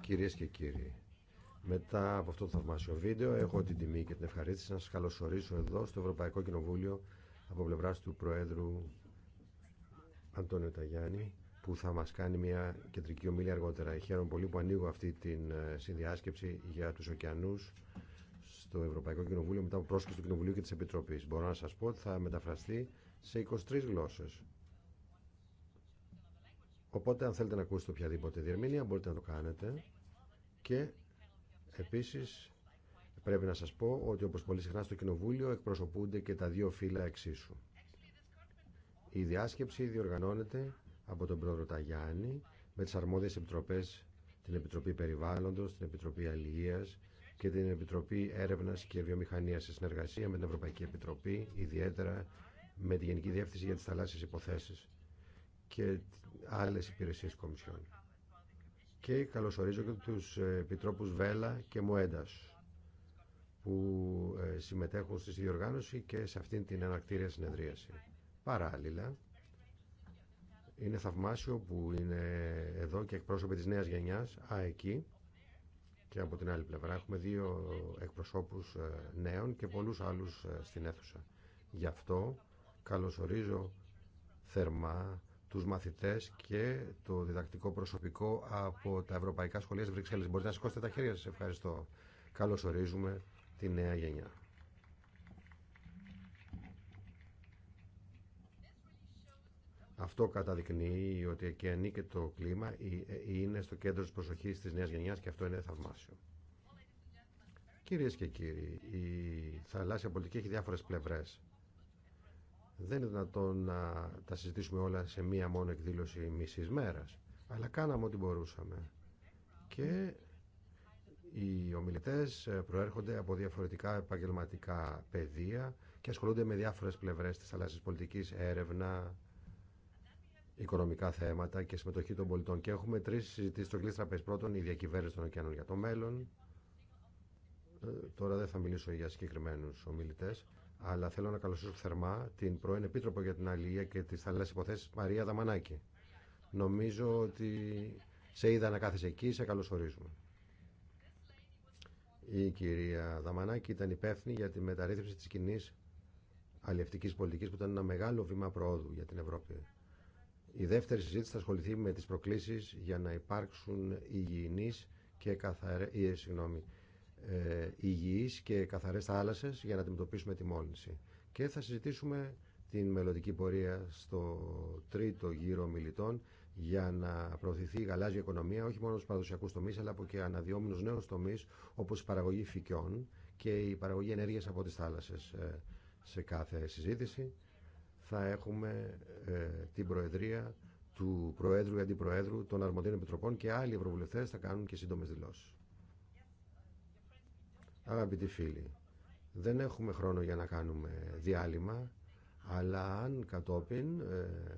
Κυρίες και κύριοι, μετά από αυτό το θαυμάσιο βίντεο έχω την τιμή και την ευχαρίστηση να σας καλωσορίσω εδώ στο Ευρωπαϊκό Κοινοβούλιο από πλευρά του Προέδρου Αντώνιο Ταγιάννη που θα μας κάνει μια κεντρική ομίλια αργότερα. Χαίρομαι πολύ που ανοίγω αυτή τη ε, συνδιάσκεψη για τους ωκεανούς στο Ευρωπαϊκό Κοινοβούλιο μετά από πρόσκληση του Κοινοβουλίου και της Επιτροπής. Μπορώ να σας πω ότι θα μεταφραστεί σε 23 γλώσσες. Οπότε αν θέλετε να ακούσετε οποιαδήποτε διερμήνια, μπορείτε να το κάνετε και επίσης πρέπει να σας πω ότι όπως πολύ συχνά στο Κοινοβούλιο εκπροσωπούνται και τα δύο φύλλα εξίσου. Η διάσκεψη διοργανώνεται από τον πρόεδρο Ταγιάννη με τις αρμόδιες επιτροπές την Επιτροπή Περιβάλλοντος, την Επιτροπή Αλληλείας και την Επιτροπή Έρευνας και Βιομηχανίας σε συνεργασία με την Ευρωπαϊκή Επιτροπή, ιδιαίτερα με τη Γενική Διεύθυνση για τις Θαλάσσιες Υποθέσεις και άλλες υπηρεσίες κομισιών. Και καλωσορίζω και τους ε, επιτρόπους Βέλα και Μοέντας που ε, συμμετέχουν στη διοργάνωση και σε αυτήν την ανακτήρια συνεδρίαση. Παράλληλα, είναι θαυμάσιο που είναι εδώ και εκπρόσωποι της νέας γενιάς, α, και από την άλλη πλευρά έχουμε δύο εκπροσώπους ε, νέων και πολλούς άλλους στην αίθουσα. Γι' αυτό καλωσορίζω θερμά τους μαθητές και το διδακτικό προσωπικό από τα ευρωπαϊκά σχολεία της Βρυξέλλης. Μπορείτε να σηκώσετε τα χέρια σας. Ευχαριστώ. Καλώς ορίζουμε τη νέα γενιά. Αυτό καταδεικνύει ότι εκεί ανήκει το κλίμα, είναι στο κέντρο της προσοχής της νέας γενιάς και αυτό είναι θαυμάσιο. Κυρίες και κύριοι, η θαλάσσια πολιτική έχει διάφορες πλευρές δεν είναι δυνατόν να τα συζητήσουμε όλα σε μία μόνο εκδήλωση μισή μέρα, Αλλά κάναμε ό,τι μπορούσαμε. Και οι ομιλητές προέρχονται από διαφορετικά επαγγελματικά πεδία και ασχολούνται με διάφορες πλευρές της θαλάσση πολιτικής, έρευνα, οικονομικά θέματα και συμμετοχή των πολιτών. Και έχουμε τρεις συζητήσεις στο κλείστρα Πρώτον, η διακυβέρνηση των ωκεανών για το μέλλον. Ε, τώρα δεν θα μιλήσω για συγκεκριμένους ομιλητές αλλά θέλω να καλωσορίσω θερμά την πρώην Επίτροπο για την Αλληλεία και τις θαλάσσιες υποθέσει Μαρία Δαμανάκη. Νομίζω ότι σε είδα να κάθεσαι εκεί, σε καλωσορίζουμε. Η κυρία Δαμανάκη ήταν υπεύθυνη για τη μεταρρύθμιση της κοινή αλληλευτικής πολιτικής που ήταν ένα μεγάλο βήμα προόδου για την Ευρώπη. Η δεύτερη συζήτηση θα ασχοληθεί με τι προκλήσει για να υπάρξουν υγιεινεί και καθαρέ. Ε, συγγνώμη, ε, υγιείς και καθαρές θάλασσες για να αντιμετωπίσουμε τη μόλυνση. Και θα συζητήσουμε την μελλοντική πορεία στο τρίτο γύρο μιλητών για να προωθηθεί η γαλάζια οικονομία όχι μόνο στους παραδοσιακούς τομείς αλλά από και αναδυόμενους νέους τομείς όπως η παραγωγή φυκιών και η παραγωγή ενέργειας από τις θάλασσες. Ε, σε κάθε συζήτηση θα έχουμε ε, την Προεδρία του Προέδρου και Αντιπροέδρου των Αρμοντίνων Επιτροπών και άλλοι ευρωβουλευτές θα κάνουν και σύντομε δηλώσεις. Αγαπητοί φίλοι, δεν έχουμε χρόνο για να κάνουμε διάλειμμα, αλλά αν κατόπιν ε,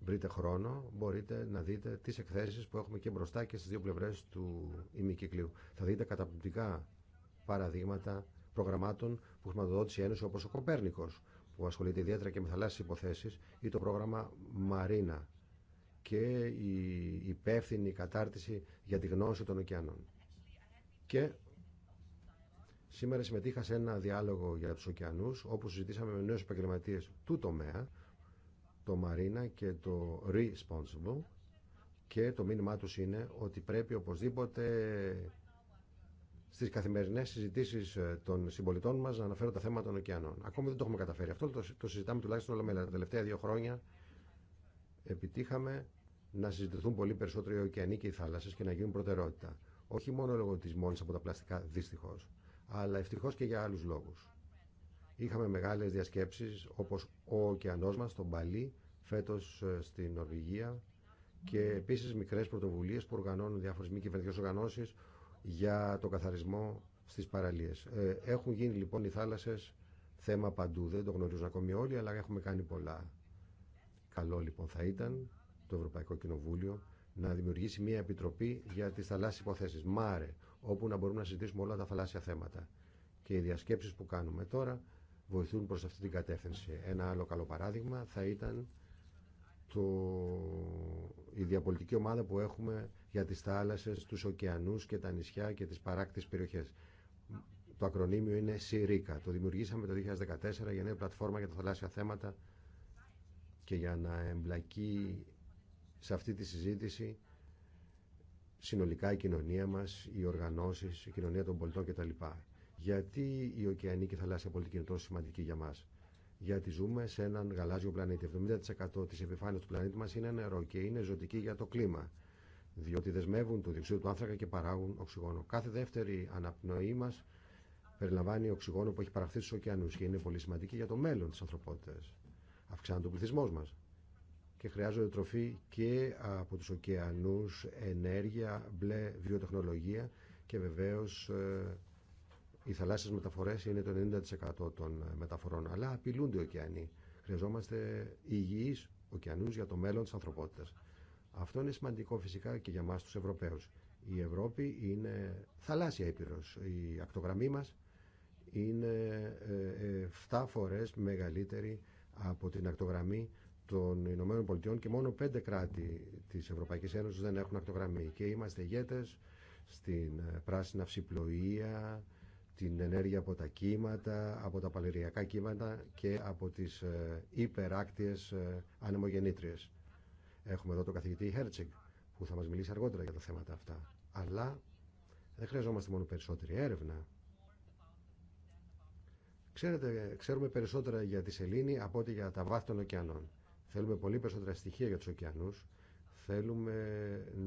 βρείτε χρόνο, μπορείτε να δείτε τις εκθέσεις που έχουμε και μπροστά και στις δύο πλευρές του ημικυκλίου. Θα δείτε καταπληκτικά παραδείγματα προγραμμάτων που χρηματοδότησε η Ένωση όπως ο Κοπέρνικος, που ασχολείται ιδιαίτερα και με θαλάσσιες υποθέσεις, ή το πρόγραμμα Μαρίνα και η υπεύθυνη κατάρτιση για τη γνώση των ωκεανών. Και Σήμερα συμμετείχα σε ένα διάλογο για τους ωκεανούς, όπου συζητήσαμε με νέους επαγγελματίε του τομέα, το Marina και το Responsible, και το μήνυμά τους είναι ότι πρέπει οπωσδήποτε στις καθημερινές συζητήσεις ε, των συμπολιτών μας να αναφέρω τα θέματα των ωκεανών. Ακόμη δεν το έχουμε καταφέρει. Αυτό το, συζητάμε τουλάχιστον όλα Τα τελευταία δύο χρόνια επιτύχαμε να συζητηθούν πολύ περισσότερο οι ωκεανοί και οι θάλασσες και να γίνουν προτεραιότητα. Όχι μόνο λόγω τη μόνη από τα πλαστικά, δυστυχώ αλλά ευτυχώ και για άλλου λόγου. Είχαμε μεγάλε διασκέψεις όπω ο ωκεανό μα τον Παλί, φέτο ε, στην Νορβηγία και επίση μικρέ πρωτοβουλίε που οργανώνουν διάφορε μη κυβερνητικέ οργανώσει για το καθαρισμό στι παραλίε. Ε, έχουν γίνει λοιπόν οι θάλασσε θέμα παντού, δεν το γνωρίζουν ακόμη όλοι, αλλά έχουμε κάνει πολλά. Καλό λοιπόν θα ήταν το Ευρωπαϊκό Κοινοβούλιο να δημιουργήσει μια επιτροπή για τι θαλάσσιε υποθέσει. Μάρε, όπου να μπορούμε να συζητήσουμε όλα τα θαλάσσια θέματα. Και οι διασκέψεις που κάνουμε τώρα βοηθούν προς αυτή την κατεύθυνση. Ένα άλλο καλό παράδειγμα θα ήταν το... η διαπολιτική ομάδα που έχουμε για τις θάλασσες, τους ωκεανούς και τα νησιά και τις παράκτης περιοχές. Το ακρονίμιο είναι ΣΥΡΙΚΑ. Το δημιουργήσαμε το 2014 για νέα πλατφόρμα για τα θαλάσσια θέματα και για να εμπλακεί σε αυτή τη συζήτηση συνολικά η κοινωνία μας, οι οργανώσεις, η κοινωνία των πολιτών κτλ. Γιατί η ωκεανή και η θαλάσσια πολιτική είναι τόσο σημαντική για μας. Γιατί ζούμε σε έναν γαλάζιο πλανήτη. 70% της επιφάνειας του πλανήτη μας είναι νερό και είναι ζωτική για το κλίμα. Διότι δεσμεύουν το διοξείδιο του άνθρακα και παράγουν οξυγόνο. Κάθε δεύτερη αναπνοή μα περιλαμβάνει οξυγόνο που έχει παραχθεί στου ωκεανού και είναι πολύ σημαντική για το μέλλον τη ανθρωπότητα. Αυξάνεται ο πληθυσμό μα και χρειάζονται τροφή και από τους ωκεανούς, ενέργεια, μπλε, βιοτεχνολογία και βεβαίως ε, οι θαλάσσιες μεταφορές είναι το 90% των ε, μεταφορών, αλλά απειλούνται οι ωκεανοί. Χρειαζόμαστε υγιείς ωκεανούς για το μέλλον της ανθρωπότητας. Αυτό είναι σημαντικό φυσικά και για μας τους Ευρωπαίους. Η Ευρώπη είναι θαλάσσια ήπειρος. Η ακτογραμμή μας είναι 7 ε, φορές μεγαλύτερη από την ακτογραμμή των Ηνωμένων Πολιτειών και μόνο πέντε κράτη της Ευρωπαϊκής Ένωσης δεν έχουν ακτογραμμή και είμαστε ηγέτες στην ε, πράσινη αυσιπλοεία, την ενέργεια από τα κύματα, από τα παλαιριακά κύματα και από τις ε, υπεράκτιες ε, ανεμογεννήτριες. Έχουμε εδώ τον καθηγητή Χέρτσιγκ που θα μας μιλήσει αργότερα για τα θέματα αυτά. Αλλά δεν χρειαζόμαστε μόνο περισσότερη έρευνα. Ξέρετε, ξέρουμε περισσότερα για τη σελήνη από ό,τι για τα βάθη των ωκεανών. Θέλουμε πολύ περισσότερα στοιχεία για τους ωκεανούς. Θέλουμε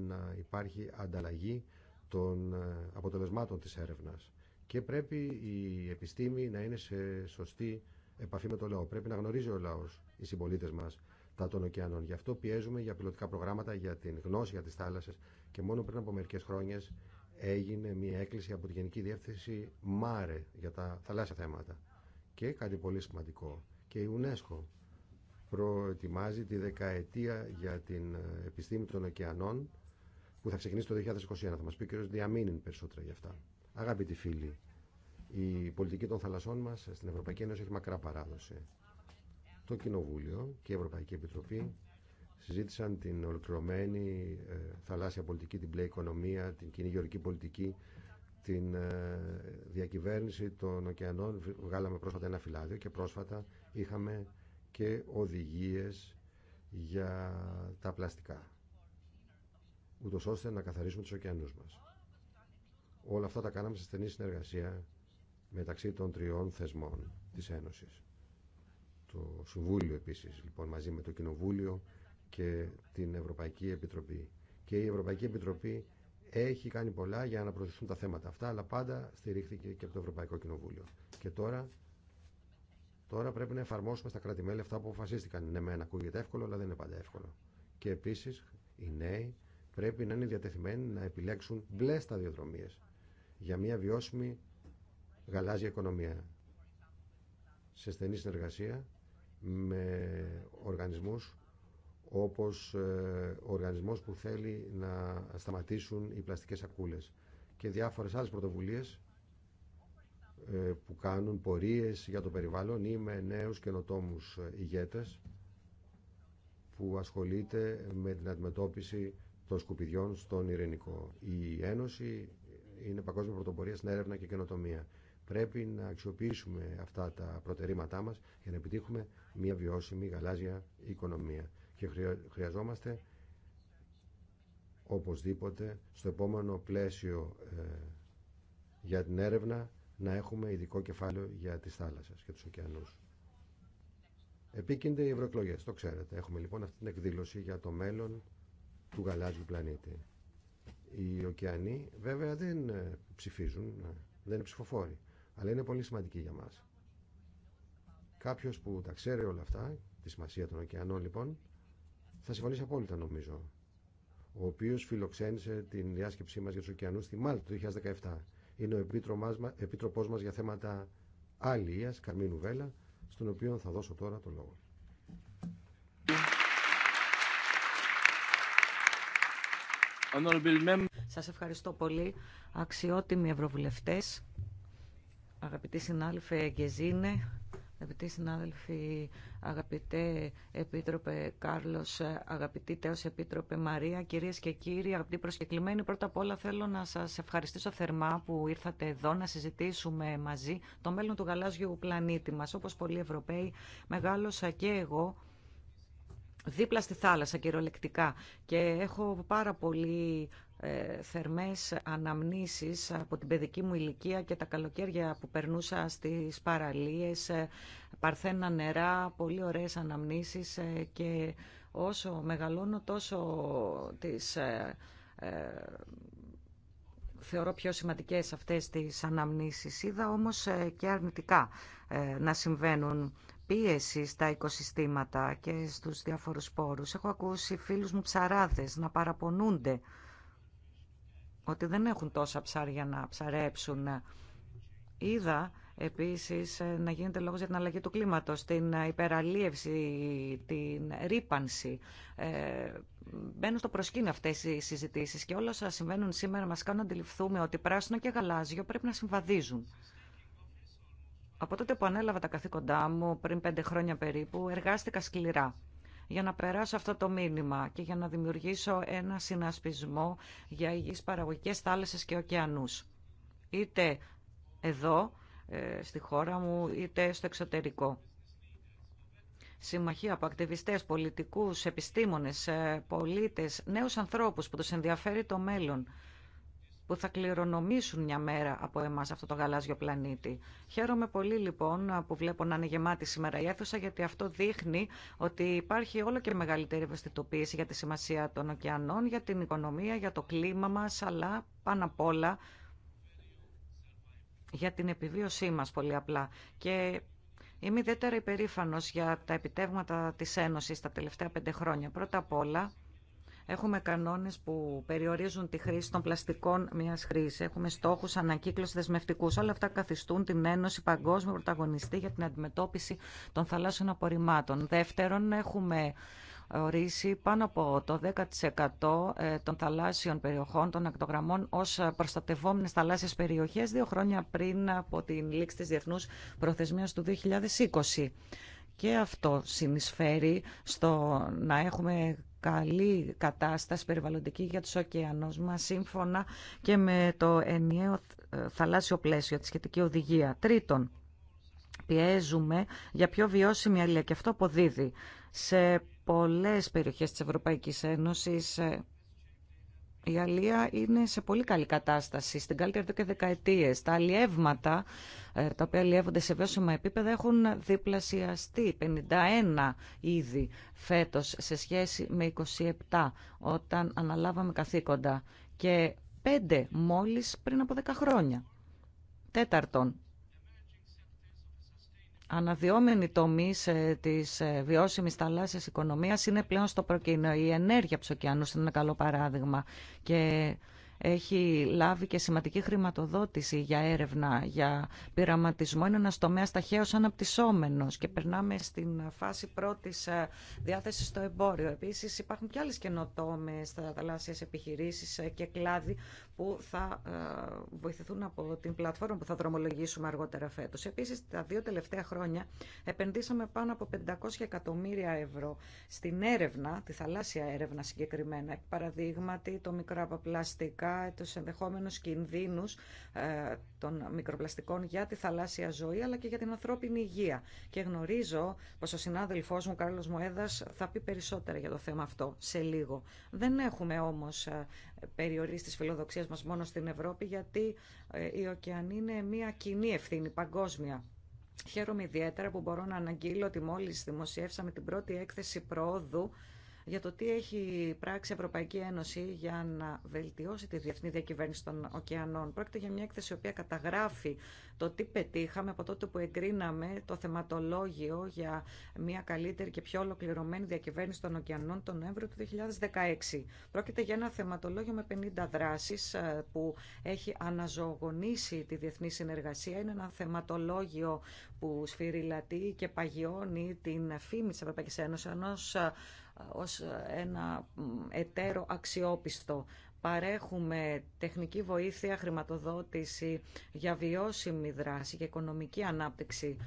να υπάρχει ανταλλαγή των ε, αποτελεσμάτων της έρευνας. Και πρέπει η επιστήμη να είναι σε σωστή επαφή με το λαό. Πρέπει να γνωρίζει ο λαός, οι συμπολίτε μας, τα των ωκεανών. Γι' αυτό πιέζουμε για πιλωτικά προγράμματα, για την γνώση, για τις θάλασσες. Και μόνο πριν από μερικές χρόνιες έγινε μια έκκληση από τη Γενική Διεύθυνση ΜΑΡΕ για τα θαλάσσια θέματα. Και κάτι πολύ σημαντικό. Και η UNESCO προετοιμάζει τη δεκαετία για την ε, επιστήμη των ωκεανών που θα ξεκινήσει το 2021. Θα μα πει ο κ. Διαμήνιν περισσότερα γι' αυτά. Αγαπητοί φίλοι, η πολιτική των θαλασσών μα στην Ευρωπαϊκή Ένωση έχει μακρά παράδοση. Το Κοινοβούλιο και η Ευρωπαϊκή Επιτροπή συζήτησαν την ολοκληρωμένη ε, θαλάσσια πολιτική, την πλέη οικονομία, την κοινή γεωρική πολιτική, την ε, διακυβέρνηση των ωκεανών. Βγάλαμε πρόσφατα ένα φυλάδιο και πρόσφατα είχαμε και οδηγίες για τα πλαστικά ούτω ώστε να καθαρίσουμε τους ωκεανούς μας. Όλα αυτά τα κάναμε σε στενή συνεργασία μεταξύ των τριών θεσμών της Ένωσης. Το Συμβούλιο επίσης, λοιπόν, μαζί με το Κοινοβούλιο και την Ευρωπαϊκή Επιτροπή. Και η Ευρωπαϊκή Επιτροπή έχει κάνει πολλά για να προωθηθούν τα θέματα αυτά, αλλά πάντα στηρίχθηκε και από το Ευρωπαϊκό Κοινοβούλιο. Και τώρα Τώρα πρέπει να εφαρμόσουμε στα κράτη-μέλη αυτά που αποφασίστηκαν. Ναι, μεν ακούγεται εύκολο, αλλά δεν είναι πάντα εύκολο. Και επίση οι νέοι πρέπει να είναι διατεθειμένοι να επιλέξουν μπλε σταδιοδρομίε για μια βιώσιμη γαλάζια οικονομία. Σε στενή συνεργασία με οργανισμούς όπως ο ε, οργανισμός που θέλει να σταματήσουν οι πλαστικές σακούλες και διάφορες άλλες πρωτοβουλίες ε, που κάνουν πορείες για το περιβάλλον ή με νέους καινοτόμους ηγέτες που ασχολείται με την αντιμετώπιση των σκουπιδιών στον ειρηνικό. Η Ένωση είναι παγκόσμια πρωτοπορία στην έρευνα και καινοτομία. Πρέπει να αξιοποιήσουμε αυτά τα προτερήματά μας για να επιτύχουμε μια βιώσιμη γαλάζια οικονομία. Και χρειαζόμαστε οπωσδήποτε στο επόμενο πλαίσιο ε, για την έρευνα να έχουμε ειδικό κεφάλαιο για τι θάλασσε και του ωκεανού. Επίκυνται οι ευρωεκλογέ, το ξέρετε. Έχουμε λοιπόν αυτή την εκδήλωση για το μέλλον του γαλάζιου πλανήτη. Οι ωκεανοί βέβαια δεν ε, ψηφίζουν, ε, δεν είναι ψηφοφόροι, αλλά είναι πολύ σημαντικοί για μα. Κάποιο που τα ξέρει όλα αυτά, τη σημασία των ωκεανών λοιπόν, θα συμφωνήσει απόλυτα νομίζω ο οποίο φιλοξένησε την διάσκεψή μα για του ωκεανού στη Μάλτα το 2017 είναι ο επίτροπο μα για θέματα αλληλεία, Καρμίνου Βέλα, στον οποίο θα δώσω τώρα το λόγο. Σας ευχαριστώ πολύ, αξιότιμοι ευρωβουλευτές, αγαπητοί συνάδελφοι Γκεζίνε, Αγαπητοί συνάδελφοι, αγαπητέ Επίτροπε Κάρλος, αγαπητή Τέος Επίτροπε Μαρία, κυρίες και κύριοι, αγαπητοί προσκεκλημένοι, πρώτα απ' όλα θέλω να σας ευχαριστήσω θερμά που ήρθατε εδώ να συζητήσουμε μαζί το μέλλον του γαλάζιου πλανήτη μας. Όπως πολλοί Ευρωπαίοι, μεγάλωσα και εγώ δίπλα στη θάλασσα κυριολεκτικά και έχω πάρα πολύ ε, θερμές αναμνήσεις από την παιδική μου ηλικία και τα καλοκαίρια που περνούσα στις παραλίες, ε, παρθένα νερά, πολύ ωραίες αναμνήσεις ε, και όσο μεγαλώνω τόσο τις θεωρώ πιο σημαντικές αυτές τις αναμνήσεις. Είδα όμως και αρνητικά να συμβαίνουν πίεση στα οικοσυστήματα και στους διάφορους πόρους. Έχω ακούσει φίλους μου ψαράδες να παραπονούνται ότι δεν έχουν τόσα ψάρια να ψαρέψουν. Είδα επίσης ε, να γίνεται λόγος για την αλλαγή του κλίματος, την υπεραλίευση, την ρήπανση. Ε, μπαίνουν στο προσκήνιο αυτές οι συζητήσεις και όλα όσα συμβαίνουν σήμερα μας κάνουν να αντιληφθούμε ότι πράσινο και γαλάζιο πρέπει να συμβαδίζουν. Από τότε που ανέλαβα τα καθήκοντά μου, πριν πέντε χρόνια περίπου, εργάστηκα σκληρά για να περάσω αυτό το μήνυμα και για να δημιουργήσω ένα συνασπισμό για υγιείς παραγωγικές θάλασσες και ωκεανούς. Είτε εδώ, ε, στη χώρα μου, είτε στο εξωτερικό. Συμμαχία από ακτιβιστές, πολιτικούς, επιστήμονες, ε, πολίτες, νέους ανθρώπους που τους ενδιαφέρει το μέλλον που θα κληρονομήσουν μια μέρα από εμάς αυτό το γαλάζιο πλανήτη. Χαίρομαι πολύ λοιπόν που βλέπω να είναι γεμάτη σήμερα η αίθουσα γιατί αυτό δείχνει ότι υπάρχει όλο και μεγαλύτερη ευαισθητοποίηση για τη σημασία των ωκεανών, για την οικονομία, για το κλίμα μας, αλλά πάνω απ' όλα για την επιβίωσή μας πολύ απλά. Και είμαι ιδιαίτερα υπερήφανος για τα επιτεύγματα της Ένωσης τα τελευταία πέντε χρόνια. Πρώτα απ' όλα Έχουμε κανόνε που περιορίζουν τη χρήση των πλαστικών μια χρήση. Έχουμε στόχου, ανακύκλωση δεσμευτικού. Όλα αυτά καθιστούν την Ένωση παγκόσμιο πρωταγωνιστή για την αντιμετώπιση των θαλάσσιων απορριμμάτων. Δεύτερον, έχουμε ορίσει πάνω από το 10% ε, των θαλάσσιων περιοχών, των ακτογραμμών, ω προστατευόμενε θαλάσσιες περιοχέ δύο χρόνια πριν από την λήξη τη Διεθνού προθεσμία του 2020. Και αυτό συνεισφέρει στο να έχουμε καλή κατάσταση περιβαλλοντική για τους ωκεανούς μας σύμφωνα και με το ενιαίο θαλάσσιο πλαίσιο, τη σχετική οδηγία. Τρίτον, πιέζουμε για πιο βιώσιμη αλληλεία και αυτό αποδίδει σε πολλές περιοχές της Ευρωπαϊκής Ένωσης η Αλία είναι σε πολύ καλή κατάσταση, στην καλύτερη εδώ και δεκαετίε. Τα αλλιεύματα, ε, τα οποία αλλιεύονται σε βιώσιμα επίπεδα, έχουν διπλασιαστεί. 51 ήδη φέτο σε σχέση με 27 όταν αναλάβαμε καθήκοντα και 5 μόλι πριν από 10 χρόνια. Τέταρτον, αναδυόμενοι τομεί ε, τη ε, βιώσιμη θαλάσσια οικονομία είναι πλέον στο προκείμενο. Η ενέργεια του είναι ένα καλό παράδειγμα. Και έχει λάβει και σημαντική χρηματοδότηση για έρευνα, για πειραματισμό. Είναι ένα τομέα ταχαίω αναπτυσσόμενο και περνάμε στην φάση πρώτη ε, διάθεση στο εμπόριο. Επίση, υπάρχουν και άλλες καινοτόμες θαλάσσιε επιχειρήσει ε, και κλάδοι που θα ε, βοηθηθούν από την πλατφόρμα που θα δρομολογήσουμε αργότερα φέτο. Επίση, τα δύο τελευταία χρόνια επενδύσαμε πάνω από 500 εκατομμύρια ευρώ στην έρευνα, τη θαλάσσια έρευνα συγκεκριμένα. Παραδείγματι το μικρό του τους ενδεχόμενους κινδύνους ε, των μικροπλαστικών για τη θαλάσσια ζωή αλλά και για την ανθρώπινη υγεία. Και γνωρίζω πως ο συνάδελφός μου, Κάρλος Μοέδας, θα πει περισσότερα για το θέμα αυτό σε λίγο. Δεν έχουμε όμως ε, περιορίσει τις φιλοδοξίες μας μόνο στην Ευρώπη γιατί ε, η ωκεανή είναι μια κοινή ευθύνη παγκόσμια. Χαίρομαι ιδιαίτερα που μπορώ να αναγγείλω ότι μόλις δημοσιεύσαμε την πρώτη έκθεση προόδου για το τι έχει πράξει η Ευρωπαϊκή Ένωση για να βελτιώσει τη διεθνή διακυβέρνηση των ωκεανών. Πρόκειται για μια έκθεση η οποία καταγράφει το τι πετύχαμε από τότε που εγκρίναμε το θεματολόγιο για μια καλύτερη και πιο ολοκληρωμένη διακυβέρνηση των ωκεανών τον Νοέμβριο του 2016. Πρόκειται για ένα θεματολόγιο με 50 δράσει ε, που έχει αναζωογονήσει τη διεθνή συνεργασία. Είναι ένα θεματολόγιο που σφυριλατεί και παγιώνει την φήμη τη Ευρωπαϊκή Ένωση ενό ε, ως ένα εταίρο αξιόπιστο. Παρέχουμε τεχνική βοήθεια, χρηματοδότηση για βιώσιμη δράση και οικονομική ανάπτυξη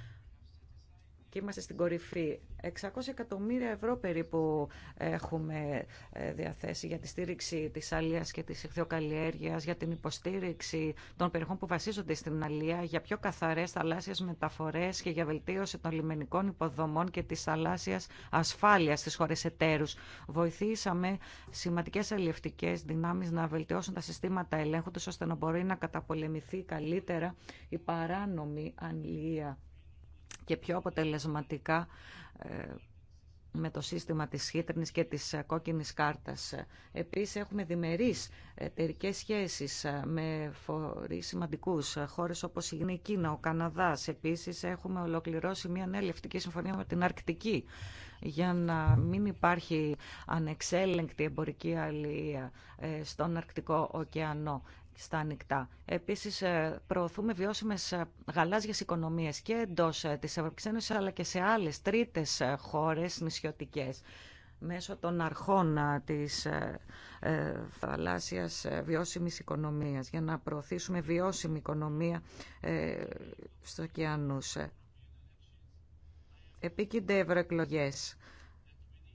και είμαστε στην κορυφή. 600 εκατομμύρια ευρώ περίπου έχουμε ε, διαθέσει για τη στήριξη της αλίας και της ηχθειοκαλλιέργειας, για την υποστήριξη των περιοχών που βασίζονται στην αλία, για πιο καθαρές θαλάσσιες μεταφορές και για βελτίωση των λιμενικών υποδομών και της θαλάσσιας ασφάλειας στις χώρες εταίρους. Βοηθήσαμε σημαντικές αλληλευτικές δυνάμεις να βελτιώσουν τα συστήματα ελέγχου τους ώστε να μπορεί να καταπολεμηθεί καλύτερα η παράνομη αλία και πιο αποτελεσματικά ε, με το σύστημα της χίτρινης και της ε, κόκκινης κάρτας. Επίσης έχουμε διμερείς εταιρικέ σχέσεις ε, με φορείς σημαντικούς χώρες όπως η Κίνα, ο Καναδάς. Επίσης έχουμε ολοκληρώσει μια νέα συμφωνία με την Αρκτική για να μην υπάρχει ανεξέλεγκτη εμπορική αλληλεία στον Αρκτικό ωκεανό στα ανοιχτά. Επίσης, ε, προωθούμε βιώσιμε ε, γαλάζιες οικονομίες και εντός ε, της Ευρωπαϊκής αλλά και σε άλλες τρίτες χώρες νησιωτικέ μέσω των αρχών της θαλάσσιας βιώσιμης οικονομίας για να προωθήσουμε βιώσιμη οικονομία στο ωκεανούς. Επίκυνται ευρωεκλογέ.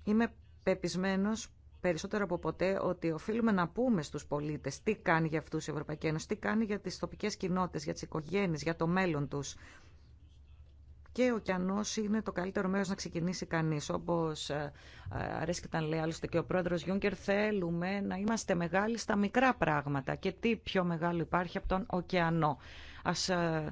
Είμαι πεπισμένος περισσότερο από ποτέ ότι οφείλουμε να πούμε στους πολίτες τι κάνει για αυτούς η Ευρωπαϊκή Ένωση, τι κάνει για τις τοπικέ κοινότητε, για τις οικογένειε, για το μέλλον τους. Και ο ωκεανό είναι το καλύτερο μέρο να ξεκινήσει κανεί. Όπω ε, ε, αρέσει και λέει άλλωστε και ο πρόεδρο Γιούγκερ, θέλουμε να είμαστε μεγάλοι στα μικρά πράγματα. Και τι πιο μεγάλο υπάρχει από τον ωκεανό. Ε,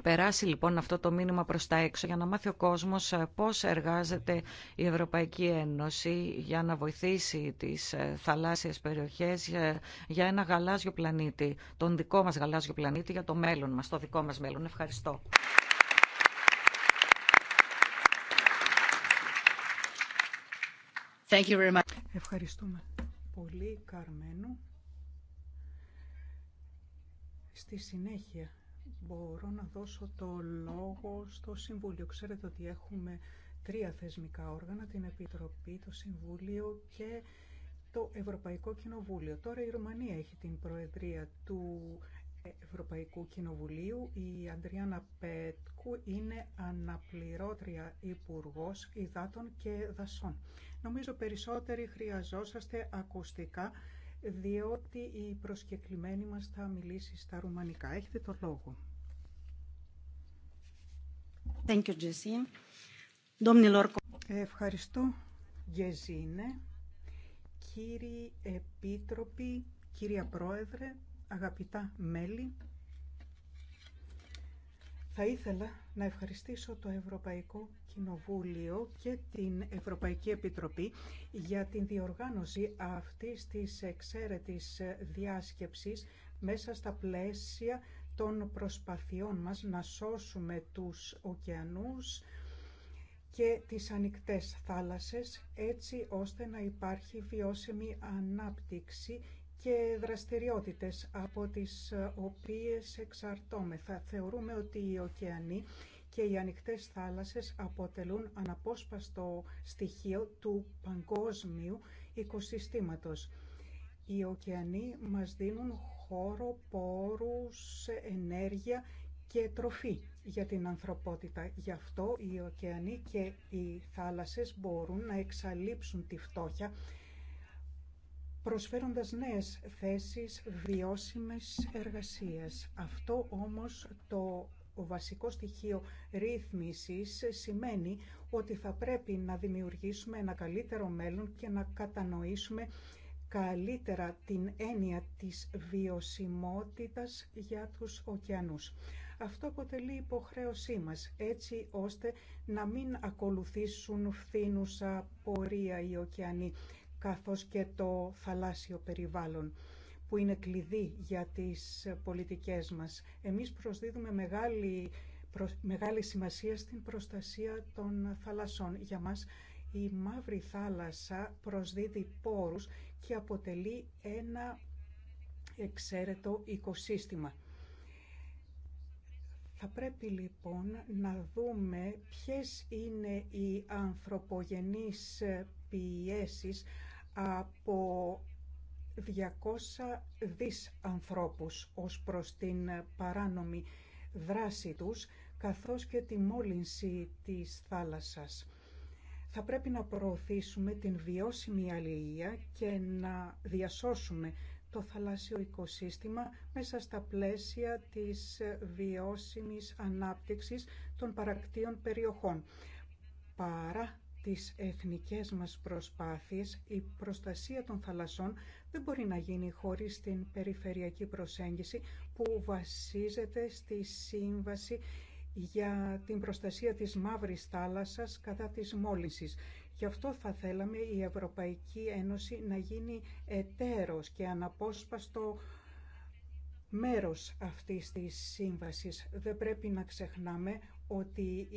περάσει λοιπόν αυτό το μήνυμα προς τα έξω για να μάθει ο κόσμος ε, πώς εργάζεται η Ευρωπαϊκή Ένωση για να βοηθήσει τις ε, θαλάσσιες περιοχές ε, για ένα γαλάζιο πλανήτη, τον δικό μας γαλάζιο πλανήτη για το μέλλον μας, το δικό μας μέλλον. Ευχαριστώ. Thank you very much. Ευχαριστούμε πολύ Καρμένου. Στη συνέχεια μπορώ να δώσω το λόγο στο Συμβούλιο. Ξέρετε ότι έχουμε τρία θεσμικά όργανα, την Επιτροπή, το Συμβούλιο και το Ευρωπαϊκό Κοινοβούλιο. Τώρα η Ρουμανία έχει την Προεδρία του Ευρωπαϊκού Κοινοβουλίου. Η Αντριάννα Πέτκου είναι αναπληρώτρια υπουργό Υδάτων και Δασών. Νομίζω περισσότεροι χρειαζόσαστε ακουστικά διότι η προσκεκλημένη μας θα μιλήσει στα ρουμανικά. Έχετε το λόγο. Thank you, Ευχαριστώ, Γεζίνε. Κύριοι Επίτροποι, κύρια Πρόεδρε, αγαπητά μέλη, θα ήθελα να ευχαριστήσω το Ευρωπαϊκό Κοινοβούλιο και την Ευρωπαϊκή Επιτροπή για την διοργάνωση αυτής της εξαίρετης διάσκεψης μέσα στα πλαίσια των προσπαθειών μας να σώσουμε τους ωκεανούς και τις ανοιχτές θάλασσες έτσι ώστε να υπάρχει βιώσιμη ανάπτυξη και δραστηριότητες από τις οποίες εξαρτώμεθα. Θεωρούμε ότι οι ωκεανοί και οι ανοιχτές θάλασσες αποτελούν αναπόσπαστο στοιχείο του παγκόσμιου οικοσυστήματος. Οι ωκεανοί μας δίνουν χώρο, πόρους, ενέργεια και τροφή για την ανθρωπότητα. Γι' αυτό οι ωκεανοί και οι θάλασσες μπορούν να εξαλείψουν τη φτώχεια προσφέροντας νέες θέσεις βιώσιμες εργασίες. Αυτό όμως το ο βασικό στοιχείο ρύθμισης σημαίνει ότι θα πρέπει να δημιουργήσουμε ένα καλύτερο μέλλον και να κατανοήσουμε καλύτερα την έννοια της βιωσιμότητας για τους ωκεανούς. Αυτό αποτελεί υποχρέωσή μας, έτσι ώστε να μην ακολουθήσουν φθήνουσα πορεία οι ωκεανοί, καθώς και το θαλάσσιο περιβάλλον που είναι κλειδί για τις πολιτικές μας. Εμείς προσδίδουμε μεγάλη, σημασία στην προστασία των θαλασσών. Για μας η μαύρη θάλασσα προσδίδει πόρους και αποτελεί ένα εξαίρετο οικοσύστημα. Θα πρέπει λοιπόν να δούμε ποιες είναι οι ανθρωπογενείς πιέσεις από 200 δις ανθρώπους ως προς την παράνομη δράση τους, καθώς και τη μόλυνση της θάλασσας. Θα πρέπει να προωθήσουμε την βιώσιμη αλληλεία και να διασώσουμε το θαλάσσιο οικοσύστημα μέσα στα πλαίσια της βιώσιμης ανάπτυξης των παρακτήων περιοχών. Παρά τις εθνικές μας προσπάθειες, η προστασία των θαλασσών δεν μπορεί να γίνει χωρίς την περιφερειακή προσέγγιση που βασίζεται στη σύμβαση για την προστασία της μαύρης θάλασσας κατά της μόλυνσης. Γι' αυτό θα θέλαμε η Ευρωπαϊκή Ένωση να γίνει εταίρος και αναπόσπαστο μέρος αυτής της σύμβασης. Δεν πρέπει να ξεχνάμε ότι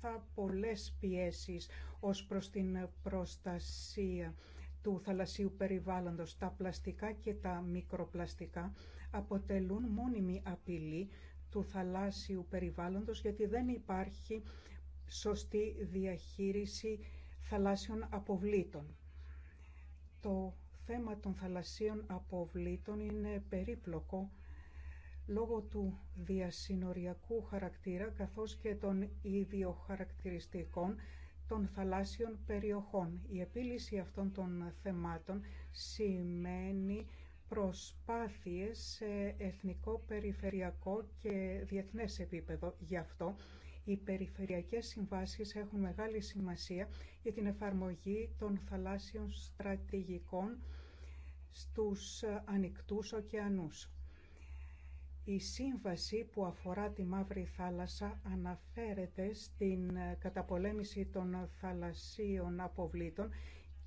θα πολλές πιέσεις ως προς την προστασία του θαλασσίου περιβάλλοντος. Τα πλαστικά και τα μικροπλαστικά αποτελούν μόνιμη απειλή του θαλάσσιου περιβάλλοντος γιατί δεν υπάρχει σωστή διαχείριση θαλάσσιων αποβλήτων. Το θέμα των θαλασσίων αποβλήτων είναι περίπλοκο λόγω του διασυνοριακού χαρακτήρα καθώς και των ιδιοχαρακτηριστικών των θαλάσσιων περιοχών. Η επίλυση αυτών των θεμάτων σημαίνει προσπάθειες σε εθνικό, περιφερειακό και διεθνές επίπεδο. Γι' αυτό οι περιφερειακές συμβάσεις έχουν μεγάλη σημασία για την εφαρμογή των θαλάσσιων στρατηγικών στους ανοικτούς ωκεανούς. Η σύμβαση που αφορά τη Μαύρη Θάλασσα αναφέρεται στην ε, καταπολέμηση των θαλασσίων αποβλήτων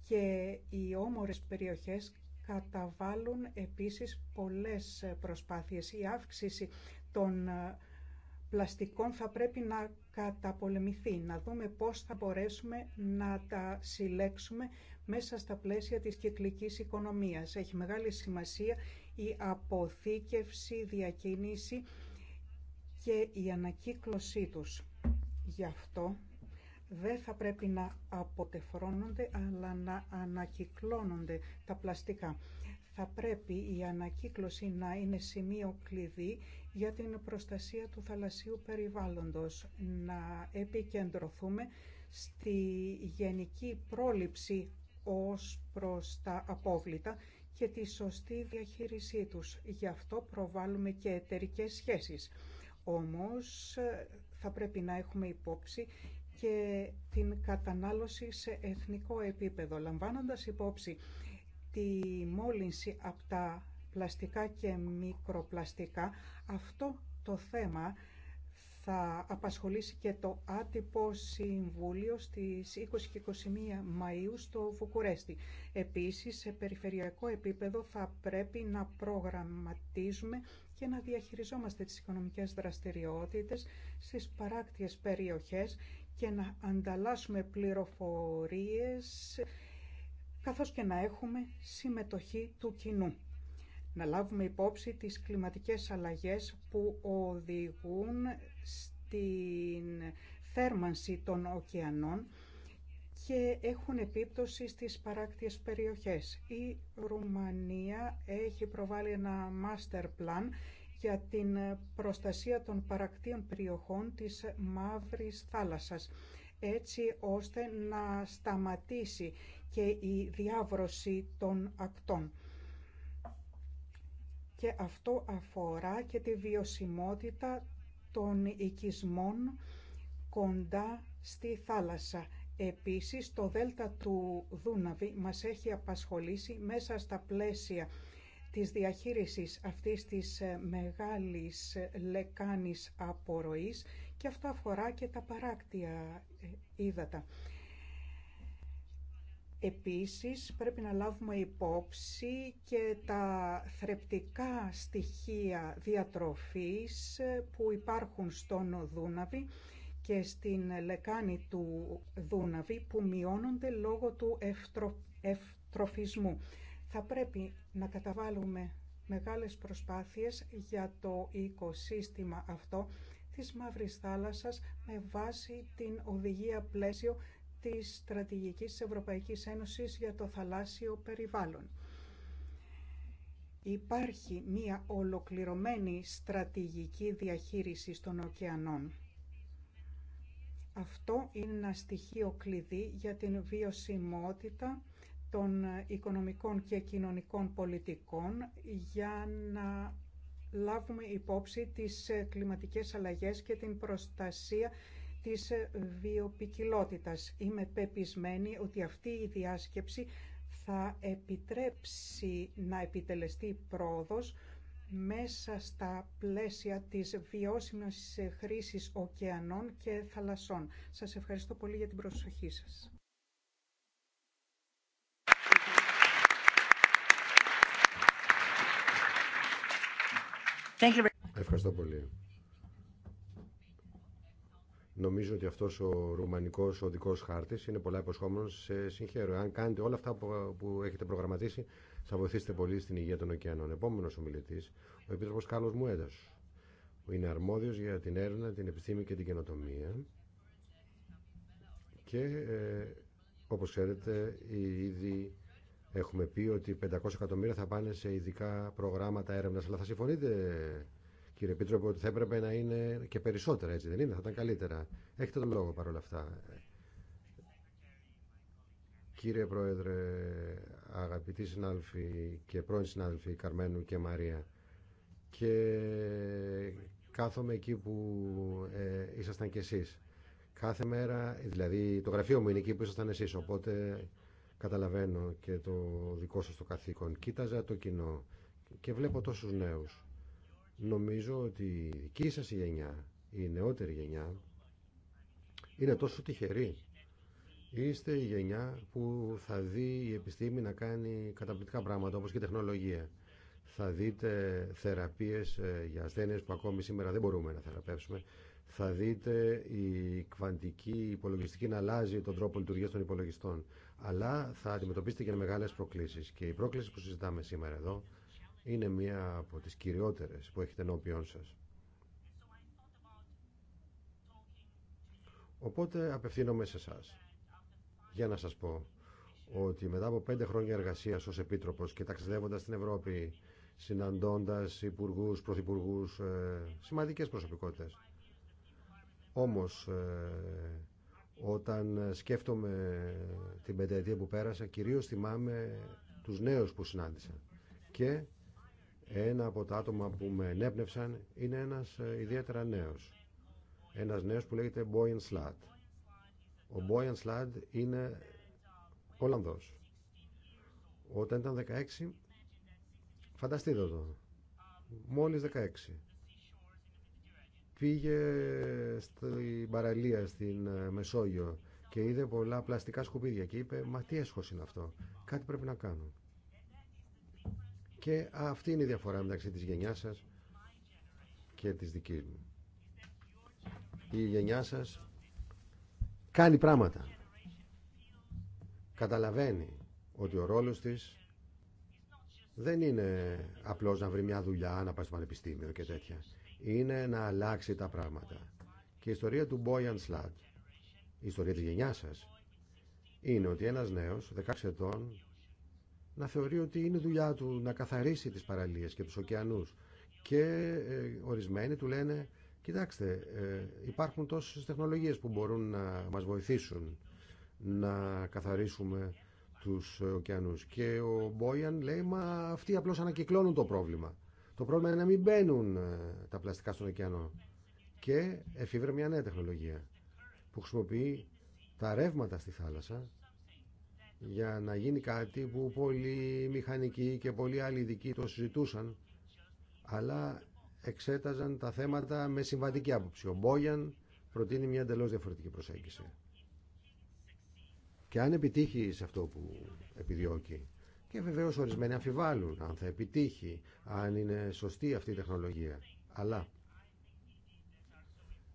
και οι όμορες περιοχές καταβάλουν επίσης πολλές προσπάθειες. Η αύξηση των ε, πλαστικών θα πρέπει να καταπολεμηθεί, να δούμε πώς θα μπορέσουμε να τα συλλέξουμε μέσα στα πλαίσια της κυκλικής οικονομίας. Έχει μεγάλη σημασία η αποθήκευση, διακίνηση και η ανακύκλωσή τους. Γι' αυτό δεν θα πρέπει να αποτεφρώνονται αλλά να ανακυκλώνονται τα πλαστικά. Θα πρέπει η ανακύκλωση να είναι σημείο κλειδί για την προστασία του θαλασσίου περιβάλλοντος. Να επικεντρωθούμε στη γενική πρόληψη ως προς τα απόβλητα και τη σωστή διαχείρισή τους. Γι' αυτό προβάλλουμε και εταιρικέ σχέσεις. Όμως θα πρέπει να έχουμε υπόψη και την κατανάλωση σε εθνικό επίπεδο, λαμβάνοντας υπόψη τη μόλυνση από τα πλαστικά και μικροπλαστικά, αυτό το θέμα θα απασχολήσει και το άτυπο συμβούλιο στις 20 και 21 Μαΐου στο Βουκουρέστι. Επίσης, σε περιφερειακό επίπεδο θα πρέπει να προγραμματίζουμε και να διαχειριζόμαστε τις οικονομικές δραστηριότητες στις παράκτιες περιοχές και να ανταλλάσσουμε πληροφορίες καθώς και να έχουμε συμμετοχή του κοινού. Να λάβουμε υπόψη τις κλιματικές αλλαγές που οδηγούν στην θέρμανση των ωκεανών και έχουν επίπτωση στις παράκτιες περιοχές. Η Ρουμανία έχει προβάλει ένα master plan για την προστασία των παρακτίων περιοχών της Μαύρης Θάλασσας, έτσι ώστε να σταματήσει και η διάβρωση των ακτών. Και αυτό αφορά και τη βιωσιμότητα των οικισμών κοντά στη θάλασσα. Επίσης, το Δέλτα του Δούναβη μας έχει απασχολήσει μέσα στα πλαίσια της διαχείρισης αυτής της ε, μεγάλης ε, λεκάνης απορροής και αυτό αφορά και τα παράκτια ε, ύδατα. Επίσης πρέπει να λάβουμε υπόψη και τα θρεπτικά στοιχεία διατροφής που υπάρχουν στον Δούναβη και στην λεκάνη του Δούναβη που μειώνονται λόγω του ευτροφισμού. Θα πρέπει να καταβάλουμε μεγάλες προσπάθειες για το οικοσύστημα αυτό της Μαύρης Θάλασσας με βάση την οδηγία πλαίσιο της Στρατηγικής της Ευρωπαϊκής Ένωσης για το θαλάσσιο περιβάλλον. Υπάρχει μία ολοκληρωμένη στρατηγική διαχείριση των ωκεανών. Αυτό είναι ένα στοιχείο κλειδί για την βιωσιμότητα των οικονομικών και κοινωνικών πολιτικών για να λάβουμε υπόψη τις κλιματικές αλλαγές και την προστασία της βιοπικιλότητας. Είμαι πεπισμένη ότι αυτή η διάσκεψη θα επιτρέψει να επιτελεστεί πρόοδος μέσα στα πλαίσια της βιώσιμης χρήσης ωκεανών και θαλασσών. Σας ευχαριστώ πολύ για την προσοχή σας. Ευχαριστώ πολύ. Νομίζω ότι αυτό ο Ρουμανικό οδικός χάρτη είναι πολλά υποσχόμενος σε συγχαίρω. Αν κάνετε όλα αυτά που έχετε προγραμματίσει, θα βοηθήσετε πολύ στην υγεία των ωκεανών. Επόμενος ομιλητή, ο Επίτροπο Κάλλος Μουέντας, που είναι αρμόδιο για την έρευνα, την επιστήμη και την καινοτομία. Και, ε, όπως ξέρετε, ήδη έχουμε πει ότι 500 εκατομμύρια θα πάνε σε ειδικά προγράμματα έρευνα, Αλλά θα συμφωνείτε, κύριε Πίτροπο, ότι θα έπρεπε να είναι και περισσότερα, έτσι δεν είναι, θα ήταν καλύτερα. Έχετε τον λόγο παρόλα αυτά. Κύριε Πρόεδρε, αγαπητοί συνάδελφοι και πρώην συνάδελφοι Καρμένου και Μαρία, και κάθομαι εκεί που ε, ήσασταν κι εσείς. Κάθε μέρα, δηλαδή το γραφείο μου είναι εκεί που ήσασταν εσείς, οπότε καταλαβαίνω και το δικό σας το καθήκον. Κοίταζα το κοινό και βλέπω τόσους νέους Νομίζω ότι η δική σας γενιά, η νεότερη γενιά, είναι τόσο τυχερή. Είστε η γενιά που θα δει η επιστήμη να κάνει καταπληκτικά πράγματα, όπως και η τεχνολογία. Θα δείτε θεραπείες ε, για ασθένειες που ακόμη σήμερα δεν μπορούμε να θεραπεύσουμε. Θα δείτε η κβαντική υπολογιστική να αλλάζει τον τρόπο λειτουργίας των υπολογιστών. Αλλά θα αντιμετωπίσετε και μεγάλες προκλήσεις. Και η πρόκληση που συζητάμε σήμερα εδώ είναι μία από τις κυριότερες που έχετε ενώπιόν σας. Οπότε απευθύνομαι σε εσά για να σας πω ότι μετά από πέντε χρόνια εργασίας ως Επίτροπος και ταξιδεύοντας στην Ευρώπη, συναντώντας υπουργούς, πρωθυπουργούς, ε, σημαντικές προσωπικότητες. Όμως, ε, όταν σκέφτομαι την πενταετία που πέρασα, κυρίως θυμάμαι τους νέους που συνάντησα και ένα από τα άτομα που με ενέπνευσαν είναι ένας ε, ιδιαίτερα νέος. Ένας νέος που λέγεται Boyan Slad. Ο Boyan Slad είναι Ολλανδός. Όταν ήταν 16, φανταστείτε το, μόλις 16, πήγε στην παραλία στην ε, Μεσόγειο και είδε πολλά πλαστικά σκουπίδια και είπε «Μα τι έσχος είναι αυτό, κάτι πρέπει να κάνω». Και αυτή είναι η διαφορά μεταξύ της γενιάς σας και της δικής μου. Η γενιά σας κάνει πράγματα. Καταλαβαίνει ότι ο ρόλος της δεν είναι απλώς να βρει μια δουλειά, να πάει στο πανεπιστήμιο και τέτοια. Είναι να αλλάξει τα πράγματα. Και η ιστορία του Boyan Slad, η ιστορία της γενιάς σας, είναι ότι ένας νέος, 16 ετών, να θεωρεί ότι είναι δουλειά του να καθαρίσει τις παραλίες και τους ωκεανούς. Και ε, ορισμένοι του λένε, κοιτάξτε, ε, υπάρχουν τόσες τεχνολογίες που μπορούν να μας βοηθήσουν να καθαρίσουμε τους ε, ωκεανούς. Και ο Μπόιαν λέει, μα αυτοί απλώς ανακυκλώνουν το πρόβλημα. Το πρόβλημα είναι να μην μπαίνουν τα πλαστικά στον ωκεανό. Και εφήβρε μια νέα τεχνολογία που χρησιμοποιεί τα ρεύματα στη θάλασσα για να γίνει κάτι που πολλοί μηχανικοί και πολλοί άλλοι ειδικοί το συζητούσαν αλλά εξέταζαν τα θέματα με συμβατική άποψη. Ο Μπόγιαν προτείνει μια εντελώ διαφορετική προσέγγιση. Και αν επιτύχει σε αυτό που επιδιώκει, και βεβαίω ορισμένοι αμφιβάλλουν αν θα επιτύχει, αν είναι σωστή αυτή η τεχνολογία. Αλλά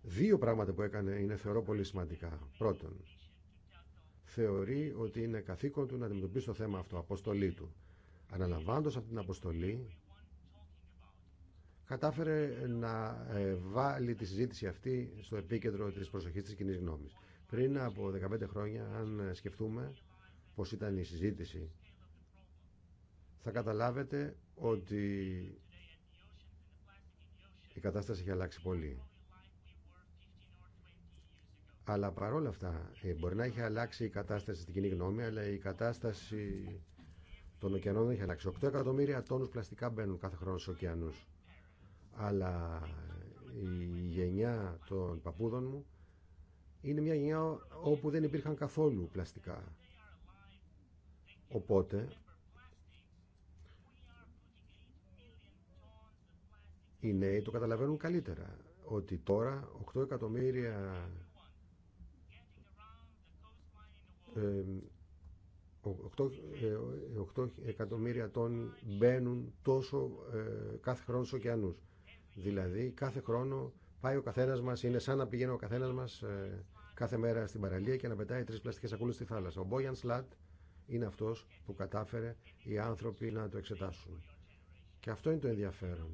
δύο πράγματα που έκανε είναι θεωρώ πολύ σημαντικά. Πρώτον, θεωρεί ότι είναι καθήκον του να αντιμετωπίσει το θέμα αυτό, αποστολή του. Αναλαμβάνοντας από την αποστολή, κατάφερε να ε, βάλει τη συζήτηση αυτή στο επίκεντρο της προσοχής της κοινή γνώμης. Πριν από 15 χρόνια, αν σκεφτούμε πώς ήταν η συζήτηση, θα καταλάβετε ότι η κατάσταση έχει αλλάξει πολύ. Αλλά παρόλα αυτά, ε, μπορεί να έχει αλλάξει η κατάσταση στην κοινή γνώμη, αλλά η κατάσταση των ωκεανών δεν έχει αλλάξει. 8 εκατομμύρια τόνους πλαστικά μπαίνουν κάθε χρόνο στους ωκεανούς. Αλλά η γενιά των παππούδων μου είναι μια γενιά όπου δεν υπήρχαν καθόλου πλαστικά. Οπότε, οι νέοι το καταλαβαίνουν καλύτερα, ότι τώρα 8 εκατομμύρια 8, ε, ε, εκατομμύρια τόνοι μπαίνουν τόσο ε, κάθε χρόνο στους ωκεανούς. Δηλαδή κάθε χρόνο πάει ο καθένας μας, είναι σαν να πηγαίνει ο καθένας μας κάθε μέρα στην παραλία και να πετάει τρεις πλαστικές σακούλες στη θάλασσα. Ο Μπόγιαν Σλάτ είναι αυτός που κατάφερε οι άνθρωποι να το εξετάσουν. Και αυτό είναι το ενδιαφέρον.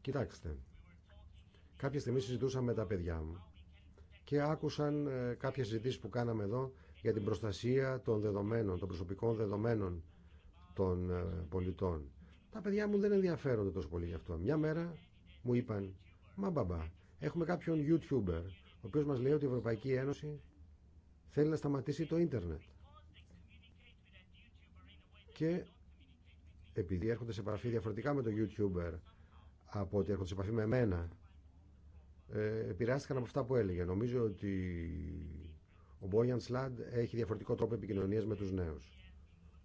Κοιτάξτε, κάποια στιγμή συζητούσα με τα παιδιά μου και άκουσαν ε, κάποιες συζητήσεις που κάναμε εδώ για την προστασία των δεδομένων, των προσωπικών δεδομένων των ε, πολιτών. Τα παιδιά μου δεν ενδιαφέρονται τόσο πολύ γι' αυτό. Μια μέρα μου είπαν, μα μπαμπά, έχουμε κάποιον YouTuber, ο οποίος μας λέει ότι η Ευρωπαϊκή Ένωση θέλει να σταματήσει το ίντερνετ. Και επειδή έρχονται σε επαφή διαφορετικά με το YouTuber από ότι έρχονται σε επαφή με εμένα ε, επηρεάστηκαν από αυτά που έλεγε. Νομίζω ότι ο Μπόγιαν Σλάντ έχει διαφορετικό τρόπο επικοινωνία με τους νέους.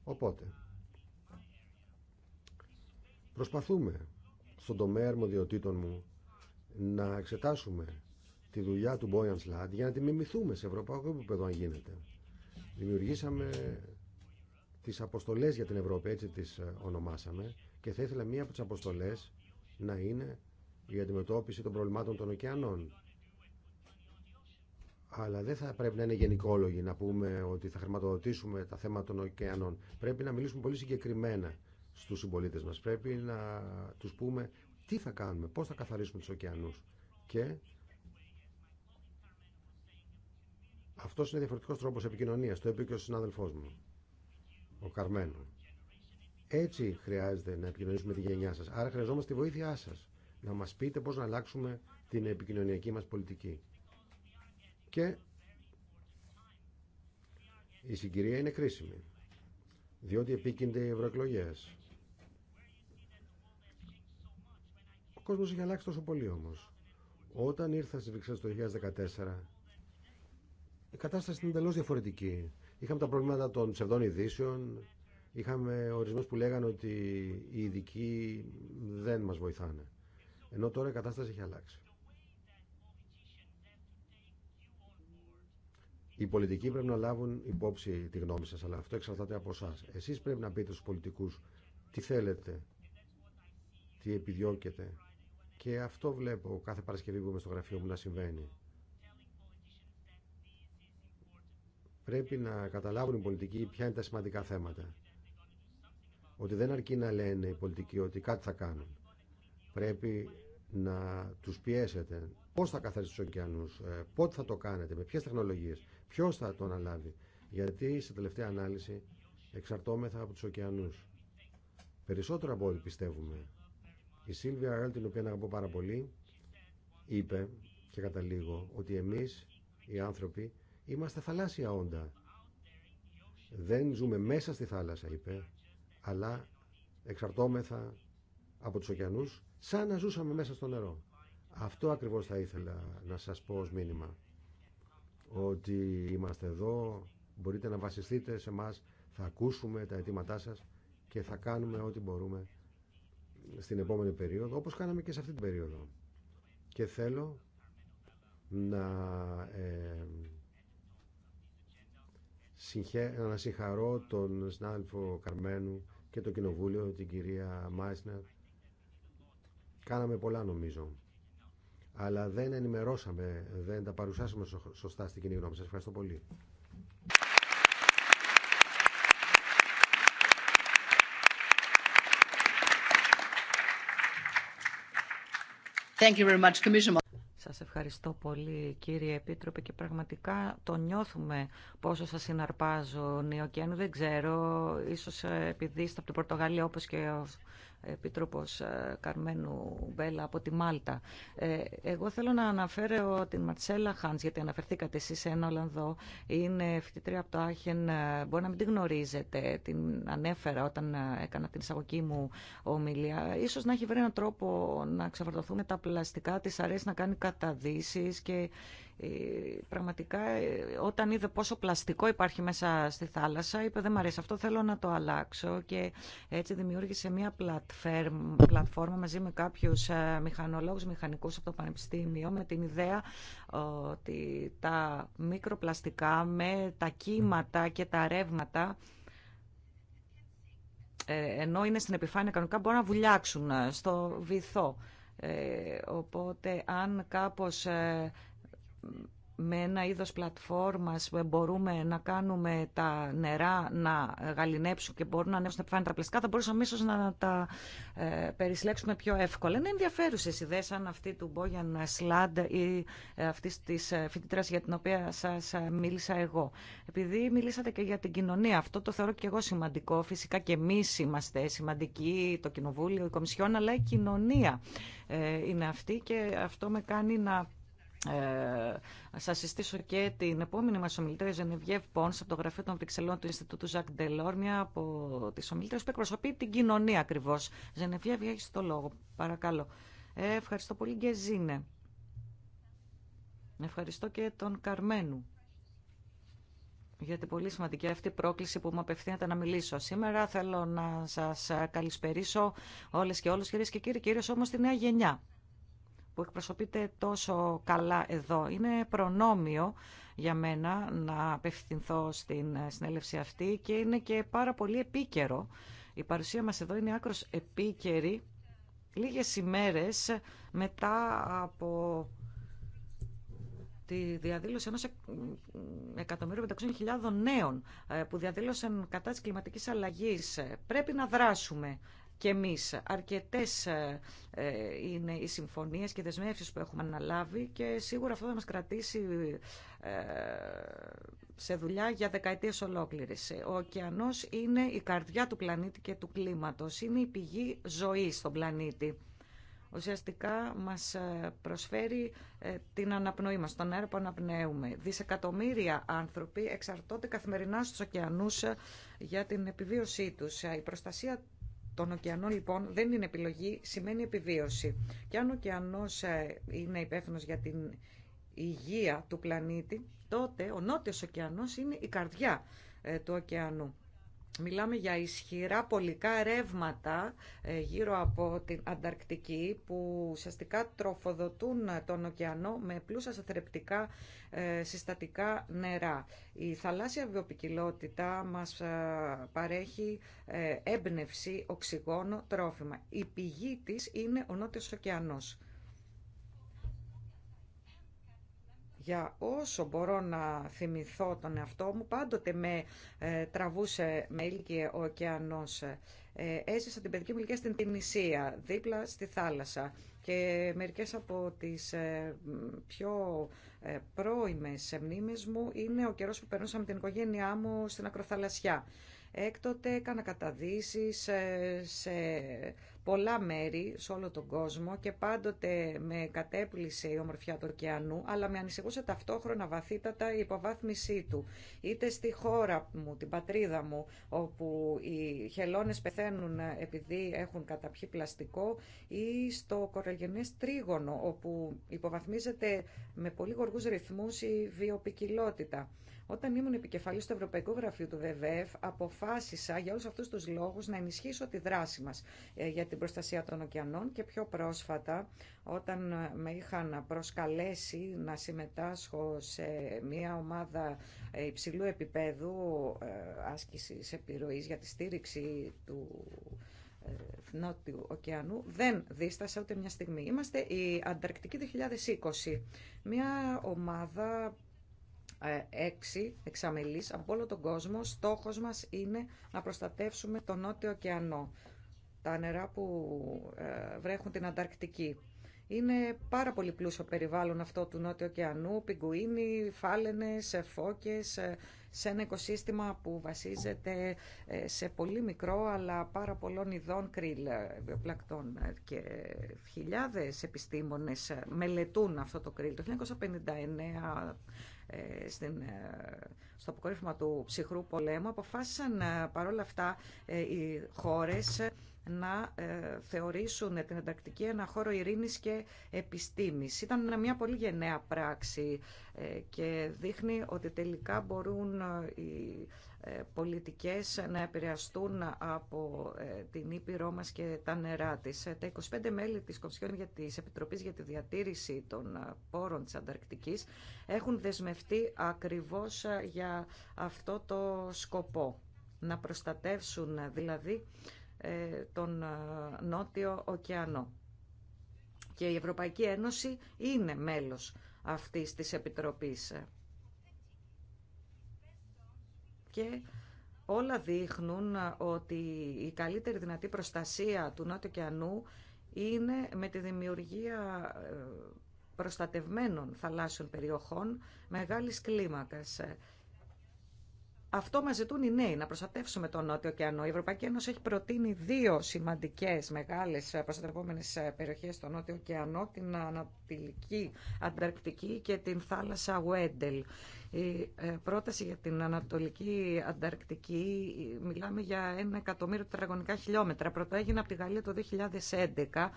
Οπότε, προσπαθούμε στον τομέα αρμοδιοτήτων μου να εξετάσουμε τη δουλειά του Μπόγιαν Σλάντ για να τη μιμηθούμε σε ευρωπαϊκό επίπεδο αν γίνεται. Δημιουργήσαμε τις αποστολές για την Ευρώπη, έτσι τις ε, ονομάσαμε και θα ήθελα μία από τις αποστολές να είναι για αντιμετώπιση των προβλημάτων των ωκεανών. Αλλά δεν θα πρέπει να είναι γενικόλογοι να πούμε ότι θα χρηματοδοτήσουμε τα θέματα των ωκεανών. Πρέπει να μιλήσουμε πολύ συγκεκριμένα στους συμπολίτε μας. Πρέπει να τους πούμε τι θα κάνουμε, πώς θα καθαρίσουμε τους ωκεανούς. Και αυτός είναι διαφορετικός τρόπος επικοινωνίας. Το είπε και ο συνάδελφός μου, ο Καρμένο. Έτσι χρειάζεται να επικοινωνήσουμε τη γενιά σας. Άρα χρειαζόμαστε τη βοήθειά σας να μας πείτε πώς να αλλάξουμε την επικοινωνιακή μας πολιτική. Και η συγκυρία είναι κρίσιμη, διότι επίκυνται οι ευρωεκλογέ. Ο κόσμος έχει αλλάξει τόσο πολύ όμως. Όταν ήρθα στις Βρυξέλλες το 2014, η κατάσταση ήταν εντελώ διαφορετική. Είχαμε τα προβλήματα των ψευδών ειδήσεων, είχαμε ορισμούς που λέγανε ότι οι ειδικοί δεν μας βοηθάνε. Ενώ τώρα η κατάσταση έχει αλλάξει. Οι πολιτικοί πρέπει να λάβουν υπόψη τη γνώμη σας, αλλά αυτό εξαρτάται από εσά. Εσείς πρέπει να πείτε στους πολιτικούς τι θέλετε, τι επιδιώκετε. Και αυτό βλέπω κάθε Παρασκευή που είμαι στο γραφείο μου να συμβαίνει. Πρέπει να καταλάβουν οι πολιτικοί ποια είναι τα σημαντικά θέματα. Ότι δεν αρκεί να λένε οι πολιτικοί ότι κάτι θα κάνουν. Πρέπει να τους πιέσετε. Πώς θα καθαρίσετε τους ωκεανούς, ε, πότε θα το κάνετε, με ποιες τεχνολογίες, ποιος θα τον αναλάβει. Γιατί σε τελευταία ανάλυση εξαρτώμεθα από τους ωκεανούς. Περισσότερο από ό,τι πιστεύουμε. Η Σίλβια Ρέλ, την οποία αγαπώ πάρα πολύ, είπε και καταλήγω ότι εμείς οι άνθρωποι είμαστε θαλάσσια όντα. Δεν ζούμε μέσα στη θάλασσα, είπε, αλλά εξαρτώμεθα από τους ωκεανούς σαν να ζούσαμε μέσα στο νερό. Αυτό ακριβώς θα ήθελα να σας πω ως μήνυμα. Ότι είμαστε εδώ, μπορείτε να βασιστείτε σε μας, θα ακούσουμε τα αιτήματά σας και θα κάνουμε ό,τι μπορούμε στην επόμενη περίοδο, όπως κάναμε και σε αυτή την περίοδο. Και θέλω να, ε, να συγχαρώ τον συνάδελφο Καρμένου και το Κοινοβούλιο, την κυρία Μάισνερ, Κάναμε πολλά νομίζω. Αλλά δεν ενημερώσαμε, δεν τα παρουσιάσαμε σωστά στην κοινή γνώμη. Σας ευχαριστώ πολύ. Thank Σας ευχαριστώ πολύ κύριε Επίτροπε και πραγματικά το νιώθουμε πόσο σας συναρπάζουν οι Δεν ξέρω, ίσως ε, επειδή είστε από την Πορτογαλία όπως και Επιτρόπος ε, Καρμένου Μπέλα από τη Μάλτα. Ε, εγώ θέλω να αναφέρω την Μαρτσέλα Χάνς, γιατί αναφερθήκατε εσείς σε ένα Ολλανδό. Είναι φοιτητρία από το Άχεν, ε, μπορεί να μην την γνωρίζετε. Την ανέφερα όταν έκανα την εισαγωγή μου ομιλία. Ίσως να έχει βρει έναν τρόπο να ξεφορτωθούμε τα πλαστικά της αρέσει να κάνει καταδύσεις και ε, πραγματικά ε, όταν είδε πόσο πλαστικό υπάρχει μέσα στη θάλασσα είπε δεν μου αρέσει αυτό θέλω να το αλλάξω και έτσι δημιούργησε μια πλατφόρμα μαζί με κάποιους ε, μηχανολόγους, μηχανικούς από το Πανεπιστήμιο με την ιδέα ότι τα μικροπλαστικά με τα κύματα και τα ρεύματα ενώ είναι στην επιφάνεια κανονικά μπορούν να βουλιάξουν στο βυθό. Ε, οπότε αν κάπως με ένα είδος πλατφόρμας που μπορούμε να κάνουμε τα νερά να γαλινέψουν και μπορούν να ανέβουν να επιφάνεια τα πλαστικά, θα μπορούσαμε ίσως να τα ε, περισλέξουμε πιο εύκολα. Είναι ενδιαφέρουσες ιδέες σαν αυτή του Μπόγιαν Σλάντ ή ε, αυτή της ε, φοιτήτρας για την οποία σας ε, μίλησα εγώ. Επειδή μιλήσατε και για την κοινωνία, αυτό το θεωρώ και εγώ σημαντικό. Φυσικά και εμείς είμαστε σημαντικοί, το Κοινοβούλιο, η Κομισιόν, αλλά η κοινωνία είναι αυτή και αυτό με κάνει να ε, σας συστήσω και την επόμενη μα ομιλητρία Ζενεβιέβ Πόνς από το Γραφείο των Βρυξελών του Ινστιτούτου Ζακ Ντελόρ, από τι ομιλητέ που εκπροσωπεί την κοινωνία ακριβώ. Ζενεβιέβ, έχεις το λόγο. Παρακαλώ. Ε, ευχαριστώ πολύ και Ζήνε. Ευχαριστώ και τον Καρμένου για την πολύ σημαντική αυτή πρόκληση που μου απευθύνεται να μιλήσω. Σήμερα θέλω να σας καλησπερίσω όλες και όλους, κυρίες και κύριοι, κυρίως όμως τη νέα γενιά που εκπροσωπείται τόσο καλά εδώ. Είναι προνόμιο για μένα να απευθυνθώ στην συνέλευση αυτή και είναι και πάρα πολύ επίκαιρο. Η παρουσία μας εδώ είναι άκρος επίκαιρη λίγες ημέρες μετά από τη διαδήλωση ενός εκατομμύριου χιλιάδων νέων ε, που διαδήλωσαν κατά της κλιματικής αλλαγής. Πρέπει να δράσουμε και εμείς. Αρκετές ε, ε, είναι οι συμφωνίε και δεσμεύσει που έχουμε αναλάβει και σίγουρα αυτό θα μα κρατήσει ε, σε δουλειά για δεκαετίες ολόκληρες. Ο ωκεανός είναι η καρδιά του πλανήτη και του κλίματος. Είναι η πηγή ζωής στον πλανήτη. Ουσιαστικά μας προσφέρει την αναπνοή μας, τον αέρα που αναπνέουμε. Δισεκατομμύρια άνθρωποι εξαρτώνται καθημερινά στους ωκεανούς για την επιβίωσή τους. Η προστασία τον ωκεανό λοιπόν δεν είναι επιλογή, σημαίνει επιβίωση. Και αν ο ωκεανός ε, είναι υπεύθυνο για την υγεία του πλανήτη, τότε ο νότιος ωκεανό είναι η καρδιά ε, του ωκεανού. Μιλάμε για ισχυρά πολικά ρεύματα ε, γύρω από την Ανταρκτική που ουσιαστικά τροφοδοτούν τον ωκεανό με πλούσια θρεπτικά ε, συστατικά νερά. Η θαλάσσια βιοπικιλότητα μας ε, παρέχει έμπνευση, οξυγόνο, τρόφιμα. Η πηγή της είναι ο Νότιος Ωκεανός. για όσο μπορώ να θυμηθώ τον εαυτό μου, πάντοτε με ε, τραβούσε με ήλικε ο ωκεανός. Ε, έζησα την παιδική μου ηλικία στην Τινησία, δίπλα στη θάλασσα και μερικές από τις ε, πιο ε, πρώιμες μνήμες μου είναι ο καιρός που περνούσα με την οικογένειά μου στην Ακροθαλασσιά. Έκτοτε έκανα καταδύσεις ε, σε πολλά μέρη σε όλο τον κόσμο και πάντοτε με κατέπλησε η ομορφιά του ωκεανού, αλλά με ανησυχούσε ταυτόχρονα βαθύτατα η υποβάθμισή του. Είτε στη χώρα μου, την πατρίδα μου, όπου οι χελώνες πεθαίνουν επειδή έχουν καταπιεί πλαστικό, ή στο κοραγενές τρίγωνο, όπου υποβαθμίζεται με πολύ γοργούς ρυθμούς η βιοπικιλότητα. Όταν ήμουν επικεφαλής του Ευρωπαϊκού Γραφείου του ΒΒΕΦ, αποφάσισα για όλους αυτούς τους λόγους να ενισχύσω τη δράση μας ε, για την προστασία των ωκεανών και πιο πρόσφατα όταν ε, με είχαν προσκαλέσει να συμμετάσχω σε μια ομάδα ε, υψηλού επίπεδου άσκησης επιρροής για τη στήριξη του Νότιου Ωκεανού δεν δίστασα ούτε μια στιγμή. Είμαστε η Ανταρκτική 2020, μια ομάδα ε, έξι εξαμελής από όλο τον κόσμο. Στόχος μας είναι να προστατεύσουμε τον Νότιο ωκεανό, τα νερά που ε, βρέχουν την Ανταρκτική. Είναι πάρα πολύ πλούσιο περιβάλλον αυτό του Νότιου ωκεανού, πιγκουίνι, φάλαινες, φώκες, ε, σε ένα οικοσύστημα που βασίζεται ε, σε πολύ μικρό αλλά πάρα πολλών ειδών κρύλ βιοπλακτών ε, και χιλιάδες επιστήμονες ε, μελετούν αυτό το κρύλ. Το 1959 στην, στο αποκορύφωμα του ψυχρού πολέμου αποφάσισαν παρόλα αυτά οι χώρες να θεωρήσουν την Ανταρκτική ένα χώρο ειρήνης και επιστήμης. Ήταν μια πολύ γενναία πράξη ε, και δείχνει ότι τελικά μπορούν ε, οι ε, πολιτικές να επηρεαστούν από την Ήπειρό μας και τα νερά της. Τα 25 μέλη της Κομισιόν για τις Επιτροπής για τη Διατήρηση των Πόρων της Ανταρκτικής έχουν δεσμευτεί ακριβώς για αυτό το σκοπό. Να προστατεύσουν δηλαδή τον Νότιο Ωκεανό. Και η Ευρωπαϊκή Ένωση είναι μέλος αυτής της Επιτροπής. Και όλα δείχνουν ότι η καλύτερη δυνατή προστασία του Νότιου Κιανού είναι με τη δημιουργία ε, προστατευμένων θαλάσσιων περιοχών μεγάλης κλίμακας αυτό μα ζητούν οι νέοι, να προστατεύσουμε τον Νότιο ωκεανό. Η Ευρωπαϊκή Ένωση έχει προτείνει δύο σημαντικές μεγάλες προστατευόμενε περιοχές στον Νότιο ωκεανό, την Ανατολική Ανταρκτική και την θάλασσα Βέντελ. Η ε, πρόταση για την Ανατολική Ανταρκτική μιλάμε για ένα εκατομμύριο τετραγωνικά χιλιόμετρα. Πρώτα έγινε από τη Γαλλία το 2011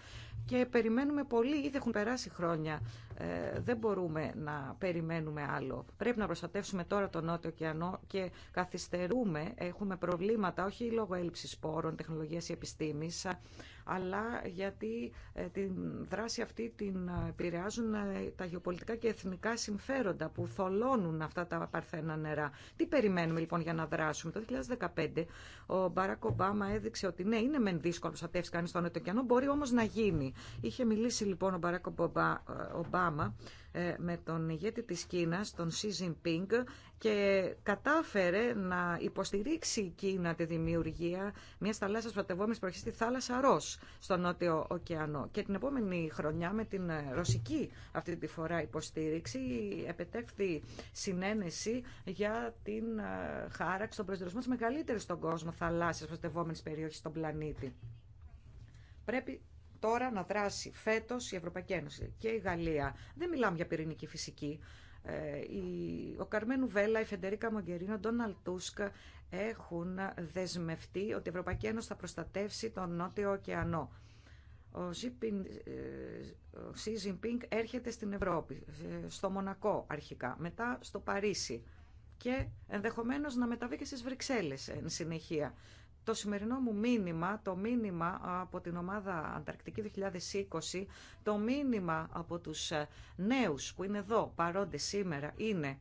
και περιμένουμε πολύ, ήδη έχουν περάσει χρόνια. Ε, δεν μπορούμε να περιμένουμε άλλο. Πρέπει να προστατεύσουμε τώρα τον Νότιο ωκεανό και καθυστερούμε. Έχουμε προβλήματα όχι λόγω έλλειψη σπόρων, τεχνολογία ή επιστήμη, αλλά γιατί ε, την δράση αυτή την ε, επηρεάζουν ε, τα γεωπολιτικά και εθνικά συμφέροντα που θολώνουν αυτά τα παρθένα νερά. Τι περιμένουμε λοιπόν για να δράσουμε. Το 2015 ο Μπαράκ Ομπάμα έδειξε ότι ναι, είναι μεν δύσκολο να προστατεύσει κανεί τον μπορεί όμω να γίνει. Είχε μιλήσει λοιπόν ο Μπαράκ Ομπάμα ε, με τον ηγέτη της Κίνας, τον Xi Jinping, και κατάφερε να υποστηρίξει η Κίνα τη δημιουργία μιας θαλάσσας πρωτευόμενης προχής στη θάλασσα Ρος, στον Νότιο Ωκεανό. Και την επόμενη χρονιά με την ρωσική αυτή τη φορά υποστήριξη επετέχθη συνένεση για την ε, χάραξη των προσδιορισμών της μεγαλύτερης στον κόσμο θαλάσσιας πρωτευόμενης περιοχής στον πλανήτη τώρα να δράσει φέτο η Ευρωπαϊκή Ένωση και η Γαλλία. Δεν μιλάμε για πυρηνική φυσική. Ε, ο Καρμένου Βέλα, η Φεντερίκα Μογκερίνο, ο Ντόναλτ Τούσκ, έχουν δεσμευτεί ότι η Ευρωπαϊκή Ένωση θα προστατεύσει τον Νότιο Ωκεανό. Ο ε, Xi έρχεται στην Ευρώπη, ε, στο Μονακό αρχικά, μετά στο Παρίσι και ενδεχομένως να μεταβεί και στις Βρυξέλλες εν συνεχεία. Το σημερινό μου μήνυμα, το μήνυμα από την ομάδα Ανταρκτική 2020, το μήνυμα από τους ε, νέους που είναι εδώ παρόντες σήμερα είναι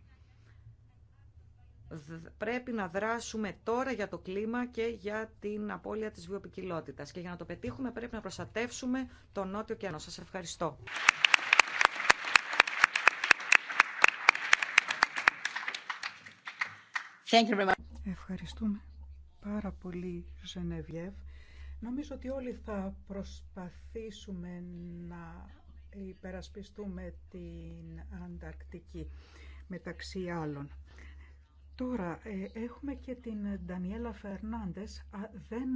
πρέπει να δράσουμε τώρα για το κλίμα και για την απώλεια της βιοπικιλότητας. Και για να το πετύχουμε πρέπει να προστατεύσουμε τον Νότιο Κιάνο. Σας ευχαριστώ. Ευχαριστούμε πάρα πολύ, Ζενεβιέβ. Νομίζω ότι όλοι θα προσπαθήσουμε να υπερασπιστούμε την Ανταρκτική, μεταξύ άλλων. Τώρα, ε, έχουμε και την Ντανιέλα Φερνάντες, δεν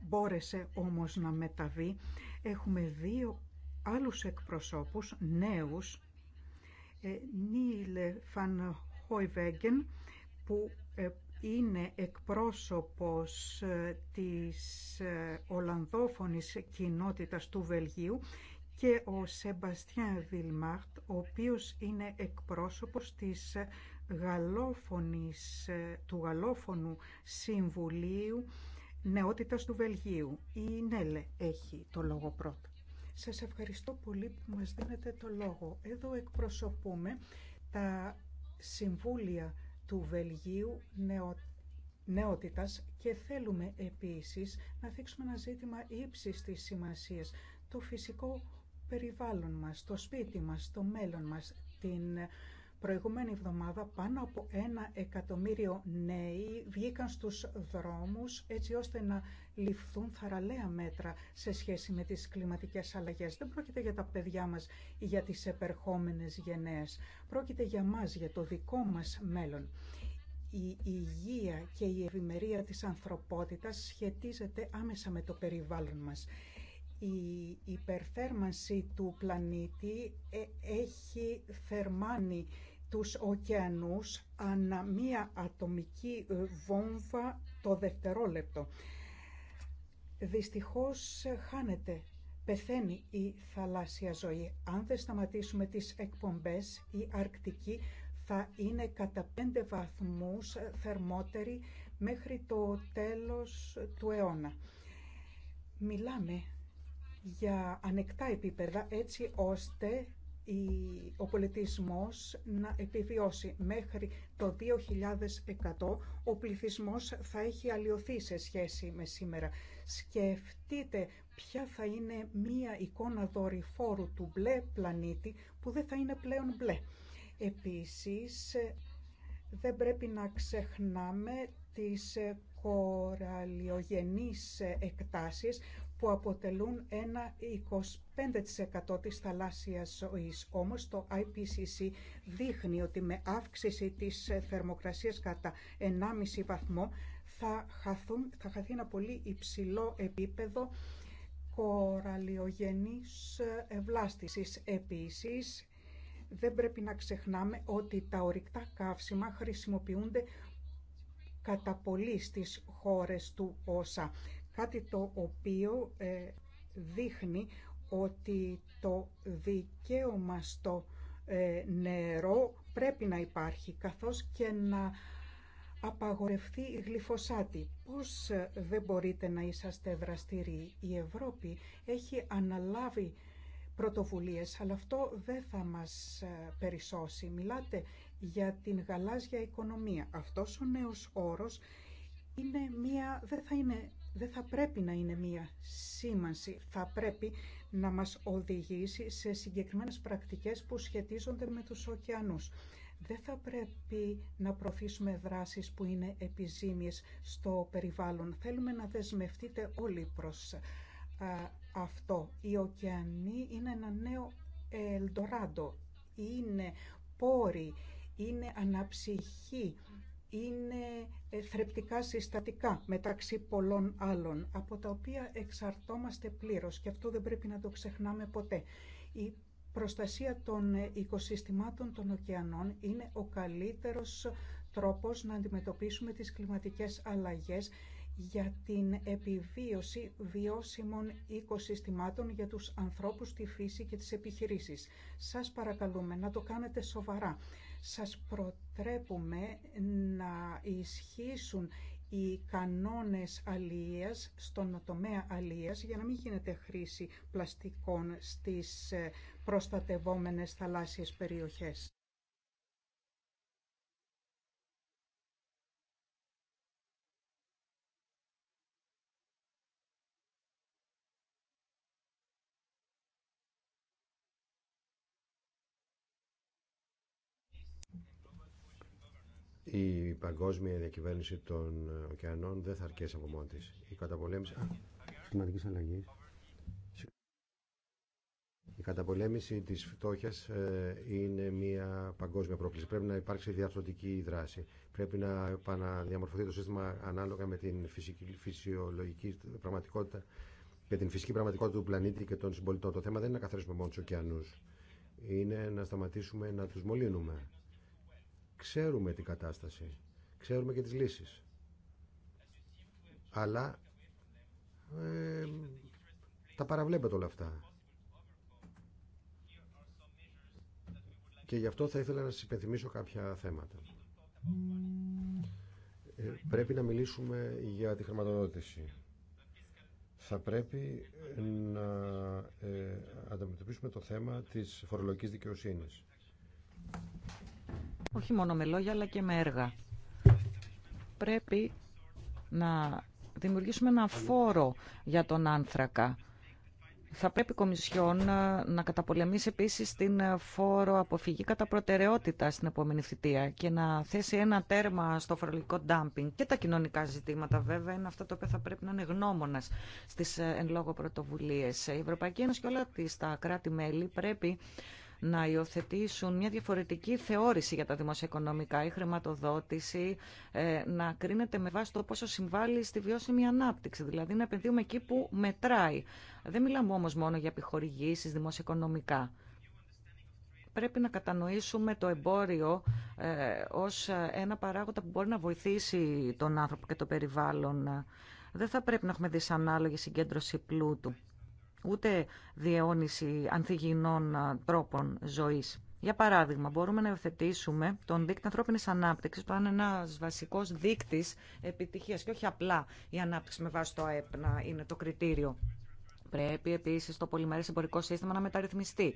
μπόρεσε όμως να μεταβεί. Έχουμε δύο άλλους εκπροσώπους, νέους, ε, Νίλε Φαν Χόιβέγγεν, που ε, είναι εκπρόσωπος ε, της ε, Ολλανδόφωνης κοινότητας του Βελγίου και ο Σεμπαστιάν Βιλμάρτ, ο οποίος είναι εκπρόσωπος της ε, γαλλόφωνης, του Γαλλόφωνου Συμβουλίου Νεότητας του Βελγίου. Η Νέλε έχει το λόγο πρώτο. Σας ευχαριστώ πολύ που μας δίνετε το λόγο. Εδώ εκπροσωπούμε τα συμβούλια του Βελγίου νεότητας και θέλουμε επίσης να θίξουμε ένα ζήτημα ύψης της σημασίας, το φυσικό περιβάλλον μας, το σπίτι μας, το μέλλον μας, την Προηγούμενη εβδομάδα πάνω από ένα εκατομμύριο νέοι βγήκαν στους δρόμους έτσι ώστε να ληφθούν θαραλέα μέτρα σε σχέση με τις κλιματικές αλλαγές. Δεν πρόκειται για τα παιδιά μας ή για τις επερχόμενες γενναίες. Πρόκειται για μας, για το δικό μας μέλλον. Η υγεία και η ευημερία της ανθρωπότητας σχετίζεται άμεσα με το περιβάλλον μας. Η υπερθέρμανση του πλανήτη ε, έχει θερμάνει τους ωκεανούς ανά μία ατομική ε, βόμβα το δευτερόλεπτο. Δυστυχώς ε, χάνεται, πεθαίνει η θαλάσσια ζωή. Αν δεν σταματήσουμε τις εκπομπές, η Αρκτική θα είναι κατά πέντε βαθμούς ε, θερμότερη μέχρι το τέλος του αιώνα. Μιλάμε για ανεκτά επίπεδα έτσι ώστε ο πολιτισμός να επιβιώσει. Μέχρι το 2100 ο πληθυσμός θα έχει αλλοιωθεί σε σχέση με σήμερα. Σκεφτείτε ποια θα είναι μία εικόνα δορυφόρου του μπλε πλανήτη που δεν θα είναι πλέον μπλε. Επίσης, δεν πρέπει να ξεχνάμε τις κοραλιογενείς εκτάσεις που αποτελούν ένα 25% της θαλάσσιας ζωής. Όμως το IPCC δείχνει ότι με αύξηση της θερμοκρασίας κατά 1,5 βαθμό θα, χαθούν, θα χαθεί ένα πολύ υψηλό επίπεδο κοραλιογενής ευλάστησης. Επίσης, δεν πρέπει να ξεχνάμε ότι τα ορυκτά καύσιμα χρησιμοποιούνται κατά πολύ στις χώρες του ΩΣΑ. Κάτι το οποίο ε, δείχνει ότι το δικαίωμα στο ε, νερό πρέπει να υπάρχει, καθώς και να απαγορευτεί η γλυφοσάτη. Πώς ε, δεν μπορείτε να είσαστε δραστήριοι. Η Ευρώπη έχει αναλάβει πρωτοβουλίες, αλλά αυτό δεν θα μας περισσώσει. Μιλάτε για την γαλάζια οικονομία. Αυτός ο νέος όρος είναι μία, δεν θα είναι δεν θα πρέπει να είναι μία σήμανση. Θα πρέπει να μας οδηγήσει σε συγκεκριμένες πρακτικές που σχετίζονται με τους ωκεανούς. Δεν θα πρέπει να προφήσουμε δράσεις που είναι επιζήμιες στο περιβάλλον. Θέλουμε να δεσμευτείτε όλοι προς αυτό. Οι ωκεανοί είναι ένα νέο ελντοράντο. Είναι πόροι, είναι αναψυχή είναι ε, θρεπτικά συστατικά μεταξύ πολλών άλλων, από τα οποία εξαρτώμαστε πλήρως και αυτό δεν πρέπει να το ξεχνάμε ποτέ. Η προστασία των ε, οικοσυστημάτων των ωκεανών είναι ο καλύτερος τρόπος να αντιμετωπίσουμε τις κλιματικές αλλαγές για την επιβίωση βιώσιμων οικοσυστημάτων για τους ανθρώπους, τη φύση και τις επιχειρήσεις. Σας παρακαλούμε να το κάνετε σοβαρά σας προτρέπουμε να ισχύσουν οι κανόνες αλίας στον τομέα αλίας για να μην γίνεται χρήση πλαστικών στις ε, προστατευόμενες θαλάσσιες περιοχές. η παγκόσμια διακυβέρνηση των ε, ωκεανών δεν θα αρκέσει από μόνη της. Η καταπολέμηση... τη αλλαγής. Η καταπολέμηση της φτώχειας ε, είναι μια παγκόσμια πρόκληση. Πρέπει να υπάρξει διαρθρωτική δράση. Πρέπει να επαναδιαμορφωθεί το σύστημα ανάλογα με την φυσική, φυσιολογική πραγματικότητα με την φυσική πραγματικότητα του πλανήτη και των συμπολιτών. Το θέμα δεν είναι να καθαρίσουμε μόνο του ωκεανού. Είναι να σταματήσουμε να του μολύνουμε Ξέρουμε την κατάσταση. Ξέρουμε και τις λύσεις. Αλλά ε, τα παραβλέπετε όλα αυτά. Και γι' αυτό θα ήθελα να σας υπενθυμίσω κάποια θέματα. Ε, πρέπει να μιλήσουμε για τη χρηματοδότηση. Θα πρέπει να ε, αντιμετωπίσουμε το θέμα της φορολογικής δικαιοσύνης όχι μόνο με λόγια αλλά και με έργα. Πρέπει να δημιουργήσουμε ένα φόρο για τον άνθρακα. Θα πρέπει η Κομισιόν ε, να καταπολεμήσει επίσης την ε, φόρο αποφυγή κατά προτεραιότητα στην επόμενη θητεία και να θέσει ένα τέρμα στο φορολογικό ντάμπινγκ και τα κοινωνικά ζητήματα βέβαια είναι αυτά τα οποία θα πρέπει να είναι γνώμονας στις ε, εν λόγω πρωτοβουλίες. Η Ευρωπαϊκή Ένωση και όλα τα κράτη-μέλη πρέπει να υιοθετήσουν μια διαφορετική θεώρηση για τα δημοσιοοικονομικά. Η χρηματοδότηση ε, να κρίνεται με βάση το πόσο συμβάλλει στη βιώσιμη ανάπτυξη, δηλαδή να επενδύουμε εκεί που μετράει. Δεν μιλάμε όμως μόνο για επιχορηγήσεις δημοσιοοικονομικά. Πρέπει να κατανοήσουμε το εμπόριο ε, ως ένα παράγοντα που μπορεί να βοηθήσει τον άνθρωπο και το περιβάλλον. Δεν θα πρέπει να έχουμε δυσανάλογη συγκέντρωση πλούτου ούτε διαιώνιση ανθιγυνών τρόπων ζωής. Για παράδειγμα, μπορούμε να υιοθετήσουμε τον δείκτη ανθρώπινη ανάπτυξη, που είναι ένα βασικό δείκτη επιτυχία και όχι απλά η ανάπτυξη με βάση το ΑΕΠ να είναι το κριτήριο. Πρέπει επίση το πολυμερέ εμπορικό σύστημα να μεταρρυθμιστεί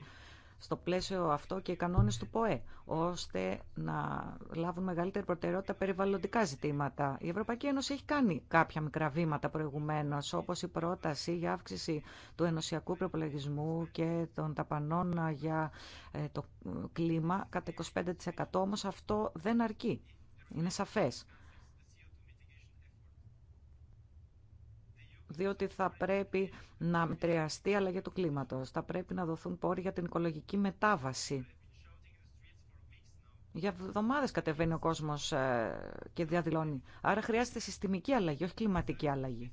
στο πλαίσιο αυτό και οι κανόνε του ΠΟΕ, ώστε να λάβουν μεγαλύτερη προτεραιότητα περιβαλλοντικά ζητήματα. Η Ευρωπαϊκή Ένωση έχει κάνει κάποια μικρά βήματα προηγουμένω, όπως η πρόταση για αύξηση του ενωσιακού προπολογισμού και των ταπανών για ε, το κλίμα κατά 25%, όμω αυτό δεν αρκεί. Είναι σαφές. διότι θα πρέπει να μετριαστεί η αλλαγή του κλίματος. Θα πρέπει να δοθούν πόροι για την οικολογική μετάβαση. Για εβδομάδε, κατεβαίνει ο κόσμος ε, και διαδηλώνει. Άρα χρειάζεται συστημική αλλαγή, όχι κλιματική αλλαγή.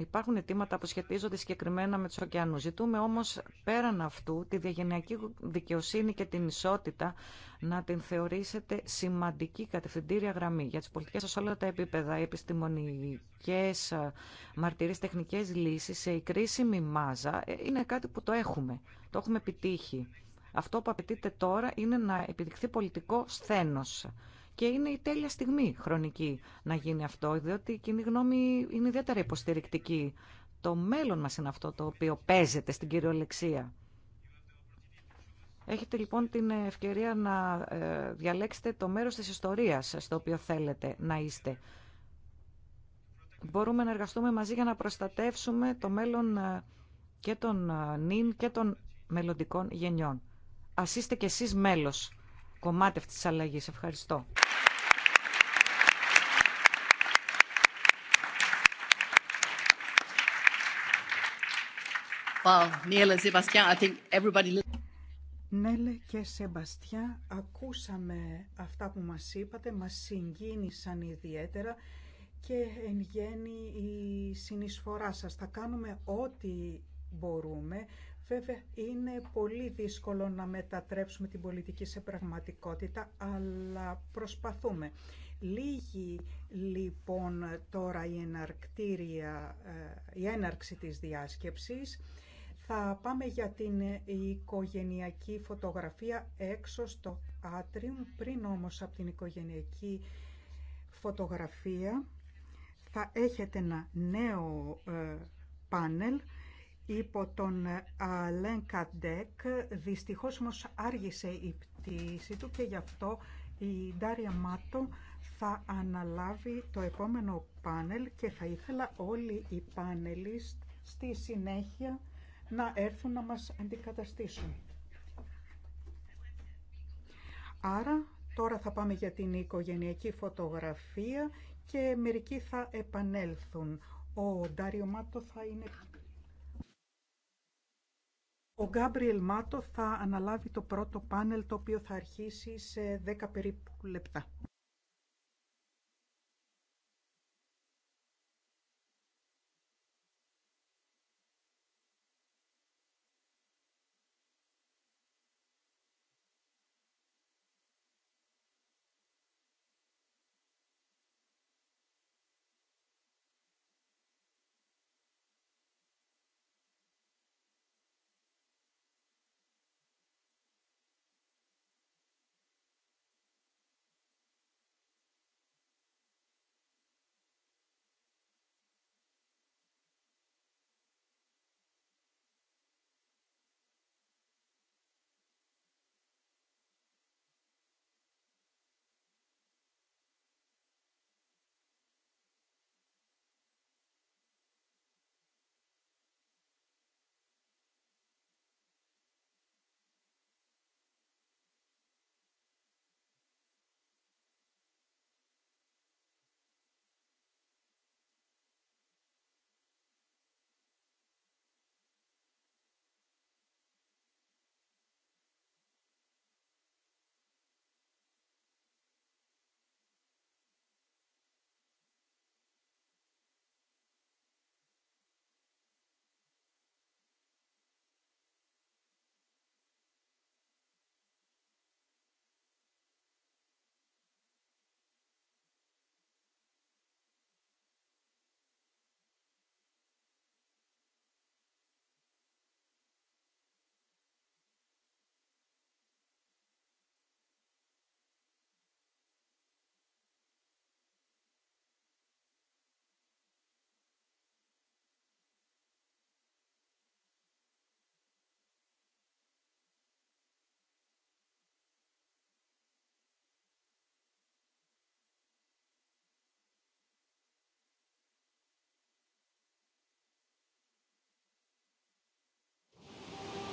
Υπάρχουν αιτήματα που σχετίζονται συγκεκριμένα με του ωκεανού. Ζητούμε όμω πέραν αυτού τη διαγενειακή δικαιοσύνη και την ισότητα να την θεωρήσετε σημαντική κατευθυντήρια γραμμή για τι πολιτικέ σε όλα τα επίπεδα. Οι επιστημονικέ μαρτυρίε, τεχνικέ λύσει, η κρίσιμη μάζα ε, είναι κάτι που το έχουμε. Το έχουμε επιτύχει. Αυτό που απαιτείται τώρα είναι να επιδειχθεί πολιτικό σθένος και είναι η τέλεια στιγμή χρονική να γίνει αυτό, διότι η κοινή γνώμη είναι ιδιαίτερα υποστηρικτική. Το μέλλον μας είναι αυτό το οποίο παίζεται στην κυριολεξία. Έχετε λοιπόν την ευκαιρία να ε, διαλέξετε το μέρος της ιστορίας στο οποίο θέλετε να είστε. Μπορούμε να εργαστούμε μαζί για να προστατεύσουμε το μέλλον ε, και των ε, νυν και των μελλοντικών γενιών. Ας είστε κι εσείς μέλος κομμάτι αυτής της Ευχαριστώ. Νέλε και Σεμπαστιά, ακούσαμε αυτά που μας είπατε, μας συγκίνησαν ιδιαίτερα και εν γέννη η συνεισφορά σας. Θα κάνουμε ό,τι μπορούμε. Βέβαια, είναι πολύ δύσκολο να μετατρέψουμε την πολιτική σε πραγματικότητα, αλλά προσπαθούμε. Λίγη λοιπόν τώρα η, εναρκτήρια, ε, η έναρξη της διάσκεψης θα πάμε για την οικογενειακή φωτογραφία έξω στο άτριουμ. Πριν όμως από την οικογενειακή φωτογραφία θα έχετε ένα νέο ε, πάνελ υπό τον Αλέν ε, Καντέκ. Δυστυχώς όμως άργησε η πτήση του και γι' αυτό η Ντάρια Μάτο θα αναλάβει το επόμενο πάνελ και θα ήθελα όλοι οι πάνελιστ στη συνέχεια να έρθουν να μας αντικαταστήσουν. Άρα τώρα θα πάμε για την οικογενειακή φωτογραφία και μερικοί θα επανέλθουν. Ο Ντάριο Μάτο θα είναι... Ο Γκάμπριελ Μάτο θα αναλάβει το πρώτο πάνελ το οποίο θα αρχίσει σε 10 περίπου λεπτά.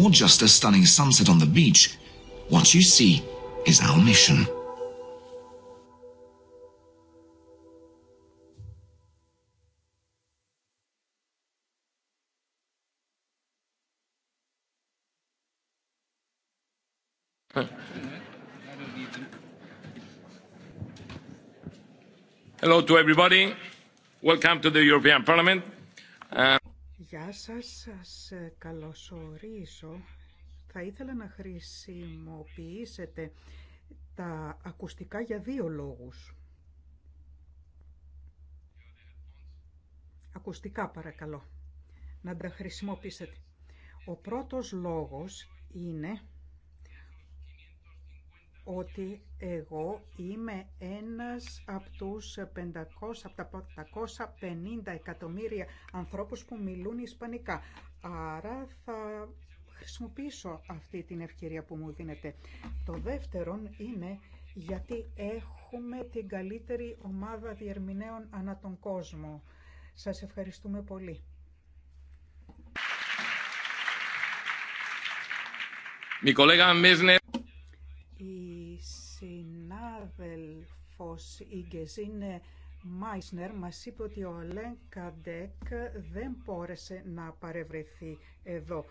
or just a stunning sunset on the beach, what you see is our mission. Hello to everybody. Welcome to the European Parliament. Γεια σας, σας καλωσορίζω. Θα ήθελα να χρησιμοποιήσετε τα ακουστικά για δύο λόγους. Ακουστικά παρακαλώ, να τα χρησιμοποιήσετε. Ο πρώτος λόγος είναι ότι εγώ είμαι ένας από, τους 500, από τα 550 εκατομμύρια ανθρώπους που μιλούν Ισπανικά. Άρα θα χρησιμοποιήσω αυτή την ευκαιρία που μου δίνετε. Το δεύτερο είναι γιατί έχουμε την καλύτερη ομάδα διερμηνέων ανά τον κόσμο. Σας ευχαριστούμε πολύ. Mi colega η συνάδελφος η Γκεζίνε Μάισνερ μας είπε ότι ο Αλέν Καντέκ δεν μπόρεσε να παρευρεθεί εδώ.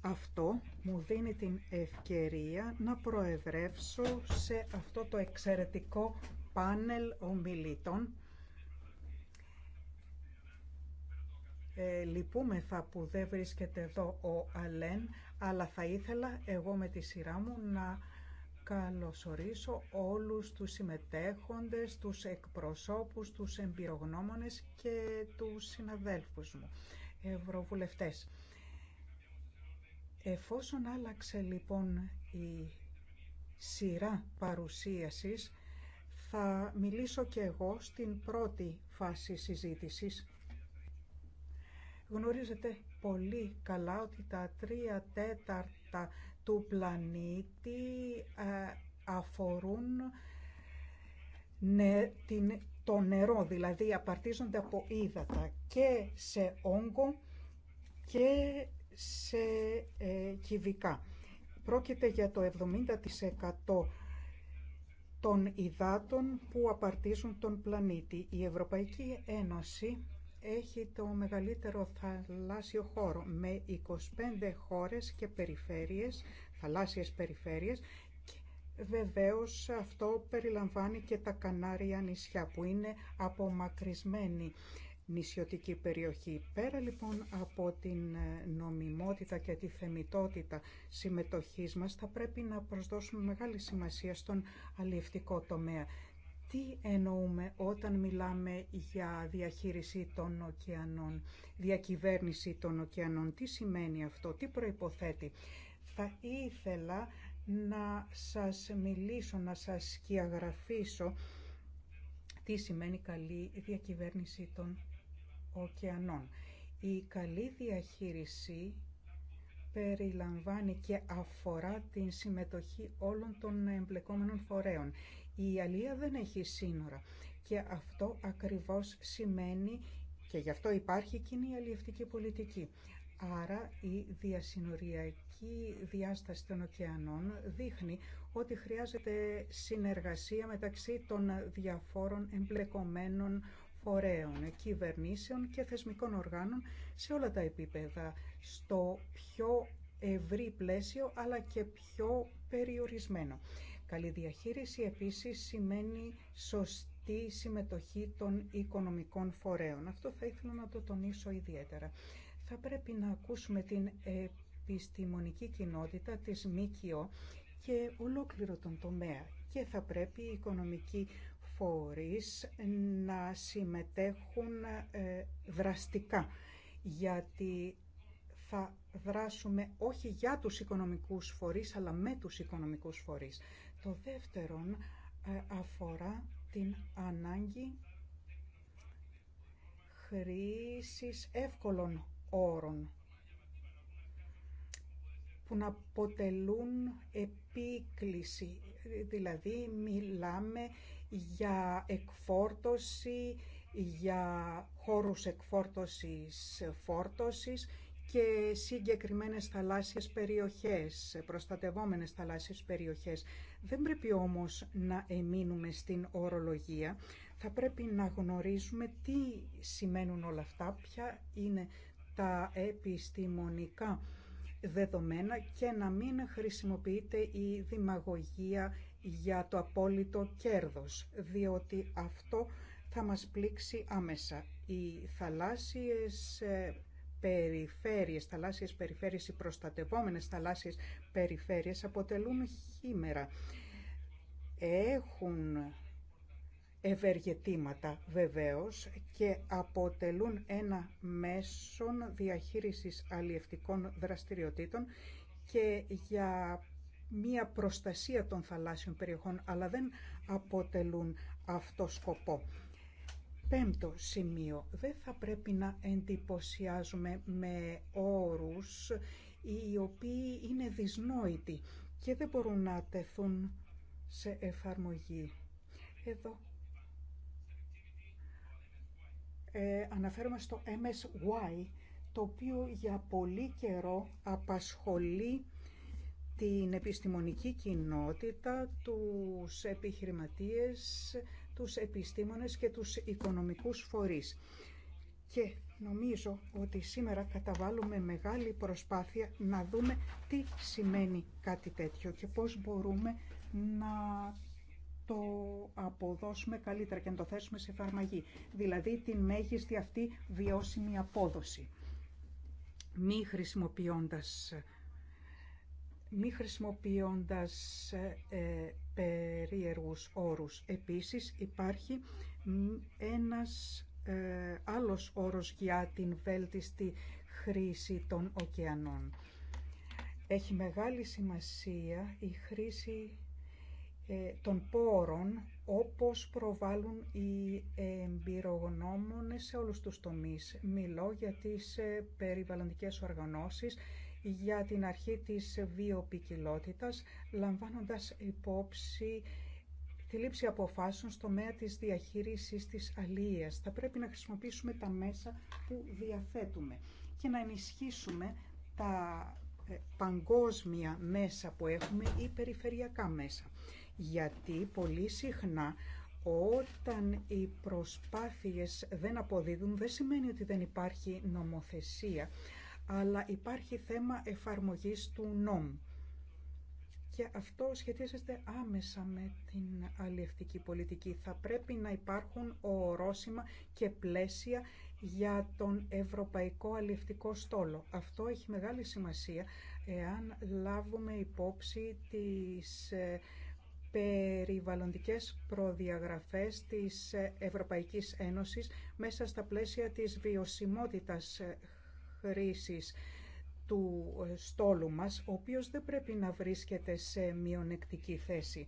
Αυτό μου δίνει την ευκαιρία να προεδρεύσω σε αυτό το εξαιρετικό πάνελ ομιλητών. Ε, λυπούμεθα που δεν βρίσκεται εδώ ο Αλέν, αλλά θα ήθελα εγώ με τη σειρά μου να καλωσορίσω όλους τους συμμετέχοντες, τους εκπροσώπους, τους εμπειρογνώμονες και τους συναδέλφους μου, ευρωβουλευτές. Εφόσον άλλαξε λοιπόν η σειρά παρουσίασης, θα μιλήσω και εγώ στην πρώτη φάση συζήτησης. Γνωρίζετε πολύ καλά ότι τα τρία τέταρτα του πλανήτη ε, αφορούν την, το νερό, δηλαδή απαρτίζονται από ύδατα και σε όγκο και σε ε, κυβικά. Πρόκειται για το 70% των υδάτων που απαρτίζουν τον πλανήτη. Η Ευρωπαϊκή Ένωση έχει το μεγαλύτερο θαλάσσιο χώρο με 25 χώρες και περιφέρειες, θαλάσσιες περιφέρειες και βεβαίως αυτό περιλαμβάνει και τα Κανάρια νησιά που είναι απομακρυσμένη νησιωτική περιοχή. Πέρα λοιπόν από την ε, νομιμότητα και τη θεμητότητα συμμετοχής μας θα πρέπει να προσδώσουμε μεγάλη σημασία στον αλληλευτικό τομέα τι εννοούμε όταν μιλάμε για διαχείριση των ωκεανών, διακυβέρνηση των ωκεανών, τι σημαίνει αυτό, τι προϋποθέτει. Θα ήθελα να σας μιλήσω, να σας σκιαγραφίσω τι σημαίνει καλή διακυβέρνηση των ωκεανών. Η καλή διαχείριση περιλαμβάνει και αφορά την συμμετοχή όλων των εμπλεκόμενων φορέων. Η αλία δεν έχει σύνορα και αυτό ακριβώς σημαίνει και γι' αυτό υπάρχει κοινή αλλιευτική πολιτική. Άρα η διασυνοριακή διάσταση των ωκεανών δείχνει ότι χρειάζεται συνεργασία μεταξύ των διαφόρων εμπλεκομένων φορέων, κυβερνήσεων και θεσμικών οργάνων σε όλα τα επίπεδα, στο πιο ευρύ πλαίσιο αλλά και πιο περιορισμένο. Καλή διαχείριση επίσης σημαίνει σωστή συμμετοχή των οικονομικών φορέων. Αυτό θα ήθελα να το τονίσω ιδιαίτερα. Θα πρέπει να ακούσουμε την επιστημονική κοινότητα της ΜΚΟ και ολόκληρο τον τομέα και θα πρέπει οι οικονομικοί φορείς να συμμετέχουν ε, δραστικά γιατί θα δράσουμε όχι για τους οικονομικούς φορείς αλλά με τους οικονομικούς φορείς. Το δεύτερον ε, αφορά την ανάγκη χρήσης εύκολων όρων που να αποτελούν επίκληση. Δηλαδή μιλάμε για εκφόρτωση, για χώρους εκφόρτωσης φόρτωσης και συγκεκριμένες θαλάσσιες περιοχές, προστατευόμενες θαλάσσιες περιοχές. Δεν πρέπει όμως να εμείνουμε στην ορολογία. Θα πρέπει να γνωρίζουμε τι σημαίνουν όλα αυτά, ποια είναι τα επιστημονικά δεδομένα και να μην χρησιμοποιείται η δημαγωγία για το απόλυτο κέρδος, διότι αυτό θα μας πλήξει άμεσα. Οι θαλάσσιες ε, περιφέρειες, θαλάσσιες περιφέρειες, οι προστατευόμενες θαλάσσιες περιφέρειες αποτελούν χήμερα. Έχουν ευεργετήματα βεβαίως και αποτελούν ένα μέσον διαχείρισης αλλιευτικών δραστηριοτήτων και για μία προστασία των θαλάσσιων περιοχών, αλλά δεν αποτελούν αυτό σκοπό. Πέμπτο σημείο. Δεν θα πρέπει να εντυπωσιάζουμε με όρους οι οποίοι είναι δυσνόητοι και δεν μπορούν να τεθούν σε εφαρμογή. Εδώ ε, αναφέρομαι στο MSY, το οποίο για πολύ καιρό απασχολεί την επιστημονική κοινότητα, τους επιχειρηματίες, τους επιστήμονες και τους οικονομικούς φορείς. Και νομίζω ότι σήμερα καταβάλουμε μεγάλη προσπάθεια να δούμε τι σημαίνει κάτι τέτοιο και πώς μπορούμε να το αποδώσουμε καλύτερα και να το θέσουμε σε εφαρμογή. Δηλαδή την μέγιστη αυτή βιώσιμη απόδοση. Μη χρησιμοποιώντας, μη χρησιμοποιώντας ε, περίεργους όρους. Επίσης υπάρχει ένας ε, άλλος όρος για την βέλτιστη χρήση των ωκεανών. Έχει μεγάλη σημασία η χρήση ε, των πόρων όπως προβάλλουν οι εμπειρογνώμονες σε όλους τους τομείς. Μιλώ για τις ε, περιβαλλοντικές οργανώσεις, για την αρχή της βιοπικιλότητας, λαμβάνοντας υπόψη τη λήψη αποφάσεων στο μέα της διαχείρισης της αλίας. Θα πρέπει να χρησιμοποιήσουμε τα μέσα που διαθέτουμε και να ενισχύσουμε τα ε, παγκόσμια μέσα που έχουμε ή περιφερειακά μέσα. Γιατί πολύ συχνά όταν οι προσπάθειες δεν αποδίδουν δεν σημαίνει ότι δεν υπάρχει νομοθεσία αλλά υπάρχει θέμα εφαρμογής του νόμου και αυτό σχετίζεται άμεσα με την αλληλευτική πολιτική. Θα πρέπει να υπάρχουν ορόσημα και πλαίσια για τον ευρωπαϊκό αλληλευτικό στόλο. Αυτό έχει μεγάλη σημασία εάν λάβουμε υπόψη τις ε, περιβαλλοντικές προδιαγραφές της ε, Ευρωπαϊκής Ένωσης μέσα στα πλαίσια της βιωσιμότητας ε, χρήσης του ε, στόλου μας, ο οποίος δεν πρέπει να βρίσκεται σε μειονεκτική θέση.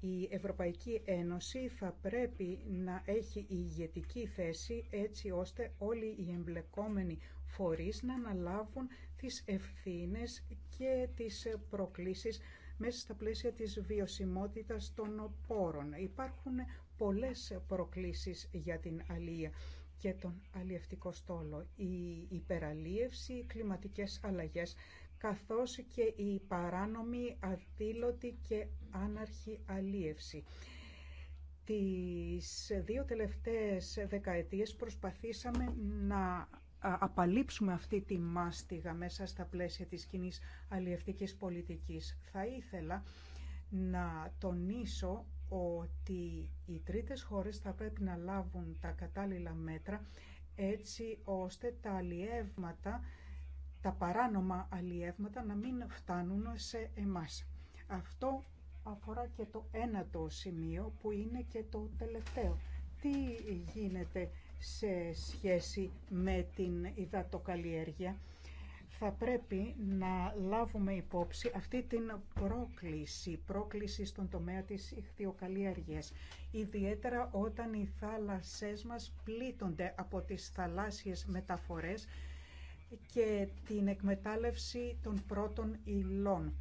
Η Ευρωπαϊκή Ένωση θα πρέπει να έχει ηγετική θέση έτσι ώστε όλοι οι εμπλεκόμενοι φορείς να αναλάβουν τις ευθύνες και τις ε, προκλήσεις μέσα στα πλαίσια της βιωσιμότητας των πόρων. Υπάρχουν πολλές προκλήσεις για την αλία και τον αλλιευτικό στόλο. Η υπεραλίευση, οι κλιματικές αλλαγές, καθώς και η παράνομη, αδήλωτη και άναρχη αλίευση. Τις δύο τελευταίες δεκαετίες προσπαθήσαμε να απαλείψουμε αυτή τη μάστιγα μέσα στα πλαίσια της κοινή αλλιευτικής πολιτικής. Θα ήθελα να τονίσω ότι οι τρίτες χώρες θα πρέπει να λάβουν τα κατάλληλα μέτρα έτσι ώστε τα αλλιεύματα, τα παράνομα αλλιεύματα να μην φτάνουν σε εμάς. Αυτό αφορά και το ένατο σημείο που είναι και το τελευταίο. Τι γίνεται σε σχέση με την υδατοκαλλιέργεια θα πρέπει να λάβουμε υπόψη αυτή την πρόκληση, πρόκληση στον τομέα της ηχθειοκαλλιέργειας, ιδιαίτερα όταν οι θάλασσές μας πλήττονται από τις θαλάσσιες μεταφορές και την εκμετάλλευση των πρώτων υλών,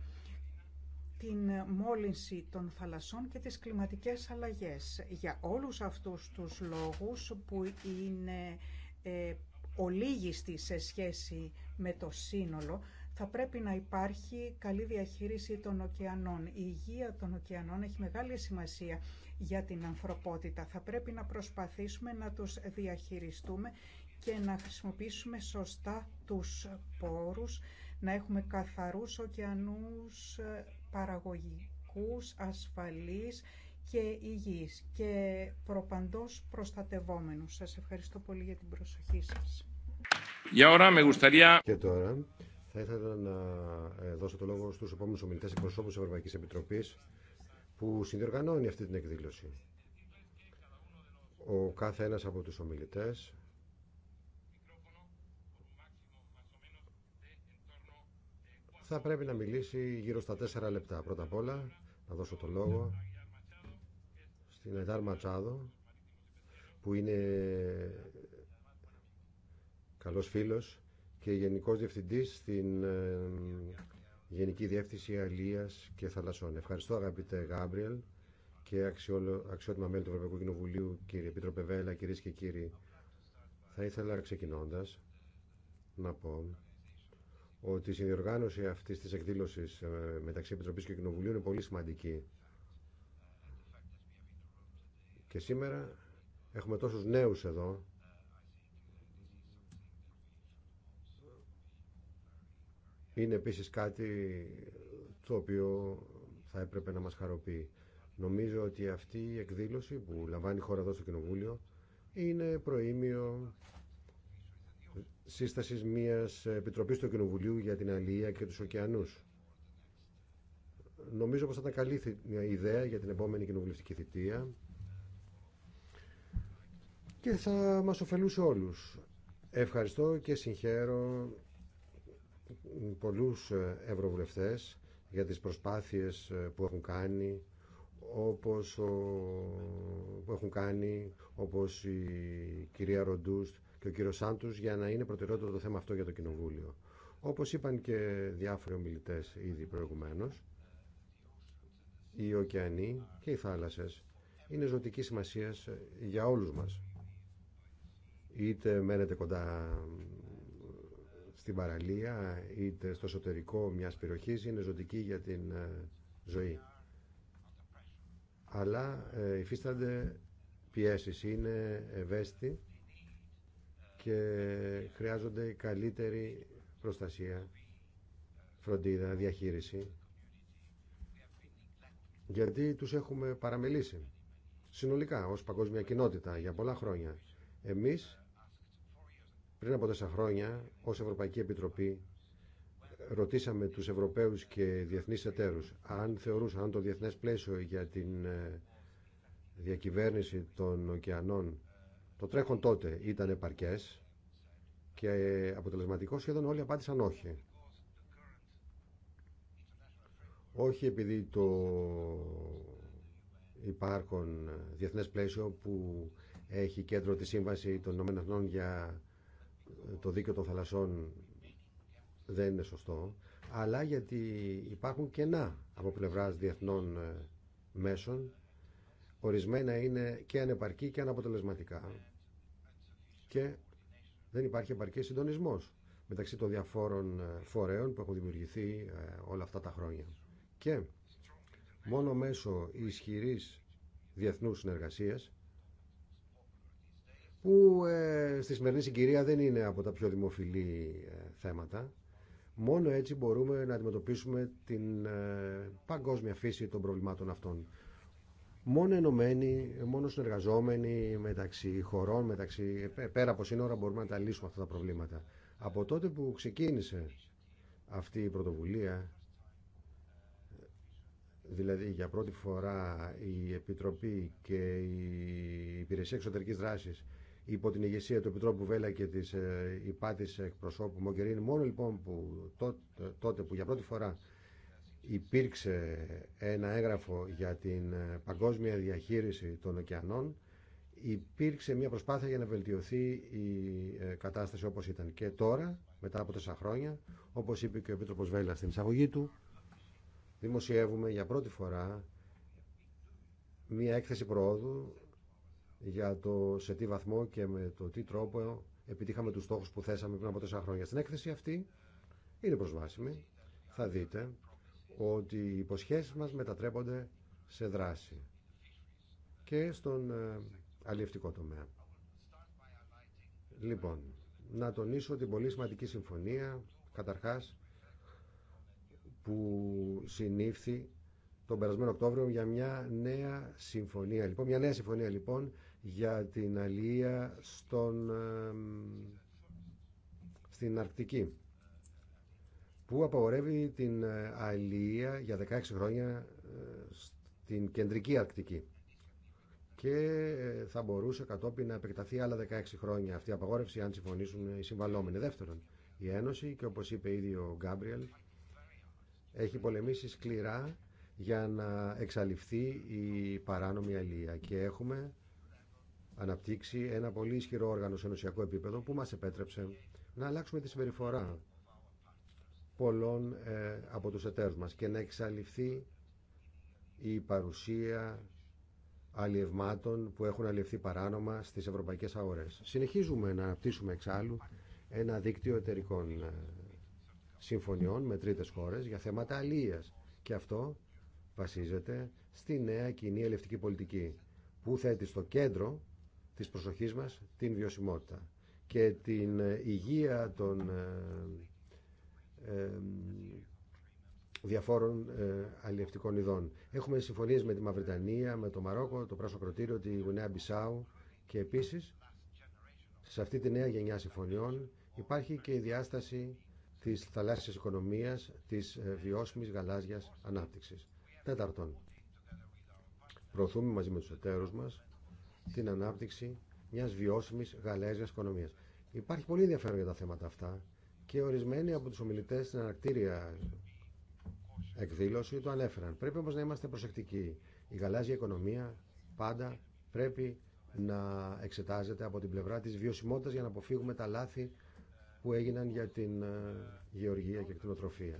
την μόλυνση των θαλασσών και τις κλιματικές αλλαγές. Για όλους αυτούς τους λόγους που είναι ε, ολίγιστοι σε σχέση με το σύνολο, θα πρέπει να υπάρχει καλή διαχείριση των ωκεανών. Η υγεία των ωκεανών έχει μεγάλη σημασία για την ανθρωπότητα. Θα πρέπει να προσπαθήσουμε να τους διαχειριστούμε και να χρησιμοποιήσουμε σωστά τους πόρους, να έχουμε καθαρούς ωκεανούς, ε, παραγωγικούς, ασφαλείς και υγιείς και προπαντός προστατευόμενους. Σας ευχαριστώ πολύ για την προσοχή σας. Και τώρα θα ήθελα να ε, δώσω το λόγο στους επόμενους ομιλητές εκπροσώπους της Ευρωπαϊκής Επιτροπής που συνδιοργανώνει αυτή την εκδήλωση. Ο κάθε ένας από τους ομιλητές θα πρέπει να μιλήσει γύρω στα τέσσερα λεπτά. Πρώτα απ' όλα να δώσω το λόγο στην Εντάρ Ματσάδο που είναι καλός φίλος και Γενικός Διευθυντής στην ε, Γενική Διεύθυνση Αλίας και Θαλασσών. Ευχαριστώ αγαπητέ Γάμπριελ και αξιόλο, αξιότιμα μέλη του Ευρωπαϊκού Κοινοβουλίου, κύριε Επίτροπε Βέλα, κυρίες και κύριοι. Θα ήθελα ξεκινώντας να πω ότι η συνδιοργάνωση αυτής της εκδήλωσης ε, μεταξύ Επιτροπής και Κοινοβουλίου είναι πολύ σημαντική. Και σήμερα έχουμε τόσους νέους εδώ είναι επίσης κάτι το οποίο θα έπρεπε να μας χαροποιεί. Νομίζω ότι αυτή η εκδήλωση που λαμβάνει η χώρα εδώ στο Κοινοβούλιο είναι προήμιο σύστασης μιας επιτροπής του Κοινοβουλίου για την Αλία και τους ωκεανούς. Νομίζω πως θα ήταν καλή ιδέα για την επόμενη κοινοβουλευτική θητεία και θα μας ωφελούσε όλους. Ευχαριστώ και συγχαίρω πολλούς ε, ευρωβουλευτές για τις προσπάθειες ε, που έχουν κάνει όπως, που έχουν κάνει, όπως η κυρία Ροντούστ και ο κύριος Σάντους για να είναι προτεραιότητα το θέμα αυτό για το Κοινοβούλιο. Όπως είπαν και διάφοροι ομιλητές ήδη προηγουμένως, οι ωκεανοί και οι θάλασσες είναι ζωτική σημασία ε, για όλους μας. Είτε μένετε κοντά στην παραλία είτε στο εσωτερικό μιας περιοχής είναι ζωτική για την ε, ζωή. Αλλά ε, υφίστανται πιέσεις, είναι ευαίσθητοι και χρειάζονται καλύτερη προστασία, φροντίδα, διαχείριση γιατί τους έχουμε παραμελήσει συνολικά ως παγκόσμια κοινότητα για πολλά χρόνια. Εμείς πριν από τέσσερα χρόνια, ως Ευρωπαϊκή Επιτροπή, ρωτήσαμε τους Ευρωπαίους και διεθνεί εταίρου αν θεωρούσαν το διεθνές πλαίσιο για την ε, διακυβέρνηση των ωκεανών το τρέχον τότε ήταν επαρκές και αποτελεσματικό σχεδόν όλοι απάντησαν όχι. Όχι επειδή το υπάρχον διεθνές πλαίσιο που έχει κέντρο τη Σύμβαση των ΗΠΑ για το δίκαιο των θαλασσών δεν είναι σωστό, αλλά γιατί υπάρχουν κενά από πλευράς διεθνών ε, μέσων, ορισμένα είναι και ανεπαρκή και αναποτελεσματικά και δεν υπάρχει επαρκή συντονισμός μεταξύ των διαφόρων ε, φορέων που έχουν δημιουργηθεί ε, όλα αυτά τα χρόνια. Και μόνο μέσω ισχυρής διεθνούς συνεργασίας που ε, στη σημερινή συγκυρία δεν είναι από τα πιο δημοφιλή ε, θέματα. Μόνο έτσι μπορούμε να αντιμετωπίσουμε την ε, παγκόσμια φύση των προβλημάτων αυτών. Μόνο ενωμένοι, μόνο συνεργαζόμενοι μεταξύ χωρών, μεταξύ, πέρα από σύνορα μπορούμε να τα λύσουμε αυτά τα προβλήματα. Από τότε που ξεκίνησε αυτή η πρωτοβουλία, δηλαδή για πρώτη φορά η Επιτροπή και η Υπηρεσία Εξωτερικής Δράσης υπό την ηγεσία του Επιτρόπου Βέλα και της ε, υπάτης εκπροσώπου Μογκερίνη. Μόνο λοιπόν που τότε, τότε που για πρώτη φορά υπήρξε ένα έγγραφο για την ε, παγκόσμια διαχείριση των ωκεανών, υπήρξε μια προσπάθεια για να βελτιωθεί η ε, κατάσταση όπως ήταν και τώρα, μετά από τέσσερα χρόνια, όπως είπε και ο Επίτροπος Βέλλα στην εισαγωγή του, δημοσιεύουμε για πρώτη φορά μια έκθεση προόδου για το σε τι βαθμό και με το τι τρόπο επιτύχαμε τους στόχους που θέσαμε πριν από τέσσερα χρόνια. Στην έκθεση αυτή είναι προσβάσιμη. Θα δείτε ότι οι υποσχέσεις μας μετατρέπονται σε δράση και στον ε, αλληλευτικό τομέα. Λοιπόν, να τονίσω την πολύ σημαντική συμφωνία, καταρχάς, που συνήφθη τον περασμένο Οκτώβριο για μια νέα συμφωνία. Λοιπόν, μια νέα συμφωνία λοιπόν για την αλία στον, στην Αρκτική που απαγορεύει την ε, αλία για 16 χρόνια ε, στην κεντρική Αρκτική και ε, θα μπορούσε κατόπιν να επεκταθεί άλλα 16 χρόνια αυτή η απαγόρευση αν συμφωνήσουν οι συμβαλόμενοι. Δεύτερον, η Ένωση και όπως είπε ήδη ο Γκάμπριελ έχει πολεμήσει σκληρά για να εξαλειφθεί η παράνομη αλία και έχουμε αναπτύξει ένα πολύ ισχυρό όργανο σε ενωσιακό επίπεδο που μας επέτρεψε να αλλάξουμε τη συμπεριφορά πολλών ε, από τους εταίρους μας και να εξαλειφθεί η παρουσία αλλιευμάτων που έχουν αλλιευθεί παράνομα στις ευρωπαϊκές αγορές. Συνεχίζουμε να αναπτύσσουμε εξάλλου ένα δίκτυο εταιρικών ε, συμφωνιών με τρίτες χώρες για θέματα αλλίας και αυτό βασίζεται στη νέα κοινή ελευτική πολιτική που θέτει στο κέντρο της προσοχής μας την βιωσιμότητα και την ε, υγεία των ε, ε, διαφόρων αλλιευτικών ειδών. Έχουμε συμφωνίες με τη Μαυριτανία, με το Μαρόκο, το Πράσο Κροτήριο, τη Γουνέα Μπισάου και επίσης σε αυτή τη νέα γενιά συμφωνιών υπάρχει και η διάσταση της θαλάσσιας οικονομίας, της βιώσιμης γαλάζιας ανάπτυξης. Τέταρτον, προωθούμε μαζί με τους εταίρους μας την ανάπτυξη μια βιώσιμη γαλάζιας οικονομία. Υπάρχει πολύ ενδιαφέρον για τα θέματα αυτά και ορισμένοι από του ομιλητέ στην ανακτήρια εκδήλωση το ανέφεραν. Πρέπει όμω να είμαστε προσεκτικοί. Η γαλάζια οικονομία πάντα πρέπει να εξετάζεται από την πλευρά της βιωσιμότητας για να αποφύγουμε τα λάθη που έγιναν για την ε, γεωργία και κτηνοτροφία.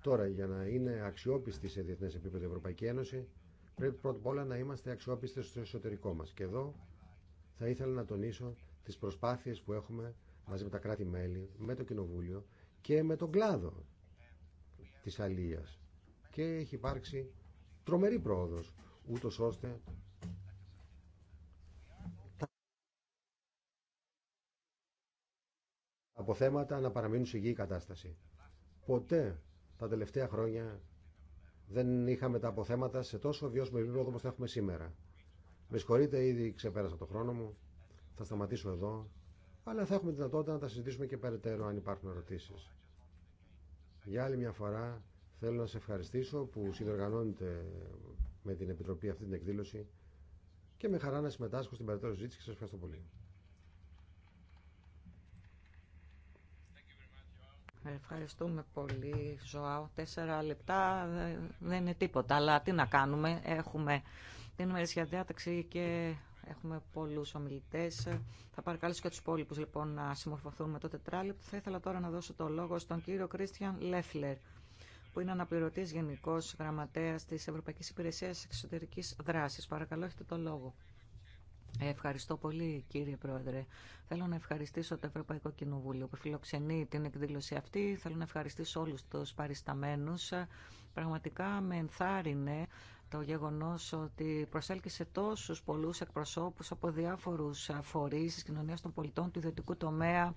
Τώρα, για να είναι αξιόπιστη σε διεθνές επίπεδο η Ευρωπαϊκή Ένωση, πρέπει πρώτα απ' όλα να είμαστε αξιόπιστες στο εσωτερικό μας. Και εδώ θα ήθελα να τονίσω τις προσπάθειες που έχουμε μαζί με τα κράτη-μέλη, με το Κοινοβούλιο και με τον κλάδο της αλίας. Και έχει υπάρξει τρομερή πρόοδος, ούτως ώστε από θέματα να παραμείνουν σε υγιή κατάσταση. Ποτέ τα τελευταία χρόνια δεν είχαμε τα αποθέματα σε τόσο βιώσιμο επίπεδο όπω τα έχουμε σήμερα. Με συγχωρείτε, ήδη ξεπέρασα το χρόνο μου. Θα σταματήσω εδώ. Αλλά θα έχουμε δυνατότητα να τα συζητήσουμε και περαιτέρω αν υπάρχουν ερωτήσει. Για άλλη μια φορά θέλω να σε ευχαριστήσω που συνεργανώνετε με την Επιτροπή αυτή την εκδήλωση και με χαρά να συμμετάσχω στην περαιτέρω συζήτηση και σα ευχαριστώ πολύ. Ευχαριστούμε πολύ, Ζωάο. Τέσσερα λεπτά ε, δεν είναι τίποτα, αλλά τι να κάνουμε. Έχουμε την ημερήσια διάταξη και έχουμε πολλούς ομιλητές. Θα παρακαλέσω και τους υπόλοιπους λοιπόν να συμμορφωθούν με το τετράλεπτο. Θα ήθελα τώρα να δώσω το λόγο στον κύριο Κρίστιαν Λέφλερ, που είναι αναπληρωτής Γενικός Γραμματέας της Ευρωπαϊκής Υπηρεσίας Εξωτερικής Δράσης. Παρακαλώ, έχετε το λόγο. Ευχαριστώ πολύ κύριε Πρόεδρε. Θέλω να ευχαριστήσω το Ευρωπαϊκό Κοινοβούλιο που φιλοξενεί την εκδήλωση αυτή. Θέλω να ευχαριστήσω όλους τους παρισταμένους. Πραγματικά με ενθάρρυνε το γεγονός ότι προσέλκυσε τόσους πολλούς εκπροσώπους από διάφορους φορείς της κοινωνίας των πολιτών, του ιδιωτικού τομέα,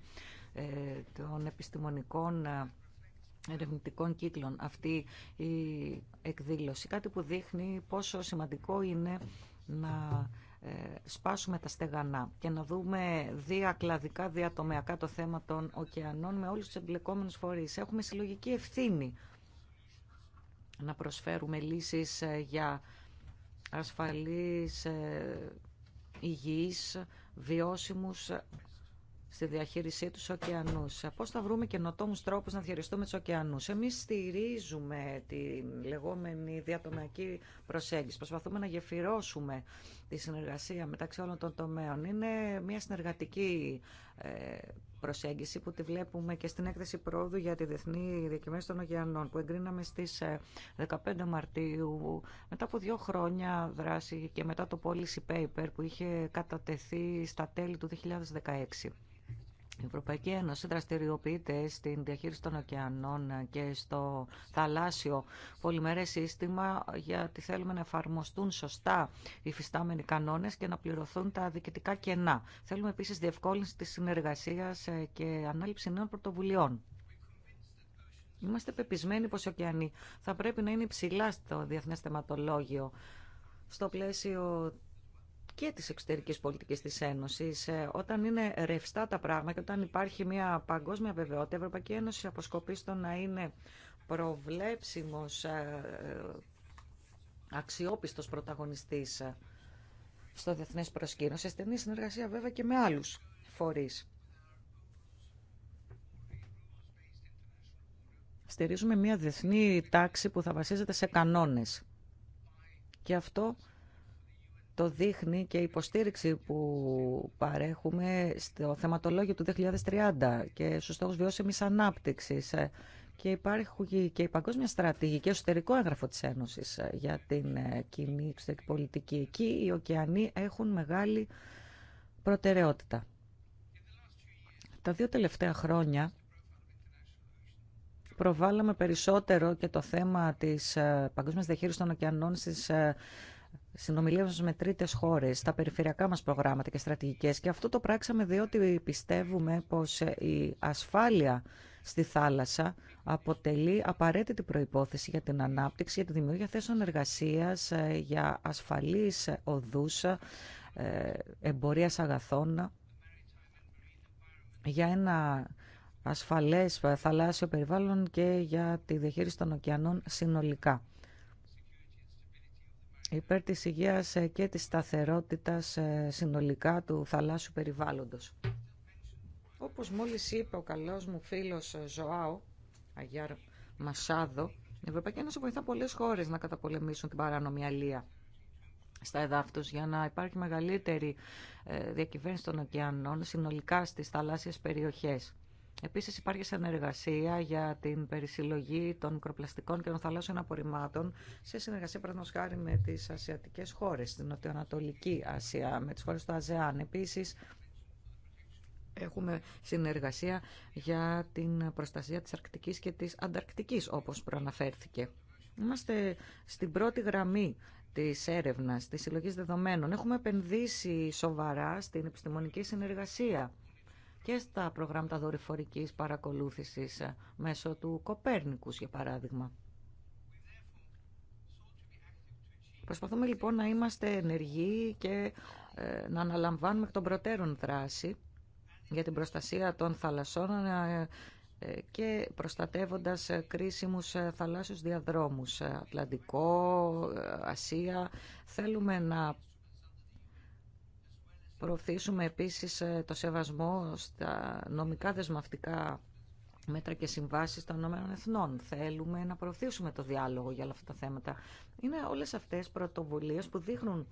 ε, των επιστημονικών ε, ερευνητικών κύκλων αυτή η εκδήλωση. Κάτι που δείχνει πόσο σημαντικό είναι να ε, σπάσουμε τα στεγανά και να δούμε διακλαδικά, διατομεακά το θέμα των ωκεανών με όλους τους εμπλεκόμενους φορείς. Έχουμε συλλογική ευθύνη να προσφέρουμε λύσεις ε, για ασφαλείς, ε, υγιείς, βιώσιμους στη διαχείρισή τους ωκεανούς. Πώς θα βρούμε καινοτόμους τρόπους να διαχειριστούμε τους ωκεανούς. Εμείς στηρίζουμε τη λεγόμενη διατομιακή προσέγγιση. Προσπαθούμε να γεφυρώσουμε τη συνεργασία μεταξύ όλων των τομέων. Είναι μια συνεργατική ε, προσέγγιση που τη βλέπουμε και στην έκθεση πρόοδου για τη Διεθνή Διακυβέρνηση των Ωκεανών που εγκρίναμε στις 15 ε, Μαρτίου μετά από δύο χρόνια δράση και μετά το policy paper που είχε κατατεθεί στα τέλη του 2016. Η Ευρωπαϊκή Ένωση δραστηριοποιείται στην διαχείριση των ωκεανών και στο θαλάσσιο πολυμερέ σύστημα γιατί θέλουμε να εφαρμοστούν σωστά οι φυστάμενοι κανόνες και να πληρωθούν τα διοικητικά κενά. Θέλουμε επίσης διευκόλυνση τη συνεργασία και ανάληψη νέων πρωτοβουλειών. Είμαστε πεπισμένοι πως οι ωκεανοί θα πρέπει να είναι υψηλά στο διεθνές θεματολόγιο στο πλαίσιο και της εξωτερικής πολιτικής της Ένωσης. Ε, όταν είναι ρευστά τα πράγματα, και όταν υπάρχει μια παγκόσμια βεβαιότητα, η Ευρωπαϊκή Ένωση αποσκοπεί στο να είναι προβλέψιμος, ε, ε, αξιόπιστος πρωταγωνιστής στο διεθνές προσκήνιο, σε στενή συνεργασία βέβαια και με άλλους φορείς. Στηρίζουμε μια διεθνή τάξη που θα βασίζεται σε κανόνες. Και αυτό το δείχνει και η υποστήριξη που παρέχουμε στο θεματολόγιο του 2030 και στους στόχους βιώσιμης ανάπτυξης. Ε, και υπάρχει και η παγκόσμια στρατηγική εσωτερικό έγγραφο της Ένωσης ε, για την ε, κοινή εξωτερική πολιτική. Εκεί οι ωκεανοί έχουν μεγάλη προτεραιότητα. Τα δύο τελευταία χρόνια προβάλαμε περισσότερο και το θέμα της παγκόσμιας διαχείρισης των ωκεανών στις συνομιλία με τρίτε χώρες, τα περιφερειακά μας προγράμματα και στρατηγικές και αυτό το πράξαμε διότι πιστεύουμε πως η ασφάλεια στη θάλασσα αποτελεί απαραίτητη προϋπόθεση για την ανάπτυξη, για τη δημιουργία θέσεων εργασίας, ε, για ασφαλείς οδούς, ε, εμπορίας αγαθών, για ένα ασφαλές θαλάσσιο περιβάλλον και για τη διαχείριση των ωκεανών συνολικά υπέρ της υγείας ε, και της σταθερότητας ε, συνολικά του θαλάσσιου περιβάλλοντος. Όπως μόλις είπε ο καλός μου φίλος ε, Ζωάου, Αγιάρ Μασάδο, η Ευρωπαϊκή Ένωση βοηθά πολλές χώρες να καταπολεμήσουν την παράνομη αλία στα εδάφη για να υπάρχει μεγαλύτερη διακυβέρνηση των ωκεανών συνολικά στις θαλάσσιες περιοχές. Επίσης υπάρχει συνεργασία για την περισυλλογή των μικροπλαστικών και των θαλάσσιων απορριμμάτων σε συνεργασία παραδείγματος χάρη με τις ασιατικές χώρες, την Νοτιοανατολική Ασία, με τις χώρες του ΑΖΕΑΝ. Επίσης έχουμε συνεργασία για την προστασία της Αρκτικής και της Ανταρκτικής όπως προαναφέρθηκε. Είμαστε στην πρώτη γραμμή της έρευνας, της συλλογής δεδομένων. Έχουμε επενδύσει σοβαρά στην επιστημονική συνεργασία και στα προγράμματα δορυφορικής παρακολούθησης μέσω του Κοπέρνικους, για παράδειγμα. Προσπαθούμε λοιπόν να είμαστε ενεργοί και ε, να αναλαμβάνουμε εκ των προτέρων δράση για την προστασία των θαλασσών ε, ε, και προστατεύοντας κρίσιμους θαλάσσιους διαδρόμους, Ατλαντικό, Ασία. Θέλουμε να Προωθήσουμε επίσης ε, το σεβασμό στα νομικά δεσμαυτικά μέτρα και συμβάσεις των Ηνωμένων Εθνών. Θέλουμε να προωθήσουμε το διάλογο για όλα αυτά τα θέματα. Είναι όλες αυτές πρωτοβουλίες που δείχνουν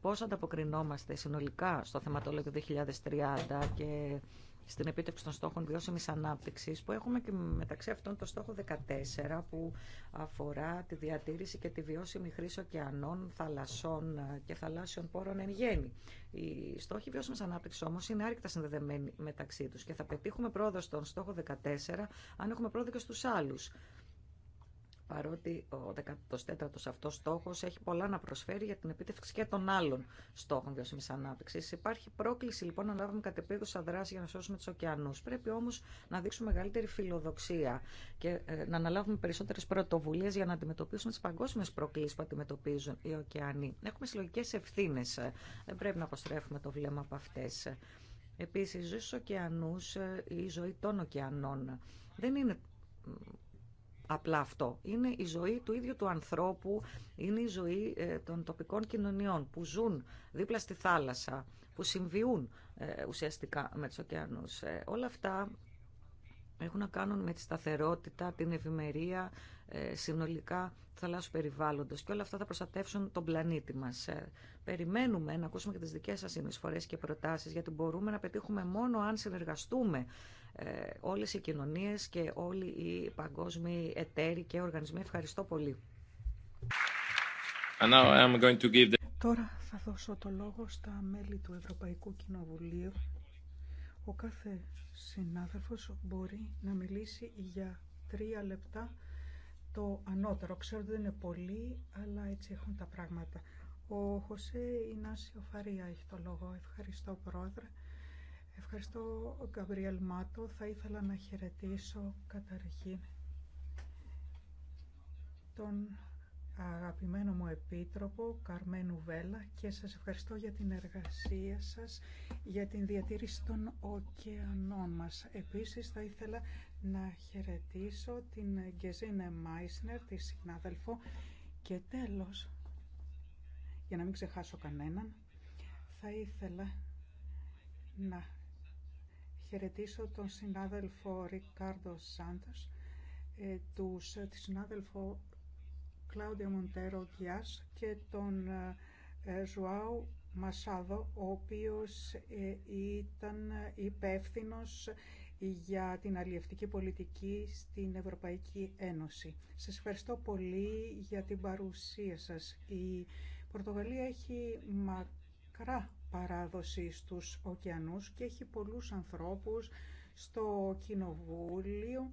πώς ανταποκρινόμαστε συνολικά στο θεματολόγιο 2030 και στην επίτευξη των στόχων βιώσιμης ανάπτυξης που έχουμε και μεταξύ αυτών το στόχο 14 που αφορά τη διατήρηση και τη βιώσιμη χρήση ωκεανών, θαλασσών ε, και θαλάσσιων πόρων εν γέννη. Οι στόχοι βιώσιμης ανάπτυξης όμως είναι άρρηκτα συνδεδεμένοι μεταξύ τους και θα πετύχουμε πρόοδο στον στόχο 14 αν έχουμε πρόοδο και στους άλλου παρότι ο 14ος αυτός στόχος έχει πολλά να προσφέρει για την επίτευξη και των άλλων στόχων βιώσιμη ανάπτυξη. Υπάρχει πρόκληση λοιπόν να λάβουμε κατεπίδουσα δράση για να σώσουμε του ωκεανού. Πρέπει όμω να δείξουμε μεγαλύτερη φιλοδοξία και ε, να αναλάβουμε περισσότερε πρωτοβουλίε για να αντιμετωπίσουμε τι παγκόσμιε προκλήσει που αντιμετωπίζουν οι ωκεανοί. Έχουμε συλλογικέ ευθύνε. Ε, δεν πρέπει να αποστρέφουμε το βλέμμα από αυτέ. Επίση, η ζωή στου ωκεανού, ε, η ζωή των ωκεανών, δεν είναι απλά αυτό. Είναι η ζωή του ίδιου του ανθρώπου, είναι η ζωή ε, των τοπικών κοινωνιών που ζουν δίπλα στη θάλασσα, που συμβιούν ε, ουσιαστικά με τους ωκεανούς. Ε, όλα αυτά έχουν να κάνουν με τη σταθερότητα, την ευημερία συνολικά του θαλάσσιου περιβάλλοντος και όλα αυτά θα προστατεύσουν τον πλανήτη μας. Περιμένουμε να ακούσουμε και τις δικές σας συνεισφορές και προτάσεις γιατί μπορούμε να πετύχουμε μόνο αν συνεργαστούμε ε, όλες οι κοινωνίες και όλοι οι παγκόσμιοι εταίροι και οργανισμοί. Ευχαριστώ πολύ. the... Τώρα θα δώσω το λόγο στα μέλη του Ευρωπαϊκού Κοινοβουλίου. Ο κάθε συνάδελφος μπορεί να μιλήσει για τρία λεπτά το ανώτερο. Ξέρω ότι δεν είναι πολύ, αλλά έτσι έχουν τα πράγματα. Ο Χωσέ Ινάσιο Φαρία έχει το λόγο. Ευχαριστώ, Πρόεδρε. Ευχαριστώ, Γκαβριέλ Μάτο. Θα ήθελα να χαιρετήσω καταρχήν τον αγαπημένο μου επίτροπο Καρμένου Βέλα και σας ευχαριστώ για την εργασία σας για την διατήρηση των ωκεανών μας. Επίσης θα ήθελα να χαιρετήσω την Γκεζίνε Μάισνερ, τη συνάδελφο και τέλος, για να μην ξεχάσω κανέναν, θα ήθελα να χαιρετήσω τον συνάδελφο Ρικάρδο Σάντας, ε, του ε, τη συνάδελφο Κλάουδια Μοντέρο Γκιάς και τον ε, Ζουάου Μασάδο, ο οποίος ήταν υπεύθυνο για την αλλιευτική πολιτική στην Ευρωπαϊκή Ένωση. Σας ευχαριστώ πολύ για την παρουσία σας. Η Πορτογαλία έχει μακρά παράδοση στους ωκεανούς και έχει πολλούς ανθρώπους στο Κοινοβούλιο,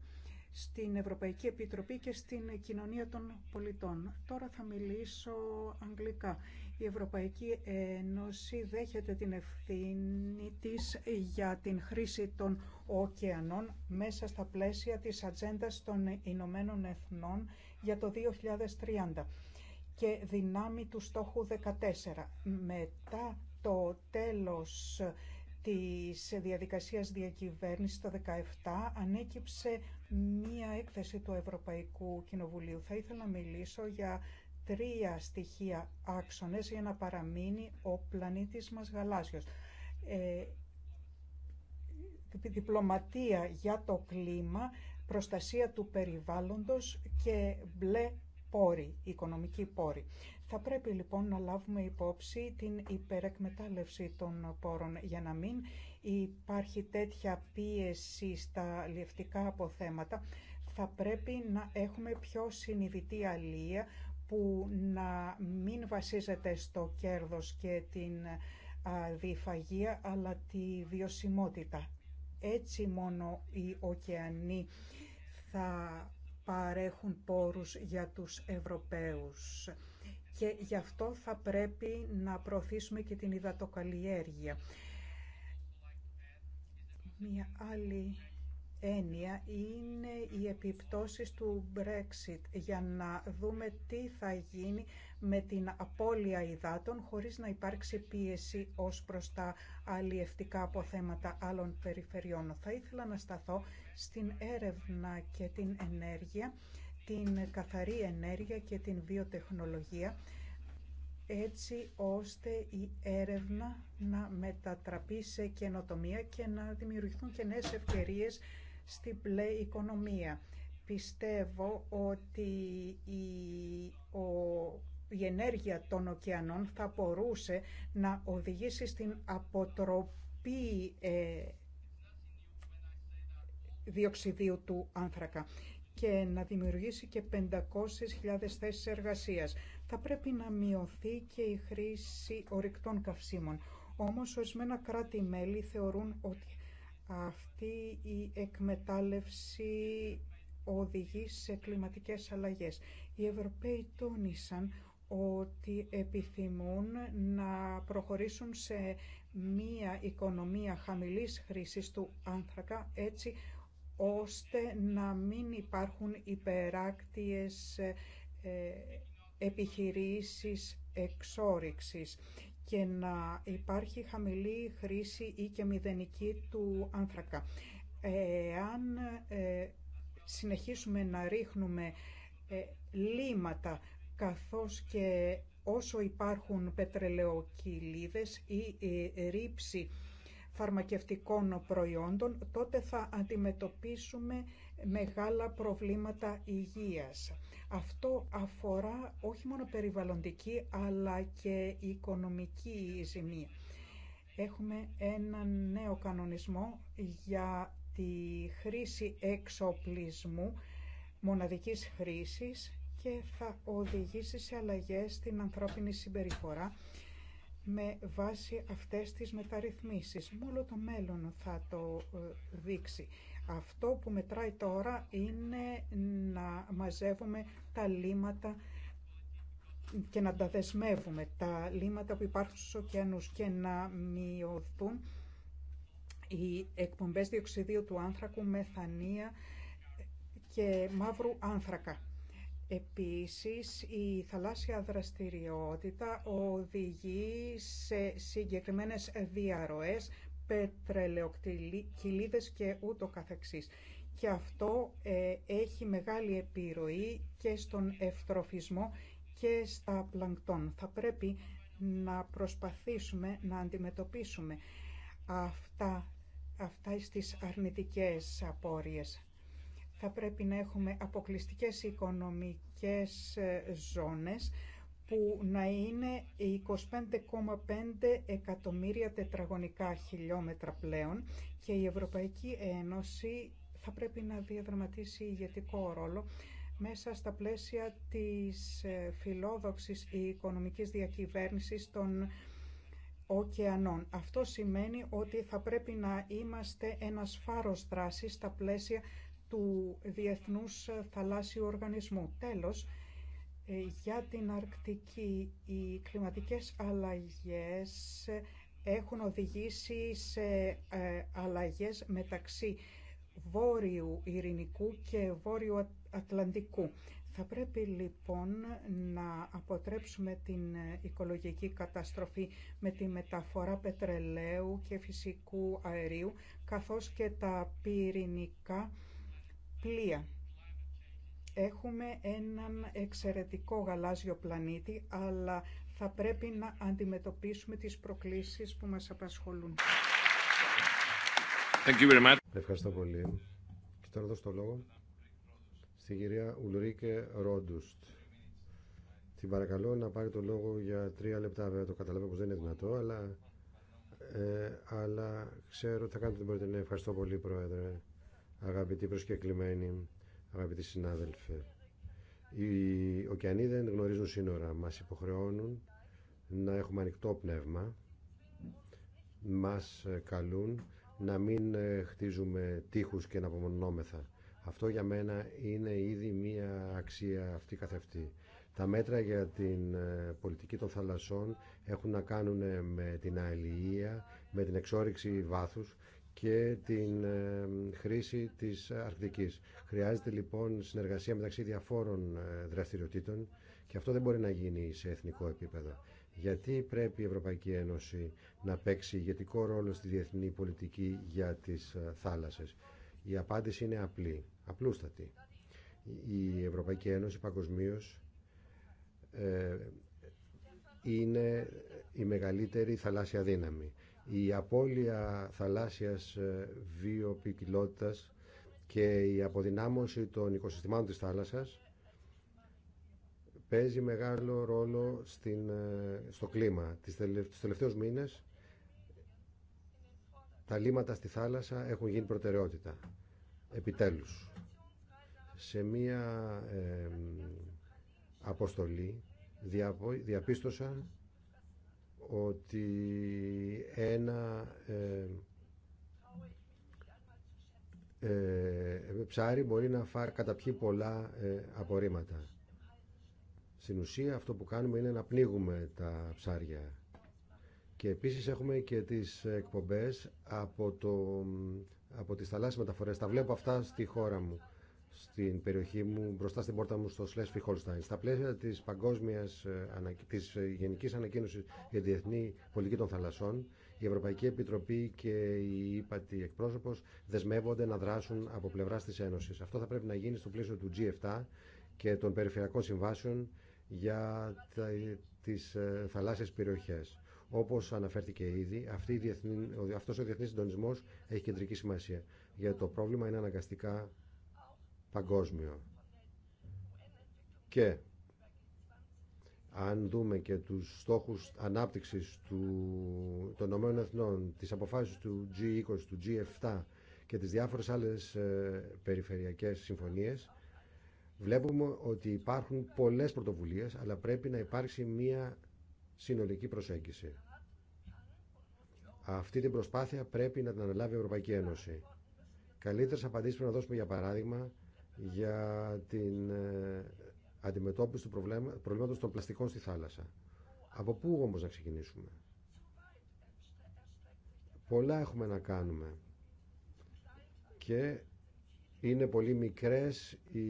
στην Ευρωπαϊκή Επιτροπή και στην Κοινωνία των Πολιτών. Τώρα θα μιλήσω αγγλικά. Η Ευρωπαϊκή Ένωση δέχεται την ευθύνη της για την χρήση των ωκεανών μέσα στα πλαίσια της ατζέντα των Ηνωμένων Εθνών για το 2030 και δυνάμει του στόχου 14. Μετά το τέλος της διαδικασίας διακυβέρνησης το 2017 ανέκυψε μία έκθεση του Ευρωπαϊκού Κοινοβουλίου. Θα ήθελα να μιλήσω για τρία στοιχεία άξονες για να παραμείνει ο πλανήτης μας γαλάζιος. Ε, διπλωματία για το κλίμα, προστασία του περιβάλλοντος και μπλε πόροι, οικονομική πόροι. Θα πρέπει λοιπόν να λάβουμε υπόψη την υπερεκμετάλλευση των πόρων για να μην υπάρχει τέτοια πίεση στα λιευτικά αποθέματα. Θα πρέπει να έχουμε πιο συνειδητή αλία που να μην βασίζεται στο κέρδος και την διφαγία αλλά τη βιωσιμότητα. Έτσι μόνο οι ωκεανοί θα παρέχουν πόρους για τους Ευρωπαίους και γι' αυτό θα πρέπει να προωθήσουμε και την υδατοκαλλιέργεια. Μία άλλη έννοια είναι οι επιπτώσεις του Brexit για να δούμε τι θα γίνει με την απώλεια υδάτων χωρίς να υπάρξει πίεση ως προς τα αλλιευτικά αποθέματα άλλων περιφερειών. Θα ήθελα να σταθώ στην έρευνα και την ενέργεια την καθαρή ενέργεια και την βιοτεχνολογία έτσι ώστε η έρευνα να μετατραπεί σε καινοτομία και να δημιουργηθούν και νέες ευκαιρίες στην πλέ οικονομία. Πιστεύω ότι η, ο, η ενέργεια των ωκεανών θα μπορούσε να οδηγήσει στην αποτροπή ε, διοξιδίου του άνθρακα και να δημιουργήσει και 500.000 θέσεις εργασίας. Θα πρέπει να μειωθεί και η χρήση ορυκτών καυσίμων. Όμως ορισμένα κράτη-μέλη θεωρούν ότι αυτή η εκμετάλλευση οδηγεί σε κλιματικές αλλαγές. Οι Ευρωπαίοι τόνισαν ότι επιθυμούν να προχωρήσουν σε μία οικονομία χαμηλής χρήσης του άνθρακα έτσι ώστε να μην υπάρχουν υπεράκτιες ε, επιχειρήσεις εξόριξης και να υπάρχει χαμηλή χρήση ή και μηδενική του άνθρακα. Εάν ε, συνεχίσουμε να ρίχνουμε ε, λίματα καθώς και όσο υπάρχουν πετρελαιοκυλίδες ή ρήψη φαρμακευτικών προϊόντων, τότε θα αντιμετωπίσουμε μεγάλα προβλήματα υγείας. Αυτό αφορά όχι μόνο περιβαλλοντική αλλά και οικονομική ζημία. Έχουμε έναν νέο κανονισμό για τη χρήση εξοπλισμού μοναδικής χρήσης και θα οδηγήσει σε αλλαγές στην ανθρώπινη συμπεριφορά με βάση αυτές τις μεταρρυθμίσεις. Μόνο το μέλλον θα το ε, δείξει. Αυτό που μετράει τώρα είναι να μαζεύουμε τα λίματα και να τα δεσμεύουμε, τα λίματα που υπάρχουν στους ωκεανούς και να μειωθούν οι εκπομπές διοξιδίου του άνθρακου, μεθανία και μαύρου άνθρακα. Επίσης, η θαλάσσια δραστηριότητα οδηγεί σε συγκεκριμένες διαρροές, πετρελαιοκυλίδες και ούτω καθεξής. Και αυτό ε, έχει μεγάλη επιρροή και στον ευτροφισμό και στα πλανκτόν. Θα πρέπει να προσπαθήσουμε να αντιμετωπίσουμε αυτά, αυτά στις αρνητικές απόρριες θα πρέπει να έχουμε αποκλειστικές οικονομικές ε, ζώνες που να είναι 25,5 εκατομμύρια τετραγωνικά χιλιόμετρα πλέον και η Ευρωπαϊκή Ένωση θα πρέπει να διαδραματίσει ηγετικό ρόλο μέσα στα πλαίσια της ε, φιλόδοξης οικονομικής διακυβέρνησης των ωκεανών. Αυτό σημαίνει ότι θα πρέπει να είμαστε ένας φάρος δράσης στα πλαίσια του Διεθνούς Θαλάσσιου Οργανισμού. Τέλος, ε, για την Αρκτική, οι κλιματικές αλλαγές έχουν οδηγήσει σε ε, αλλαγές μεταξύ Βόρειου Ειρηνικού και Βόρειου Ατλαντικού. Θα πρέπει λοιπόν να αποτρέψουμε την ε, οικολογική καταστροφή με τη μεταφορά πετρελαίου και φυσικού αερίου, καθώς και τα πυρηνικά Έχουμε έναν εξαιρετικό γαλάζιο πλανήτη, αλλά θα πρέπει να αντιμετωπίσουμε τις προκλήσεις που μας απασχολούν. Thank you very much. Ευχαριστώ πολύ. Και τώρα δώσω το λόγο στην κυρία Ουλρίκε Ρόντουστ. Την παρακαλώ να πάρει το λόγο για τρία λεπτά. Βέβαια το καταλαβαίνω πως δεν είναι δυνατό, αλλά, ε, αλλά ξέρω ότι θα κάνετε την πρώτη. Ναι, ευχαριστώ πολύ, Πρόεδρε αγαπητοί προσκεκλημένοι, αγαπητοί συνάδελφοι. Οι ωκεανοί δεν γνωρίζουν σύνορα. Μας υποχρεώνουν να έχουμε ανοιχτό πνεύμα. Μας καλούν να μην χτίζουμε τείχους και να απομονώμεθα. Αυτό για μένα είναι ήδη μία αξία αυτή καθ' Τα μέτρα για την ε, πολιτική των θαλασσών έχουν να κάνουν με την αλληλεία, με την εξόριξη βάθους και την χρήση της Αρκτικής. Χρειάζεται λοιπόν συνεργασία μεταξύ διαφόρων ε, δραστηριοτήτων και αυτό δεν μπορεί να γίνει σε εθνικό επίπεδο. Γιατί πρέπει η Ευρωπαϊκή Ένωση να παίξει ηγετικό ρόλο στη διεθνή πολιτική για τις ε, θάλασσες. Η απάντηση είναι απλή, απλούστατη. Η Ευρωπαϊκή Ένωση παγκοσμίω ε, είναι η μεγαλύτερη θαλάσσια δύναμη η απώλεια θαλάσσιας ε, βιοποικιλότητας και η αποδυνάμωση των οικοσυστημάτων της θάλασσας παίζει μεγάλο ρόλο στην, ε, στο κλίμα. Τις τους τελευταίους μήνες τα λίματα στη θάλασσα έχουν γίνει προτεραιότητα. Επιτέλους, σε μία ε, αποστολή διαπίστωσα ότι ένα ε, ε, ψάρι μπορεί να φάρ καταπιεί πολλά ε, απορρίμματα. Στην ουσία αυτό που κάνουμε είναι να πνίγουμε τα ψάρια. Και επίσης έχουμε και τις εκπομπές από, το, από τις θαλάσσιες μεταφορές. Τα βλέπω αυτά στη χώρα μου στην περιοχή μου, μπροστά στην πόρτα μου στο Σλέσφι Χολστάιν. Στα πλαίσια τη παγκόσμια της ε, ε, γενική ανακοίνωση για τη διεθνή πολιτική των θαλασσών, η Ευρωπαϊκή Επιτροπή και η ΥΠΑΤΗ εκπρόσωπο δεσμεύονται να δράσουν από πλευρά τη Ένωση. Αυτό θα πρέπει να γίνει στο πλαίσιο του G7 και των περιφερειακών συμβάσεων για τι ε, θαλάσσιες περιοχέ. Όπω αναφέρθηκε ήδη, αυτή αυτός ο διεθνή συντονισμό έχει κεντρική σημασία. Για το πρόβλημα είναι αναγκαστικά παγκόσμιο. Και αν δούμε και τους στόχους ανάπτυξης του, των Ηνωμένων Εθνών, τις αποφάσεις του G20, του G7 και τις διάφορες άλλες ε, περιφερειακές συμφωνίες, βλέπουμε ότι υπάρχουν πολλές πρωτοβουλίες, αλλά πρέπει να υπάρξει μία συνολική προσέγγιση. Αυτή την προσπάθεια πρέπει να την αναλάβει η Ευρωπαϊκή Ένωση. Καλύτερε απαντήσει πρέπει να δώσουμε, για παράδειγμα, για την ε, αντιμετώπιση του προβλήματος των πλαστικών στη θάλασσα. Από πού όμως να ξεκινήσουμε. Πολλά έχουμε να κάνουμε και είναι πολύ μικρές οι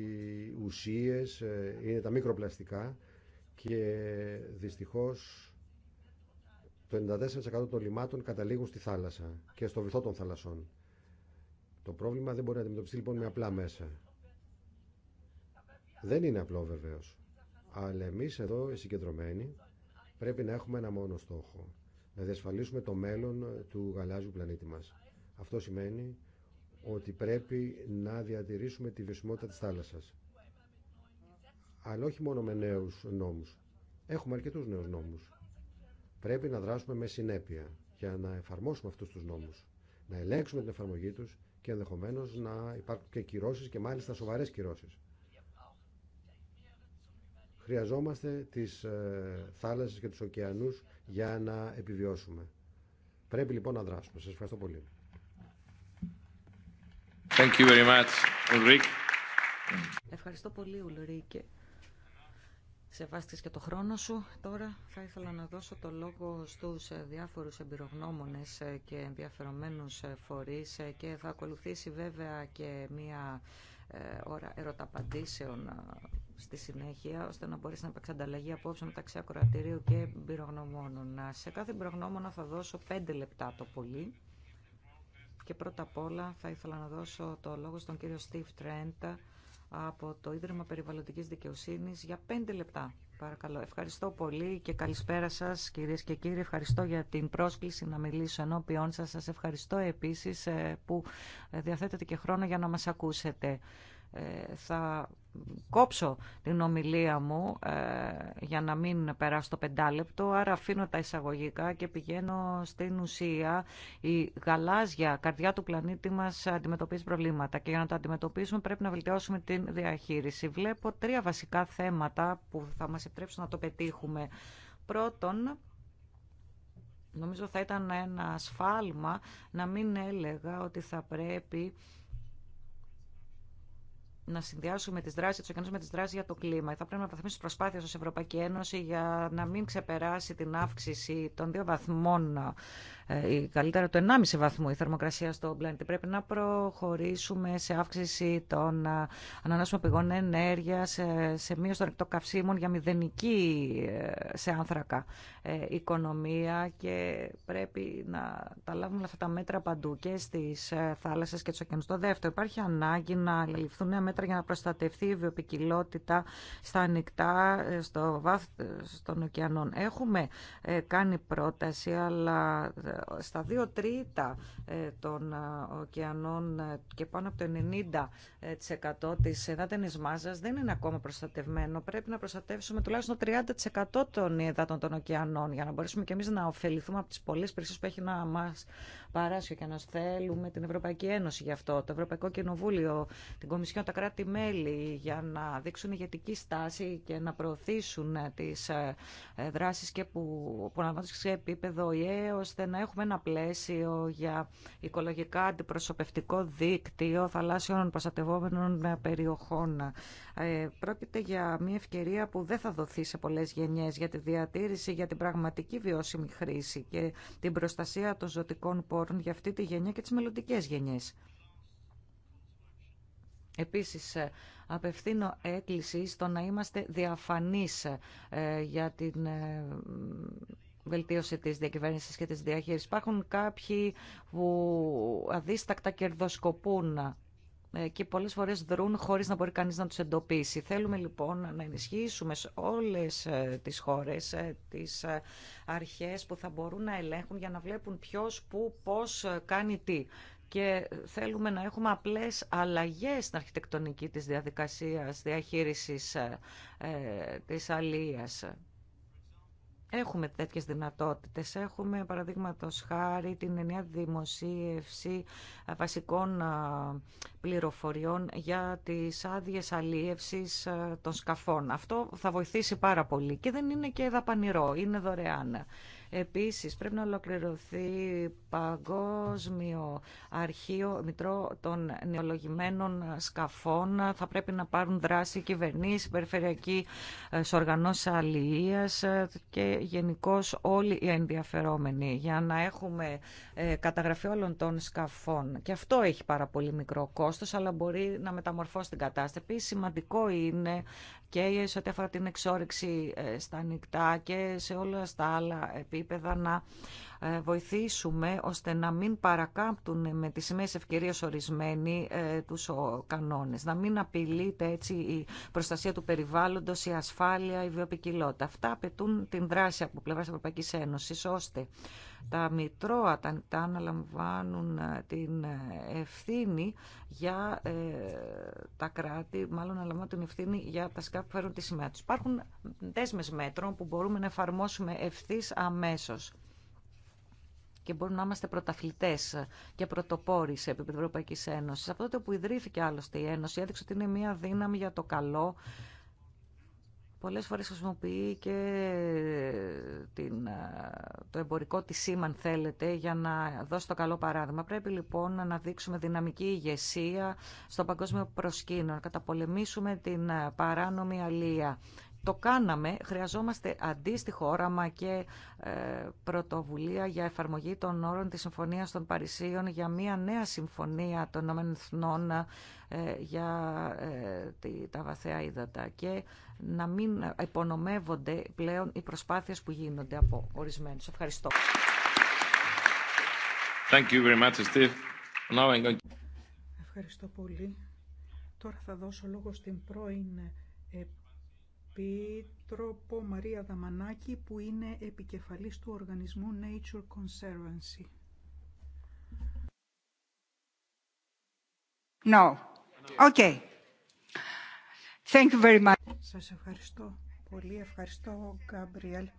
ουσίες, ε, είναι τα μικροπλαστικά και δυστυχώς το 94% των λιμάτων καταλήγουν στη θάλασσα και στο βυθό των θαλασσών. Το πρόβλημα δεν μπορεί να αντιμετωπιστεί λοιπόν με απλά μέσα. Δεν είναι απλό βεβαίω. Αλλά εμεί εδώ συγκεντρωμένοι πρέπει να έχουμε ένα μόνο στόχο. Να διασφαλίσουμε το μέλλον του γαλάζιου πλανήτη μα. Αυτό σημαίνει ότι πρέπει να διατηρήσουμε τη βιωσιμότητα της θάλασσας. Αλλά όχι μόνο με νέους νόμους. Έχουμε αρκετούς νέους νόμους. Πρέπει να δράσουμε με συνέπεια για να εφαρμόσουμε αυτούς τους νόμους. Να ελέγξουμε την εφαρμογή τους και ενδεχομένως να υπάρχουν και κυρώσεις και μάλιστα σοβαρές κυρώσει. Χρειαζόμαστε τις ε, θάλασσες και τους ωκεανούς για να επιβιώσουμε. Πρέπει λοιπόν να δράσουμε. Σας ευχαριστώ πολύ. Thank you very much, Ευχαριστώ πολύ, Ουλρίκε. Σεβάστηκες και το χρόνο σου. Τώρα θα ήθελα να δώσω το λόγο στους ε, διάφορους εμπειρογνώμονες ε, και ενδιαφερομένους φορείς και θα ακολουθήσει βέβαια και μία ώρα ερωταπαντήσεων στη συνέχεια, ώστε να μπορέσει να ανταλλαγή απόψε μεταξύ ακροατηρίου και πυρογνωμόνων. Σε κάθε πυρογνώμονα θα δώσω 5 λεπτά το πολύ. Και πρώτα απ' όλα θα ήθελα να δώσω το λόγο στον κύριο Στίβ Τρέντα από το Ίδρυμα Περιβαλλοντικής Δικαιοσύνης για 5 λεπτά. Παρακαλώ. Ευχαριστώ πολύ και καλησπέρα σας κυρίες και κύριοι. Ευχαριστώ για την πρόσκληση να μιλήσω ενώπιόν σας. Σας ευχαριστώ επίσης ε, που διαθέτετε και χρόνο για να μας ακούσετε. Ε, θα κόψω την ομιλία μου ε, για να μην περάσω το πεντάλεπτο, άρα αφήνω τα εισαγωγικά και πηγαίνω στην ουσία. Η γαλάζια καρδιά του πλανήτη μας αντιμετωπίζει προβλήματα και για να τα αντιμετωπίσουμε πρέπει να βελτιώσουμε την διαχείριση. Βλέπω τρία βασικά θέματα που θα μας επιτρέψουν να το πετύχουμε. Πρώτον, νομίζω θα ήταν ένα ασφάλμα να μην έλεγα ότι θα πρέπει να συνδυάσουμε τι δράσει, του οργανισμού με τι δράσει για το κλίμα. Θα πρέπει να βαθμίσουμε τι προσπάθειε ω Ευρωπαϊκή Ένωση για να μην ξεπεράσει την αύξηση των δύο βαθμών ε, καλύτερα το 1,5 βαθμό η θερμοκρασία στο πλανήτη. Πρέπει να προχωρήσουμε σε αύξηση των ε, ανανάσιμων πηγών ενέργεια, σε, σε μείωση των εκτοκαυσίμων για μηδενική ε, σε άνθρακα οικονομία και πρέπει να τα λάβουμε αυτά τα μέτρα παντού και στι θάλασσε και του ωκεανού. Το δεύτερο, υπάρχει ανάγκη να ληφθούν νέα μέτρα για να προστατευτεί η βιοπικιλότητα στα ανοιχτά, στο βάθο των ωκεανών. Έχουμε κάνει πρόταση, αλλά στα δύο τρίτα ε, των ε, ωκεανών ε, και πάνω από το 90% της εδάτενης μάζας δεν είναι ακόμα προστατευμένο. Πρέπει να προστατεύσουμε τουλάχιστον το 30% των εδάτων των ωκεανών για να μπορέσουμε και εμείς να ωφεληθούμε από τις πολλές περισσότερες που έχει να μας παράσιο και να θέλουμε την Ευρωπαϊκή Ένωση γι' αυτό, το Ευρωπαϊκό Κοινοβούλιο, την Κομισιόν, τα κράτη-μέλη για να δείξουν ηγετική στάση και να προωθήσουν τις ε, ε, δράσεις και που, που σε επίπεδο ΙΕ ώστε να έχουμε ένα πλαίσιο για οικολογικά αντιπροσωπευτικό δίκτυο θαλάσσιων προστατευόμενων ε, περιοχών. πρόκειται για μια ευκαιρία που δεν θα δοθεί σε πολλές γενιές για τη διατήρηση, για την πραγματική βιώσιμη χρήση και την προστασία των ζωτικών πόρων όρων για αυτή τη γενιά και τις μελλοντικέ γενιές. Επίσης, ε, απευθύνω έκκληση στο να είμαστε διαφανείς ε, για την ε, βελτίωση της διακυβέρνησης και της διαχείρισης. Υπάρχουν κάποιοι που αδίστακτα κερδοσκοπούν ε, και πολλές φορές δρούν χωρίς να μπορεί κανείς να τους εντοπίσει. Θέλουμε λοιπόν να ενισχύσουμε σε όλες ε, τις χώρες ε, τις αρχές που θα μπορούν να ελέγχουν για να βλέπουν ποιος, που, πώς κάνει τι. Και θέλουμε να έχουμε απλές αλλαγές στην αρχιτεκτονική της διαδικασίας διαχείρισης της αλίας. Έχουμε τέτοιες δυνατότητες. Έχουμε, παραδείγματο χάρη, την ενιαία δημοσίευση ε, βασικών ε, πληροφοριών για τις άδειε αλίευση ε, των σκαφών. Αυτό θα βοηθήσει πάρα πολύ και δεν είναι και δαπανηρό, είναι δωρεάν. Επίσης πρέπει να ολοκληρωθεί παγκόσμιο αρχείο μητρό των νεολογημένων σκαφών. Θα πρέπει να πάρουν δράση οι περιφερειακή οι περιφερειακοί ε, ε, και γενικώ όλοι οι ενδιαφερόμενοι για να έχουμε ε, καταγραφή όλων των σκαφών. Και αυτό έχει πάρα πολύ μικρό κόστος, αλλά μπορεί να μεταμορφώσει την κατάσταση. Επίσης, σημαντικό είναι και σε ό,τι αφορά την εξόρυξη ε, στα νυχτά και σε όλα τα άλλα επίπεδα να ε, βοηθήσουμε ώστε να μην παρακάμπτουν με τις σημαίες ευκαιρίες ορισμένοι ε, τους κανόνες, να μην απειλείται έτσι η προστασία του περιβάλλοντος, η ασφάλεια, η βιοπικιλότητα. Αυτά απαιτούν την δράση από πλευράς Ευρωπαϊκής Ένωσης ώστε τα μητρώα, τα αναλαμβάνουν ε, την ε, ευθύνη για ε, τα κράτη, μάλλον αναλαμβάνουν την ευθύνη για τα σκάφη που φέρουν τη σημαία τους. Υπάρχουν δέσμες μέτρων που μπορούμε να εφαρμόσουμε ευθύ αμέσως και μπορούμε να είμαστε πρωταθλητέ και πρωτοπόροι σε επίπεδο Ευρωπαϊκή Ένωση. Από τότε που ιδρύθηκε άλλωστε η Ένωση, έδειξε ότι είναι μια δύναμη για το καλό, πολλές φορές χρησιμοποιεί και ε, την, ε, το εμπορικό τη σήμα, αν θέλετε, για να δώσει το καλό παράδειγμα. Πρέπει λοιπόν να αναδείξουμε δυναμική ηγεσία στο παγκόσμιο προσκήνιο, να καταπολεμήσουμε την ε, παράνομη αλία το κάναμε, χρειαζόμαστε αντίστοιχο όραμα και ε, πρωτοβουλία για εφαρμογή των όρων της Συμφωνίας των Παρισίων για μια νέα συμφωνία των Εθνών για ε, τα βαθέα ύδατα και να μην υπονομεύονται πλέον οι προσπάθειες που γίνονται από ορισμένους. Ευχαριστώ. Thank you very much, Steve. Now I'm going... Ευχαριστώ πολύ. Τώρα θα δώσω λόγο στην πρώην ε, Επίτροπο Μαρία Δαμανάκη που είναι επικεφαλής του οργανισμού Nature Conservancy. No. Okay. Thank you very much. Σας ευχαριστώ πολύ. Ευχαριστώ, Γκάμπριελ.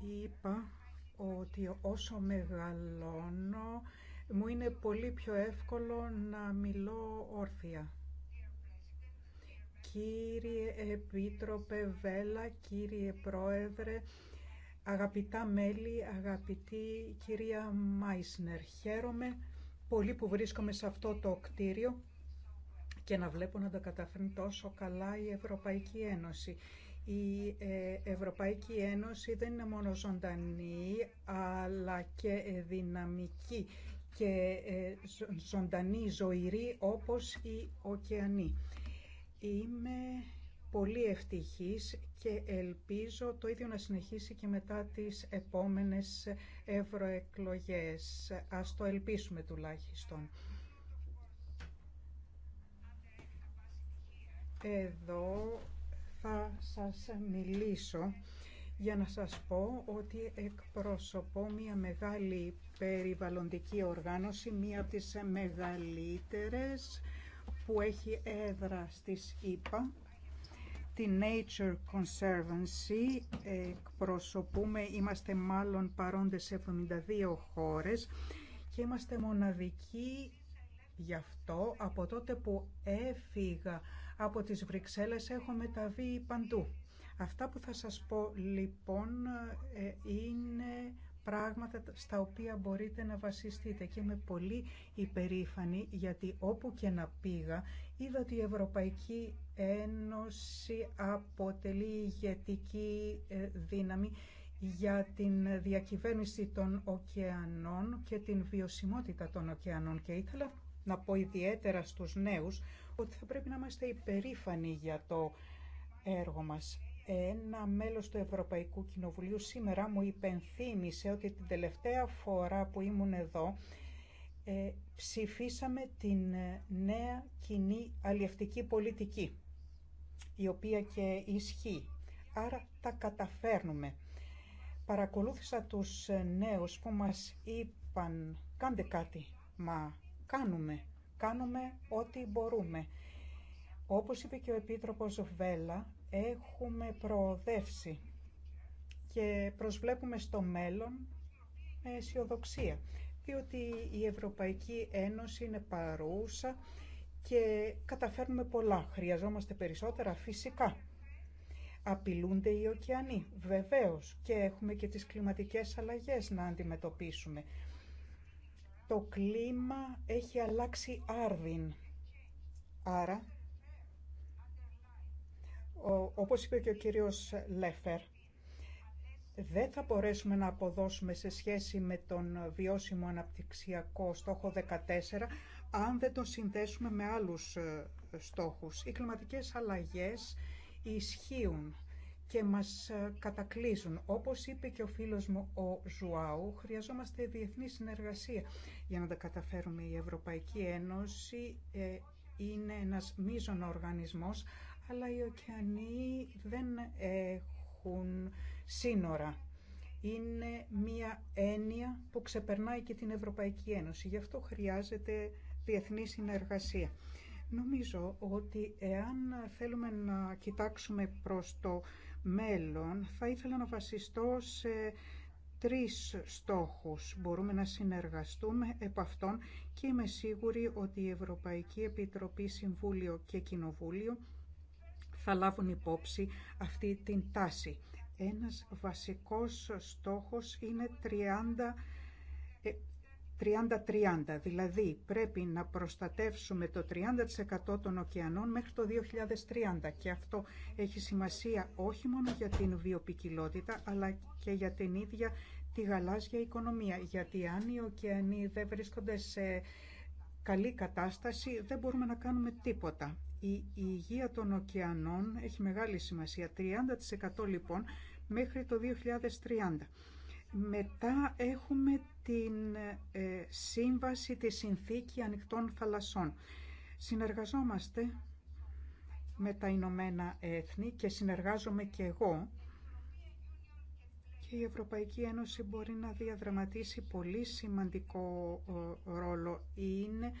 Είπα ότι όσο μεγαλώνω, μου είναι πολύ πιο εύκολο να μιλώ όρθια. Κύριε Επίτροπε Βέλα, κύριε Πρόεδρε, αγαπητά μέλη, αγαπητή κυρία Μάισνερ, χαίρομαι πολύ που βρίσκομαι σε αυτό το κτίριο και να βλέπω να τα καταφέρνει τόσο καλά η Ευρωπαϊκή Ένωση. Η ε, Ευρωπαϊκή Ένωση δεν είναι μόνο ζωντανή, αλλά και δυναμική και ε, ζωντανή, ζωηρή όπως η ωκεανοί. Είμαι πολύ ευτυχής και ελπίζω το ίδιο να συνεχίσει και μετά τις επόμενες ευρωεκλογές. Ας το ελπίσουμε τουλάχιστον. Εδώ θα σας μιλήσω για να σας πω ότι εκπροσωπώ μια μεγάλη περιβαλλοντική οργάνωση, μία από τις μεγαλύτερες που έχει έδρα στις ΗΠΑ, τη Nature Conservancy, εκπροσωπούμε, είμαστε μάλλον παρόντες σε 72 χώρες και είμαστε μοναδικοί γι' αυτό. Από τότε που έφυγα από τις Βρυξέλλες έχω μεταβεί παντού. Αυτά που θα σας πω λοιπόν ε, είναι πράγματα στα οποία μπορείτε να βασιστείτε και είμαι πολύ υπερήφανη γιατί όπου και να πήγα είδα ότι η Ευρωπαϊκή Ένωση αποτελεί ηγετική ε, δύναμη για την διακυβέρνηση των ωκεανών και την βιωσιμότητα των ωκεανών και ήθελα να πω ιδιαίτερα στους νέους ότι θα πρέπει να είμαστε υπερήφανοι για το έργο μας. Ένα μέλος του Ευρωπαϊκού Κοινοβουλίου σήμερα μου υπενθύμησε ότι την τελευταία φορά που ήμουν εδώ ε, ψηφίσαμε την ε, νέα κοινή αλλιευτική πολιτική, η οποία και ισχύει. Άρα τα καταφέρνουμε. Παρακολούθησα τους ε, νέους που μας είπαν «Κάντε κάτι». Μα κάνουμε. Κάνουμε ό,τι μπορούμε. Όπως είπε και ο Επίτροπος Βέλα, έχουμε προοδεύσει και προσβλέπουμε στο μέλλον με αισιοδοξία, διότι η Ευρωπαϊκή Ένωση είναι παρούσα και καταφέρνουμε πολλά. Χρειαζόμαστε περισσότερα φυσικά. Απειλούνται οι ωκεανοί, βεβαίως, και έχουμε και τις κλιματικές αλλαγές να αντιμετωπίσουμε. Το κλίμα έχει αλλάξει άρδιν, άρα όπως είπε και ο κύριος Λέφερ, δεν θα μπορέσουμε να αποδώσουμε σε σχέση με τον βιώσιμο αναπτυξιακό στόχο 14 αν δεν τον συνδέσουμε με άλλους ε, στόχους. Οι κλιματικές αλλαγές ισχύουν και μας ε, κατακλείζουν. Όπως είπε και ο φίλος μου ο Ζουάου, χρειαζόμαστε διεθνή συνεργασία για να τα καταφέρουμε. Η Ευρωπαϊκή Ένωση ε, είναι ένας μείζων οργανισμός, αλλά οι ωκεανοί δεν έχουν σύνορα. Είναι μία έννοια που ξεπερνάει και την Ευρωπαϊκή Ένωση. Γι' αυτό χρειάζεται διεθνή συνεργασία. Νομίζω ότι εάν θέλουμε να κοιτάξουμε προς το μέλλον, θα ήθελα να βασιστώ σε τρεις στόχους. Μπορούμε να συνεργαστούμε επ' αυτών και είμαι σίγουρη ότι η Ευρωπαϊκή Επιτροπή, Συμβούλιο και Κοινοβούλιο θα λάβουν υπόψη αυτή την τάση. Ένας βασικός στόχος είναι 30-30, ε, δηλαδή πρέπει να προστατεύσουμε το 30% των ωκεανών μέχρι το 2030 και αυτό έχει σημασία όχι μόνο για την βιοπικιλότητα αλλά και για την ίδια τη γαλάζια οικονομία, γιατί αν οι ωκεανοί δεν βρίσκονται σε καλή κατάσταση δεν μπορούμε να κάνουμε τίποτα. Η υγεία των ωκεανών έχει μεγάλη σημασία, 30% λοιπόν μέχρι το 2030. Μετά έχουμε την ε, σύμβαση, της συνθήκη ανοιχτών θαλασσών. Συνεργαζόμαστε με τα Ηνωμένα Έθνη και συνεργάζομαι και εγώ και η Ευρωπαϊκή Ένωση μπορεί να διαδραματίσει πολύ σημαντικό ρόλο. Είναι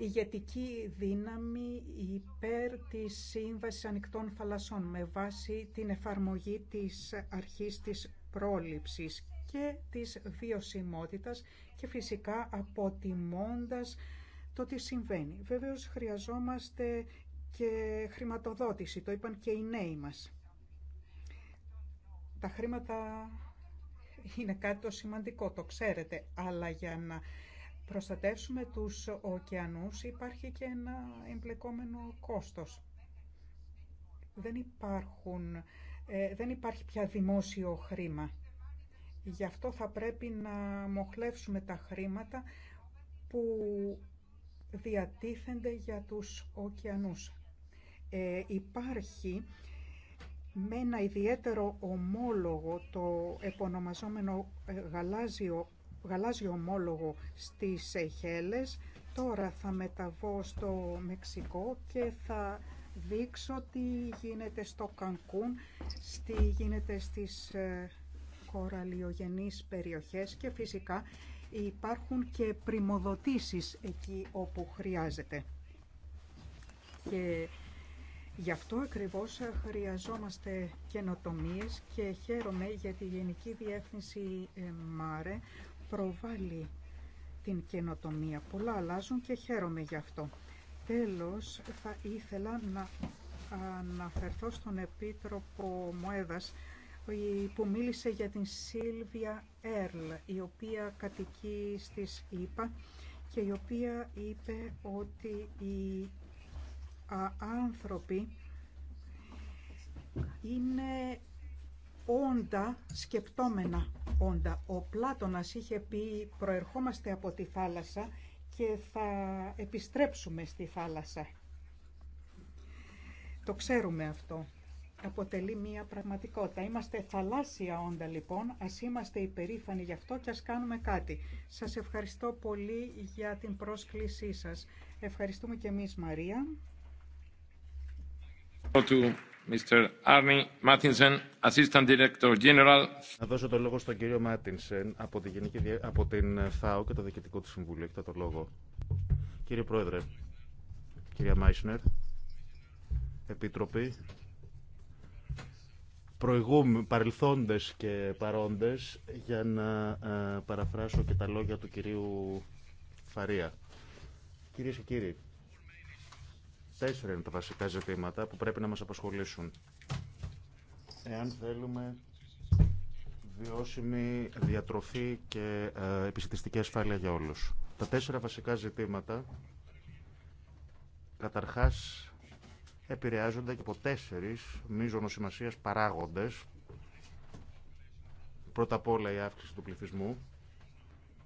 ηγετική δύναμη υπέρ της Σύμβασης Ανοιχτών Θαλασσών με βάση την εφαρμογή της αρχής της πρόληψης και της βιωσιμότητας και φυσικά αποτιμώντας το τι συμβαίνει. Βεβαίως χρειαζόμαστε και χρηματοδότηση, το είπαν και οι νέοι μας. Τα χρήματα είναι κάτι το σημαντικό, το ξέρετε, αλλά για να προστατεύσουμε τους ωκεανούς υπάρχει και ένα εμπλεκόμενο κόστος. Δεν, υπάρχουν, ε, δεν υπάρχει πια δημόσιο χρήμα. Γι' αυτό θα πρέπει να μοχλεύσουμε τα χρήματα που διατίθενται για τους ωκεανούς. Ε, υπάρχει με ένα ιδιαίτερο ομόλογο το επωνομαζόμενο ε, γαλάζιο γαλάζιο ομόλογο στις Σεϊχέλες. Τώρα θα μεταβώ στο Μεξικό και θα δείξω τι γίνεται στο Κανκούν, τι γίνεται στις ε, κοραλιογενείς περιοχές και φυσικά υπάρχουν και πριμοδοτήσεις εκεί όπου χρειάζεται. Και γι' αυτό ακριβώς χρειαζόμαστε καινοτομίες και χαίρομαι για τη Γενική Διεύθυνση ε, ΜΑΡΕ προβάλλει την καινοτομία. Πολλά αλλάζουν και χαίρομαι γι' αυτό. Τέλος, θα ήθελα να αναφερθώ στον Επίτροπο Μοέδας που μίλησε για την Σίλβια Έρλ, η οποία κατοικεί στις ΗΠΑ και η οποία είπε ότι οι άνθρωποι είναι όντα, σκεπτόμενα όντα. Ο Πλάτωνας είχε πει προερχόμαστε από τη θάλασσα και θα επιστρέψουμε στη θάλασσα. Το ξέρουμε αυτό. Αποτελεί μία πραγματικότητα. Είμαστε θαλάσσια όντα λοιπόν, ας είμαστε υπερήφανοι γι' αυτό και ας κάνουμε κάτι. Σας ευχαριστώ πολύ για την πρόσκλησή σας. Ευχαριστούμε και εμείς Μαρία. Mr. Να δώσω το λόγο στον κύριο Μάτινσεν από, τη από την ΦΑΟ και το Διοικητικό του Συμβούλιο. Έχετε το λόγο. Κύριε Πρόεδρε, κυρία Μάισνερ, Επίτροποι, Προηγούμε παρελθόντες και παρόντες, για να ε, παραφράσω και τα λόγια του κυρίου Φαρία. Κυρίες και κύριοι, Τέσσερα είναι τα βασικά ζητήματα που πρέπει να μας απασχολήσουν. Εάν θέλουμε βιώσιμη διατροφή και ε, επιστημιστική ασφάλεια για όλους. Τα τέσσερα βασικά ζητήματα καταρχάς επηρεάζονται και από τέσσερις μείζονος σημασίας παράγοντες. Πρώτα απ' όλα η αύξηση του πληθυσμού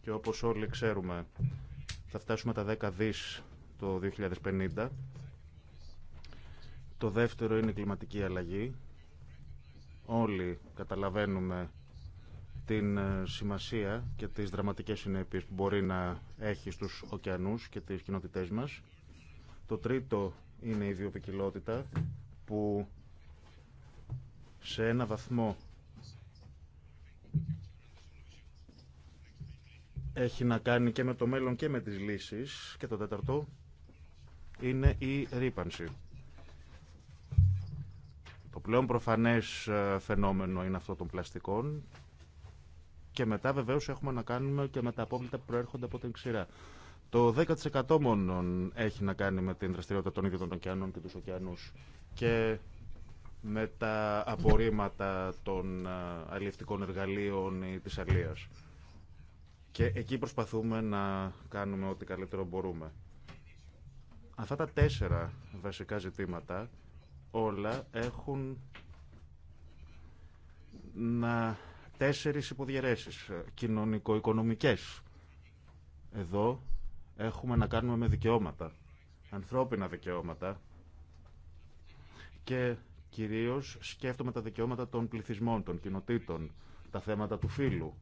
και όπως όλοι ξέρουμε θα φτάσουμε τα 10 δις το 2050 το δεύτερο είναι η κλιματική αλλαγή. Όλοι καταλαβαίνουμε την ε, σημασία και τις δραματικές συνέπειες που μπορεί να έχει στους ωκεανούς και τις κοινότητές μας. Το τρίτο είναι η βιοπικιλότητα που σε ένα βαθμό έχει να κάνει και με το μέλλον και με τις λύσεις. Και το τέταρτο είναι η ρήπανση. Το πλέον προφανές ε, φαινόμενο είναι αυτό των πλαστικών και μετά βεβαίως έχουμε να κάνουμε και με τα απόβλητα που προέρχονται από την ξηρά. Το 10% μόνο έχει να κάνει με την δραστηριότητα των ίδιων των ωκεανών και τους ωκεανούς και με τα απορρίμματα των ε, αλληλευτικών εργαλείων ή της αλίας. Και εκεί προσπαθούμε να κάνουμε ό,τι καλύτερο μπορούμε. Αυτά τα τέσσερα βασικά ζητήματα όλα έχουν να τέσσερις υποδιαιρέσεις κοινωνικο-οικονομικές. Εδώ έχουμε να κάνουμε με δικαιώματα, ανθρώπινα δικαιώματα και κυρίως σκέφτομαι τα δικαιώματα των πληθυσμών, των κοινοτήτων, τα θέματα του φύλου,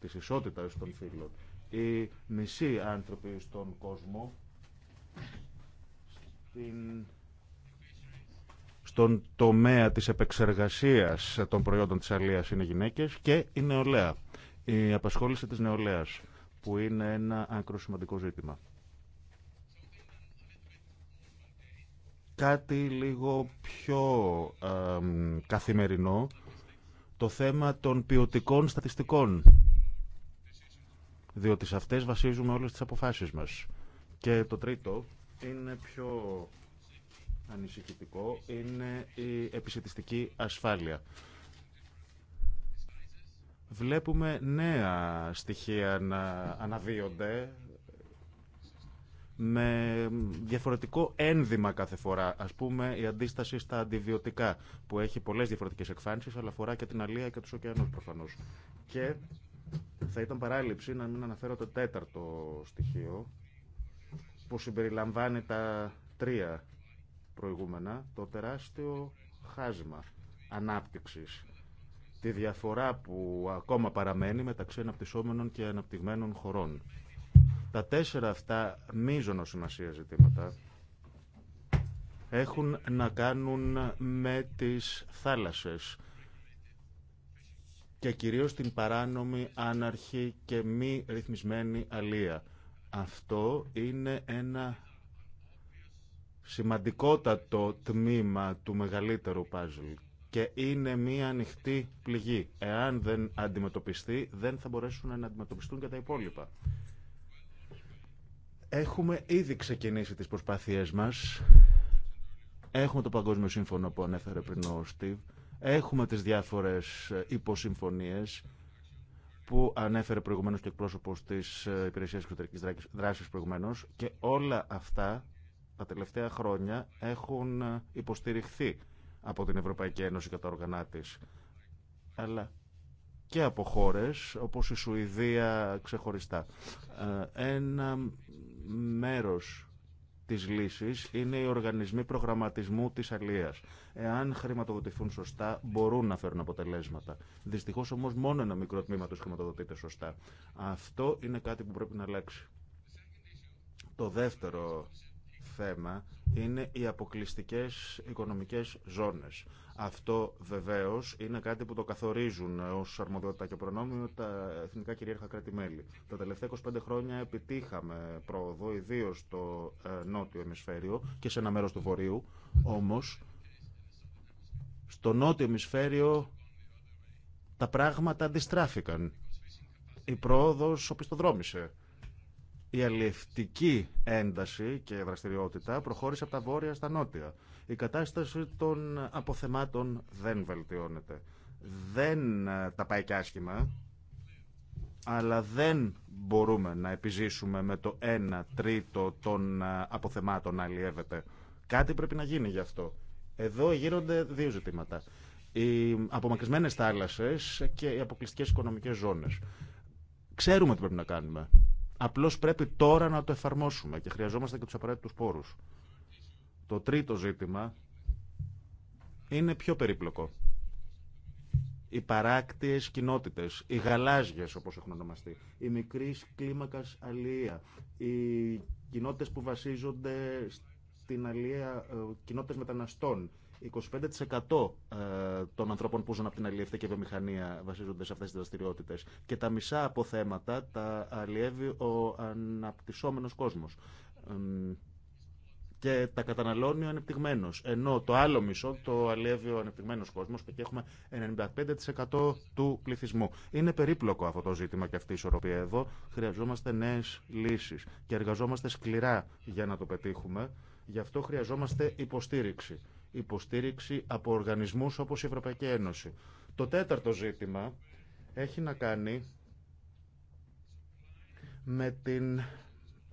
της ισότητας των φύλων. Οι μισοί άνθρωποι στον κόσμο στην τον τομέα της επεξεργασίας των προϊόντων της αλίας είναι γυναίκες και η νεολαία. Η απασχόληση της νεολαίας, που είναι ένα άκρο σημαντικό ζήτημα. Κάτι λίγο πιο καθημερινό, το θέμα των ποιοτικών στατιστικών. Διότι σε αυτές βασίζουμε όλες τις αποφάσεις μας. Και το τρίτο είναι πιο ανησυχητικό είναι η επισητιστική ασφάλεια. Βλέπουμε νέα στοιχεία να αναδύονται με διαφορετικό ένδυμα κάθε φορά. Ας πούμε η αντίσταση στα αντιβιωτικά που έχει πολλές διαφορετικές εκφάνσεις αλλά αφορά και την αλία και τους ωκεανούς προφανώς. Και θα ήταν παράληψη να μην αναφέρω το τέταρτο στοιχείο που συμπεριλαμβάνει τα τρία προηγούμενα το τεράστιο χάσμα ανάπτυξης τη διαφορά που ακόμα παραμένει μεταξύ αναπτυσσόμενων και αναπτυγμένων χωρών. Τα τέσσερα αυτά μείζονο σημασία ζητήματα έχουν να κάνουν με τις θάλασσες και κυρίως την παράνομη, άναρχη και μη ρυθμισμένη αλία. Αυτό είναι ένα σημαντικότατο τμήμα του μεγαλύτερου παζλ και είναι μία ανοιχτή πληγή. Εάν δεν αντιμετωπιστεί, δεν θα μπορέσουν να αντιμετωπιστούν και τα υπόλοιπα. Έχουμε ήδη ξεκινήσει τις προσπάθειές μας. Έχουμε το Παγκόσμιο Σύμφωνο που ανέφερε πριν ο Στίβ. Έχουμε τις διάφορες υποσυμφωνίες που ανέφερε προηγουμένως και εκπρόσωπος της Υπηρεσίας Εξωτερικής Δράσης προηγουμένως και όλα αυτά τα τελευταία χρόνια έχουν ε, υποστηριχθεί από την Ευρωπαϊκή Ένωση και τα όργανά τη. Αλλά και από χώρες όπως η Σουηδία ξεχωριστά. Ε, ένα μέρος της λύσης είναι οι οργανισμοί προγραμματισμού της αλίας. Εάν χρηματοδοτηθούν σωστά, μπορούν να φέρουν αποτελέσματα. Δυστυχώς όμως μόνο ένα μικρό τμήμα τους χρηματοδοτείται σωστά. Αυτό είναι κάτι που πρέπει να αλλάξει. Το δεύτερο θέμα είναι οι αποκλειστικές οικονομικές ζώνες. Αυτό βεβαίως είναι κάτι που το καθορίζουν ως αρμοδιότητα και προνόμιο τα εθνικά κυρίαρχα κράτη-μέλη. Τα τελευταία 25 χρόνια επιτύχαμε πρόοδο, ιδίω στο ε, νότιο ημισφαίριο και σε ένα μέρος του βορείου, όμως στο νότιο ημισφαίριο τα πράγματα αντιστράφηκαν. Η πρόοδος οπισθοδρόμησε η αλληλευτική ένταση και δραστηριότητα προχώρησε από τα βόρεια στα νότια. Η κατάσταση των αποθεμάτων δεν βελτιώνεται. Δεν ε, τα πάει και άσχημα, αλλά δεν μπορούμε να επιζήσουμε με το 1 τρίτο των ε, αποθεμάτων να αλλιεύεται. Κάτι πρέπει να γίνει γι' αυτό. Εδώ γίνονται δύο ζητήματα. Οι απομακρυσμένες θάλασσες και οι αποκλειστικές οικονομικές ζώνες. Ξέρουμε τι πρέπει να κάνουμε. Απλώς πρέπει τώρα να το εφαρμόσουμε και χρειαζόμαστε και τους απαραίτητους πόρους. Το τρίτο ζήτημα είναι πιο περίπλοκο. Οι παράκτιες κοινότητες, οι γαλάζιες όπως έχουν ονομαστεί, οι μικρή κλίμακας αλία, οι κοινότητες που βασίζονται στην αλία ε, κοινότητες μεταναστών, 25% ε, των ανθρώπων που ζουν από την αλλιευτική βιομηχανία βασίζονται σε αυτέ τι δραστηριότητε. και τα μισά από θέματα τα αλλιεύει ο αναπτυσσόμενο κόσμο. και τα καταναλώνει ο ανεπτυγμένο. ενώ το άλλο μισό το αλλιεύει ο ανεπτυγμένο κόσμο και έχουμε 95% του πληθυσμού. Είναι περίπλοκο αυτό το ζήτημα και αυτή η ισορροπία εδώ. Χρειαζόμαστε νέε λύσει και εργαζόμαστε σκληρά για να το πετύχουμε. Γι' αυτό χρειαζόμαστε υποστήριξη υποστήριξη από οργανισμούς όπως η Ευρωπαϊκή Ένωση. Το τέταρτο ζήτημα έχει να κάνει με την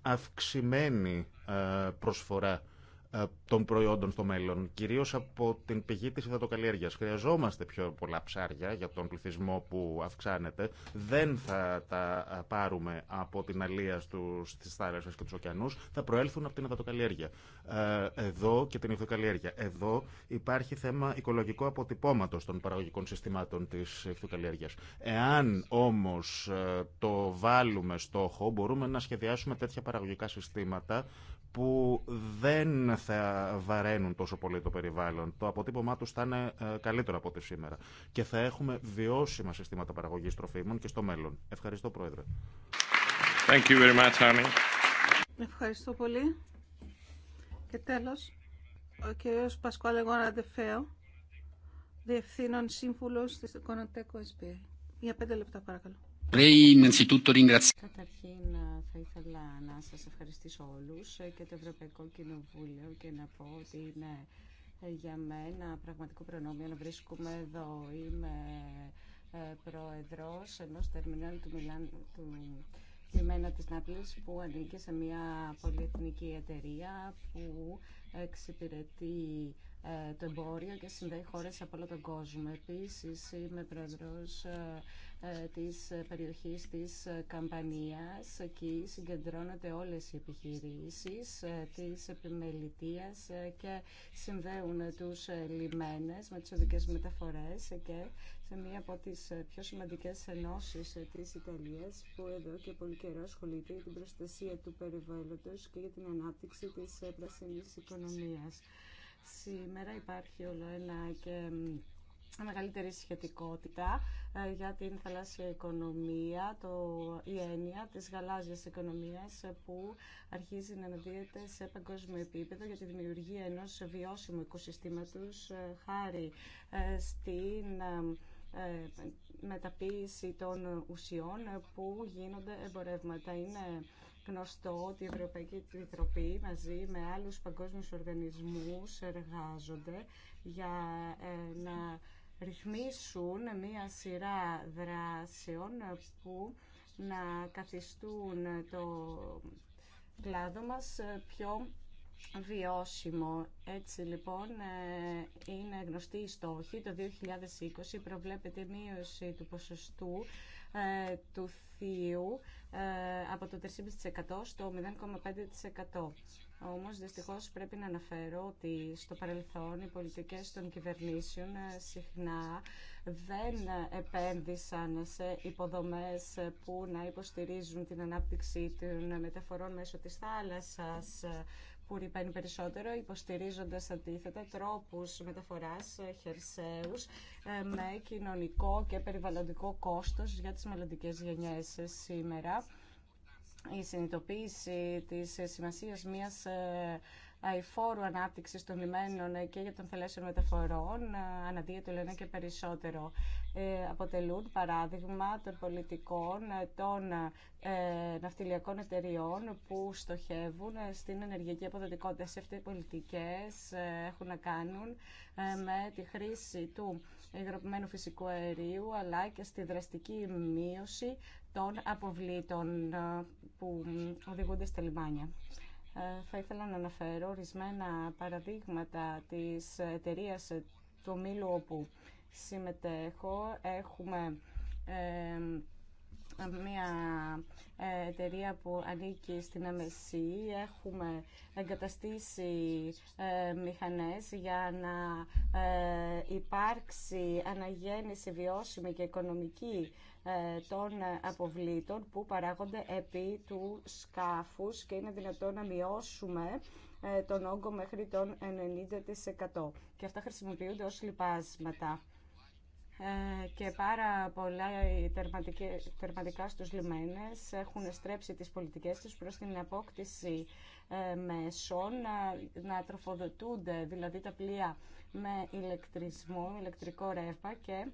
αυξημένη ε, προσφορά ε, των προϊόντων στο μέλλον, κυρίως από την πηγή της υδατοκαλλιέργειας. Χρειαζόμαστε πιο πολλά ψάρια για τον πληθυσμό που αυξάνεται. Δεν θα τα ε, πάρουμε από την αλεία στις θάλασσες και τους ωκεανούς, θα προέλθουν από την υδατοκαλλιέργεια. Ε, εδώ και την υδατοκαλλιέργεια. Εδώ υπάρχει θέμα οικολογικό αποτυπώματος των παραγωγικών συστημάτων της υδατοκαλλιέργειας. Εάν όμως το βάλουμε στόχο, μπορούμε να σχεδιάσουμε τέτοια παραγωγικά συστήματα που δεν θα βαραίνουν τόσο πολύ το περιβάλλον. Το αποτύπωμά τους θα είναι ε, καλύτερο από ό,τι σήμερα. Και θα έχουμε βιώσιμα συστήματα παραγωγής τροφίμων και στο μέλλον. Ευχαριστώ, Πρόεδρε. Thank you very much, Ευχαριστώ πολύ. Και τέλος, ο κ. Πασκουάλ Γοναντεφέο, Διευθύνων Σύμβουλος της Κονοτέκο ΕΣΠΕ. Για πέντε λεπτά, παρακαλώ. Καταρχήν ε, θα ήθελα να σας ευχαριστήσω όλους ε, και το Ευρωπαϊκό Κοινοβούλιο και να πω ότι είναι ε, για μένα πραγματικό προνόμιο να βρίσκουμε εδώ. Είμαι πρόεδρος ενός τερμινάλ του Μιλάνου του λιμένα της Νάπλης που ανήκει σε μια πολυεθνική εταιρεία που εξυπηρετεί το εμπόριο και συνδέει χώρες από όλο τον κόσμο. Επίσης είμαι πρόεδρος ε, της περιοχής της ε, Καμπανίας. Εκεί συγκεντρώνονται όλες οι επιχειρήσεις ε, της επιμελητίας και συνδέουν τους λιμένες με τις οδικές μεταφορές και σε μία από τις πιο σημαντικές ενώσεις της Ιταλίας που εδώ και πολύ καιρό ασχολείται για την προστασία του περιβάλλοντος και για την ανάπτυξη της πράσινης οικονομίας. Σήμερα υπάρχει όλο ένα και μεγαλύτερη σχετικότητα ε, για την θαλάσσια οικονομία, το, η έννοια της γαλάζιας οικονομίας ε, που αρχίζει να αναδύεται σε παγκόσμιο επίπεδο για τη δημιουργία ενός βιώσιμου οικοσυστήματος ε, χάρη στην μεταποίηση των ουσιών που γίνονται εμπορεύματα. Είναι γνωστό ότι η Ευρωπαϊκή Επιτροπή μαζί με άλλους παγκόσμιους οργανισμούς εργάζονται για να ρυθμίσουν μία σειρά δράσεων που να καθιστούν το κλάδο μας πιο βιώσιμο. Έτσι λοιπόν ε, είναι γνωστή η στόχη. Το 2020 προβλέπεται μείωση του ποσοστού ε, του θείου ε, από το 3,5% στο 0,5%. Όμως δυστυχώς πρέπει να αναφέρω ότι στο παρελθόν οι πολιτικές των κυβερνήσεων ε, συχνά δεν επένδυσαν σε υποδομές που να υποστηρίζουν την ανάπτυξη των μεταφορών μέσω της θάλασσας, που ρηπαίνει περισσότερο, υποστηρίζοντα αντίθετα τρόπους μεταφοράς ε, χερσαίου ε, με κοινωνικό και περιβαλλοντικό κόστος για τις μελλοντικέ γενιές σήμερα. Η συνειδητοποίηση της σημασίας μιας ε, φόρου ανάπτυξη των λιμένων και για των θελέσεων μεταφορών ε, αναδύεται λένε και περισσότερο. Ε, αποτελούν παράδειγμα των πολιτικών ε, των ναυτιλιακών εταιριών που στοχεύουν στην ενεργειακή αποδοτικότητα. Σε αυτές οι πολιτικές έχουν να κάνουν με τη χρήση του υγροποιημένου φυσικού αερίου αλλά και στη δραστική μείωση των αποβλήτων που οδηγούνται στα λιμάνια. Ε, θα ήθελα να αναφέρω ορισμένα παραδείγματα της εταιρεία του ομίλου όπου συμμετέχω. Έχουμε μια ε, εταιρεία που ανήκει στην MSC. Έχουμε εγκαταστήσει ε, μηχανές για να υπάρξει αναγέννηση βιώσιμη και οικονομική ε, των αποβλήτων που παράγονται επί του σκάφους και είναι δυνατόν να μειώσουμε ε, τον όγκο μέχρι τον 90%. Και αυτά χρησιμοποιούνται ως λιπάσματα ε, και πάρα πολλά τερματικά στους λιμένες έχουν στρέψει τις πολιτικές τους προς την απόκτηση μέσων να τροφοδοτούνται δηλαδή τα πλοία με ηλεκτρισμό, ηλεκτρικό ρεύμα και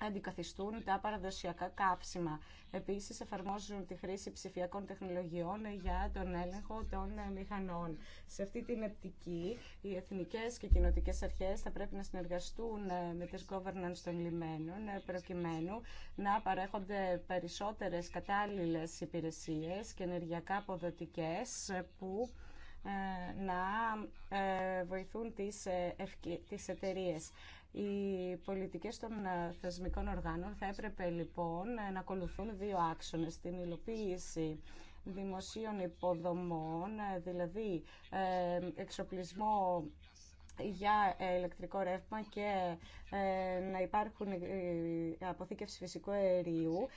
αντικαθιστούν τα παραδοσιακά καύσιμα. Επίσης εφαρμόζουν τη χρήση ψηφιακών τεχνολογιών για τον έλεγχο των μηχανών. Σε αυτή την επτική, οι εθνικές και κοινοτικές αρχές θα πρέπει να συνεργαστούν με τις governance των λιμένων, προκειμένου να παρέχονται περισσότερες κατάλληλες υπηρεσίες και ενεργειακά αποδοτικές που ε, να ε, βοηθούν τις, ε, ευκαι... τις οι πολιτικές των ε, θεσμικών οργάνων θα έπρεπε λοιπόν να ακολουθούν δύο άξονες, την υλοποίηση δημοσίων υποδομών, ε, δηλαδή ε, εξοπλισμό για ε, ηλεκτρικό ρεύμα και ε, να υπάρχουν ε, αποθήκευση φυσικού αερίου,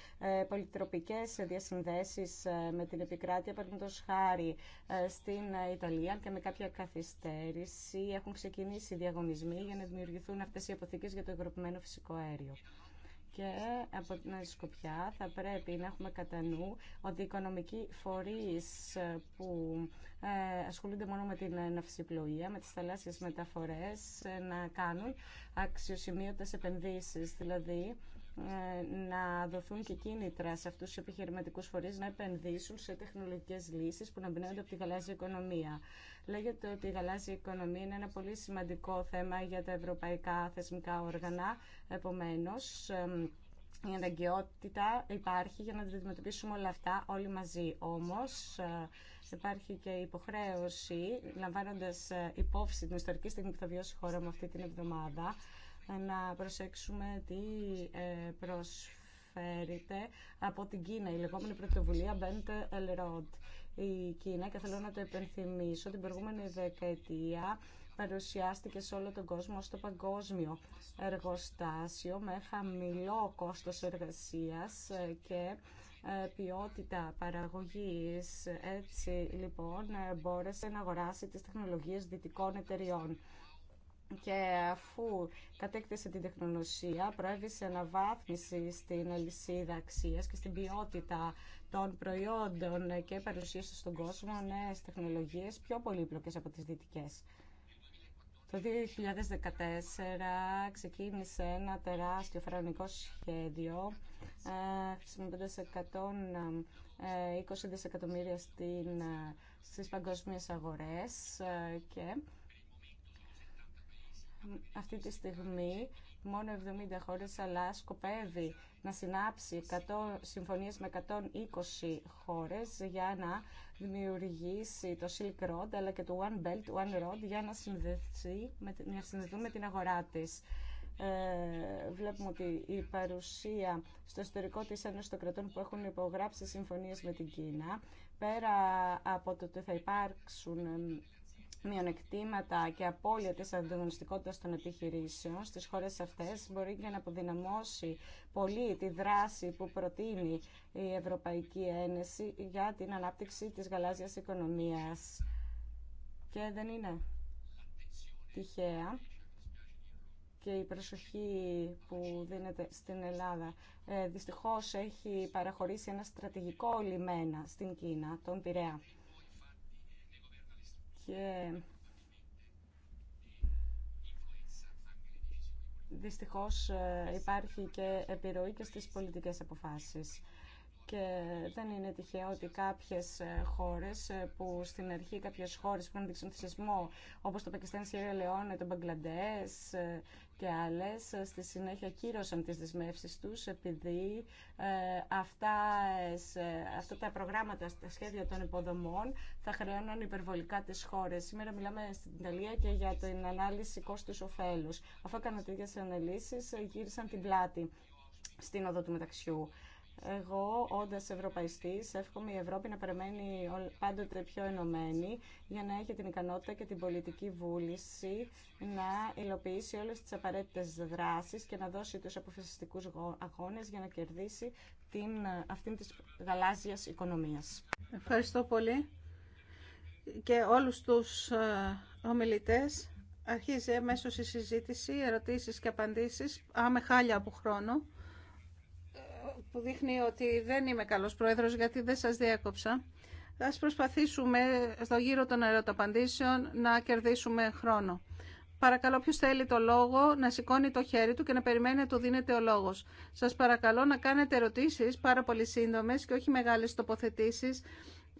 πολυτροπικές διασυνδέσεις με την επικράτεια, παραδείγματο χάρη στην Ιταλία και με κάποια καθυστέρηση έχουν ξεκινήσει διαγωνισμοί για να δημιουργηθούν αυτές οι αποθήκες για το ευρωπημένο φυσικό αέριο. Και από την άλλη θα πρέπει να έχουμε κατά νου ότι οι οικονομικοί φορείς που ε, ασχολούνται μόνο με την ναυσιπλοεία, με τις θαλάσσιες μεταφορές, ε, να κάνουν αξιοσημείωτες επενδύσεις. Δηλαδή, ε, να δοθούν και κίνητρα σε αυτούς τους επιχειρηματικούς φορείς να επενδύσουν σε τεχνολογικές λύσεις που να εμπνέονται από τη γαλάζια οικονομία. Λέγεται ότι η γαλάζια οικονομία είναι ένα πολύ σημαντικό θέμα για τα ευρωπαϊκά θεσμικά όργανα. Επομένως, η αναγκαιότητα υπάρχει για να τα αντιμετωπίσουμε όλα αυτά όλοι μαζί. Όμως ε, υπάρχει και υποχρέωση, λαμβάνοντας ε, υπόψη την ιστορική στιγμή που θα βιώσει η χώρα μου αυτή την εβδομάδα, να προσέξουμε τι ε, προσφέρεται από την Κίνα. Η λεγόμενη πρωτοβουλία Bent Elrod. Η Κίνα, και θέλω να το επενθυμίσω, την προηγούμενη δεκαετία παρουσιάστηκε σε όλο τον κόσμο το παγκόσμιο εργοστάσιο με χαμηλό κόστος εργασίας ε, και ε, ποιότητα παραγωγής. Έτσι λοιπόν μπόρεσε να αγοράσει τις τεχνολογίες δυτικών εταιριών και αφού κατέκτησε την τεχνολογία, προέβη σε αναβάθμιση στην αλυσίδα αξίας και στην ποιότητα των προϊόντων και παρουσίασε στον κόσμο νέες τεχνολογίες πιο πολύπλοκες από τις δυτικές. Το 2014 ξεκίνησε ένα τεράστιο φαρανικό σχέδιο ε, χρησιμοποιώντας 120 ε, δισεκατομμύρια ε, στις παγκόσμιες αγορές και αυτή τη στιγμή μόνο 70 χώρες, αλλά σκοπεύει να συνάψει 100, συμφωνίες με 120 χώρες για να δημιουργήσει το Silk Road, αλλά και το One Belt, One Road, για να, συνδεθεί, συνδεθούν με την αγορά της. Ε, βλέπουμε ότι η παρουσία στο ιστορικό της Ένωσης των κρατών που έχουν υπογράψει συμφωνίες με την Κίνα, πέρα από το ότι θα υπάρξουν μειονεκτήματα και απώλεια της ανταγωνιστικότητας των επιχειρήσεων στις χώρες αυτές μπορεί και να αποδυναμώσει πολύ τη δράση που προτείνει η Ευρωπαϊκή Ένωση για την ανάπτυξη της γαλάζιας οικονομίας. Και δεν είναι τυχαία και η προσοχή που δίνεται στην Ελλάδα ε, δυστυχώς έχει παραχωρήσει ένα στρατηγικό λιμένα στην Κίνα, τον Πειραιά και δυστυχώς ε, υπάρχει και επιρροή και στις πολιτικές αποφάσεις. Και δεν είναι τυχαίο ότι κάποιες ε, χώρες ε, που στην αρχή, κάποιες χώρες που έδειξαν θυσισμό, όπω το Πακιστάν, Σιέρα Λεόνε, το Μπαγκλαντές ε, και άλλε, στη συνέχεια κύρωσαν τι δεσμεύσει του, επειδή αυτά, αυτά τα προγράμματα, τα σχέδια των υποδομών θα χρεώναν υπερβολικά τις χώρες. Σήμερα μιλάμε στην Ιταλία και για την ανάλυση κόστου-οφέλου. Αφού έκαναν τέτοιες αναλύσεις, γύρισαν την πλάτη στην οδό του μεταξιού. Εγώ, όντα Ευρωπαϊστή, εύχομαι η Ευρώπη να παραμένει πάντοτε πιο ενωμένη για να έχει την ικανότητα και την πολιτική βούληση να υλοποιήσει όλε τι απαραίτητε δράσει και να δώσει του αποφασιστικού αγώνε για να κερδίσει την, αυτήν τη γαλάζια οικονομία. Ευχαριστώ πολύ και όλους τους ε, ομιλητές. Αρχίζει αμέσω η συζήτηση, ερωτήσει και απαντήσει Άμε χάλια από χρόνο που δείχνει ότι δεν είμαι καλός πρόεδρος γιατί δεν σας διέκοψα. Ας προσπαθήσουμε στο γύρο των ερωταπαντήσεων να κερδίσουμε χρόνο. Παρακαλώ ποιος θέλει το λόγο να σηκώνει το χέρι του και να περιμένει να του δίνεται ο λόγος. Σας παρακαλώ να κάνετε ερωτήσεις πάρα πολύ σύντομες και όχι μεγάλες τοποθετήσεις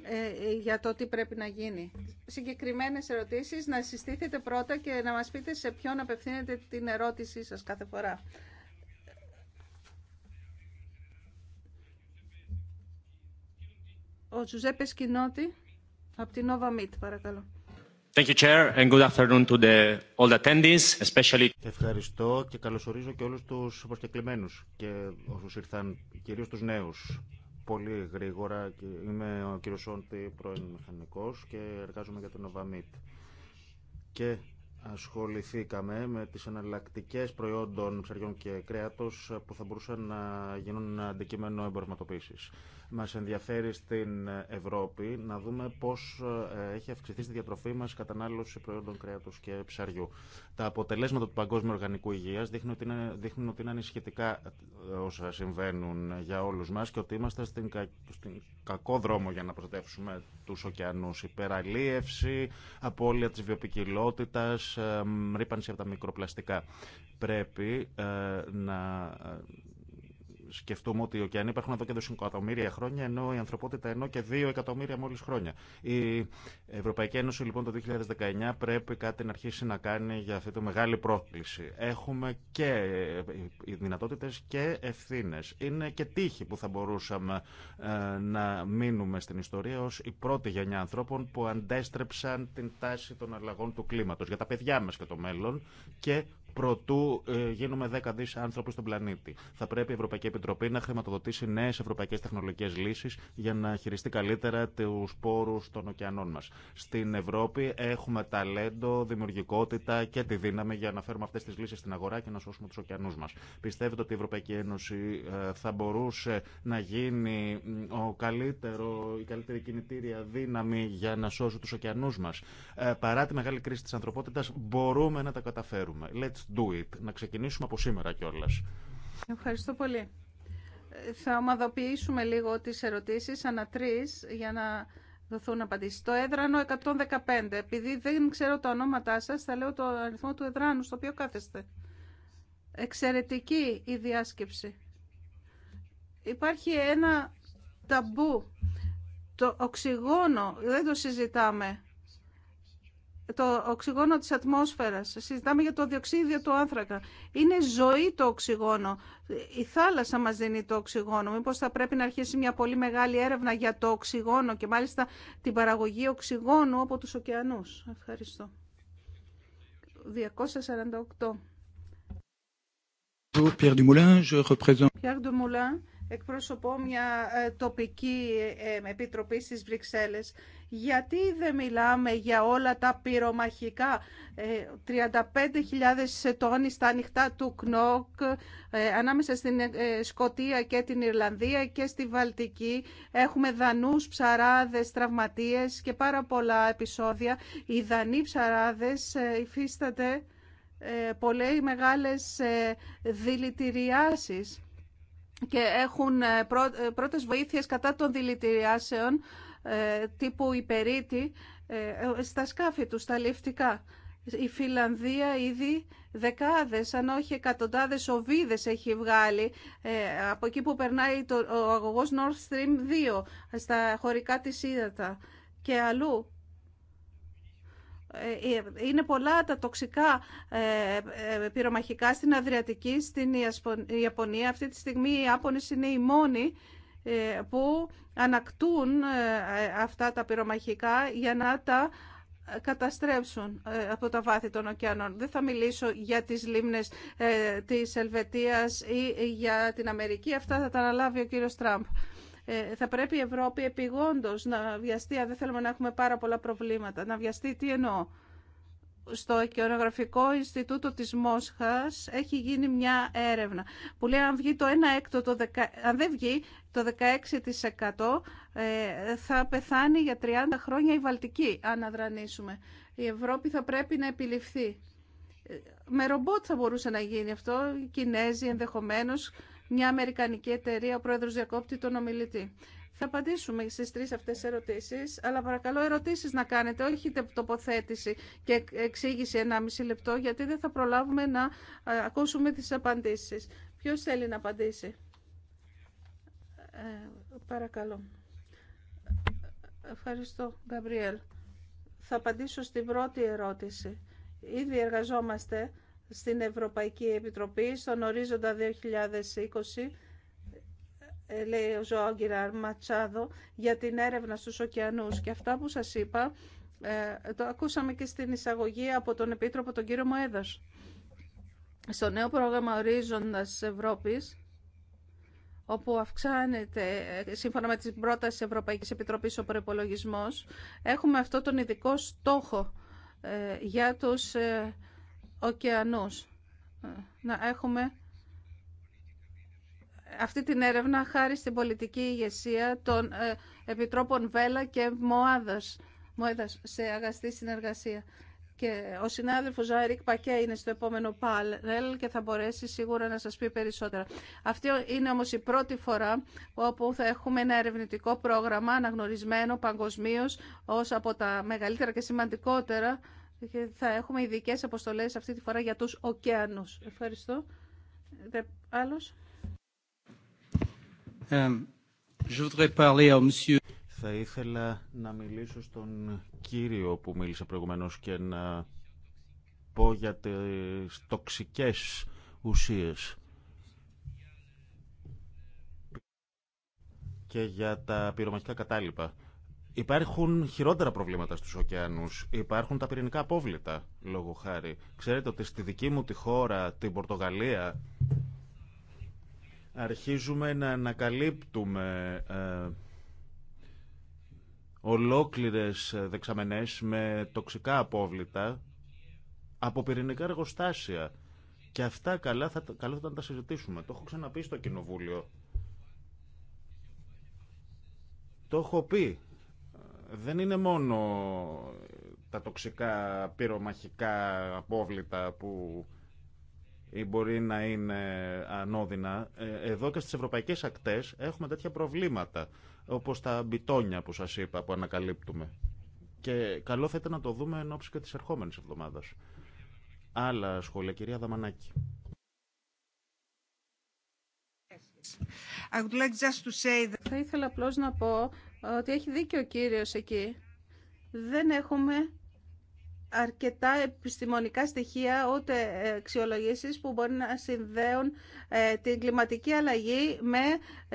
ε, για το τι πρέπει να γίνει. Συγκεκριμένες ερωτήσεις να συστήθετε πρώτα και να μας πείτε σε ποιον απευθύνετε την ερώτησή σας κάθε φορά. Ο Τζουζέπε Σκινότη από την Nova Meet, παρακαλώ. Ευχαριστώ και καλωσορίζω και όλους τους προσκεκλημένους και όσους ήρθαν, κυρίως τους νέους. Πολύ γρήγορα, είμαι ο κύριος Σόντι, πρώην μηχανικός και εργάζομαι για το Nova Meet. Και ασχοληθήκαμε με τις εναλλακτικέ προϊόντων ψαριών και κρέατος που θα μπορούσαν να γίνουν αντικείμενο εμπορευματοποίησης. Μας ενδιαφέρει στην Ευρώπη να δούμε πώς ε, έχει αυξηθεί στη διατροφή μας κατανάλωση προϊόντων κρέατος και ψαριού. Τα αποτελέσματα του Παγκόσμιου Οργανικού Υγείας δείχνουν ότι είναι, δείχνουν ότι είναι ανησυχητικά ε, όσα συμβαίνουν για όλους μας και ότι είμαστε στην, κα, κακό δρόμο για να προστατεύσουμε τους ωκεανούς. Υπεραλίευση, απώλεια της βιοπικιλότητας, ε, ρήπανση από τα μικροπλαστικά. Πρέπει να σκεφτούμε ότι οι ωκεανοί υπάρχουν εδώ και δύο εκατομμύρια χρόνια, ενώ η ανθρωπότητα ενώ και δύο εκατομμύρια μόλι χρόνια. Η Ευρωπαϊκή Ένωση λοιπόν το 2019 πρέπει κάτι να αρχίσει να κάνει για αυτή τη μεγάλη πρόκληση. Έχουμε και δυνατότητε και ευθύνε. Είναι και τύχη που θα μπορούσαμε ε, να μείνουμε στην ιστορία ω η πρώτη γενιά ανθρώπων που αντέστρεψαν την τάση των αλλαγών του κλίματο για τα παιδιά μα και το μέλλον και Προτού ε, γίνουμε 10 δι άνθρωποι στον πλανήτη. Θα πρέπει η Ευρωπαϊκή Επιτροπή να χρηματοδοτήσει νέε ευρωπαϊκέ τεχνολογικέ λύσεις για να χειριστεί καλύτερα του πόρου των ωκεανών μα. Στην Ευρώπη έχουμε ταλέντο, δημιουργικότητα και τη δύναμη για να φέρουμε αυτέ τι λύσει στην αγορά και να σώσουμε του ωκεανού μα. Πιστεύετε ότι η Ευρωπαϊκή Ένωση ε, θα μπορούσε να γίνει ο καλύτερο, η καλύτερη κινητήρια δύναμη για να σώσει τους ωκεανούς μας. Ε, παρά τη μεγάλη κρίση τη ανθρωπότητα, μπορούμε να τα καταφέρουμε. Let's do it. Να ξεκινήσουμε από σήμερα κιόλα. Ευχαριστώ πολύ. Θα ομαδοποιήσουμε λίγο τις ερωτήσεις ανά για να δοθούν απαντήσει. Το έδρανο 115. Επειδή δεν ξέρω τα ονόματά σα, θα λέω το αριθμό του εδράνου στο οποίο κάθεστε. Εξαιρετική η διάσκεψη. Υπάρχει ένα ταμπού. Το οξυγόνο δεν το συζητάμε το οξυγόνο της ατμόσφαιρας, συζητάμε για το διοξίδιο του άνθρακα. Είναι ζωή το οξυγόνο. Η θάλασσα μας δίνει το οξυγόνο. Μήπως θα πρέπει να αρχίσει μια πολύ μεγάλη έρευνα για το οξυγόνο και μάλιστα την παραγωγή οξυγόνου από τους ωκεανούς. Ευχαριστώ. 248. Pierre Dumoulin, je représente... Pierre Dumoulin, εκπροσωπώ μια ε, τοπική ε, ε, επιτροπή στις Βρυξέλλες γιατί δεν μιλάμε για όλα τα πυρομαχικά. 35.000 ε, ετών στα ανοιχτά του ΚΝΟΚ ε, ανάμεσα στην ε, Σκοτία και την Ιρλανδία και στη Βαλτική. Έχουμε δανούς ψαράδες, τραυματίες και πάρα πολλά επεισόδια. Οι δανοί ψαράδες υφίσταται πολλές μεγάλες δηλητηριάσεις και έχουν πρώτες βοήθειες κατά των δηλητηριάσεων ε, τύπου υπερίτη ε, στα σκάφη του, στα λεφτικά. Η Φιλανδία ήδη δεκάδες, αν όχι εκατοντάδες οβίδες έχει βγάλει ε, από εκεί που περνάει το, ο αγωγός Nord Stream 2 στα χωρικά της Ήδατα και αλλού. Είναι πολλά τα τοξικά πυρομαχικά στην Αδριατική, στην Ιαπωνία. Αυτή τη στιγμή οι Άπωνες είναι οι μόνοι ε, που ανακτούν ε, αυτά τα πυρομαχικά για να τα καταστρέψουν ε, από τα βάθη των ωκεανών. Δεν θα μιλήσω για τις λίμνες της Ελβετίας ή για την Αμερική. Αυτά θα τα αναλάβει ο κύριος Τραμπ. Θα πρέπει η Ευρώπη επιγόντως να βιαστεί, αν δεν θέλουμε να έχουμε πάρα πολλά προβλήματα, να βιαστεί τι εννοώ. Στο Οικαιογραφικό Ινστιτούτο της Μόσχας έχει γίνει μια έρευνα που λέει αν, βγει το 1 έκτο, το αν δεν βγει το 16% ε, θα πεθάνει για 30 χρόνια η Βαλτική, αν αδρανίσουμε. Η Ευρώπη θα πρέπει να επιληφθεί. Ε, με ρομπότ θα μπορούσε να γίνει αυτό, οι Κινέζοι ενδεχομένως, μια Αμερικανική εταιρεία, ο πρόεδρος διακόπτει τον ομιλητή. Θα απαντήσουμε στι τρει αυτέ ερωτήσεις, αλλά παρακαλώ ερωτήσεις να κάνετε, όχι τοποθέτηση και εξήγηση 1,5 λεπτό, γιατί δεν θα προλάβουμε να ακούσουμε τις απαντήσεις. Ποιο θέλει να απαντήσει. Ε, παρακαλώ. Ευχαριστώ, Γκαμπριέλ. Θα απαντήσω στην πρώτη ερώτηση. Ήδη εργαζόμαστε στην Ευρωπαϊκή Επιτροπή, στον ορίζοντα 2020, ε, λέει ο Ζωάγκυρα Ματσάδο, για την έρευνα στους ωκεανούς. Και αυτά που σας είπα, ε, το ακούσαμε και στην εισαγωγή από τον Επίτροπο, τον κύριο Μοέδας. Στο νέο πρόγραμμα Ορίζοντας Ευρώπης, όπου αυξάνεται, ε, σύμφωνα με την πρόταση της Ευρωπαϊκής Επιτροπής, ο προπολογισμό, έχουμε αυτό τον ειδικό στόχο ε, για τους ε, ωκεανούς. Να έχουμε αυτή την έρευνα χάρη στην πολιτική ηγεσία των Επιτρόπων Βέλα και Μοάδας, σε αγαστή συνεργασία. Και ο συνάδελφος Ζάιρικ Πακέ είναι στο επόμενο πάνελ και θα μπορέσει σίγουρα να σας πει περισσότερα. Αυτή είναι όμως η πρώτη φορά όπου θα έχουμε ένα ερευνητικό πρόγραμμα αναγνωρισμένο παγκοσμίω ως από τα μεγαλύτερα και σημαντικότερα και θα έχουμε ειδικέ αποστολές αυτή τη φορά για τους ωκεάνου Ευχαριστώ. Άλλος. Um, je voudrais parler à monsieur... Θα ήθελα να μιλήσω στον κύριο που μίλησε προηγουμένως και να πω για τις τοξικές ουσίες και για τα πυρομαχικά κατάλοιπα. Υπάρχουν χειρότερα προβλήματα στους ωκεανούς. Υπάρχουν τα πυρηνικά απόβλητα, λόγω χάρη. Ξέρετε ότι στη δική μου τη χώρα, την Πορτογαλία, αρχίζουμε να ανακαλύπτουμε ε, ολόκληρες ε, δεξαμενές με τοξικά απόβλητα από πυρηνικά εργοστάσια. Και αυτά καλά θα, καλό θα να τα συζητήσουμε. Το έχω ξαναπεί στο Κοινοβούλιο. Το έχω πει. Δεν είναι μόνο ε, τα τοξικά πυρομαχικά απόβλητα που ή μπορεί να είναι ανώδυνα. Ε, εδώ και στις ευρωπαϊκές ακτές έχουμε τέτοια προβλήματα όπως τα μπιτόνια που σας είπα που ανακαλύπτουμε. Και καλό θα ήταν να το δούμε εν ώψη και της ερχόμενης εβδομάδας. Άλλα σχόλια, κυρία Δαμανάκη. like just to say Θα ήθελα απλώς να πω ότι έχει δίκιο ο κύριος εκεί. Δεν έχουμε αρκετά επιστημονικά στοιχεία, ούτε αξιολογήσεις που μπορεί να συνδέουν ε, την κλιματική αλλαγή με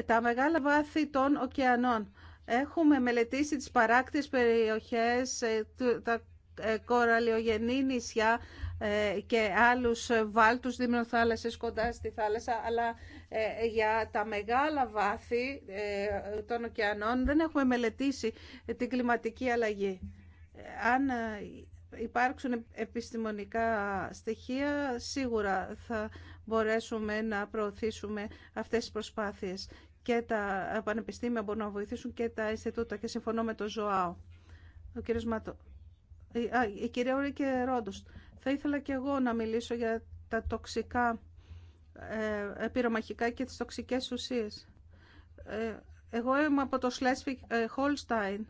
τα μεγάλα βάθη των ωκεανών. Έχουμε μελετήσει τις παράκτης περιοχές, ε, τα ε, κοραλιογενή νησιά και άλλους βάλτους δημοθάλασσες κοντά στη θάλασσα, αλλά για τα μεγάλα βάθη των ωκεανών δεν έχουμε μελετήσει την κλιματική αλλαγή. Αν υπάρξουν επιστημονικά στοιχεία, σίγουρα θα μπορέσουμε να προωθήσουμε αυτές τις προσπάθειες. Και τα πανεπιστήμια μπορούν να βοηθήσουν και τα Ινστιτούτα και συμφωνώ με τον ΖΟΑΟ. Ο κύριος Μάτο. Α, η κυρία και Ρόντος. Θα ήθελα και εγώ να μιλήσω για τα τοξικά ε, πυρομαχικά και τις τοξικές ουσίες. Ε, εγώ είμαι από το Σλέσφικ Χολστάιν ε,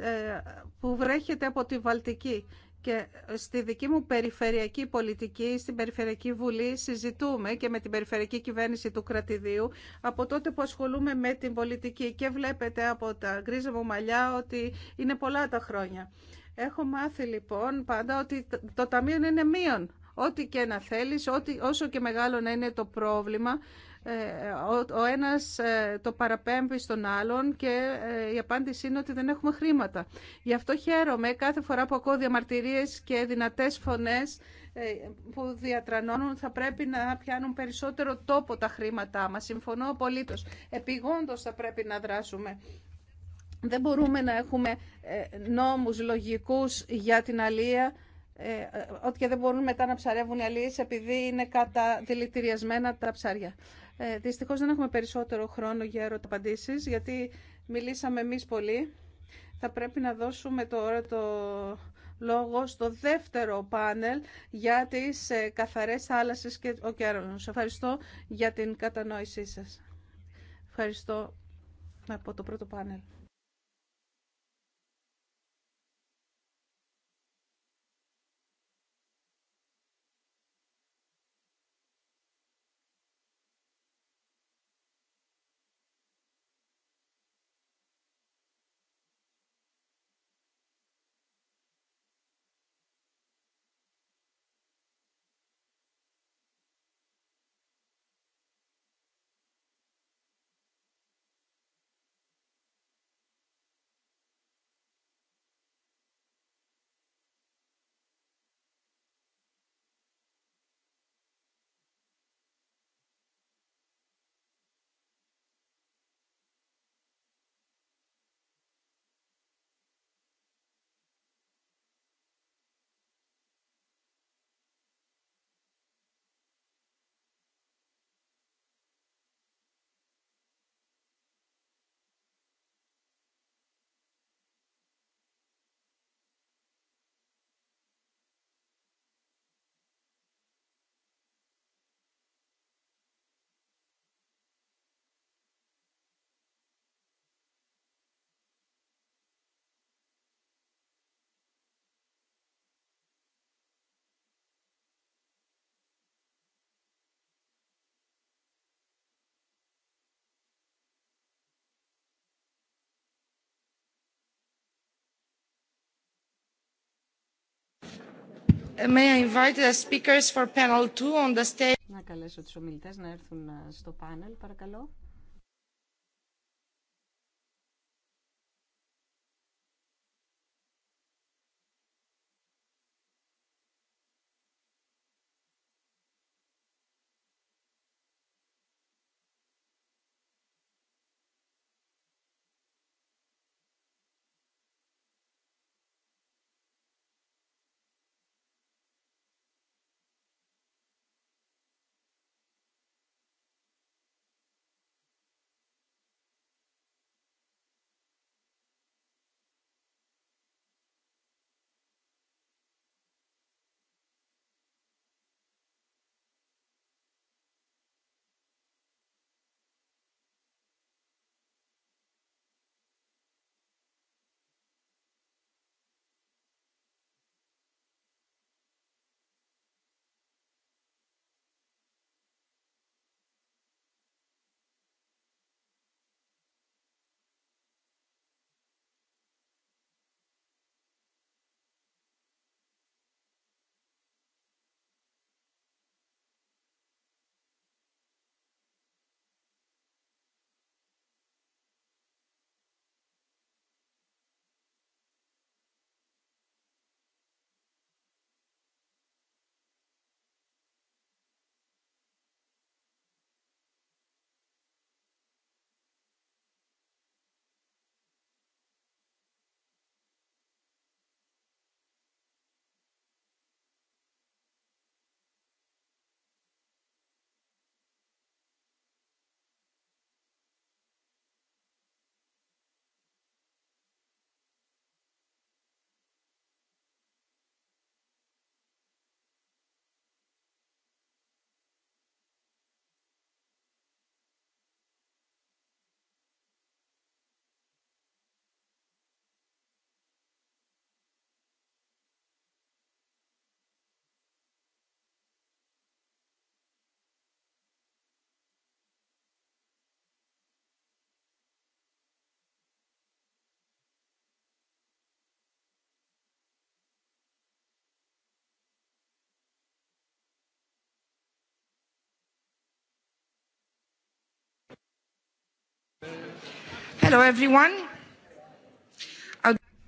ε, που βρέχεται από τη Βαλτική. Και στη δική μου περιφερειακή πολιτική, στην Περιφερειακή Βουλή, συζητούμε και με την Περιφερειακή Κυβέρνηση του Κρατηδίου από τότε που ασχολούμαι με την πολιτική και βλέπετε από τα γκρίζα μου μαλλιά ότι είναι πολλά τα χρόνια. Έχω μάθει λοιπόν πάντα ότι το Ταμείο είναι μείον Ό,τι και να θέλεις, ό,τι, όσο και μεγάλο να είναι το πρόβλημα, ε, ο ένας ε, το παραπέμπει στον άλλον και ε, η απάντηση είναι ότι δεν έχουμε χρήματα. Γι' αυτό χαίρομαι κάθε φορά που ακούω διαμαρτυρίες και δυνατές φωνές που διατρανώνουν θα πρέπει να πιάνουν περισσότερο τόπο τα χρήματά μας. Συμφωνώ απολύτως. Επιγόντως θα πρέπει να δράσουμε. Δεν μπορούμε να έχουμε νόμους λογικούς για την αλεία. Ε, ε, ότι και δεν μπορούν μετά να ψαρεύουν οι επειδή είναι καταδηλητηριασμένα τα ψάρια. Ε, δυστυχώς δεν έχουμε περισσότερο χρόνο για ερωταπαντήσεις γιατί μιλήσαμε εμείς πολύ. Θα πρέπει να δώσουμε τώρα το λόγο στο δεύτερο πάνελ για τις ε, καθαρές θάλασσες και ο Σας Ευχαριστώ για την κατανόησή σας. Ευχαριστώ από το πρώτο πάνελ. May I invite the speakers for panel two on the stage. Να καλέσω τους ομιλητές να έρθουν ε, στο πάνελ, παρακαλώ. Hello everyone.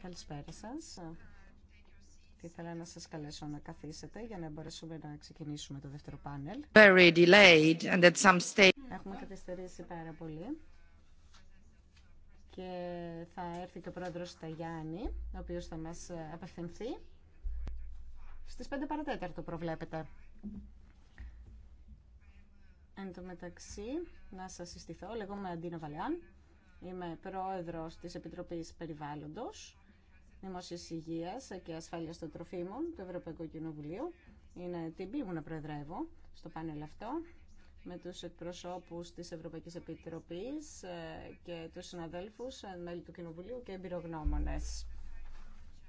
Καλησπέρα σα. Θα ήθελα να σα καλέσω να καθίσετε για να μπορέσουμε να ξεκινήσουμε το δεύτερο πάνελ. Έχουμε καθυστερήσει πάρα πολύ. Και θα έρθει και ο πρόεδρο Ταγιάννη, ο οποίο θα μα απευθυνθεί. Στι 5 παρατέταρτο προβλέπετε. Εν τω μεταξύ, να σα συστηθώ. Λέγομαι Αντίνα Βαλεάν. Είμαι πρόεδρος της Επιτροπής Περιβάλλοντος, Δημόσιας Υγείας και Ασφάλειας των Τροφίμων του Ευρωπαϊκού Κοινοβουλίου. Είναι τιμή μου να προεδρεύω στο πάνελ αυτό με τους εκπροσώπους της Ευρωπαϊκής Επιτροπής ε, και τους συναδέλφους, ε, μέλη του Κοινοβουλίου και εμπειρογνώμονες.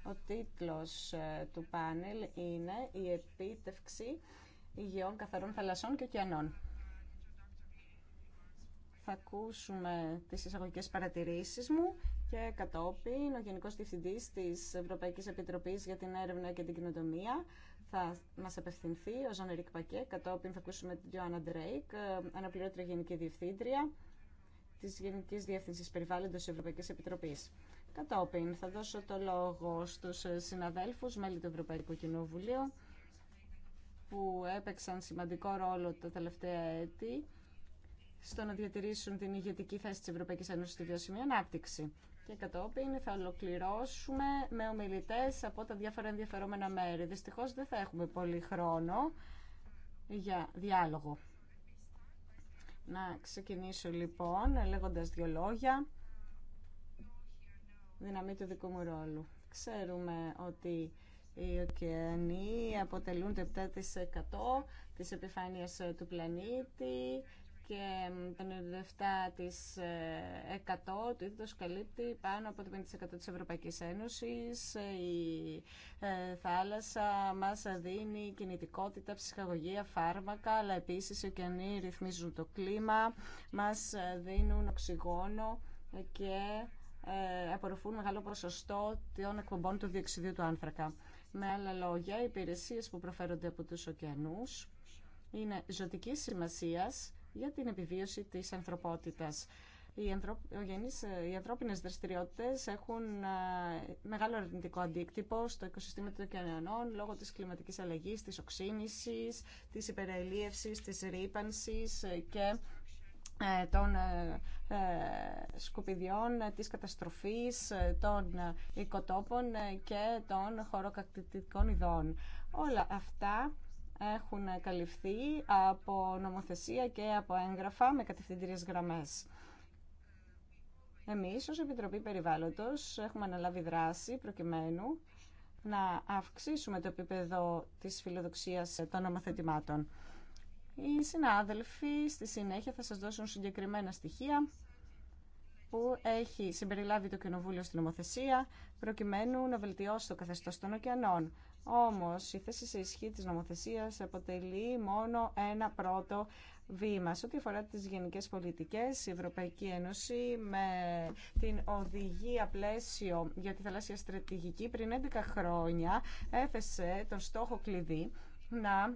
Ο τίτλος ε, του πάνελ είναι «Η επίτευξη υγιών καθαρών θαλασσών και ωκεανών». Θα ακούσουμε τις εισαγωγικές παρατηρήσεις μου και κατόπιν ο Γενικός Διευθυντής της Ευρωπαϊκής Επιτροπής για την Έρευνα και την Κοινοτομία θα μας απευθυνθεί, ο Ζανερικ Πακέ, κατόπιν θα ακούσουμε την Γιώνα Ντρέικ, ε, αναπληρώτρια Γενική Διευθύντρια της Γενικής Διεύθυνσης Περιβάλλοντος της Ευρωπαϊκής Επιτροπής. Κατόπιν θα δώσω το λόγο στους ε, συναδέλφους, μέλη του Ευρωπαϊκού Κοινοβουλίου, που έπαιξαν σημαντικό ρόλο τα τελευταία έτη στο να διατηρήσουν την ηγετική θέση τη Ευρωπαϊκή Ένωση στη βιώσιμη ανάπτυξη. Και κατόπιν θα ολοκληρώσουμε με ομιλητέ από τα διάφορα ενδιαφερόμενα μέρη. Δυστυχώ δεν θα έχουμε πολύ χρόνο για διάλογο. Να ξεκινήσω λοιπόν λέγοντας δύο λόγια. Δυναμή του δικού μου ρόλου. Ξέρουμε ότι οι ωκεανοί αποτελούν το 7% της επιφάνειας του πλανήτη και ε, το 97% του είδους καλύπτει πάνω από το 50% της Ευρωπαϊκής Ένωσης. Η ε, θάλασσα μας δίνει κινητικότητα, ψυχαγωγία, φάρμακα, αλλά επίσης οι ωκεανοί ρυθμίζουν το κλίμα, μας δίνουν οξυγόνο και ε, απορροφούν μεγάλο ποσοστό των εκπομπών του διοξιδίου του άνθρακα. Με άλλα λόγια, οι υπηρεσίες που προφέρονται από τους ωκεανούς είναι ζωτικής σημασίας για την επιβίωση της ανθρωπότητας. Οι, ανθρω... οι ανθρώπινες δραστηριότητες έχουν μεγάλο αρνητικό αντίκτυπο στο οικοσυστήμα των ωκεανών λόγω της κλιματικής αλλαγής, της οξύνησης, της υπερελίευσης, της ρήπανση ε, ε, ε, και των σκουπιδιών, της καταστροφής, των οικοτόπων και των χωροκακτητικών ειδών. Όλα αυτά έχουν καλυφθεί από νομοθεσία και από έγγραφα με κατευθυντήριες γραμμές. Εμείς ως Επιτροπή Περιβάλλοντος έχουμε αναλάβει δράση προκειμένου να αυξήσουμε το επίπεδο της φιλοδοξίας των νομοθετημάτων. Οι συνάδελφοι στη συνέχεια θα σας δώσουν συγκεκριμένα στοιχεία που έχει συμπεριλάβει το Κοινοβούλιο στην νομοθεσία προκειμένου να βελτιώσει το καθεστώς των ωκεανών. Όμως η θέση σε ισχύ της νομοθεσίας αποτελεί μόνο ένα πρώτο βήμα. Σε ό,τι αφορά τις γενικές πολιτικές, η Ευρωπαϊκή Ένωση με την οδηγία πλαίσιο για τη θαλάσσια στρατηγική πριν 11 χρόνια έθεσε τον στόχο κλειδί να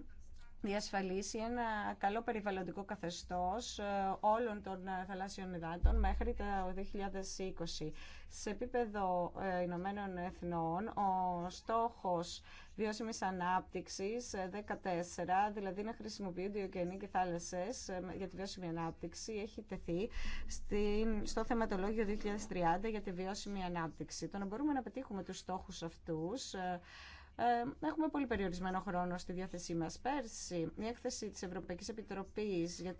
διασφαλίσει ένα καλό περιβαλλοντικό καθεστώς ε, όλων των ε, θαλάσσιων υδάτων μέχρι το 2020. Σε επίπεδο ε, Ηνωμένων Εθνών, ο στόχος βιώσιμης ανάπτυξης 14, δηλαδή να χρησιμοποιούνται οι ωκεανοί και θάλασσες για τη βιώσιμη ανάπτυξη, έχει τεθεί στο θεματολόγιο 2030 για τη βιώσιμη ανάπτυξη. Το να μπορούμε να πετύχουμε τους στόχους αυτούς ε, έχουμε πολύ περιορισμένο χρόνο στη διάθεσή μα Πέρσι, η έκθεση τη Ευρωπαϊκή Επιτροπή για,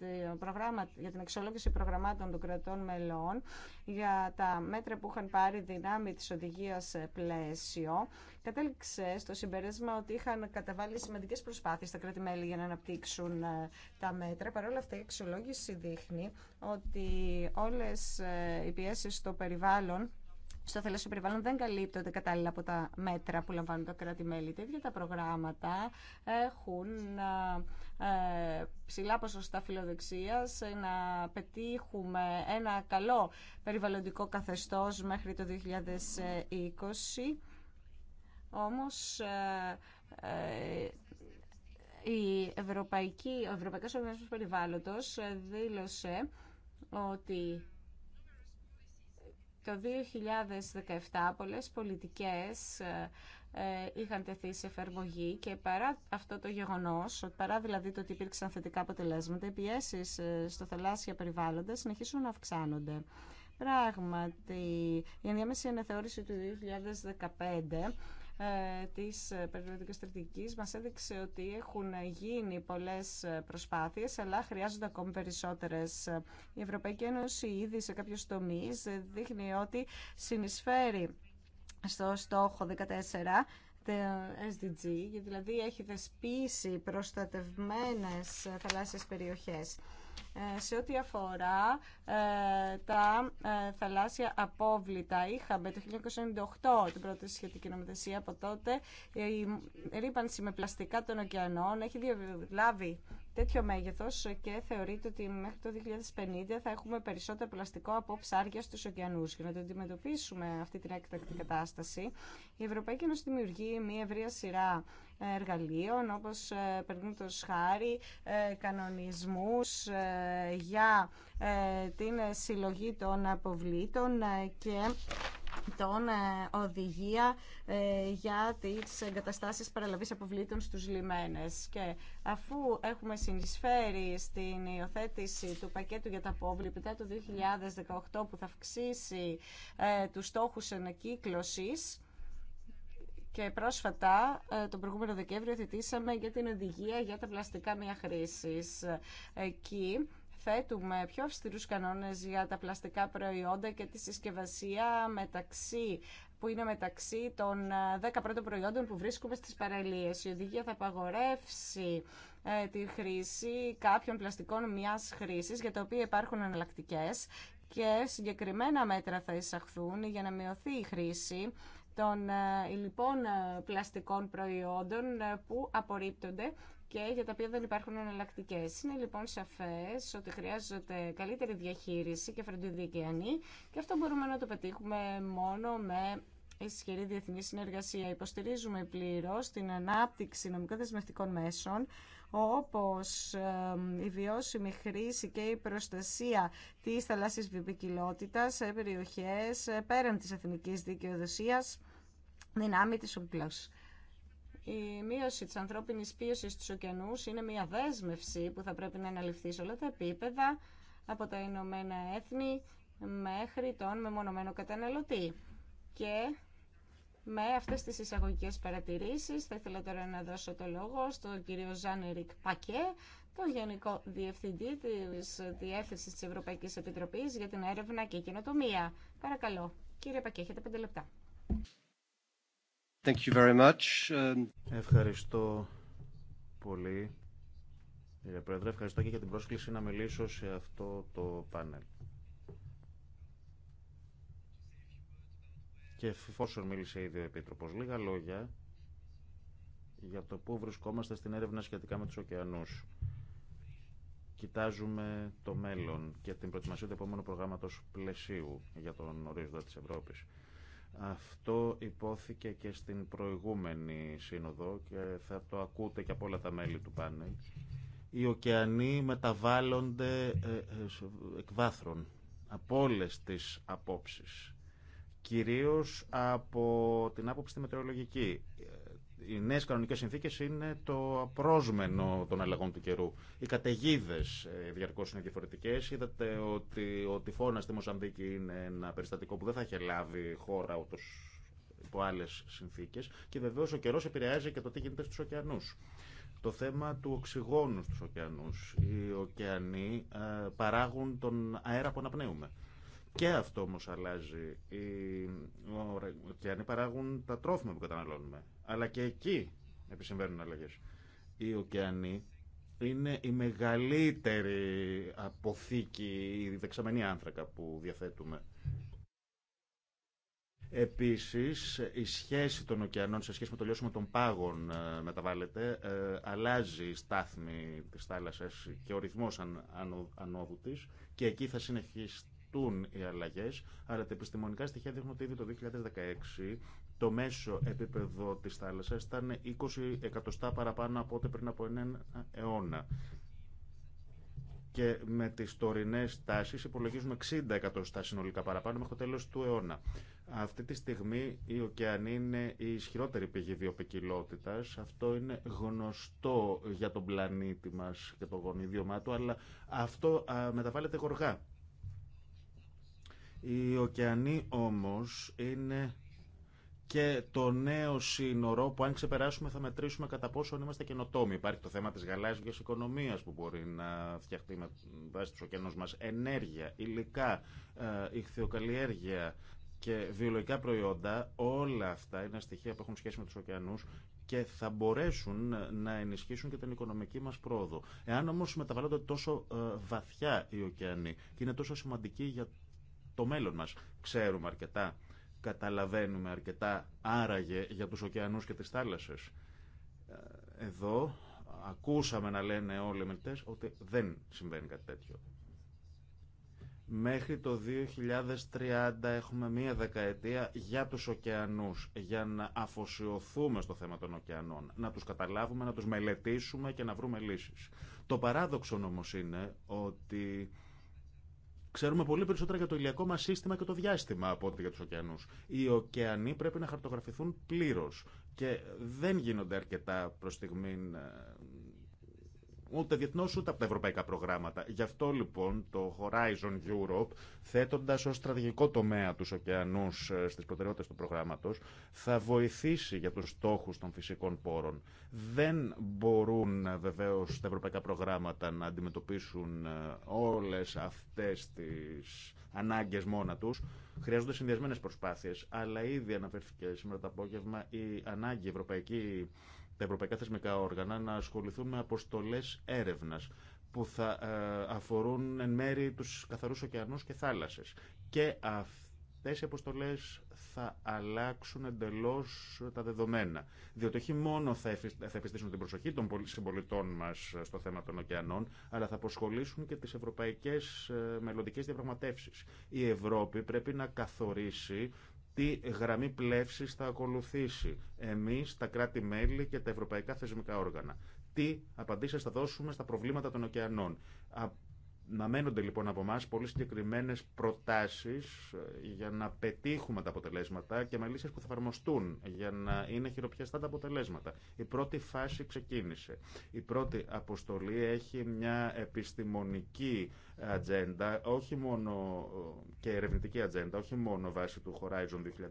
για την εξολόγηση προγραμμάτων των κρατών μελών για τα μέτρα που είχαν πάρει δυνάμει τη οδηγία πλαίσιο κατέληξε στο συμπέρασμα ότι είχαν καταβάλει σημαντικέ προσπάθειε τα κράτη-μέλη για να αναπτύξουν ε, τα μέτρα. Παρ' όλα αυτά, η εξολόγηση δείχνει ότι όλες ε, οι πιέσει στο περιβάλλον στο θέλασσο περιβάλλον δεν καλύπτονται κατάλληλα από τα μέτρα που λαμβάνουν τα κράτη-μέλη. Τα ίδια τα προγράμματα έχουν ε, ψηλά ποσοστά φιλοδεξίας ε, να πετύχουμε ένα καλό περιβαλλοντικό καθεστώς μέχρι το 2020. Όμως ε, η Ευρωπαϊκή, ο Ευρωπαϊκός Οργανισμός Περιβάλλοντος δήλωσε ότι το 2017 πολλές πολιτικές ε, ε, είχαν τεθεί σε εφαρμογή και παρά αυτό το γεγονός, παρά δηλαδή το ότι υπήρξαν θετικά αποτελέσματα, οι πιέσεις ε, στο θαλάσσια περιβάλλοντα συνεχίσουν να αυξάνονται. Πράγματι, η ενδιάμεση αναθεώρηση του 2015 ε, της ε, περιβαλλοντικής στρατηγικής μας έδειξε ότι έχουν γίνει πολλές ε, προσπάθειες αλλά χρειάζονται ακόμη περισσότερες. Η Ευρωπαϊκή Ένωση ήδη σε κάποιους τομείς δείχνει ότι συνεισφέρει στο στόχο 14 το SDG, δηλαδή έχει δεσπίσει προστατευμένες θαλάσσιες περιοχές. Ε, σε ό,τι αφορά ε, τα ε, θαλάσσια απόβλητα. Είχαμε το 1998 την πρώτη σχετική νομοθεσία. Από τότε η ρήπανση με πλαστικά των ωκεανών έχει διαβλάβει τέτοιο μέγεθος και θεωρείται ότι μέχρι το 2050 θα έχουμε περισσότερο πλαστικό από ψάρια στους ωκεανούς. Για να το αντιμετωπίσουμε αυτή την έκτακτη κατάσταση, η Ευρωπαϊκή Ένωση δημιουργεί μια ευρεία σειρά εργαλείων όπως ε, χάρη ε, κανονισμούς ε, για την συλλογή των αποβλήτων και τον οδηγία για τις εγκαταστάσεις παραλαβής αποβλήτων στους λιμένες. Και αφού έχουμε συνεισφέρει στην υιοθέτηση του πακέτου για τα απόβλητα το 2018 που θα αυξήσει τους στόχους ανακύκλωσης, και πρόσφατα, ε, τον προηγούμενο Δεκέμβριο, θετήσαμε για την οδηγία για τα πλαστικά μία χρήση. Εκεί θέτουμε πιο αυστηρούς κανόνες για τα πλαστικά προϊόντα και τη συσκευασία μεταξύ που είναι μεταξύ των 10 ε, πρώτων προϊόντων που βρίσκουμε στις παραλίες. Η οδηγία θα απαγορεύσει ε, τη χρήση κάποιων πλαστικών μιας χρήσης για τα οποία υπάρχουν εναλλακτικέ και συγκεκριμένα μέτρα θα εισαχθούν για να μειωθεί η χρήση των λοιπόν πλαστικών προϊόντων ε, που απορρίπτονται και για τα οποία δεν υπάρχουν εναλλακτικέ. Είναι λοιπόν σαφέ ότι χρειάζεται καλύτερη διαχείριση και φροντιδικαιανή και αυτό μπορούμε να το πετύχουμε μόνο με ισχυρή διεθνή συνεργασία. Υποστηρίζουμε πλήρω την ανάπτυξη νομικών δεσμευτικών μέσων όπως η βιώσιμη χρήση και η προστασία της θαλάσσιας βιοποικιλότητας σε περιοχές πέραν της εθνική δικαιοδοσία δυνάμει τη Η μείωση τη ανθρώπινη πίεσης στου ωκεανού είναι μια δέσμευση που θα πρέπει να αναλυφθεί σε όλα τα επίπεδα από τα Ηνωμένα Έθνη μέχρι τον μεμονωμένο καταναλωτή. Και με αυτέ τι εισαγωγικέ παρατηρήσει, θα ήθελα τώρα να δώσω το λόγο στον κύριο Ζάνερικ Πακέ, τον Γενικό Διευθυντή τη διεύθυνση τη Ευρωπαϊκή Επιτροπή για την έρευνα και η καινοτομία. Παρακαλώ. Κύριε Πακέ, έχετε πέντε λεπτά. Thank you very much. Ευχαριστώ πολύ, κύριε Πρόεδρε. Ευχαριστώ και για την πρόσκληση να μιλήσω σε αυτό το πάνελ. Και εφόσον μίλησε ήδη ο Επίτροπος, λίγα λόγια για το πού βρισκόμαστε στην έρευνα σχετικά με τους ωκεανούς. Κοιτάζουμε το μέλλον και την προετοιμασία του επόμενου προγράμματος πλαισίου για τον ορίζοντα της Ευρώπης. Αυτό υπόθηκε και στην προηγούμενη σύνοδο και θα το ακούτε και από όλα τα μέλη του πάνελ. Οι ωκεανοί μεταβάλλονται ε, ε, εκ βάθρων από όλε τις απόψεις κυρίως από την άποψη τη μετεωρολογική. Ε, οι νέε κανονικέ συνθήκε είναι το απρόσμενο των αλλαγών του καιρού. Οι καταιγίδε ε, διαρκώ είναι διαφορετικέ. Είδατε ότι ο τυφώνα στη Μοσαμπίκη είναι ένα περιστατικό που δεν θα είχε λάβει χώρα ούτω υπό άλλε συνθήκε. Και βεβαίω ο καιρό επηρεάζει και το τι γίνεται στου ωκεανού. Το θέμα του οξυγόνου στους ωκεανούς. Οι ωκεανοί ε, παράγουν τον αέρα που αναπνέουμε. Και αυτό όμως αλλάζει. Οι ωκεανοί παράγουν τα τρόφιμα που καταναλώνουμε αλλά και εκεί επισυμβαίνουν αλλαγέ, Οι ωκεανοί είναι η μεγαλύτερη αποθήκη, η δεξαμενή άνθρακα που διαθέτουμε. Επίσης, η σχέση των ωκεανών σε σχέση με το λιώσιμο των πάγων ε, μεταβάλλεται, ε, αλλάζει η στάθμη της θάλασσας και ο ρυθμός ανώδου της και εκεί θα συνεχιστούν οι αλλαγές. αλλά τα επιστημονικά στοιχεία δείχνουν ότι ήδη το 2016 το μέσο επίπεδο της θάλασσας ήταν 20 εκατοστά παραπάνω από ό,τι πριν από έναν αιώνα. Και με τις τωρινές τάσεις υπολογίζουμε 60 εκατοστά συνολικά παραπάνω μέχρι το τέλος του αιώνα. Αυτή τη στιγμή η ωκεανή είναι η ισχυρότερη πηγή βιοπικιλότητας. Αυτό είναι γνωστό για τον πλανήτη μας και το γονιδιωμά του, αλλά αυτό μεταβάλλεται γοργά. Οι ωκεανοί όμως είναι και το νέο σύνορο που αν ξεπεράσουμε θα μετρήσουμε κατά πόσο είμαστε καινοτόμοι. Υπάρχει το θέμα της γαλάζιας οικονομίας που μπορεί να φτιαχτεί με βάση τους ωκεανούς μας. Ενέργεια, υλικά, ε, ηχθειοκαλλιέργεια και βιολογικά προϊόντα, όλα αυτά είναι στοιχεία που έχουν σχέση με τους ωκεανούς και θα μπορέσουν να ενισχύσουν και την οικονομική μας πρόοδο. Εάν όμως μεταβαλλόνται τόσο ε, βαθιά οι ωκεανοί και είναι τόσο σημαντικοί για το μέλλον μας, ξέρουμε αρκετά καταλαβαίνουμε αρκετά άραγε για τους ωκεανούς και τις θάλασσες. Ε, εδώ ακούσαμε να λένε όλοι οι ότι δεν συμβαίνει κάτι τέτοιο. Μέχρι το 2030 έχουμε μία δεκαετία για τους ωκεανούς, για να αφοσιωθούμε στο θέμα των ωκεανών, να τους καταλάβουμε, να τους μελετήσουμε και να βρούμε λύσεις. Το παράδοξο όμως είναι ότι Ξέρουμε πολύ περισσότερα για το ηλιακό μα σύστημα και το διάστημα από ό,τι για του ωκεανού. Οι ωκεανοί πρέπει να χαρτογραφηθούν πλήρω και δεν γίνονται αρκετά προ στιγμή ε, ούτε διεθνώ ούτε από τα ευρωπαϊκά προγράμματα. Γι' αυτό λοιπόν το Horizon Europe, θέτοντα ω στρατηγικό τομέα ε, του ωκεανού στι προτεραιότητε του προγράμματο, θα βοηθήσει για του στόχου των φυσικών πόρων. Δεν μπορούν ε, βεβαίω τα ευρωπαϊκά προγράμματα να αντιμετωπίσουν ε, όλε αυτέ τι ανάγκε μόνα του. Χρειάζονται συνδυασμένε προσπάθειε, αλλά ήδη αναφέρθηκε σήμερα το απόγευμα η ανάγκη ευρωπαϊκή τα ευρωπαϊκά θεσμικά όργανα να ασχοληθούν με αποστολές έρευνας που θα ε, αφορούν εν μέρη τους καθαρούς ωκεανού και θάλασσες. Και αυτέ οι αποστολές θα αλλάξουν εντελώς τα δεδομένα. Διότι όχι μόνο θα επιστήσουν την προσοχή των συμπολιτών μας στο θέμα των ωκεανών, αλλά θα αποσχολήσουν και τις ευρωπαϊκές ε, μελλοντικέ διαπραγματεύσει. Η Ευρώπη πρέπει να καθορίσει τι γραμμή πλεύσης θα ακολουθήσει εμεί τα κράτη-μέλη και τα ευρωπαϊκά θεσμικά όργανα. Τι απαντήσεις θα δώσουμε στα προβλήματα των ωκεανών να μένονται λοιπόν από εμά πολύ συγκεκριμένε προτάσει ε, για να πετύχουμε τα αποτελέσματα και με λύσει που θα εφαρμοστούν για να είναι χειροπιαστά τα αποτελέσματα. Η πρώτη φάση ξεκίνησε. Η πρώτη αποστολή έχει μια επιστημονική ατζέντα, όχι μόνο ε, και ερευνητική ατζέντα, όχι μόνο βάσει του Horizon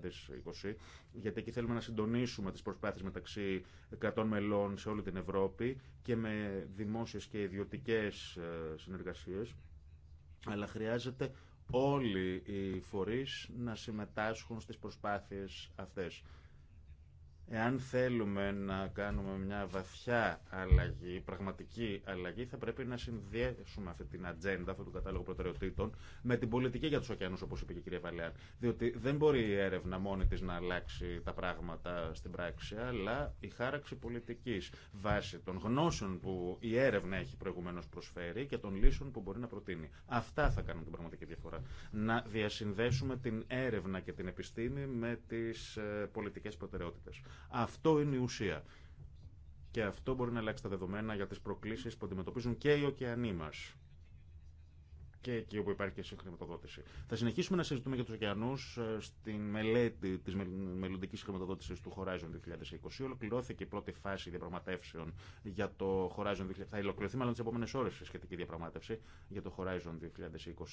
2020, γιατί εκεί θέλουμε να συντονίσουμε τι προσπάθειε μεταξύ κρατών μελών σε όλη την Ευρώπη και με δημόσιε και ιδιωτικέ ε, συνεργασίε αλλά χρειάζεται όλοι οι φορείς να συμμετάσχουν στις προσπάθειες αυτές. Εάν θέλουμε να κάνουμε μια βαθιά αλλαγή, πραγματική αλλαγή, θα πρέπει να συνδέσουμε αυτή την ατζέντα, αυτόν τον κατάλογο προτεραιοτήτων, με την πολιτική για του ωκεανού, όπω είπε και η κυρία Βαλέαν. Διότι δεν μπορεί η έρευνα μόνη τη να αλλάξει τα πράγματα στην πράξη, αλλά η χάραξη πολιτική βάσει των γνώσεων που η έρευνα έχει προηγουμένω προσφέρει και των λύσεων που μπορεί να προτείνει. Αυτά θα κάνουν την πραγματική διαφορά. Να διασυνδέσουμε την έρευνα και την επιστήμη με τι ε, πολιτικέ προτεραιότητε. Αυτό είναι η ουσία. Και αυτό μπορεί να αλλάξει τα δεδομένα για τι προκλήσει που αντιμετωπίζουν και οι ωκεανοί μα και εκεί όπου υπάρχει και συγχρηματοδότηση. Θα συνεχίσουμε να συζητούμε για του ωκεανού ε, στην μελέτη τη μελλοντική χρηματοδότηση του Horizon 2020. Ολοκληρώθηκε η πρώτη φάση διαπραγματεύσεων για το Horizon 2020. Θα ολοκληρωθεί μάλλον τι επόμενε ώρε η σχετική διαπραγμάτευση για το Horizon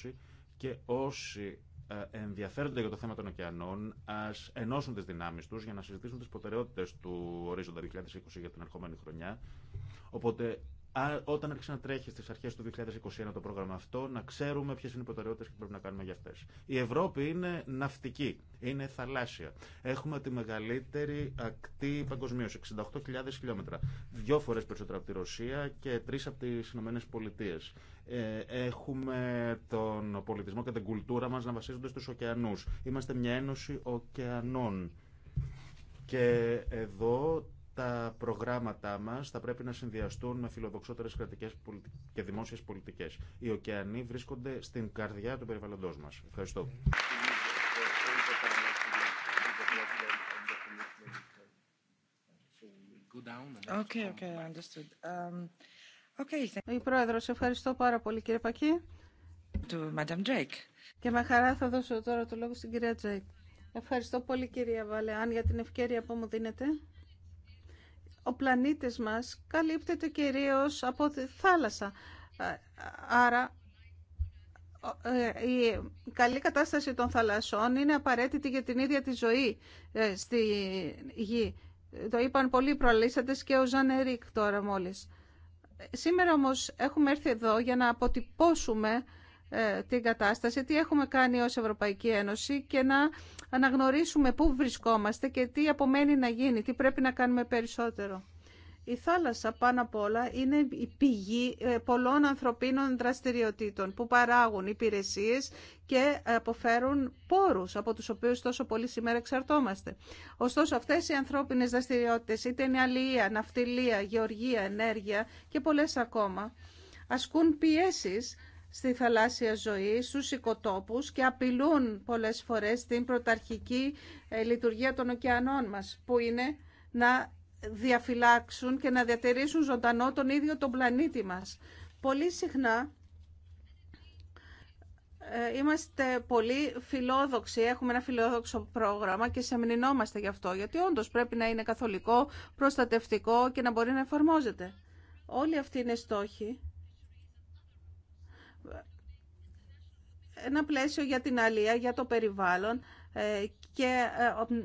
2020. Και όσοι ε, ενδιαφέρονται για το θέμα των ωκεανών, α ενώσουν τι δυνάμει του για να συζητήσουν τι προτεραιότητε του ορίζοντα 2020 για την ερχόμενη χρονιά. Οπότε όταν άρχισε να τρέχει στι αρχέ του 2021 το πρόγραμμα αυτό, να ξέρουμε ποιε είναι οι προτεραιότητε που πρέπει να κάνουμε για αυτέ. Η Ευρώπη είναι ναυτική, είναι θαλάσσια. Έχουμε τη μεγαλύτερη ακτή παγκοσμίω, 68.000 χιλιόμετρα. Δυο φορέ περισσότερα από τη Ρωσία και τρει από τι Ηνωμένε Πολιτείε. Ε, έχουμε τον πολιτισμό και την κουλτούρα μα να βασίζονται στου ωκεανού. Είμαστε μια ένωση ωκεανών. Και εδώ τα προγράμματά μα θα πρέπει να συνδυαστούν με φιλοδοξότερε κρατικέ και δημόσιε πολιτικέ. Οι ωκεανοί βρίσκονται στην καρδιά του περιβαλλοντό μα. Ευχαριστώ. Okay, okay, understood. Um, okay, Η Πρόεδρος, ευχαριστώ πάρα πολύ κύριε Πακή. To madam Drake. Και με χαρά θα δώσω τώρα το λόγο στην κυρία Τζέικ. Ευχαριστώ πολύ κυρία Βαλεάν για την ευκαιρία που μου δίνετε ο πλανήτης μας καλύπτεται κυρίως από τη θάλασσα. Ε, άρα ε, η καλή κατάσταση των θαλασσών είναι απαραίτητη για την ίδια τη ζωή ε, στη γη. Το είπαν πολλοί προλύσαντες και ο Ζαν τώρα μόλις. Σήμερα όμως έχουμε έρθει εδώ για να αποτυπώσουμε ε, την κατάσταση, τι έχουμε κάνει ως Ευρωπαϊκή Ένωση και να αναγνωρίσουμε πού βρισκόμαστε και τι απομένει να γίνει, τι πρέπει να κάνουμε περισσότερο. Η θάλασσα πάνω απ' όλα είναι η πηγή ε, πολλών ανθρωπίνων δραστηριοτήτων που παράγουν υπηρεσίες και αποφέρουν πόρους από τους οποίους τόσο πολύ σήμερα εξαρτώμαστε. Ωστόσο αυτές οι ανθρώπινες δραστηριότητες είτε είναι αλληλεία, ναυτιλία, γεωργία, ενέργεια και πολλές ακόμα ασκούν πιέσεις στη θαλάσσια ζωή, στους οικοτόπους και απειλούν πολλές φορές την πρωταρχική ε, λειτουργία των ωκεανών μας, που είναι να διαφυλάξουν και να διατηρήσουν ζωντανό τον ίδιο τον πλανήτη μας. Πολύ συχνά ε, είμαστε πολύ φιλόδοξοι, έχουμε ένα φιλόδοξο πρόγραμμα και σεμνινόμαστε γι' αυτό, γιατί όντως πρέπει να είναι καθολικό, προστατευτικό και να μπορεί να εφαρμόζεται. Όλοι αυτοί είναι στόχοι ένα πλαίσιο για την αλία, για το περιβάλλον ε, και ε,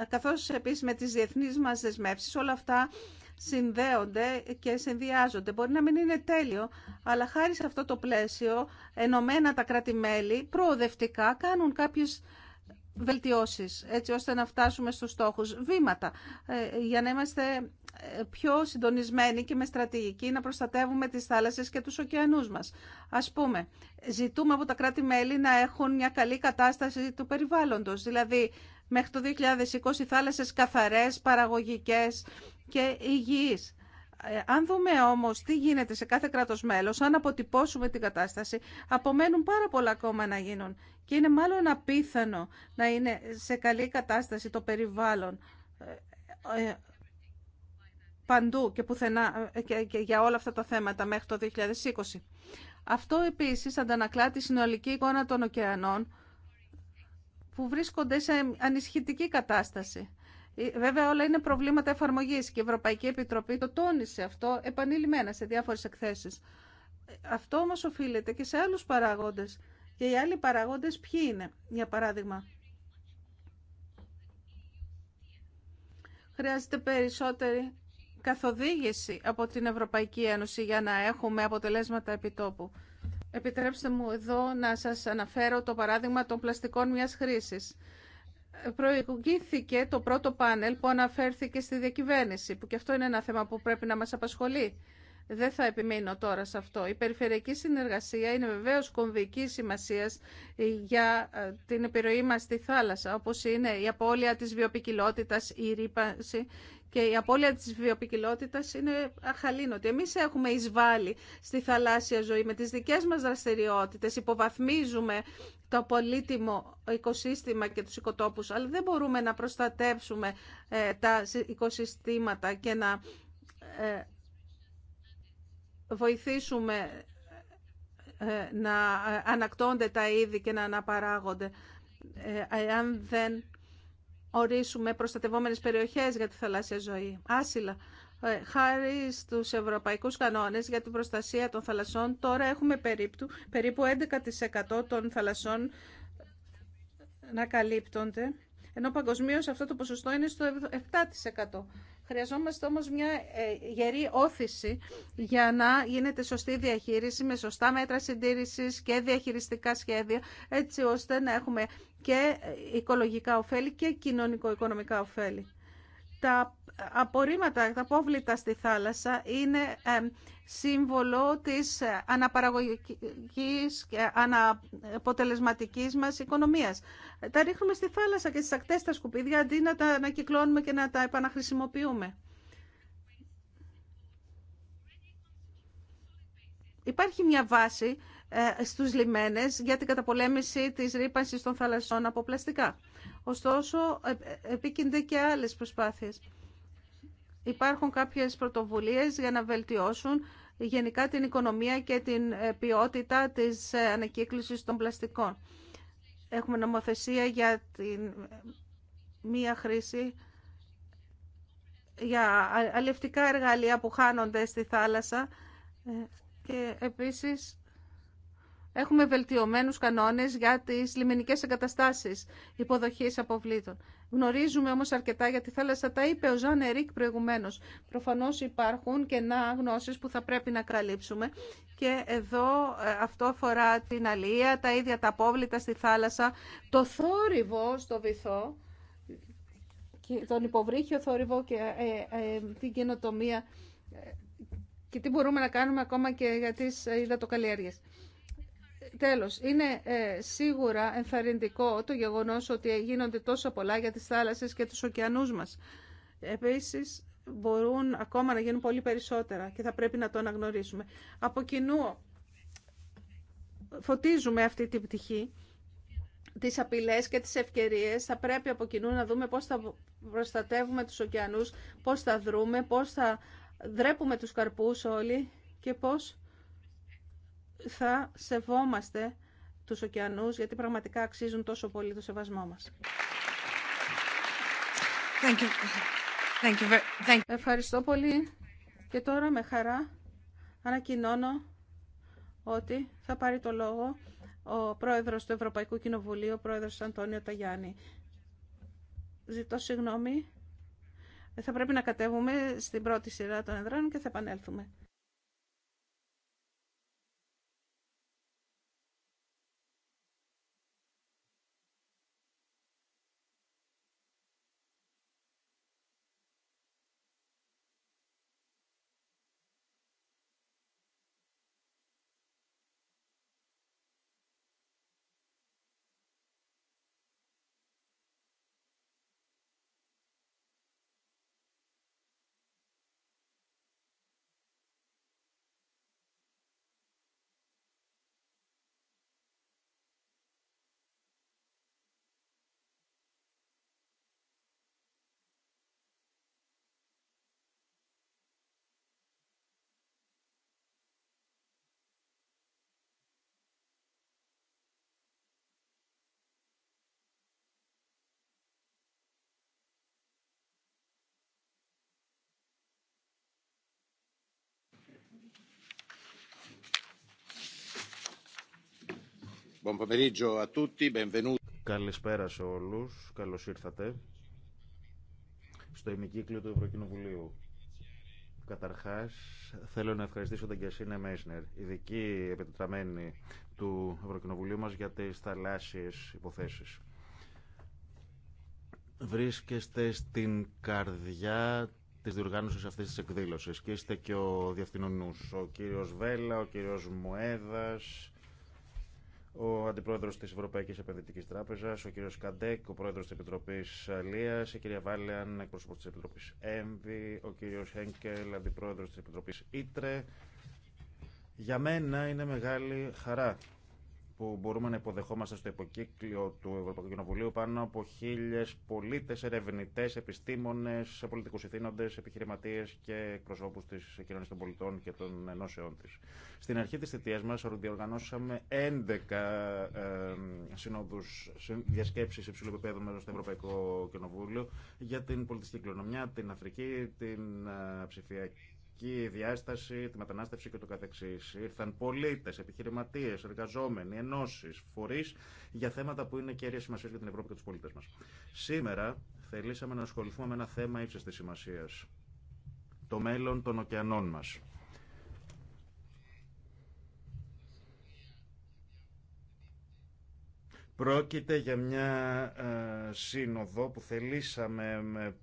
ε, καθώς επίσης με τις διεθνείς μας δεσμεύσεις όλα αυτά συνδέονται και συνδυάζονται. Μπορεί να μην είναι τέλειο, αλλά χάρη σε αυτό το πλαίσιο ενωμένα τα κράτη-μέλη προοδευτικά κάνουν κάποιες βελτιώσεις έτσι ώστε να φτάσουμε στους στόχους. Βήματα ε, για να είμαστε ε, πιο συντονισμένοι και με στρατηγική να προστατεύουμε τις θάλασσες και τους ωκεανούς μας. Ας πούμε, ζητούμε από τα κράτη-μέλη να έχουν μια καλή κατάσταση του περιβάλλοντος, δηλαδή μέχρι το 2020 θάλασσες καθαρές, παραγωγικές και υγιείς. Ε, αν δούμε όμως τι γίνεται σε κάθε κράτος μέλος, αν αποτυπώσουμε την κατάσταση, απομένουν πάρα πολλά ακόμα να γίνουν. Και είναι μάλλον απίθανο να είναι σε καλή κατάσταση το περιβάλλον ε, ε, παντού και πουθενά και για όλα αυτά τα θέματα μέχρι το 2020. Αυτό επίση αντανακλά τη συνολική εικόνα των ωκεανών που βρίσκονται σε ανισχυτική κατάσταση. Ε, βέβαια όλα είναι προβλήματα εφαρμογής και η Ευρωπαϊκή Επιτροπή το τόνισε αυτό επανειλημμένα σε διάφορες εκθέσεις. Ε, αυτό όμως οφείλεται και σε άλλους παράγοντες. Και οι άλλοι παράγοντες ποιοι είναι, για παράδειγμα. Χρειάζεται περισσότερη καθοδήγηση από την Ευρωπαϊκή Ένωση για να έχουμε αποτελέσματα επιτόπου. Επιτρέψτε μου εδώ να σας αναφέρω το παράδειγμα των πλαστικών μιας χρήσης προηγήθηκε το πρώτο πάνελ που αναφέρθηκε στη διακυβέρνηση, που και αυτό είναι ένα θέμα που πρέπει να μας απασχολεί. Δεν θα επιμείνω τώρα σε αυτό. Η περιφερειακή συνεργασία είναι βεβαίως κομβική σημασία για ε, την επιρροή μας στη θάλασσα, όπως είναι η απώλεια της βιοποικιλότητας, η ρήπανση και η απώλεια της βιοπικιλότητας είναι αχαλήνοτη. Εμείς έχουμε εισβάλλει στη θαλάσσια ζωή με τις δικές μας δραστηριότητες, υποβαθμίζουμε το πολύτιμο οικοσύστημα και τους οικοτόπους, αλλά δεν μπορούμε να προστατεύσουμε ε, τα οικοσυστήματα και να ε, βοηθήσουμε ε, να ανακτώνται τα είδη και να αναπαράγονται αν ορίσουμε προστατευόμενες περιοχές για τη θαλάσσια ζωή. Άσυλα. Ε, χάρη στους ευρωπαϊκούς κανόνες για την προστασία των θαλασσών, τώρα έχουμε περίπου, περίπου 11% των θαλασσών να καλύπτονται, ενώ παγκοσμίω αυτό το ποσοστό είναι στο 7%. Χρειαζόμαστε όμως μια ε, γερή όθηση για να γίνεται σωστή διαχείριση με σωστά μέτρα συντήρησης και διαχειριστικά σχέδια έτσι ώστε να έχουμε και οικολογικά ωφέλη και κοινωνικο-οικονομικά ωφέλη. Τα απορρίμματα, τα απόβλητα στη θάλασσα είναι σύμβολο της ε, αναπαραγωγικής και αναποτελεσματικής μας οικονομίας. Τα ρίχνουμε στη θάλασσα και στις ακτές τα σκουπίδια αντί να τα ανακυκλώνουμε και να τα επαναχρησιμοποιούμε. Υπάρχει μια βάση ε, στους λιμένες για την καταπολέμηση της ρήπανσης των θαλασσών από πλαστικά. Ωστόσο, ε, ε, επίκυνται και άλλες προσπάθειες. Υπάρχουν κάποιες πρωτοβουλίες για να βελτιώσουν γενικά την οικονομία και την ε, ποιότητα της ανακύκλωσης των πλαστικών. Έχουμε νομοθεσία για την μία χρήση για αλευτικά εργαλεία που χάνονται στη θάλασσα και επίσης Έχουμε βελτιωμένους κανόνες για τις λιμενικές εγκαταστάσεις υποδοχής αποβλήτων. Γνωρίζουμε όμως αρκετά για τη θάλασσα, τα είπε ο Ζαν Ερίκ προηγουμένως. Προφανώς υπάρχουν κενά γνώσεις που θα πρέπει να καλύψουμε και εδώ ε, αυτό αφορά την αλία, τα ίδια τα απόβλητα στη θάλασσα, το θόρυβο στο βυθό, τον υποβρύχιο θόρυβο και ε, ε, την καινοτομία και τι μπορούμε να κάνουμε ακόμα και για τις υδατοκαλλιέργειες. Τέλος, είναι ε, σίγουρα ενθαρρυντικό το γεγονός ότι γίνονται τόσο πολλά για τις θάλασσες και τους ωκεανούς μας. Επίσης, μπορούν ακόμα να γίνουν πολύ περισσότερα και θα πρέπει να το αναγνωρίσουμε. Από κοινού φωτίζουμε αυτή την πτυχή, τις απειλές και τις ευκαιρίες. Θα πρέπει από κοινού να δούμε πώς θα προστατεύουμε τους ωκεανούς, πώς θα δρούμε, πώς θα δρέπουμε τους καρπούς όλοι και πώς θα σεβόμαστε τους ωκεανούς γιατί πραγματικά αξίζουν τόσο πολύ το σεβασμό μας. Thank you. Ευχαριστώ πολύ και τώρα με χαρά ανακοινώνω ότι θα πάρει το λόγο ο πρόεδρος του Ευρωπαϊκού Κοινοβουλίου, ο πρόεδρος Αντώνιο Ταγιάννη. Ζητώ συγγνώμη. Θα πρέπει να κατέβουμε στην πρώτη σειρά των εδρών και θα επανέλθουμε. Καλησπέρα σε όλους. Καλώς ήρθατε στο ημικύκλιο του Ευρωκοινοβουλίου. Καταρχάς, θέλω να ευχαριστήσω τον Κιασίνε Μέσνερ, ειδική επιτετραμένη του Ευρωκοινοβουλίου μας για τις θαλάσσιες υποθέσεις. Βρίσκεστε στην καρδιά της διοργάνωσης αυτής της εκδήλωσης και είστε και ο διευθυνονού, ο κύριο Βέλα, ο κύριο Μουέδας, ο αντιπρόεδρο τη Ευρωπαϊκή Επενδυτική Τράπεζα, ο κ. Καντέκ, ο πρόεδρο τη Επιτροπή Αλία, η κ. Βάλεαν, εκπρόσωπο τη Επιτροπή ΕΜΒΗ, ο κ. Χένκελ, αντιπρόεδρο τη Επιτροπή Ήτρε. Για μένα είναι μεγάλη χαρά που μπορούμε να υποδεχόμαστε στο υποκύκλιο του Ευρωπαϊκού Κοινοβουλίου πάνω από χίλιε πολίτε, ερευνητέ, επιστήμονε, πολιτικού ηθήνοντε, επιχειρηματίε και εκπροσώπου τη κοινωνία των πολιτών και των ενώσεών τη. Στην αρχή τη θητεία μα διοργανώσαμε 11 ε, συνόδου διασκέψει υψηλού επίπεδου μέσα στο Ευρωπαϊκό Κοινοβούλιο για την πολιτική κληρονομιά, την Αφρική, την ε, ψηφιακή κοινωνική διάσταση, τη μετανάστευση και το καθεξής. Ήρθαν πολίτες, επιχειρηματίες, εργαζόμενοι, ενώσεις, φορείς για θέματα που είναι κέρια σημασία για την Ευρώπη και τους πολίτες μας. Σήμερα θελήσαμε να ασχοληθούμε με ένα θέμα ύψης της σημασίας. Το μέλλον των ωκεανών μας. Πρόκειται για μια ε, σύνοδο που θελήσαμε με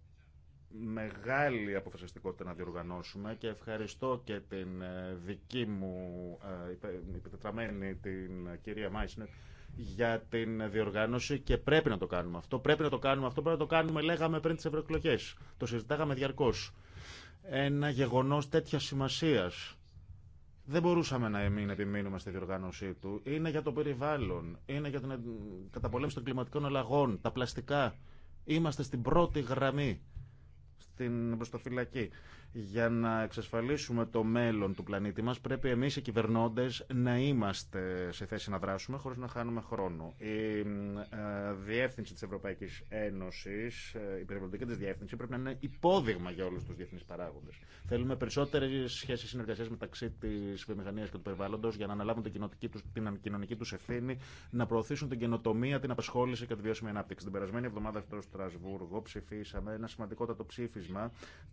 μεγάλη αποφασιστικότητα να διοργανώσουμε και ευχαριστώ και την ε, δική μου ε, υπετετραμένη την ε, κυρία Μάισνερ για την διοργάνωση και πρέπει να το κάνουμε αυτό. Πρέπει να το κάνουμε αυτό, πρέπει να το κάνουμε, λέγαμε πριν τις ευρωεκλογέ. Το συζητάγαμε διαρκώ. Ένα γεγονό τέτοια σημασία. Δεν μπορούσαμε να μην επιμείνουμε στη διοργάνωσή του. Είναι για το περιβάλλον, είναι για την καταπολέμηση των κλιματικών αλλαγών, τα πλαστικά. Είμαστε στην πρώτη γραμμή στην προστοφυλακή. Για να εξασφαλίσουμε το μέλλον του πλανήτη μας πρέπει εμείς οι κυβερνώντες να είμαστε σε θέση να δράσουμε χωρίς να χάνουμε χρόνο. Η ε, διεύθυνση της Ευρωπαϊκής Ένωσης, ε, η περιβαλλοντική της διεύθυνση πρέπει να είναι υπόδειγμα για όλους τους διεθνείς παράγοντες. Θέλουμε περισσότερες σχέσεις συνεργασίας μεταξύ της βιομηχανίας και του περιβάλλοντος για να αναλάβουν την, κοινωνική τους, την κοινωνική ευθύνη, να προωθήσουν την καινοτομία, την απασχόληση και τη βιώσιμη ανάπτυξη. Την περασμένη εβδομάδα στο Στρασβούργο ψηφίσαμε ένα σημαντικότατο ψήφισμα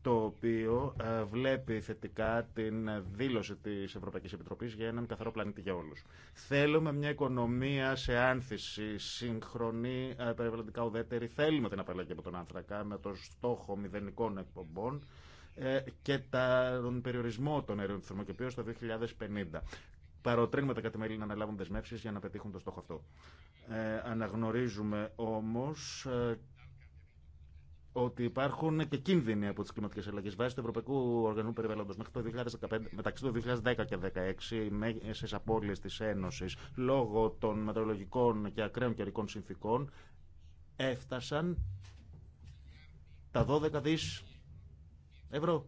το οποίο ε, βλέπει θετικά την δήλωση της Ευρωπαϊκής Επιτροπής για έναν καθαρό πλανήτη για όλους. Θέλουμε μια οικονομία σε άνθηση, σύγχρονη, ε, περιβαλλοντικά ουδέτερη. Θέλουμε την απαλλαγή από τον άνθρακα με το στόχο μηδενικών εκπομπών ε, και τον περιορισμό των αερίων του θερμοκηπίου στο 2050 παροτρύνουμε τα κατημέλη να αναλάβουν δεσμεύσει για να πετύχουν το στόχο αυτό. Ε, αναγνωρίζουμε όμω ότι υπάρχουν και κίνδυνοι από τι κλιματικέ αλλαγέ. Βάσει του Ευρωπαϊκού Οργανού Περιβάλλοντο, μεταξύ του 2010 και 2016, οι μέγιστε απώλειε τη Ένωση λόγω των μετεωρολογικών και ακραίων καιρικών συνθήκων έφτασαν τα 12 δι ευρώ,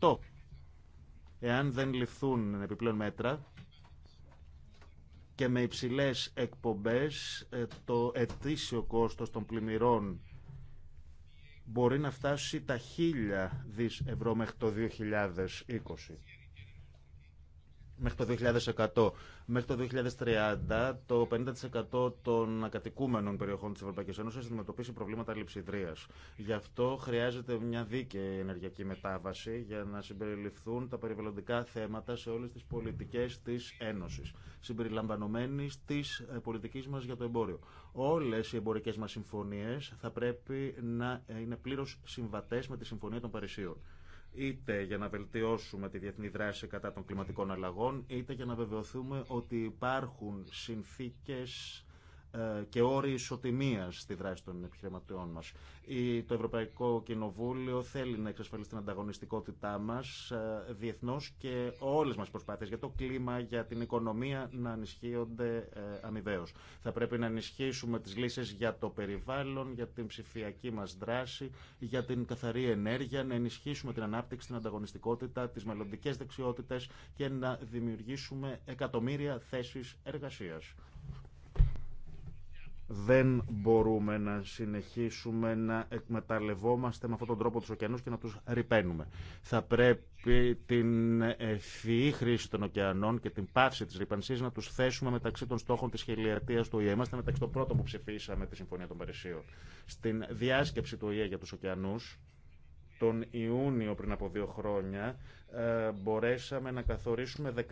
8. Εάν δεν ληφθούν επιπλέον μέτρα, και με υψηλές εκπομπές ε, το ετήσιο κόστος των πλημμυρών μπορεί να φτάσει τα χίλια δις ευρώ μέχρι το 2020 μέχρι το 2100. Μέχρι το 2030 το 50% των ακατοικούμενων περιοχών της Ευρωπαϊκής θα αντιμετωπίσει προβλήματα λειψιδρίας. Γι' αυτό χρειάζεται μια δίκαιη ενεργειακή μετάβαση για να συμπεριληφθούν τα περιβαλλοντικά θέματα σε όλες τις πολιτικές της Ένωσης, Συμπεριλαμβανομένη της ε, πολιτικής μας για το εμπόριο. Όλες οι εμπορικές μας συμφωνίες θα πρέπει να ε, είναι πλήρως συμβατές με τη Συμφωνία των Παρισίων είτε για να βελτιώσουμε τη διεθνή δράση κατά των κλιματικών αλλαγών, είτε για να βεβαιωθούμε ότι υπάρχουν συνθήκες ε, και όροι ισοτιμία στη δράση των επιχειρηματιών μα. Το Ευρωπαϊκό Κοινοβούλιο θέλει να εξασφαλίσει την ανταγωνιστικότητά μα ε, διεθνώ και όλε μα προσπάθειε για το κλίμα, για την οικονομία να ενισχύονται ε, αμοιβαίω. Θα πρέπει να ενισχύσουμε τι λύσει για το περιβάλλον, για την ψηφιακή μα δράση, για την καθαρή ενέργεια, να ενισχύσουμε την ανάπτυξη, την ανταγωνιστικότητα, τι μελλοντικέ δεξιότητε και να δημιουργήσουμε εκατομμύρια θέσει εργασία. Δεν μπορούμε να συνεχίσουμε να εκμεταλλευόμαστε με αυτόν τον τρόπο τους ωκεανούς και να τους ρηπαίνουμε. Θα πρέπει την ευφυή χρήση των ωκεανών και την πάυση της ρηπανσής να τους θέσουμε μεταξύ των στόχων της χιλιαρτίας του ΟΗΕ. Είμαστε μεταξύ των πρώτων που ψηφίσαμε τη Συμφωνία των Παρισίων. Στην διάσκεψη του ΟΗΕ για τους ωκεανούς, τον Ιούνιο πριν από δύο χρόνια, ε, μπορέσαμε να καθορίσουμε 19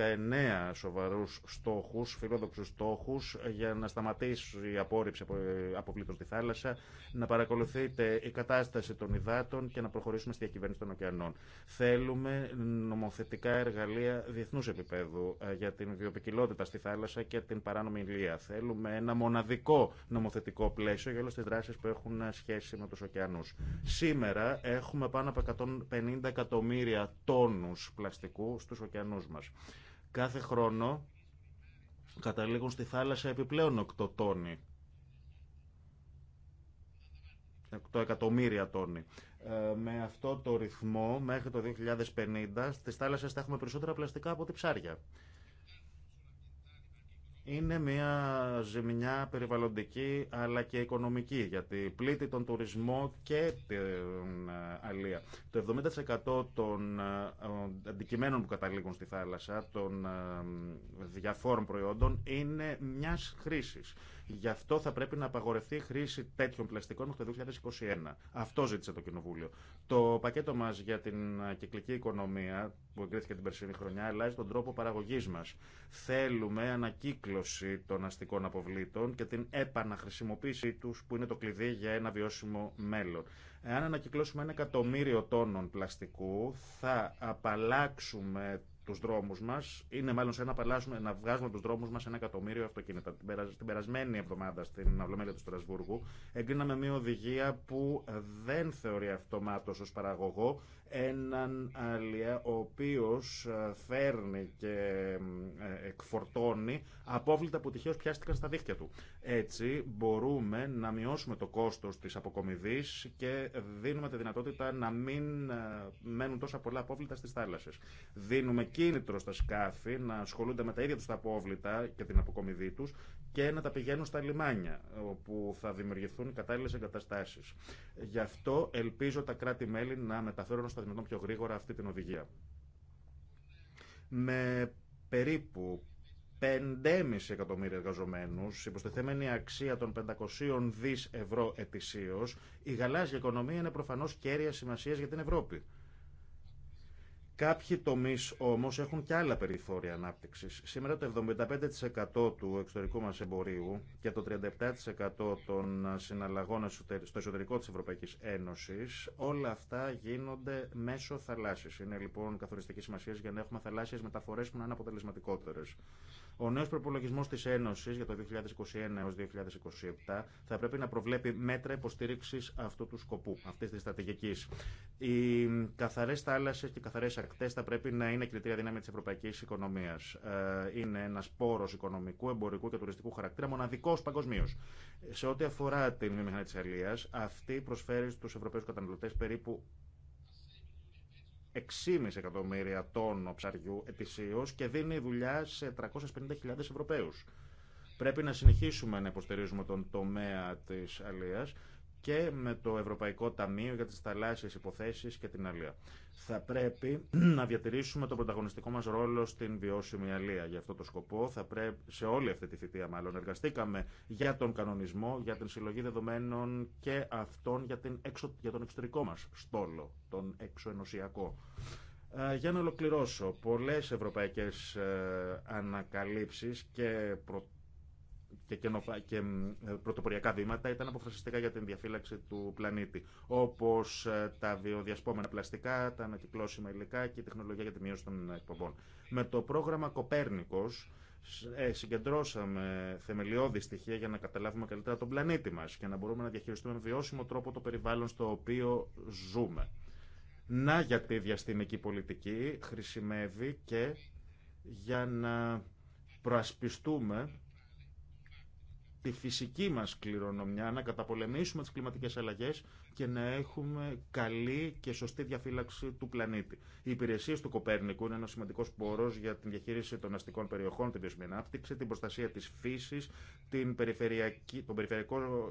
σοβαρούς στόχους, φιλόδοξους στόχους για να σταματήσει η απόρριψη από στη θάλασσα, να παρακολουθείτε η κατάσταση των υδάτων και να προχωρήσουμε στη διακυβέρνηση των ωκεανών. Θέλουμε νομοθετικά εργαλεία διεθνού επίπεδου ε, για την βιοπικιλότητα στη θάλασσα και την παράνομη ηλία. Θέλουμε ένα μοναδικό νομοθετικό πλαίσιο για όλες τις δράσεις που έχουν σχέση με τους ωκεανούς. Σήμερα έχουμε πάνω από 150 εκατομμύρια τόνου ωκεανούς, πλαστικού στους ωκεανούς μας. Κάθε χρόνο καταλήγουν στη θάλασσα επιπλέον 8 τόνοι. 8 εκατομμύρια τόνοι. Ε, με αυτό το ρυθμό μέχρι το 2050 στις θάλασσες θα έχουμε περισσότερα πλαστικά από τη ψάρια είναι μια ζημιά περιβαλλοντική αλλά και οικονομική γιατί πλήττει τον τουρισμό και την ε, αλία. Το 70% των ε, αντικειμένων που καταλήγουν στη θάλασσα, των ε, διαφόρων προϊόντων είναι μιας χρήσης. Γι' αυτό θα πρέπει να απαγορευτεί η χρήση τέτοιων πλαστικών μέχρι το 2021. Αυτό ζήτησε το Κοινοβούλιο. Το πακέτο μα για την ε, κυκλική οικονομία που εγκρίθηκε την περσινή χρονιά αλλάζει τον τρόπο παραγωγή μα. Θέλουμε ανακύκλωση των αστικών αποβλήτων και την επαναχρησιμοποίησή του που είναι το κλειδί για ένα βιώσιμο μέλλον. Εάν ανακυκλώσουμε ένα εκατομμύριο τόνων πλαστικού, θα απαλλάξουμε του δρόμου μα. Είναι μάλλον σαν να, να βγάζουμε του δρόμου μα ένα εκατομμύριο αυτοκίνητα. Την, περασμένη εβδομάδα στην Αυλομέλεια του Στρασβούργου εγκρίναμε μια οδηγία που δεν θεωρεί αυτομάτω ω παραγωγό έναν αλία ο οποίος ε, φέρνει και ε, εκφορτώνει απόβλητα που τυχαίως πιάστηκαν στα δίχτυα του. Έτσι μπορούμε να μειώσουμε το κόστος της αποκομιδής και δίνουμε τη δυνατότητα να μην ε, μένουν τόσα πολλά απόβλητα στις θάλασσες. Δίνουμε κίνητρο στα σκάφη να ασχολούνται με τα ίδια τους τα απόβλητα και την αποκομιδή τους και να τα πηγαίνουν στα λιμάνια όπου θα δημιουργηθούν κατάλληλες εγκαταστάσεις. Γι' αυτό ελπίζω τα κράτη-μέλη να μεταφέρουν θα δυνατόν πιο γρήγορα αυτή την οδηγία. Με περίπου 5,5 εκατομμύρια εργαζομένου, υποστηθέμενη αξία των 500 δι ευρώ ετησίω, η γαλάζια οικονομία είναι προφανώ κέρια σημασία για την Ευρώπη. Κάποιοι τομεί όμω έχουν και άλλα περιθώρια ανάπτυξη. Σήμερα το 75% του εξωτερικού μα εμπορίου και το 37% των συναλλαγών στο εσωτερικό τη Ευρωπαϊκή Ένωση, όλα αυτά γίνονται μέσω θαλάσση. Είναι λοιπόν καθοριστική σημασία για να έχουμε θαλάσσιε μεταφορέ που να είναι αποτελεσματικότερε. Ο νέο προπολογισμό τη Ένωση για το 2021 έω 2027 θα πρέπει να προβλέπει μέτρα υποστήριξη αυτού του σκοπού, αυτή τη στρατηγική. Οι καθαρέ θάλασσε και οι καθαρέ ακτέ θα πρέπει να είναι κριτήρια δύναμη τη ευρωπαϊκή οικονομία. Ε, είναι ένα πόρο οικονομικού, εμπορικού και τουριστικού χαρακτήρα, μοναδικό παγκοσμίω. Σε ό,τι αφορά την μηχανή τη Αλία, αυτή προσφέρει στου Ευρωπαίου καταναλωτέ περίπου 6,5 εκατομμύρια τόνο ψαριού ετησίω και δίνει δουλειά σε 350.000 Ευρωπαίου. Πρέπει να συνεχίσουμε να υποστηρίζουμε τον τομέα τη αλεία και με το Ευρωπαϊκό Ταμείο για τις θαλάσσιες υποθέσεις και την αλία. Θα πρέπει να διατηρήσουμε τον πρωταγωνιστικό μας ρόλο στην βιώσιμη αλεία. Για αυτό το σκοπό θα πρέπει, σε όλη αυτή τη θητεία μάλλον, εργαστήκαμε για τον κανονισμό, για την συλλογή δεδομένων και αυτόν για, την για τον εξωτερικό μας στόλο, τον εξωενωσιακό. Ε, για να ολοκληρώσω, πολλές ευρωπαϊκές ε, ανακαλύψεις και προτάσεις και πρωτοποριακά βήματα ήταν αποφασιστικά για την διαφύλαξη του πλανήτη, όπω ε, τα βιοδιασπόμενα πλαστικά, τα ανακυκλώσιμα υλικά και η τεχνολογία για τη μείωση των εκπομπών. Με το πρόγραμμα Κοπέρνικο ε, συγκεντρώσαμε θεμελιώδη στοιχεία για να καταλάβουμε καλύτερα τον πλανήτη μα και να μπορούμε να διαχειριστούμε με βιώσιμο τρόπο το περιβάλλον στο οποίο ζούμε. Να γιατί η διαστημική πολιτική χρησιμεύει και για να προασπιστούμε τη φυσική μας κληρονομιά, να καταπολεμήσουμε τις κλιματικές αλλαγές και να έχουμε καλή και σωστή διαφύλαξη του πλανήτη. Οι υπηρεσίε του Κοπέρνικου είναι ένα σημαντικό πόρο για την διαχείριση των αστικών περιοχών, την βιωσιμή ανάπτυξη, την προστασία τη φύση, τον περιφερειακό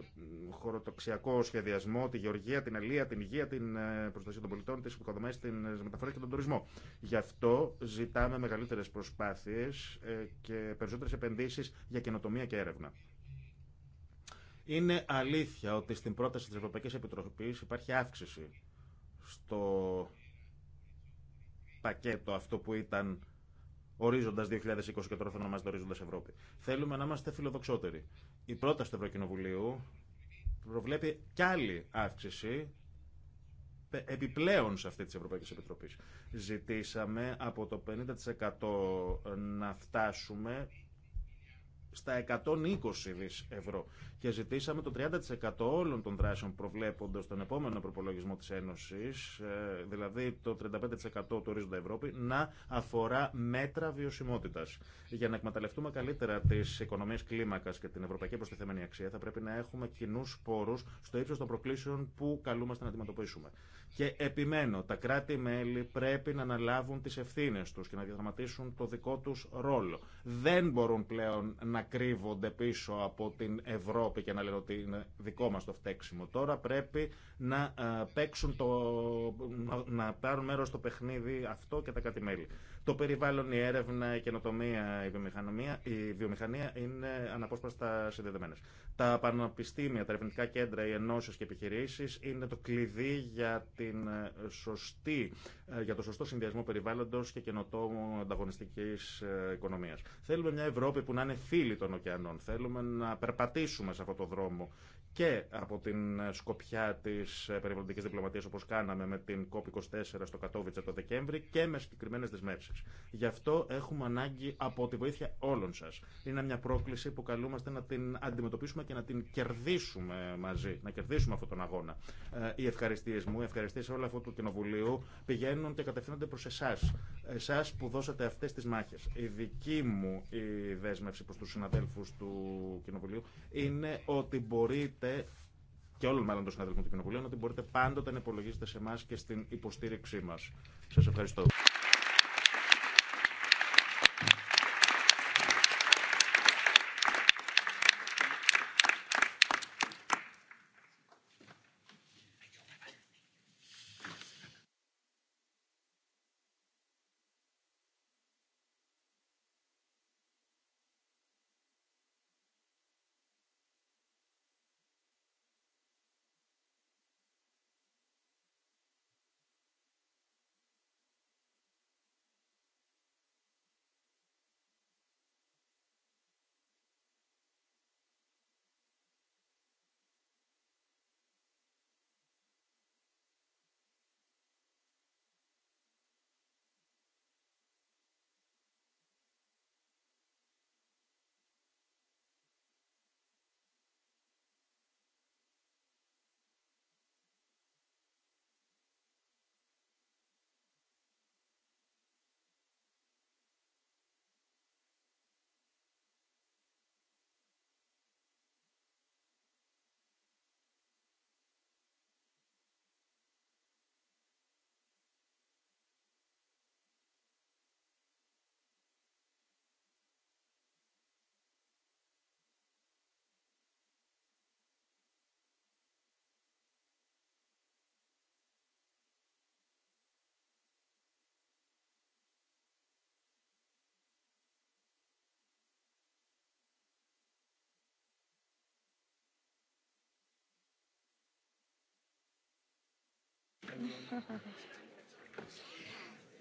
χωροτοξιακό σχεδιασμό, τη γεωργία, την αλεία, την υγεία, την ε, προστασία των πολιτών, τι οικοδομέ, τι ε, μεταφορέ και τον τουρισμό. Γι' αυτό ζητάμε μεγαλύτερε προσπάθειε ε, και περισσότερε επενδύσει για καινοτομία και έρευνα. Είναι αλήθεια ότι στην πρόταση της Ευρωπαϊκής Επιτροπής υπάρχει αύξηση στο πακέτο αυτό που ήταν ορίζοντα 2020 και τώρα θα ονομάζεται ορίζοντα Ευρώπη. Θέλουμε να είμαστε φιλοδοξότεροι. Η πρόταση του Ευρωκοινοβουλίου προβλέπει κι άλλη αύξηση επιπλέον σε αυτή τη Ευρωπαϊκή Επιτροπή. Ζητήσαμε από το 50% να φτάσουμε στα 120 δις ευρώ και ζητήσαμε το 30% όλων των δράσεων προβλέποντας τον επόμενο προπολογισμό της Ένωσης, ε, δηλαδή το 35% του ορίζοντα Ευρώπη, να αφορά μέτρα βιωσιμότητας. Για να εκμεταλλευτούμε καλύτερα τις οικονομίες κλίμακας και την ευρωπαϊκή προστιθέμενη αξία θα πρέπει να έχουμε κοινού πόρους στο ύψος των προκλήσεων που καλούμαστε να αντιμετωπίσουμε. Και επιμένω, τα κράτη-μέλη πρέπει να αναλάβουν τις ευθύνες τους και να διαδραματίσουν το δικό τους ρόλο. Δεν μπορούν πλέον να κρύβονται πίσω από την Ευρώπη και να λένε ότι είναι δικό μας το φταίξιμο. Τώρα πρέπει να, ε, παίξουν το, να πάρουν μέρος στο παιχνίδι αυτό και τα κράτη-μέλη. Το περιβάλλον, η έρευνα, η καινοτομία, η βιομηχανία, η βιομηχανία είναι αναπόσπαστα συνδεδεμένε. Τα πανεπιστήμια, τα ερευνητικά κέντρα, οι ενώσει και επιχειρήσει είναι το κλειδί για, την ε, ε, για το σωστό συνδυασμό περιβάλλοντο και καινοτόμου ανταγωνιστική ε, οικονομία. Θέλουμε μια Ευρώπη που να είναι φίλη των ωκεανών. Θέλουμε να περπατήσουμε σε αυτό το δρόμο και από την σκοπιά τη ε, περιβαλλοντική διπλωματία, όπω κάναμε με την COP24 στο Κατόβιτσα το Δεκέμβρη, και με συγκεκριμένε δεσμεύσει. Γι' αυτό έχουμε ανάγκη από τη βοήθεια όλων σα. Είναι μια πρόκληση που καλούμαστε να την αντιμετωπίσουμε και να την κερδίσουμε μαζί, να κερδίσουμε αυτόν τον αγώνα. Ε, οι ευχαριστίε μου, οι ευχαριστίε όλου αυτού του κοινοβουλίου πηγαίνουν και κατευθύνονται προ εσά. Εσά που δώσατε αυτέ τι μάχε. Η δική μου η δέσμευση προ του συναδέλφου του κοινοβουλίου είναι ότι μπορείτε και όλων μάλλον των συναδέλφων του Κοινοβουλίου ότι μπορείτε πάντοτε να υπολογίζετε σε εμά και στην υποστήριξή μα. Σα ευχαριστώ.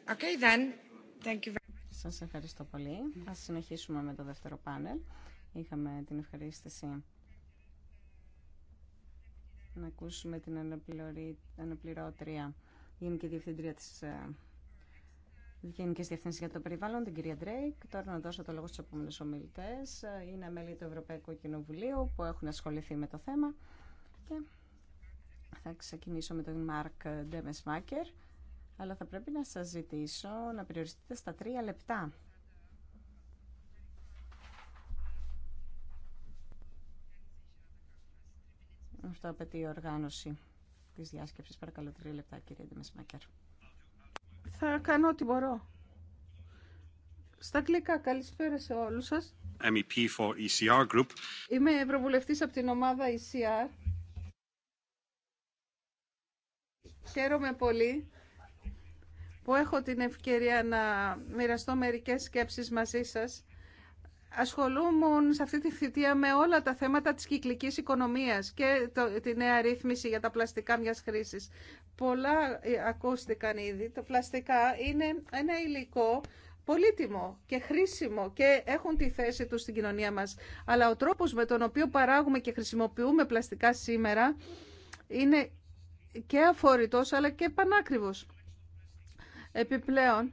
Okay, Σας ευχαριστώ πολύ. Θα συνεχίσουμε με το δεύτερο πάνελ. Είχαμε την ευχαρίστηση να ακούσουμε την αναπληρώτρια Γενική Διευθύντρια της ε, Γενική Διευθύνση για το Περιβάλλον, την κυρία Ντρέικ. Τώρα να δώσω το λόγο στου επόμενου ομιλητέ. Ε, είναι μέλη του Ευρωπαϊκού Κοινοβουλίου που έχουν ασχοληθεί με το θέμα θα ξεκινήσω με τον Μάρκ Ντέμεσμάκερ, αλλά θα πρέπει να σας ζητήσω να περιοριστείτε στα τρία λεπτά. Αυτό απαιτεί η οργάνωση της διάσκεψης. Παρακαλώ τρία λεπτά κύριε Ντεμεσμάκερ. Θα κάνω ό,τι μπορώ. Στα αγγλικά, καλησπέρα σε όλους σας. MEP for ECR Group. Είμαι ευρωβουλευτής από την ομάδα ECR Χαίρομαι πολύ που έχω την ευκαιρία να μοιραστώ μερικές σκέψεις μαζί σας. Ασχολούμουν σε αυτή τη θητεία με όλα τα θέματα της κυκλικής οικονομίας και το, τη νέα ρύθμιση για τα πλαστικά μιας χρήσης. Πολλά ε, ακούστηκαν ήδη. Το πλαστικά είναι ένα υλικό πολύτιμο και χρήσιμο και έχουν τη θέση τους στην κοινωνία μας. Αλλά ο τρόπος με τον οποίο παράγουμε και χρησιμοποιούμε πλαστικά σήμερα είναι και αφορητός αλλά και πανάκριβος. Επιπλέον,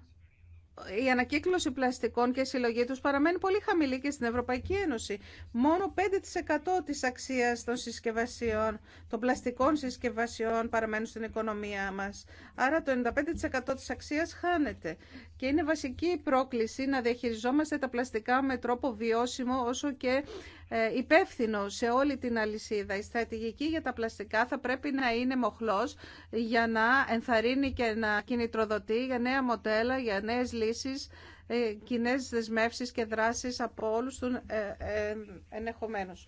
η ανακύκλωση πλαστικών και η συλλογή τους παραμένει πολύ χαμηλή και στην Ευρωπαϊκή Ένωση. Μόνο 5% της αξίας των συσκευασιών, των πλαστικών συσκευασιών παραμένουν στην οικονομία μας. Άρα το 95% της αξίας χάνεται. Και είναι βασική πρόκληση να διαχειριζόμαστε τα πλαστικά με τρόπο βιώσιμο όσο και ε, υπεύθυνο σε όλη την αλυσίδα. Η στρατηγική για τα πλαστικά θα πρέπει να είναι μοχλός για να ενθαρρύνει και να κινητροδοτεί για νέα μοντέλα, για νέες λύσεις, ε, κοινέ δεσμεύσεις και δράσεις από όλους τους ε, ενεχομένους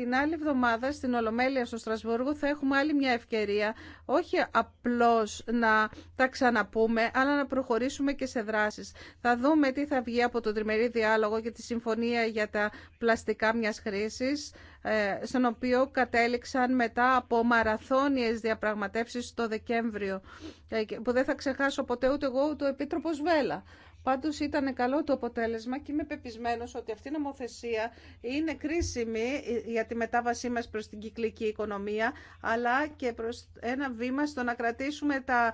την άλλη εβδομάδα στην Ολομέλεια στο Στρασβούργο θα έχουμε άλλη μια ευκαιρία όχι απλώς να τα ξαναπούμε αλλά να προχωρήσουμε και σε δράσεις. Θα δούμε τι θα βγει από τον τριμερή διάλογο και τη συμφωνία για τα πλαστικά μιας χρήσης ε, στον οποίο κατέληξαν μετά από μαραθώνιες διαπραγματεύσεις το Δεκέμβριο ε, που δεν θα ξεχάσω ποτέ ούτε εγώ ούτε ο Επίτροπος Βέλα. Πάντω ήταν καλό το αποτέλεσμα και είμαι πεπισμένο ότι αυτή η νομοθεσία είναι κρίσιμη για τη μετάβασή μα προ την κυκλική οικονομία, αλλά και προ ένα βήμα στο να κρατήσουμε τα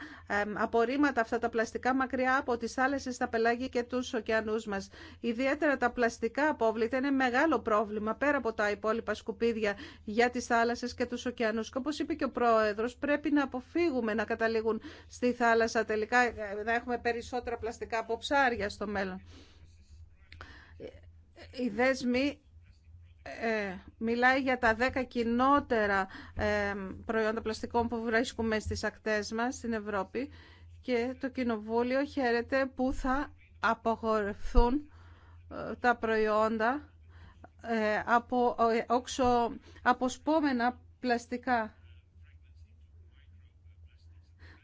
απορρίμματα αυτά τα πλαστικά μακριά από τι θάλασσε τα πελάγια και του ωκεανού μα. Ιδιαίτερα τα πλαστικά απόβλητα είναι μεγάλο πρόβλημα πέρα από τα υπόλοιπα σκουπίδια για τι θάλασσε και του ωκεανού. Και όπως είπε και ο πρόεδρο, πρέπει να αποφύγουμε να καταλήγουν στη θάλασσα τελικά, ε, να έχουμε περισσότερα πλαστικά ψάρια η στο μέλλον. η δέσμη ε, μιλάει για τα 10 κοινότερα ε, προϊόντα πλαστικών που βρίσκουμε στις ακτές μας στην Ευρώπη και το Κοινοβούλιο χαίρεται που θα απογορευθούν ε, τα προϊόντα ε, από όξο αποσπόμενα πλαστικά.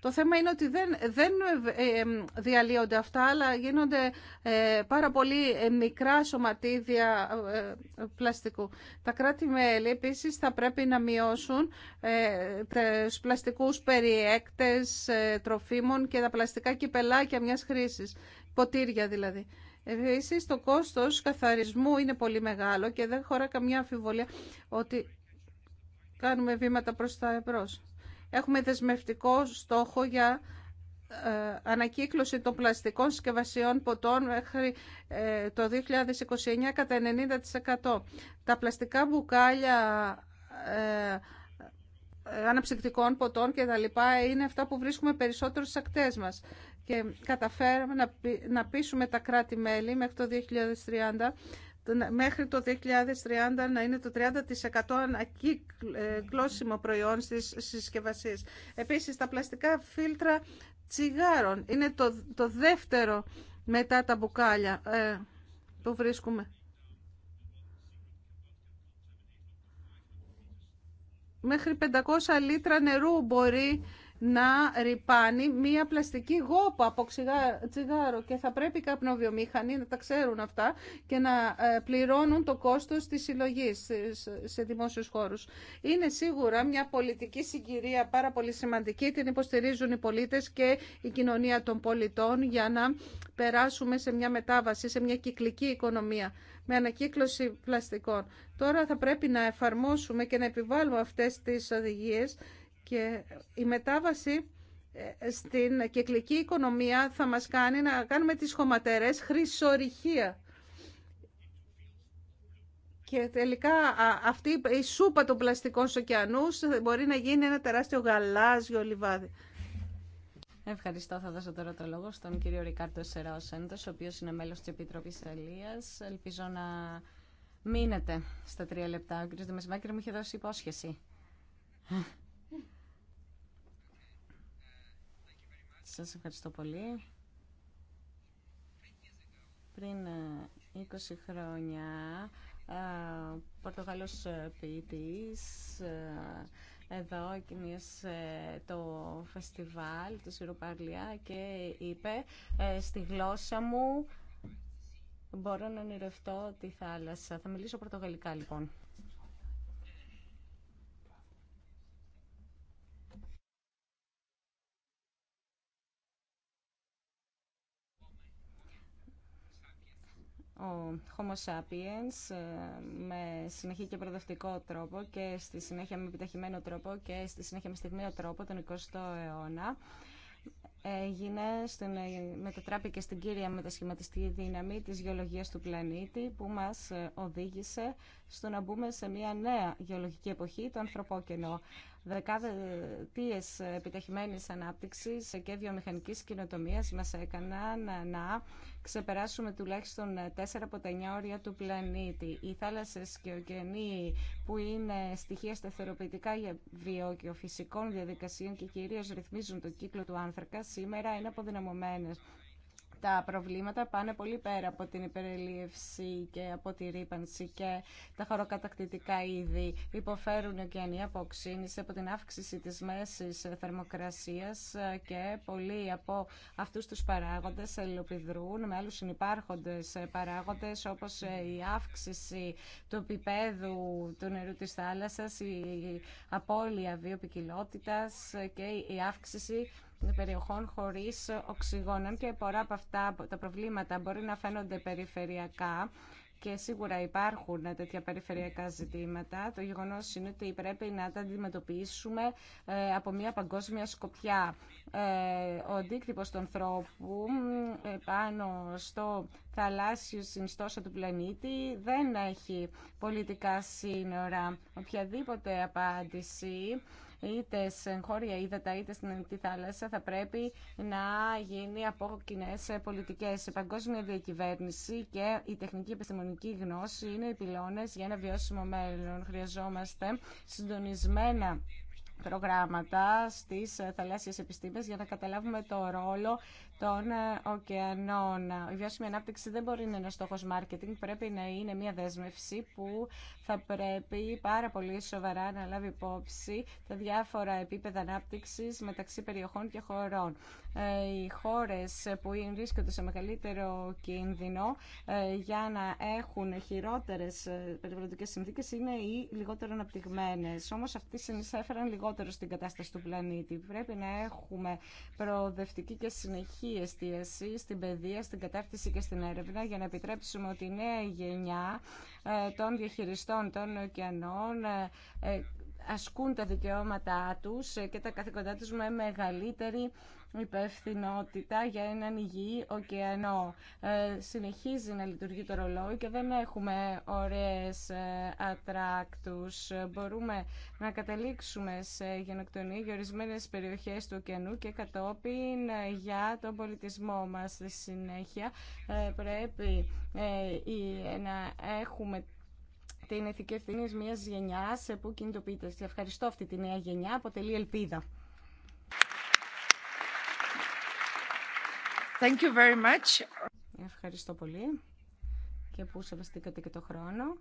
Το θέμα είναι ότι δεν, δεν ε, ε, διαλύονται αυτά, αλλά γίνονται ε, πάρα πολύ μικρά σωματίδια πλαστικού. Τα κράτη-μέλη επίσης θα πρέπει να μειώσουν τους πλαστικούς περιέκτες τροφίμων και τα πλαστικά κυπελάκια μιας χρήσης, ποτήρια δηλαδή. Επίσης το κόστος καθαρισμού είναι πολύ μεγάλο και δεν χωρά καμιά αμφιβολία ότι κάνουμε βήματα προς τα εμπρός. Έχουμε δεσμευτικό στόχο για ε, ανακύκλωση των πλαστικών συσκευασιών ποτών μέχρι ε, το 2029 κατά 90%. Τα πλαστικά μπουκάλια ε, αναψυκτικών ποτών και τα λοιπά είναι αυτά που βρίσκουμε περισσότερο στις ακτές μας. Και καταφέραμε να πείσουμε τα κράτη-μέλη μέχρι το 2030 μέχρι το 2030 να είναι το 30% ανακύκλωσιμο προϊόν στις συσκευασίες. Επίσης, τα πλαστικά φίλτρα τσιγάρων είναι το, το δεύτερο μετά τα μπουκάλια ε, που βρίσκουμε. Μέχρι 500 λίτρα νερού μπορεί να ρυπάνει μία πλαστική γόπα από τσιγάρο και θα πρέπει οι καπνοβιομήχανοι να τα ξέρουν αυτά και να ε, πληρώνουν το κόστος της συλλογής σε δημόσιους χώρους. Είναι σίγουρα μια πολιτική συγκυρία πάρα πολύ σημαντική, την υποστηρίζουν οι πολίτες και η κοινωνία των πολιτών για να περάσουμε σε μια μετάβαση, σε μια κυκλική οικονομία με ανακύκλωση πλαστικών. Τώρα θα πρέπει να εφαρμόσουμε και να επιβάλλουμε αυτές τις οδηγίες και η μετάβαση ε, στην κυκλική οικονομία θα μας κάνει να κάνουμε τις χωματερές χρυσορυχία. Και τελικά αυτή η σούπα των πλαστικών στους ωκεανούς μπορεί να γίνει ένα τεράστιο γαλάζιο λιβάδι. Ευχαριστώ. Θα δώσω τώρα το λόγο στον κύριο Ρικάρτο Σερόσεντος, ο οποίο είναι μέλο τη Επιτροπή Αλίας. Ελπίζω να μείνετε στα τρία λεπτά. Ο κύριος μου είχε δώσει υπόσχεση. Σας ευχαριστώ πολύ. Πριν 20 ε, χρόνια, ε, Πορτογαλός ε, ποιητής εδώ εκείνησε το φεστιβάλ του Σιροπαρλιά και είπε στη γλώσσα μου μπορώ να ονειρευτώ τη θάλασσα. Θα μιλήσω πορτογαλικά λοιπόν. ο Homo sapiens ε, με συνεχή και προοδευτικό τρόπο και στη συνέχεια με επιταχυμένο τρόπο και στη συνέχεια με στιγμίο τρόπο τον 20ο αιώνα έγινε, στην, ε, μετατράπηκε στην κύρια μετασχηματιστική δύναμη της γεωλογίας του πλανήτη που μας ε, οδήγησε στο να μπούμε σε μια νέα γεωλογική εποχή, το ανθρωπόκαινο δεκάδες επιταχυμένης ανάπτυξης και βιομηχανική κοινοτομία μα έκαναν να ξεπεράσουμε τουλάχιστον 4 από τα 9 όρια του πλανήτη. Οι θάλασσες και ωκεανοί που είναι στοιχεία σταθεροποιητικά για βιοκαιοφυσικών διαδικασιών και κυρίω ρυθμίζουν το κύκλο του άνθρακα σήμερα είναι αποδυναμωμένε τα προβλήματα πάνε πολύ πέρα από την υπερελίευση και από τη ρήπανση και τα χωροκατακτητικά είδη υποφέρουν και από οξύνηση, από την αύξηση της μέσης θερμοκρασίας και πολλοί από αυτούς τους παράγοντες ελοπιδρούν με άλλους συνυπάρχοντες παράγοντες όπως η αύξηση του επίπεδου του νερού της θάλασσας, η απώλεια βιοπικιλότητας και η αύξηση περιοχών χωρίς οξυγόνο και πολλά από αυτά τα προβλήματα μπορεί να φαίνονται περιφερειακά και σίγουρα υπάρχουν τέτοια περιφερειακά ζητήματα. Το γεγονό είναι ότι πρέπει να τα αντιμετωπίσουμε ε, από μια παγκόσμια σκοπιά. Ε, ο αντίκτυπο των ανθρώπου ε, πάνω στο θαλάσσιο συνστόσο του πλανήτη δεν έχει πολιτικά σύνορα. Οποιαδήποτε απάντηση είτε σε χώρια ύδατα είτε στην ανοιχτή θάλασσα θα πρέπει να γίνει από κοινέ πολιτικέ. Η παγκόσμια διακυβέρνηση και η τεχνική επιστημονική γνώση είναι οι πυλώνε για ένα βιώσιμο μέλλον. Χρειαζόμαστε συντονισμένα προγράμματα στις θαλάσσιες επιστήμες για να καταλάβουμε το ρόλο των ε, ωκεανών. Η βιώσιμη ανάπτυξη δεν μπορεί να είναι ένα στόχο marketing. πρέπει να είναι μια δέσμευση που θα πρέπει πάρα πολύ σοβαρά να λάβει υπόψη τα διάφορα επίπεδα ανάπτυξη μεταξύ περιοχών και χωρών. Ε, οι χώρε που βρίσκονται σε μεγαλύτερο κίνδυνο ε, για να έχουν χειρότερε περιβαλλοντικέ συνθήκε είναι οι λιγότερο αναπτυγμένε. Όμω αυτοί συνεισέφεραν λιγότερο στην κατάσταση του πλανήτη. Πρέπει να έχουμε προοδευτική και συνεχή εστίαση στην παιδεία, στην κατάρτιση και στην έρευνα για να επιτρέψουμε ότι η νέα γενιά ε, των διαχειριστών των ωκεανών ε, ε, ασκούν τα δικαιώματά τους και τα καθήκοντά τους με μεγαλύτερη υπευθυνότητα για έναν υγιή ωκεανό. Ε, συνεχίζει να λειτουργεί το ρολόι και δεν έχουμε ωραίες ε, ατράκτους. Μπορούμε να καταλήξουμε σε γενοκτονία για ορισμένε περιοχές του ωκεανού και κατόπιν ε, για τον πολιτισμό μας. Στη συνέχεια ε, πρέπει η, να έχουμε την ηθική ευθύνη μια γενιά ε, που κινητοποιείται. Σας ευχαριστώ αυτή τη νέα γενιά, αποτελεί ελπίδα. Ευχαριστώ πολύ και που σεβαστήκατε και το χρόνο.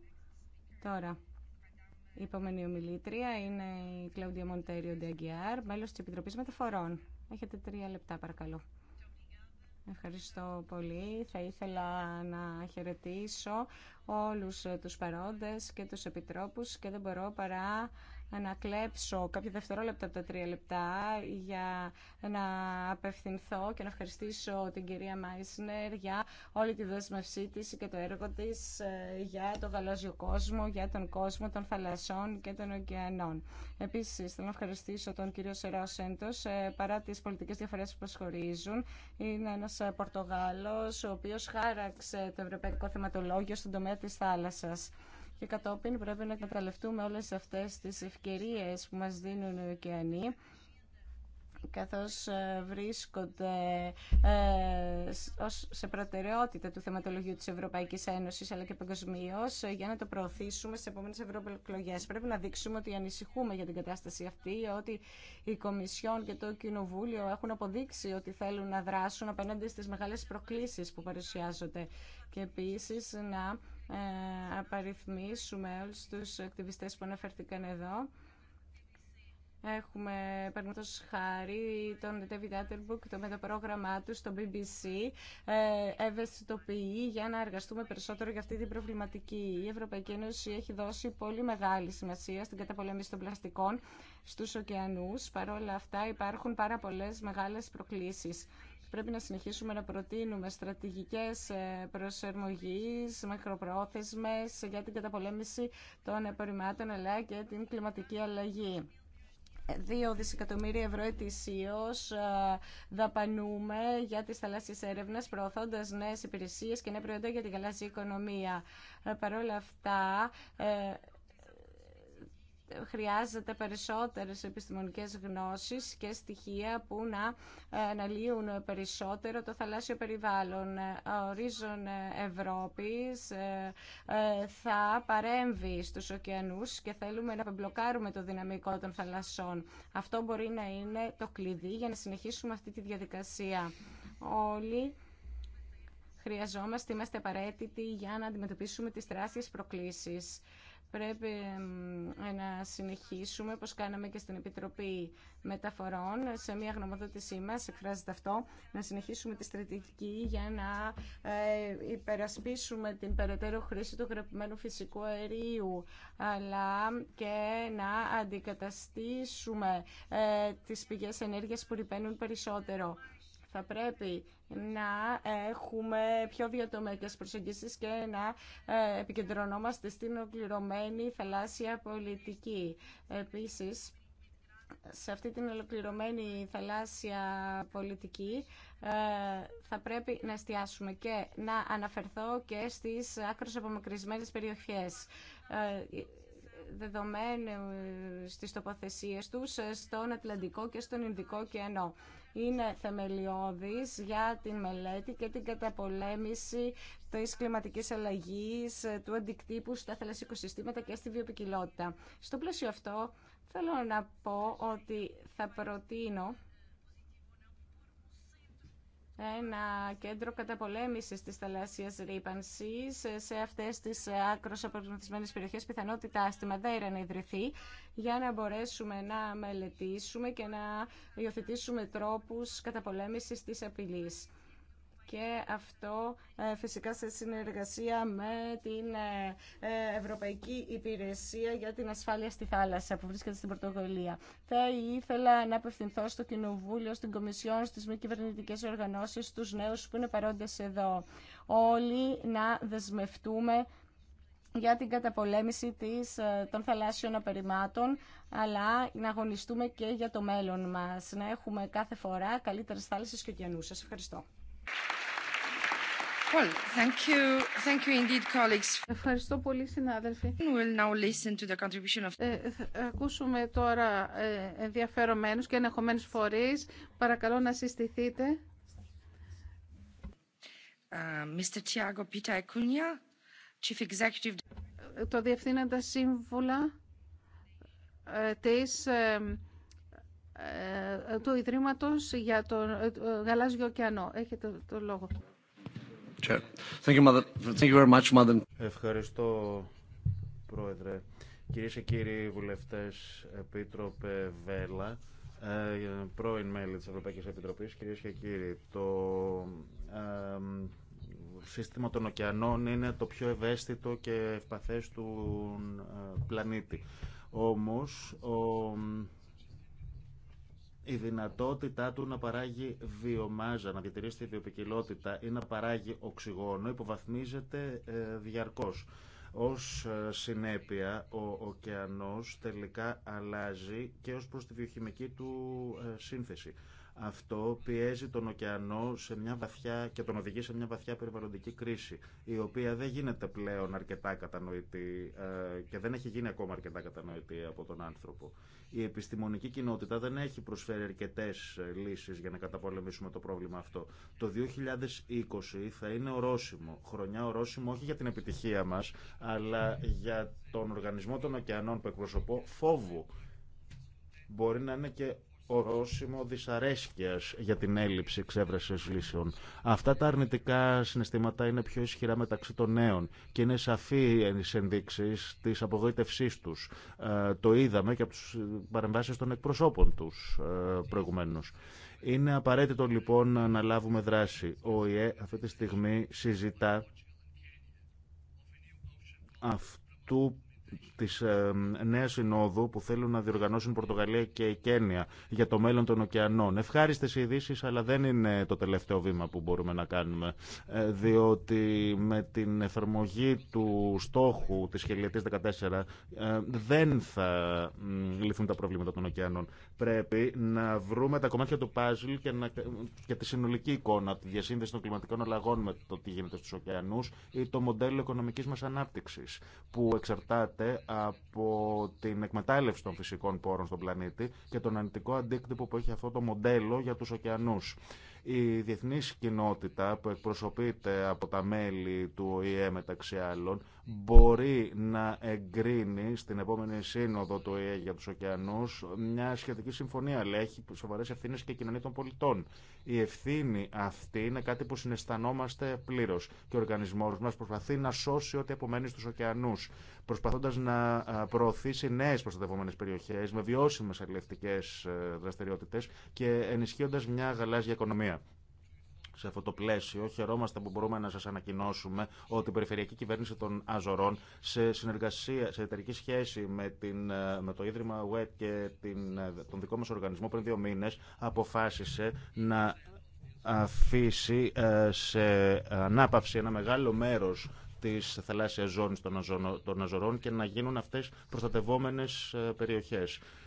Τώρα, η επόμενη ομιλήτρια είναι η Κλαούδια Μοντέριο Ντεαγκιάρ, μέλος της Επιτροπής Μεταφορών. Έχετε τρία λεπτά, παρακαλώ. Ευχαριστώ πολύ. Θα ήθελα να χαιρετήσω όλους τους παρόντες και τους επιτρόπους και δεν μπορώ παρά ανακλέψω κάποια δευτερόλεπτα από τα τρία λεπτά για να απευθυνθώ και να ευχαριστήσω την κυρία Μάισνερ για όλη τη δέσμευσή της και το έργο της ε, για το γαλάζιο κόσμο, για τον κόσμο των θαλασσών και των ωκεανών. Επίσης, θέλω να ευχαριστήσω τον κύριο Σεράου Σέντος, ε, παρά τις πολιτικές διαφορές που προσχωρίζουν. Είναι ένας ε, Πορτογάλος, ο οποίος χάραξε το ευρωπαϊκό θεματολόγιο στον τομέα της θάλασσας και κατόπιν πρέπει να καταλευτούμε όλες αυτές τις ευκαιρίες που μας δίνουν οι ωκεανοί καθώς ε, βρίσκονται ε, σε προτεραιότητα του θεματολογίου της Ευρωπαϊκής Ένωσης αλλά και παγκοσμίω ε, για να το προωθήσουμε στις επόμενες ευρωεκλογέ. Πρέπει να δείξουμε ότι ανησυχούμε για την κατάσταση αυτή, ότι η Κομισιόν και το Κοινοβούλιο έχουν αποδείξει ότι θέλουν να δράσουν απέναντι στις μεγάλες προκλήσεις που παρουσιάζονται και επίσης να ε, απαριθμίσουμε όλους τους ακτιβιστές που αναφέρθηκαν εδώ. Έχουμε, παραδείγματο χάρη, τον David Attenborough το, με το πρόγραμμά του στο BBC ε, ευαισθητοποιεί για να εργαστούμε περισσότερο για αυτή την προβληματική. Η Ευρωπαϊκή Ένωση έχει δώσει πολύ μεγάλη σημασία στην καταπολέμηση των πλαστικών στους ωκεανούς. Παρ' όλα αυτά υπάρχουν πάρα πολλές μεγάλες προκλήσεις πρέπει να συνεχίσουμε να προτείνουμε στρατηγικές ε, προσερμογής, μακροπρόθεσμες για την καταπολέμηση των απορριμμάτων αλλά και την κλιματική αλλαγή. 2 δισεκατομμύρια ευρώ ετησίω ε, δαπανούμε για τι θαλάσσιε έρευνε, προωθώντα νέε υπηρεσίε και νέα προϊόντα για την γαλάζια οικονομία. Ε, Παρ' όλα αυτά, χρειάζεται περισσότερες επιστημονικές γνώσεις και στοιχεία που να αναλύουν περισσότερο το θαλάσσιο περιβάλλον. Ο Ρίζων Ευρώπης ε, ε, θα παρέμβει στους ωκεανούς και θέλουμε να μπλοκάρουμε το δυναμικό των θαλασσών. Αυτό μπορεί να είναι το κλειδί για να συνεχίσουμε αυτή τη διαδικασία. Όλοι χρειαζόμαστε, είμαστε απαραίτητοι για να αντιμετωπίσουμε τις τεράστιες προκλήσεις πρέπει να συνεχίσουμε, όπως κάναμε και στην Επιτροπή Μεταφορών, σε μια γνωμοδότησή μας, εκφράζεται αυτό, να συνεχίσουμε τη στρατηγική για να ε, υπερασπίσουμε την περαιτέρω χρήση του γραπημένου φυσικού αερίου, αλλά και να αντικαταστήσουμε ε, τις πηγές ενέργειας που ρηπαίνουν περισσότερο. Θα πρέπει να έχουμε πιο διατομικές προσεγγίσεις και να ε, επικεντρωνόμαστε στην ολοκληρωμένη θαλάσσια πολιτική. Επίσης, σε αυτή την ολοκληρωμένη θαλάσσια πολιτική ε, θα πρέπει να εστιάσουμε και να αναφερθώ και στις άκρως απομακρυσμένες περιοχές ε, δεδομένου στις τοποθεσίες τους στον Ατλαντικό και στον Ινδικό ωκεανό είναι θεμελιώδης για την μελέτη και την καταπολέμηση της κλιματικής αλλαγής, του αντικτύπου στα θαλασσικά οικοσυστήματα και στη βιοπικιλότητα. Στο πλαίσιο αυτό θέλω να πω ότι θα προτείνω ένα κέντρο καταπολέμησης της θαλάσσιας ρήπανσης σε αυτές τις άκρως απογνωρισμένες περιοχές πιθανότητα στη Μαδέρα να ιδρυθεί για να μπορέσουμε να μελετήσουμε και να υιοθετήσουμε τρόπους καταπολέμησης της απειλής και αυτό ε, φυσικά σε συνεργασία με την ε, ε, Ευρωπαϊκή Υπηρεσία για την Ασφάλεια στη Θάλασσα που βρίσκεται στην Πορτογαλία. Θα ήθελα να απευθυνθώ στο Κοινοβούλιο, στην Κομισιόν, στις μη κυβερνητικέ οργανώσεις, στους νέους που είναι παρόντες εδώ. Όλοι να δεσμευτούμε για την καταπολέμηση της, των θαλάσσιων απεριμάτων, αλλά να αγωνιστούμε και για το μέλλον μας, να έχουμε κάθε φορά καλύτερες θάλασσες και ωκεανούς. Σας ευχαριστώ. Ευχαριστώ πολύ, συνάδελφοι. ακούσουμε τώρα ε, ενδιαφερομένους και ενεχομένους φορείς. Παρακαλώ να συστηθείτε. Uh, ε, το Διευθύνοντα Σύμβουλα ε, της... Ε, ε, του Ιδρύματος για τον ε, Γαλάζιο Ωκεανό. Έχετε το λόγο. Ευχαριστώ, Πρόεδρε. Κυρίε και κύριοι βουλευτέ, Επίτροπε Βέλα, ε, πρώην μέλη τη Ευρωπαϊκή Επιτροπή, κυρίε και κύριοι, το σύστημα των ωκεανών είναι το πιο ευαίσθητο και ευπαθέ του πλανήτη. Όμω, ο η δυνατότητά του να παράγει βιομάζα, να διατηρήσει τη βιοπικιλότητα ή να παράγει οξυγόνο υποβαθμίζεται ε, διαρκώς. Ως ε, συνέπεια, ο ωκεανός τελικά αλλάζει και ως προς τη βιοχημική του ε, σύνθεση. Αυτό πιέζει τον ωκεανό σε μια βαθιά και τον οδηγεί σε μια βαθιά περιβαλλοντική κρίση, η οποία δεν γίνεται πλέον αρκετά κατανοητή ε, και δεν έχει γίνει ακόμα αρκετά κατανοητή από τον άνθρωπο. Η επιστημονική κοινότητα δεν έχει προσφέρει αρκετέ ε, λύσει για να καταπολεμήσουμε το πρόβλημα αυτό. Το 2020 θα είναι ορόσημο, χρονιά ορόσημο όχι για την επιτυχία μα, αλλά για τον οργανισμό των ωκεανών που εκπροσωπώ φόβου μπορεί να είναι και ορόσημο δυσαρέσκειας για την έλλειψη εξέβρεση λύσεων. Αυτά τα αρνητικά συναισθήματα είναι πιο ισχυρά μεταξύ των νέων και είναι σαφή οι ενδείξεις της απογοήτευσής τους. Ε, το είδαμε και από τις παρεμβάσεις των εκπροσώπων τους ε, προηγουμένως. Είναι απαραίτητο λοιπόν να λάβουμε δράση. Ο ΙΕ αυτή τη στιγμή συζητά αυτού της ε, νέα συνόδου που θέλουν να διοργανώσουν Πορτογαλία και η Κένια για το μέλλον των ωκεανών. οι ειδήσει, αλλά δεν είναι το τελευταίο βήμα που μπορούμε να κάνουμε, ε, διότι με την εφαρμογή του στόχου της χιλιετία 14 ε, δεν θα λυθούν τα προβλήματα των ωκεανών. Πρέπει να βρούμε τα κομμάτια του πάζλ και, να, και τη συνολική εικόνα, τη διασύνδεση των κλιματικών αλλαγών με το τι γίνεται στους ωκεανούς ή το μοντέλο οικονομικής μας ανάπτυξης που εξαρτάται από την εκμετάλλευση των φυσικών πόρων στον πλανήτη και τον ανητικό αντίκτυπο που έχει αυτό το μοντέλο για τους ωκεανούς. Η διεθνή κοινότητα που εκπροσωπείται από τα μέλη του ΟΗΕ μεταξύ άλλων μπορεί να εγκρίνει στην επόμενη σύνοδο του ΟΗΕ για τους ωκεανούς μια σχετική συμφωνία, αλλά έχει σοβαρές ευθύνες και η κοινωνία των πολιτών. Η ευθύνη αυτή είναι κάτι που συναισθανόμαστε πλήρως και ο οργανισμός μας προσπαθεί να σώσει ό,τι απομένει στους ωκεανούς προσπαθώντα να προωθήσει νέε προστατευόμενε περιοχέ με βιώσιμε αλληλευτικέ ε, δραστηριότητε και ενισχύοντα μια γαλάζια οικονομία. Σε αυτό το πλαίσιο, χαιρόμαστε που μπορούμε να σα ανακοινώσουμε ότι η Περιφερειακή Κυβέρνηση των Αζωρών, σε, συνεργασία, σε εταιρική σχέση με, την, ε, με το Ίδρυμα ΟΕΤ και την, ε, τον δικό μα οργανισμό, πριν δύο μήνε, αποφάσισε να αφήσει σε ανάπαυση ένα μεγάλο μέρος τη θαλάσσια ζώνη των Αζωρών και να γίνουν αυτέ προστατευόμενε ε, περιοχέ.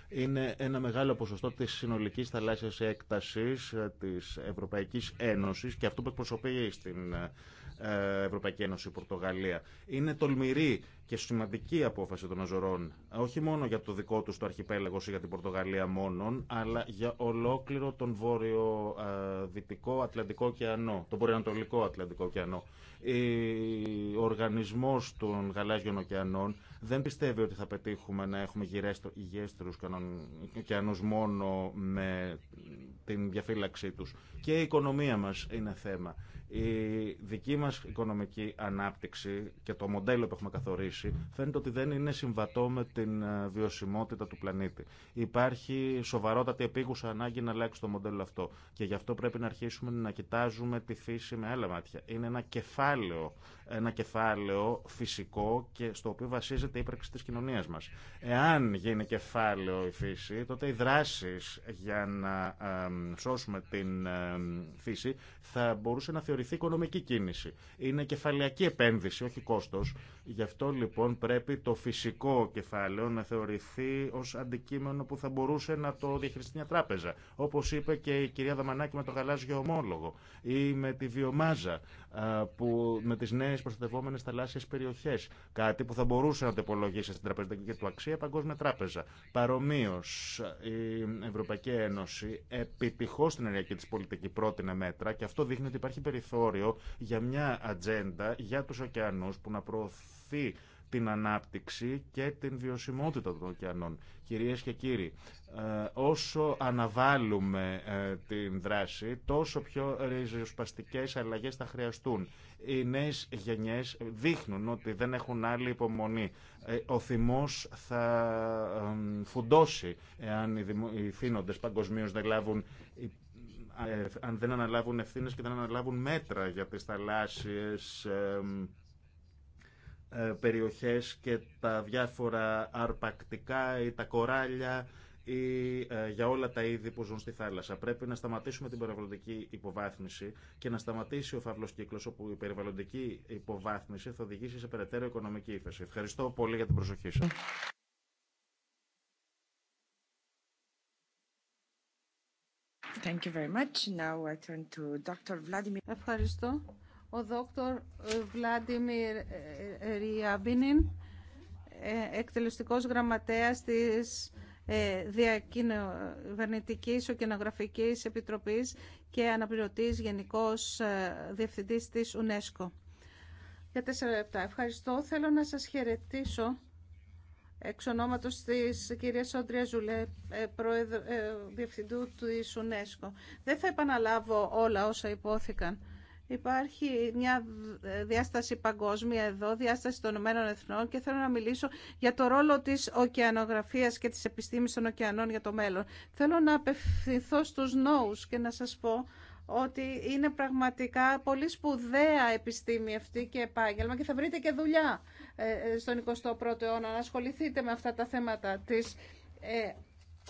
Είναι ένα μεγάλο ποσοστό τη συνολική θαλάσσια έκταση ε, τη Ευρωπαϊκή Ένωση και αυτό που εκπροσωπεί στην ε, Ευρωπαϊκή Ένωση η Πορτογαλία. Είναι τολμηρή και σημαντική απόφαση των Αζωρών, όχι μόνο για το δικό τους το αρχιπέλαγος ή για την Πορτογαλία μόνον, αλλά για ολόκληρο τον βόρειο δυτικό Ατλαντικό ωκεανό, τον βορειοανατολικό Ατλαντικό ωκεανό. Ο οργανισμός των γαλάζιων ωκεανών δεν πιστεύει ότι θα πετύχουμε να έχουμε γυρέστερους ωκεανούς μόνο με την διαφύλαξή τους. Και η οικονομία μας είναι θέμα. Η δική μας οικονομική ανάπτυξη και το μοντέλο που έχουμε καθορίσει φαίνεται ότι δεν είναι συμβατό με την ε, βιωσιμότητα του πλανήτη. Υπάρχει σοβαρότατη επίγουσα ανάγκη να αλλάξει το μοντέλο αυτό και γι' αυτό πρέπει να αρχίσουμε να κοιτάζουμε τη φύση με άλλα μάτια. Είναι ένα κεφάλαιο ένα κεφάλαιο φυσικό και στο οποίο βασίζεται η ύπαρξη της κοινωνίας μας. Εάν γίνει κεφάλαιο η φύση, τότε οι δράσεις για να σώσουμε την φύση θα μπορούσε να θεωρηθεί οικονομική κίνηση. Είναι κεφαλαιακή επένδυση, όχι κόστος. Γι' αυτό λοιπόν πρέπει το φυσικό κεφάλαιο να θεωρηθεί ως αντικείμενο που θα μπορούσε να το διαχειριστεί μια τράπεζα. Όπως είπε και η κυρία Δαμανάκη με το γαλάζιο ομόλογο ή με τη βιομάζα που με τι νέε προστατευόμενε θαλάσσιε περιοχέ. Κάτι που θα μπορούσε να το υπολογίσει στην τραπεζική του αξία Παγκόσμια Τράπεζα. Παρομοίω, η Ευρωπαϊκή Ένωση επιτυχώ στην ενεργειακή τη πολιτική πρότεινε μέτρα και αυτό δείχνει ότι υπάρχει περιθώριο για μια ατζέντα για του ωκεανού που να προωθεί την ανάπτυξη και την βιωσιμότητα των ωκεανών. Κυρίες και κύριοι, ε, όσο αναβάλουμε ε, την δράση, τόσο πιο ριζοσπαστικές αλλαγές θα χρειαστούν. Οι νέες γενιές δείχνουν ότι δεν έχουν άλλη υπομονή. Ε, ο θυμός θα φουντώσει εάν οι θύνοντες παγκοσμίως δεν λάβουν αν δεν αναλάβουν ευθύνες και δεν αναλάβουν μέτρα για τις θαλάσσιες ε, περιοχές και τα διάφορα αρπακτικά ή τα κοράλια ή ε, για όλα τα είδη που ζουν στη θάλασσα. Πρέπει να σταματήσουμε την περιβαλλοντική υποβάθμιση και να σταματήσει ο φαύλο κύκλο όπου η περιβαλλοντική υποβάθμιση θα οδηγήσει σε περαιτέρω οικονομική ύφεση. Ευχαριστώ πολύ για την προσοχή σας. Thank you very much. Now I turn to Dr. Vladimir. Ευχαριστώ ο δόκτωρ ε, Βλάντιμιρ ε, ε, Ριάμπινιν, εκτελεστικός γραμματέας της Διακυβερνητικής Οκενογραφικής Επιτροπής και αναπληρωτής Γενικός Διευθυντής της UNESCO. Για τέσσερα λεπτά. Ευχαριστώ. Θέλω να σας χαιρετήσω εξ ονόματος της κυρίας Όντρια Ζουλέ, Διευθυντού της UNESCO. Δεν θα επαναλάβω όλα όσα υπόθηκαν Υπάρχει μια διάσταση παγκόσμια εδώ, διάσταση των Ηνωμένων Εθνών και θέλω να μιλήσω για το ρόλο της ωκεανογραφίας και της επιστήμης των ωκεανών για το μέλλον. Θέλω να απευθυνθώ στους νόους και να σας πω ότι είναι πραγματικά πολύ σπουδαία επιστήμη αυτή και επάγγελμα και θα βρείτε και δουλειά ε, ε, στον 21ο αιώνα να ασχοληθείτε με αυτά τα θέματα της ε,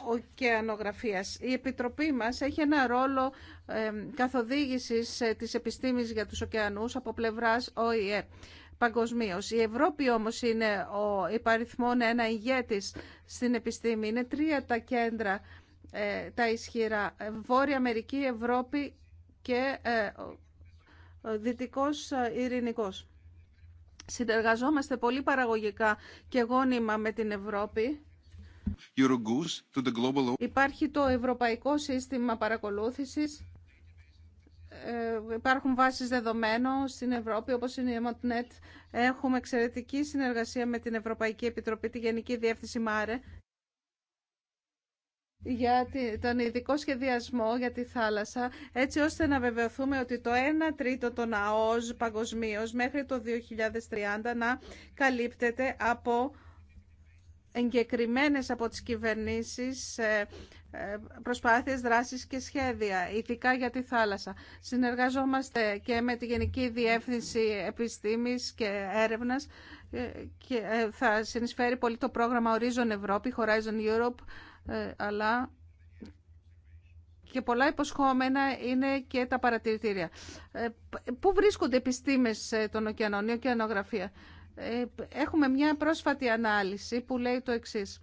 ωκεανογραφίας. Η Επιτροπή μας έχει ένα ρόλο καθοδήγησης ε, της επιστήμης για τους ωκεανούς από πλευράς ΟΗΕ. Παγκοσμίω. Η Ευρώπη όμως είναι ο υπαριθμόν ένα ηγέτης στην επιστήμη. Είναι τρία τα κέντρα ε, τα ισχυρά. Βόρεια Αμερική, Ευρώπη και ε, Δυτικός Ειρηνικός. Συνεργαζόμαστε πολύ παραγωγικά και γόνιμα με την Ευρώπη Υπάρχει το Ευρωπαϊκό Σύστημα Παρακολούθησης. Ε, υπάρχουν βάσεις δεδομένων στην Ευρώπη, όπως είναι η EMOTNET Έχουμε εξαιρετική συνεργασία με την Ευρωπαϊκή Επιτροπή, τη Γενική Διεύθυνση ΜΑΡΕ, για τον ειδικό σχεδιασμό για τη θάλασσα, έτσι ώστε να βεβαιωθούμε ότι το 1 τρίτο των ΑΟΣ παγκοσμίω μέχρι το 2030 να καλύπτεται από εγκεκριμένες από τις κυβερνήσεις ε, ε, προσπάθειες, δράσεις και σχέδια, ειδικά για τη θάλασσα. Συνεργαζόμαστε και με τη Γενική Διεύθυνση Επιστήμης και Έρευνας ε, και θα συνεισφέρει πολύ το πρόγραμμα Horizon Ευρώπη, Horizon Europe, αλλά και πολλά υποσχόμενα είναι και τα παρατηρητήρια. Πού βρίσκονται επιστήμες των ωκεανών, η ωκεανογραφία. Ε, έχουμε μια πρόσφατη ανάλυση που λέει το εξής.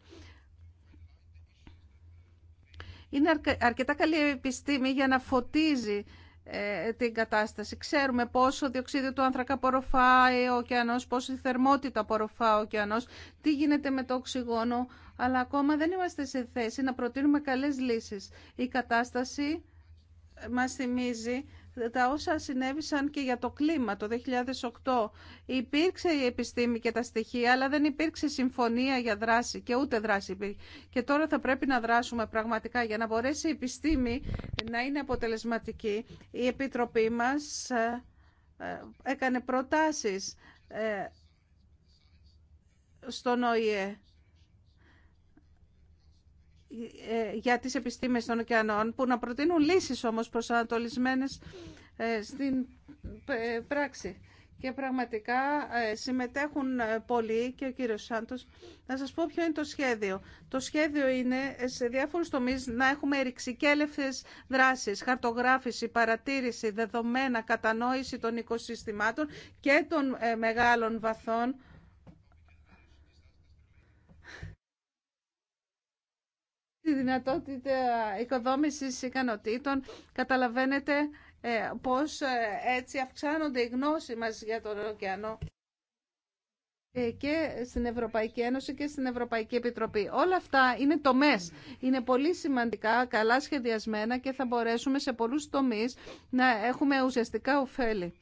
Είναι αρκετά καλή επιστήμη για να φωτίζει ε, την κατάσταση. Ξέρουμε πόσο διοξίδιο του άνθρακα απορροφάει ο ωκεανός, πόσο θερμότητα απορροφάει ο ωκεανός, τι γίνεται με το οξυγόνο, αλλά ακόμα δεν είμαστε σε θέση να προτείνουμε καλές λύσεις. Η κατάσταση μας θυμίζει τα όσα συνέβησαν και για το κλίμα το 2008. Υπήρξε η επιστήμη και τα στοιχεία, αλλά δεν υπήρξε συμφωνία για δράση και ούτε δράση υπήρχε. Και τώρα θα πρέπει να δράσουμε πραγματικά για να μπορέσει η επιστήμη να είναι αποτελεσματική. Η Επιτροπή μας ε, ε, έκανε προτάσεις ε, στον ΟΗΕ ε, για τις επιστήμες των ωκεανών που να προτείνουν λύσεις όμως προσανατολισμένες ε, στην ε, πράξη. Και πραγματικά συμμετέχουν πολλοί και ο κύριος Σάντος. Να σας πω ποιο είναι το σχέδιο. Το σχέδιο είναι σε διάφορους τομείς να έχουμε ερηξικέλευθες δράσεις, χαρτογράφηση, παρατήρηση, δεδομένα, κατανόηση των οικοσυστημάτων και των μεγάλων βαθών τη δυνατότητα οικοδόμησης ικανοτήτων. Καταλαβαίνετε ε, πώς ε, έτσι αυξάνονται οι γνώσεις μας για τον ωκεανό ε, και στην Ευρωπαϊκή Ένωση και στην Ευρωπαϊκή Επιτροπή. Όλα αυτά είναι τομές. Είναι πολύ σημαντικά, καλά σχεδιασμένα και θα μπορέσουμε σε πολλούς τομείς να έχουμε ουσιαστικά ωφέλη.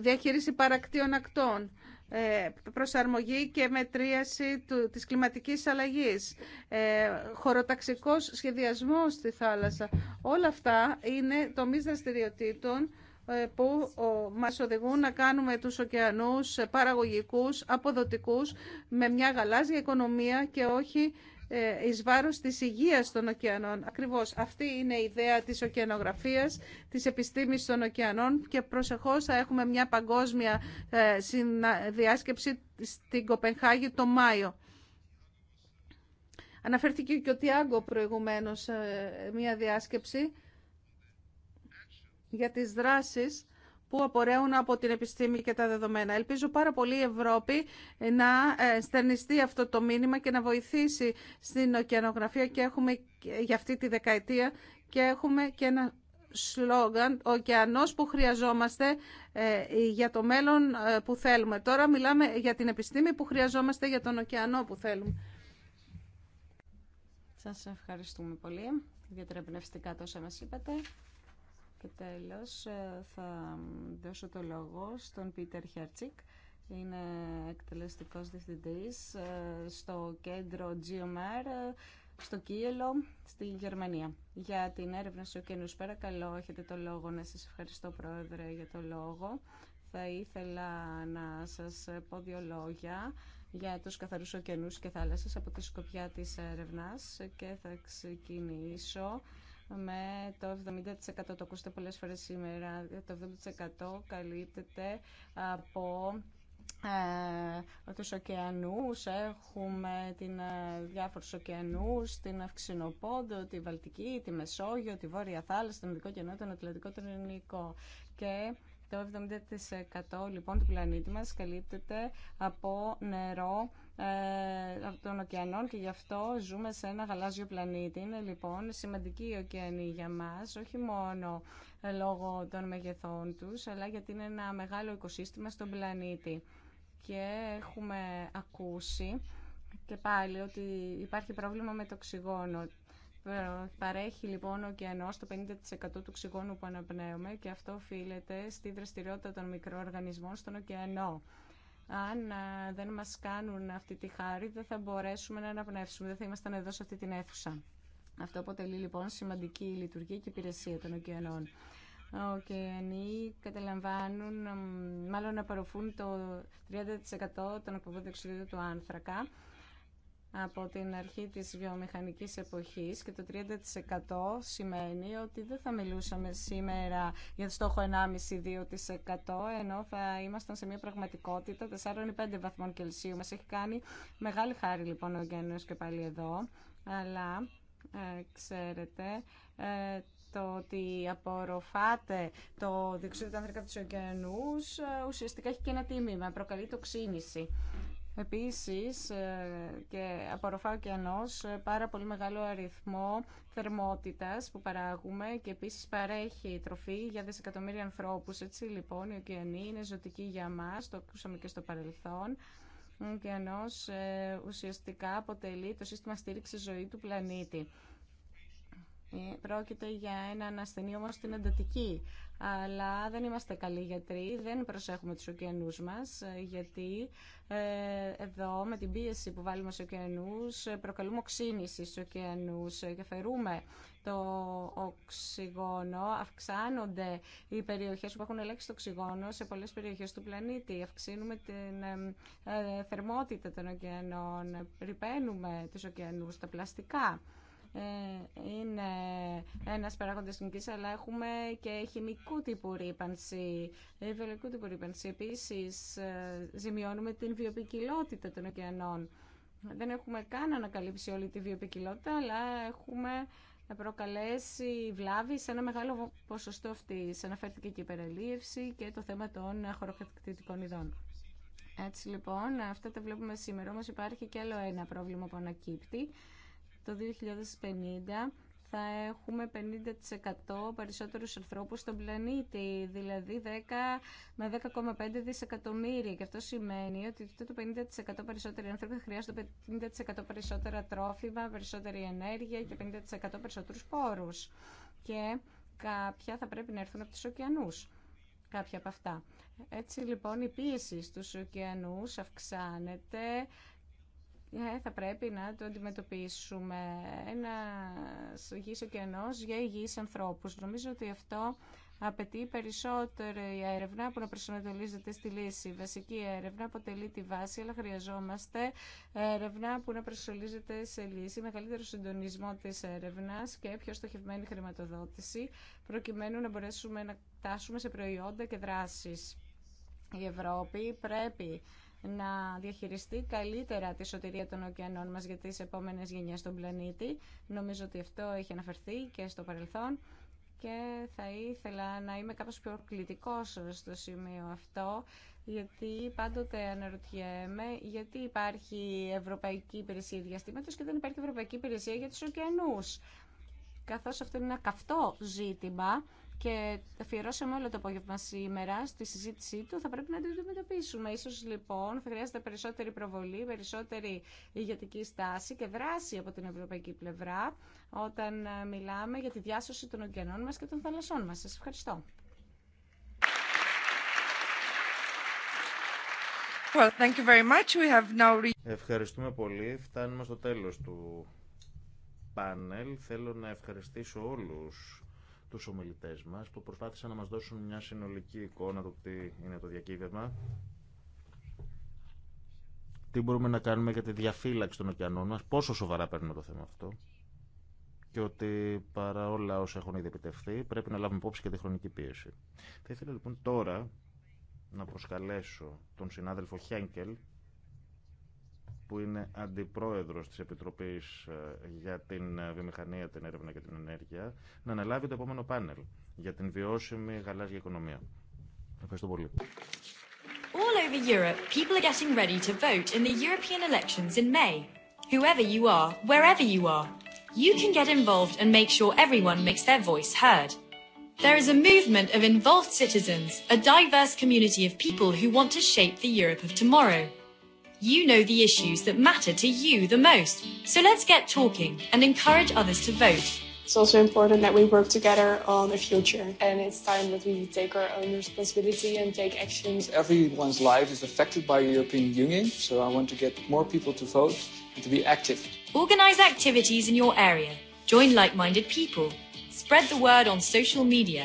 Διαχείριση παρακτήων ακτών, ε, προσαρμογή και μετρίαση του, της κλιματικής αλλαγής, ε, χωροταξικός σχεδιασμός στη θάλασσα. Όλα αυτά είναι τομείς δραστηριοτήτων ε, που μας οδηγούν να κάνουμε τους ωκεανούς παραγωγικούς, αποδοτικούς, με μια γαλάζια οικονομία και όχι ε, εις βάρος της υγείας των ωκεανών. Ακριβώς αυτή είναι η ιδέα της ωκεανογραφίας, της επιστήμης των ωκεανών και προσεχώς θα έχουμε μια παγκόσμια ε, διάσκεψη στην Κοπενχάγη το Μάιο. Αναφέρθηκε και ο Τιάγκο προηγουμένως ε, μια διάσκεψη για τις δράσεις που απορρέουν από την επιστήμη και τα δεδομένα. Ελπίζω πάρα πολύ η Ευρώπη να ε, στερνιστεί αυτό το μήνυμα και να βοηθήσει στην ωκεανογραφία και έχουμε για αυτή τη δεκαετία και έχουμε και ένα σλόγγαν «Ωκεανός που χρειαζόμαστε ε, για το μέλλον ε, που θέλουμε». Τώρα μιλάμε για την επιστήμη που χρειαζόμαστε για τον ωκεανό που θέλουμε. Σας ευχαριστούμε πολύ. τα εμπνευστικά τόσα μας είπατε. Και τέλος ε, θα δώσω το λόγο στον Πίτερ Χέρτσικ. Είναι εκτελεστικός διευθυντής ε, στο κέντρο GMR ε, στο Κίελο, στη Γερμανία. Για την έρευνα σου και παρακαλώ, έχετε το λόγο να σας ευχαριστώ Πρόεδρε για το λόγο. Θα ήθελα να σας πω δύο λόγια για τους καθαρούς ωκεανούς και θάλασσες από τη σκοπιά της έρευνας και θα ξεκινήσω με το 70%. Το ακούσατε πολλές φορές σήμερα. Το 70% καλύπτεται από ε, τους ωκεανούς. Έχουμε την, ε, διάφορους ωκεανούς, την Αυξηνοπόντο, τη Βαλτική, τη Μεσόγειο, τη Βόρεια Θάλασσα, τον Ειδικό Κενό, τον Ατλαντικό, τον Ελληνικό. Και το 70% λοιπόν του πλανήτη μας καλύπτεται από νερό ε, από των ωκεανών και γι' αυτό ζούμε σε ένα γαλάζιο πλανήτη. Είναι λοιπόν σημαντική η ωκεανή για μας, όχι μόνο ε, λόγω των μεγεθών τους, αλλά γιατί είναι ένα μεγάλο οικοσύστημα στον πλανήτη. Και έχουμε ακούσει και πάλι ότι υπάρχει πρόβλημα με το οξυγόνο. Παρέχει λοιπόν ο ωκεανό το 50% του οξυγόνου που αναπνέουμε και αυτό οφείλεται στη δραστηριότητα των μικροοργανισμών στον ωκεανό. Αν δεν μας κάνουν αυτή τη χάρη, δεν θα μπορέσουμε να αναπνεύσουμε, δεν θα ήμασταν εδώ σε αυτή την αίθουσα. Αυτό αποτελεί λοιπόν σημαντική λειτουργία και υπηρεσία των ωκεανών. Οι ωκεανοί καταλαμβάνουν, μάλλον απορροφούν το 30% των εκπομπών του άνθρακα από την αρχή της βιομηχανικής εποχής και το 30% σημαίνει ότι δεν θα μιλούσαμε σήμερα για το στόχο 1,5-2% ενώ θα ήμασταν σε μια πραγματικότητα 4-5 βαθμών Κελσίου. Μας έχει κάνει μεγάλη χάρη λοιπόν ο Γένος και πάλι εδώ, αλλά ε, ξέρετε... Ε, το ότι απορροφάτε το διοξείδιο του άνθρακα του ωκεανού ε, ουσιαστικά έχει και ένα τίμημα, προκαλεί τοξίνηση. Επίσης ε, και και ενός ε, πάρα πολύ μεγάλο αριθμό θερμότητας που παράγουμε και επίσης παρέχει τροφή για δισεκατομμύρια ανθρώπους. Έτσι λοιπόν η ωκεανοί είναι ζωτική για μας, το ακούσαμε και στο παρελθόν. Ο ωκεανός ε, ουσιαστικά αποτελεί το σύστημα στήριξη ζωή του πλανήτη. Πρόκειται για έναν ασθενή όμως την εντατική αλλά δεν είμαστε καλοί γιατροί, δεν προσέχουμε τους ωκεανούς μας, γιατί ε, εδώ με την πίεση που βάλουμε στους ωκεανούς ε, προκαλούμε οξύνηση στους ωκεανούς και φερούμε το οξυγόνο, αυξάνονται οι περιοχές που έχουν ελέγξει το οξυγόνο σε πολλές περιοχές του πλανήτη, αυξήνουμε την ε, θερμότητα των ωκεανών, ρηπαίνουμε τους ωκεανούς, τα πλαστικά. Ε, είναι ένας παράγοντα νικής, αλλά έχουμε και χημικού τύπου ρήπανση, βιολογικού τύπου ρήπανση. Επίσης, ε, ζημιώνουμε την βιοπικιλότητα των ωκεανών. Δεν έχουμε καν ανακαλύψει όλη τη βιοπικιλότητα, αλλά έχουμε προκαλέσει βλάβη σε ένα μεγάλο ποσοστό αυτή. Αναφέρθηκε και η υπεραλίευση και το θέμα των χωροκατακτητικών ειδών. Έτσι λοιπόν, αυτά τα βλέπουμε σήμερα, όμως υπάρχει και άλλο ένα πρόβλημα που ανακύπτει το 2050 θα έχουμε 50% περισσότερους ανθρώπους στον πλανήτη, δηλαδή 10 με 10,5 δισεκατομμύρια. Και αυτό σημαίνει ότι το 50% περισσότεροι άνθρωποι θα χρειάζονται 50% περισσότερα τρόφιμα, περισσότερη ενέργεια και 50% περισσότερους πόρους. Και κάποια θα πρέπει να έρθουν από τους ωκεανούς κάποια από αυτά. Έτσι λοιπόν η πίεση στους ωκεανούς αυξάνεται ε, θα πρέπει να το αντιμετωπίσουμε. Ένα γη ωκεανό για υγιεί ανθρώπου. Νομίζω ότι αυτό απαιτεί περισσότερη έρευνα που να προσανατολίζεται στη λύση. Η βασική έρευνα αποτελεί τη βάση, αλλά χρειαζόμαστε έρευνα που να προσανατολίζεται σε λύση, μεγαλύτερο συντονισμό της έρευνα και πιο στοχευμένη χρηματοδότηση, προκειμένου να μπορέσουμε να τάσουμε σε προϊόντα και δράσει. Η Ευρώπη πρέπει να διαχειριστεί καλύτερα τη σωτηρία των ωκεανών μας για τις επόμενες γενιές στον πλανήτη. Νομίζω ότι αυτό έχει αναφερθεί και στο παρελθόν και θα ήθελα να είμαι κάπως πιο κλητικός στο σημείο αυτό γιατί πάντοτε αναρωτιέμαι γιατί υπάρχει Ευρωπαϊκή Υπηρεσία Διαστήματος και δεν υπάρχει Ευρωπαϊκή Υπηρεσία για τους ωκεανούς. Καθώς αυτό είναι ένα καυτό ζήτημα και αφιερώσαμε όλο το απόγευμα σήμερα στη συζήτησή του, θα πρέπει να το αντιμετωπίσουμε. Ίσως λοιπόν θα χρειάζεται περισσότερη προβολή, περισσότερη ηγετική στάση και δράση από την ευρωπαϊκή πλευρά όταν ε, μιλάμε για τη διάσωση των ωκεανών μα και των θαλασσών μα. Σα ευχαριστώ. Well, thank you very much. We have now... Ευχαριστούμε πολύ. Φτάνουμε στο τέλος του πάνελ. Θέλω να ευχαριστήσω όλους τους ομιλητές μας που προσπάθησαν να μας δώσουν μια συνολική εικόνα του τι είναι το διακύβευμα τι μπορούμε να κάνουμε για τη διαφύλαξη των ωκεανών μας, πόσο σοβαρά παίρνουμε το θέμα αυτό και ότι παρά όλα όσα έχουν ήδη επιτευχθεί πρέπει να λάβουμε υπόψη και τη χρονική πίεση. Θα ήθελα λοιπόν τώρα να προσκαλέσω τον συνάδελφο Χένκελ που είναι αντιπρόεδρος της Επιτροπής για την Βιομηχανία, την Έρευνα και την Ενέργεια, να αναλάβει το επόμενο πάνελ για την βιώσιμη γαλάζια οικονομία. Ευχαριστώ πολύ. All over Europe, people are getting ready to vote in the European elections in May. Whoever you are, wherever you are, you can get involved and make sure everyone makes their voice heard. There is a movement of involved citizens, a diverse community of people who want to shape the Europe of tomorrow. You know the issues that matter to you the most. So let's get talking and encourage others to vote. It's also important that we work together on the future. And it's time that we take our own responsibility and take action. Everyone's life is affected by the European Union, so I want to get more people to vote and to be active. Organize activities in your area. Join like-minded people. Spread the word on social media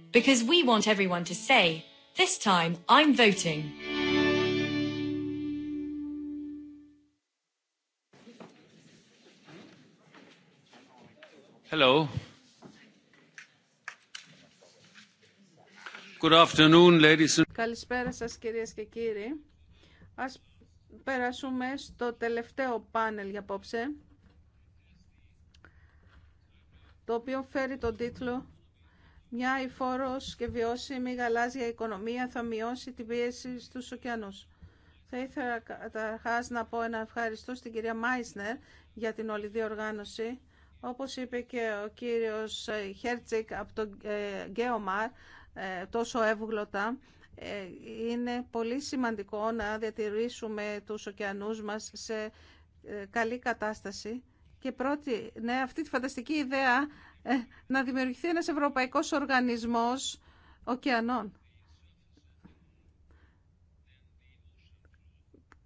because we want everyone to say, this time I'm voting. Hello. Good afternoon, ladies and... Καλησπέρα σας κυρίες και κύριοι. Ας περάσουμε στο τελευταίο πάνελ για απόψε, το οποίο φέρει τον τίτλο μια υφόρος και βιώσιμη γαλάζια οικονομία θα μειώσει την πίεση στους ωκεανού. Θα ήθελα καταρχά να πω ένα ευχαριστώ στην κυρία Μάισνερ για την όλη οργάνωση. Όπως είπε και ο κύριος Χέρτσικ από το ε, Γκέομαρ, ε, τόσο εύγλωτα, ε, είναι πολύ σημαντικό να διατηρήσουμε τους ωκεανούς μας σε καλή κατάσταση. Και πρώτη, ναι, αυτή τη φανταστική ιδέα ε, να δημιουργηθεί ένας ευρωπαϊκός οργανισμός ωκεανών.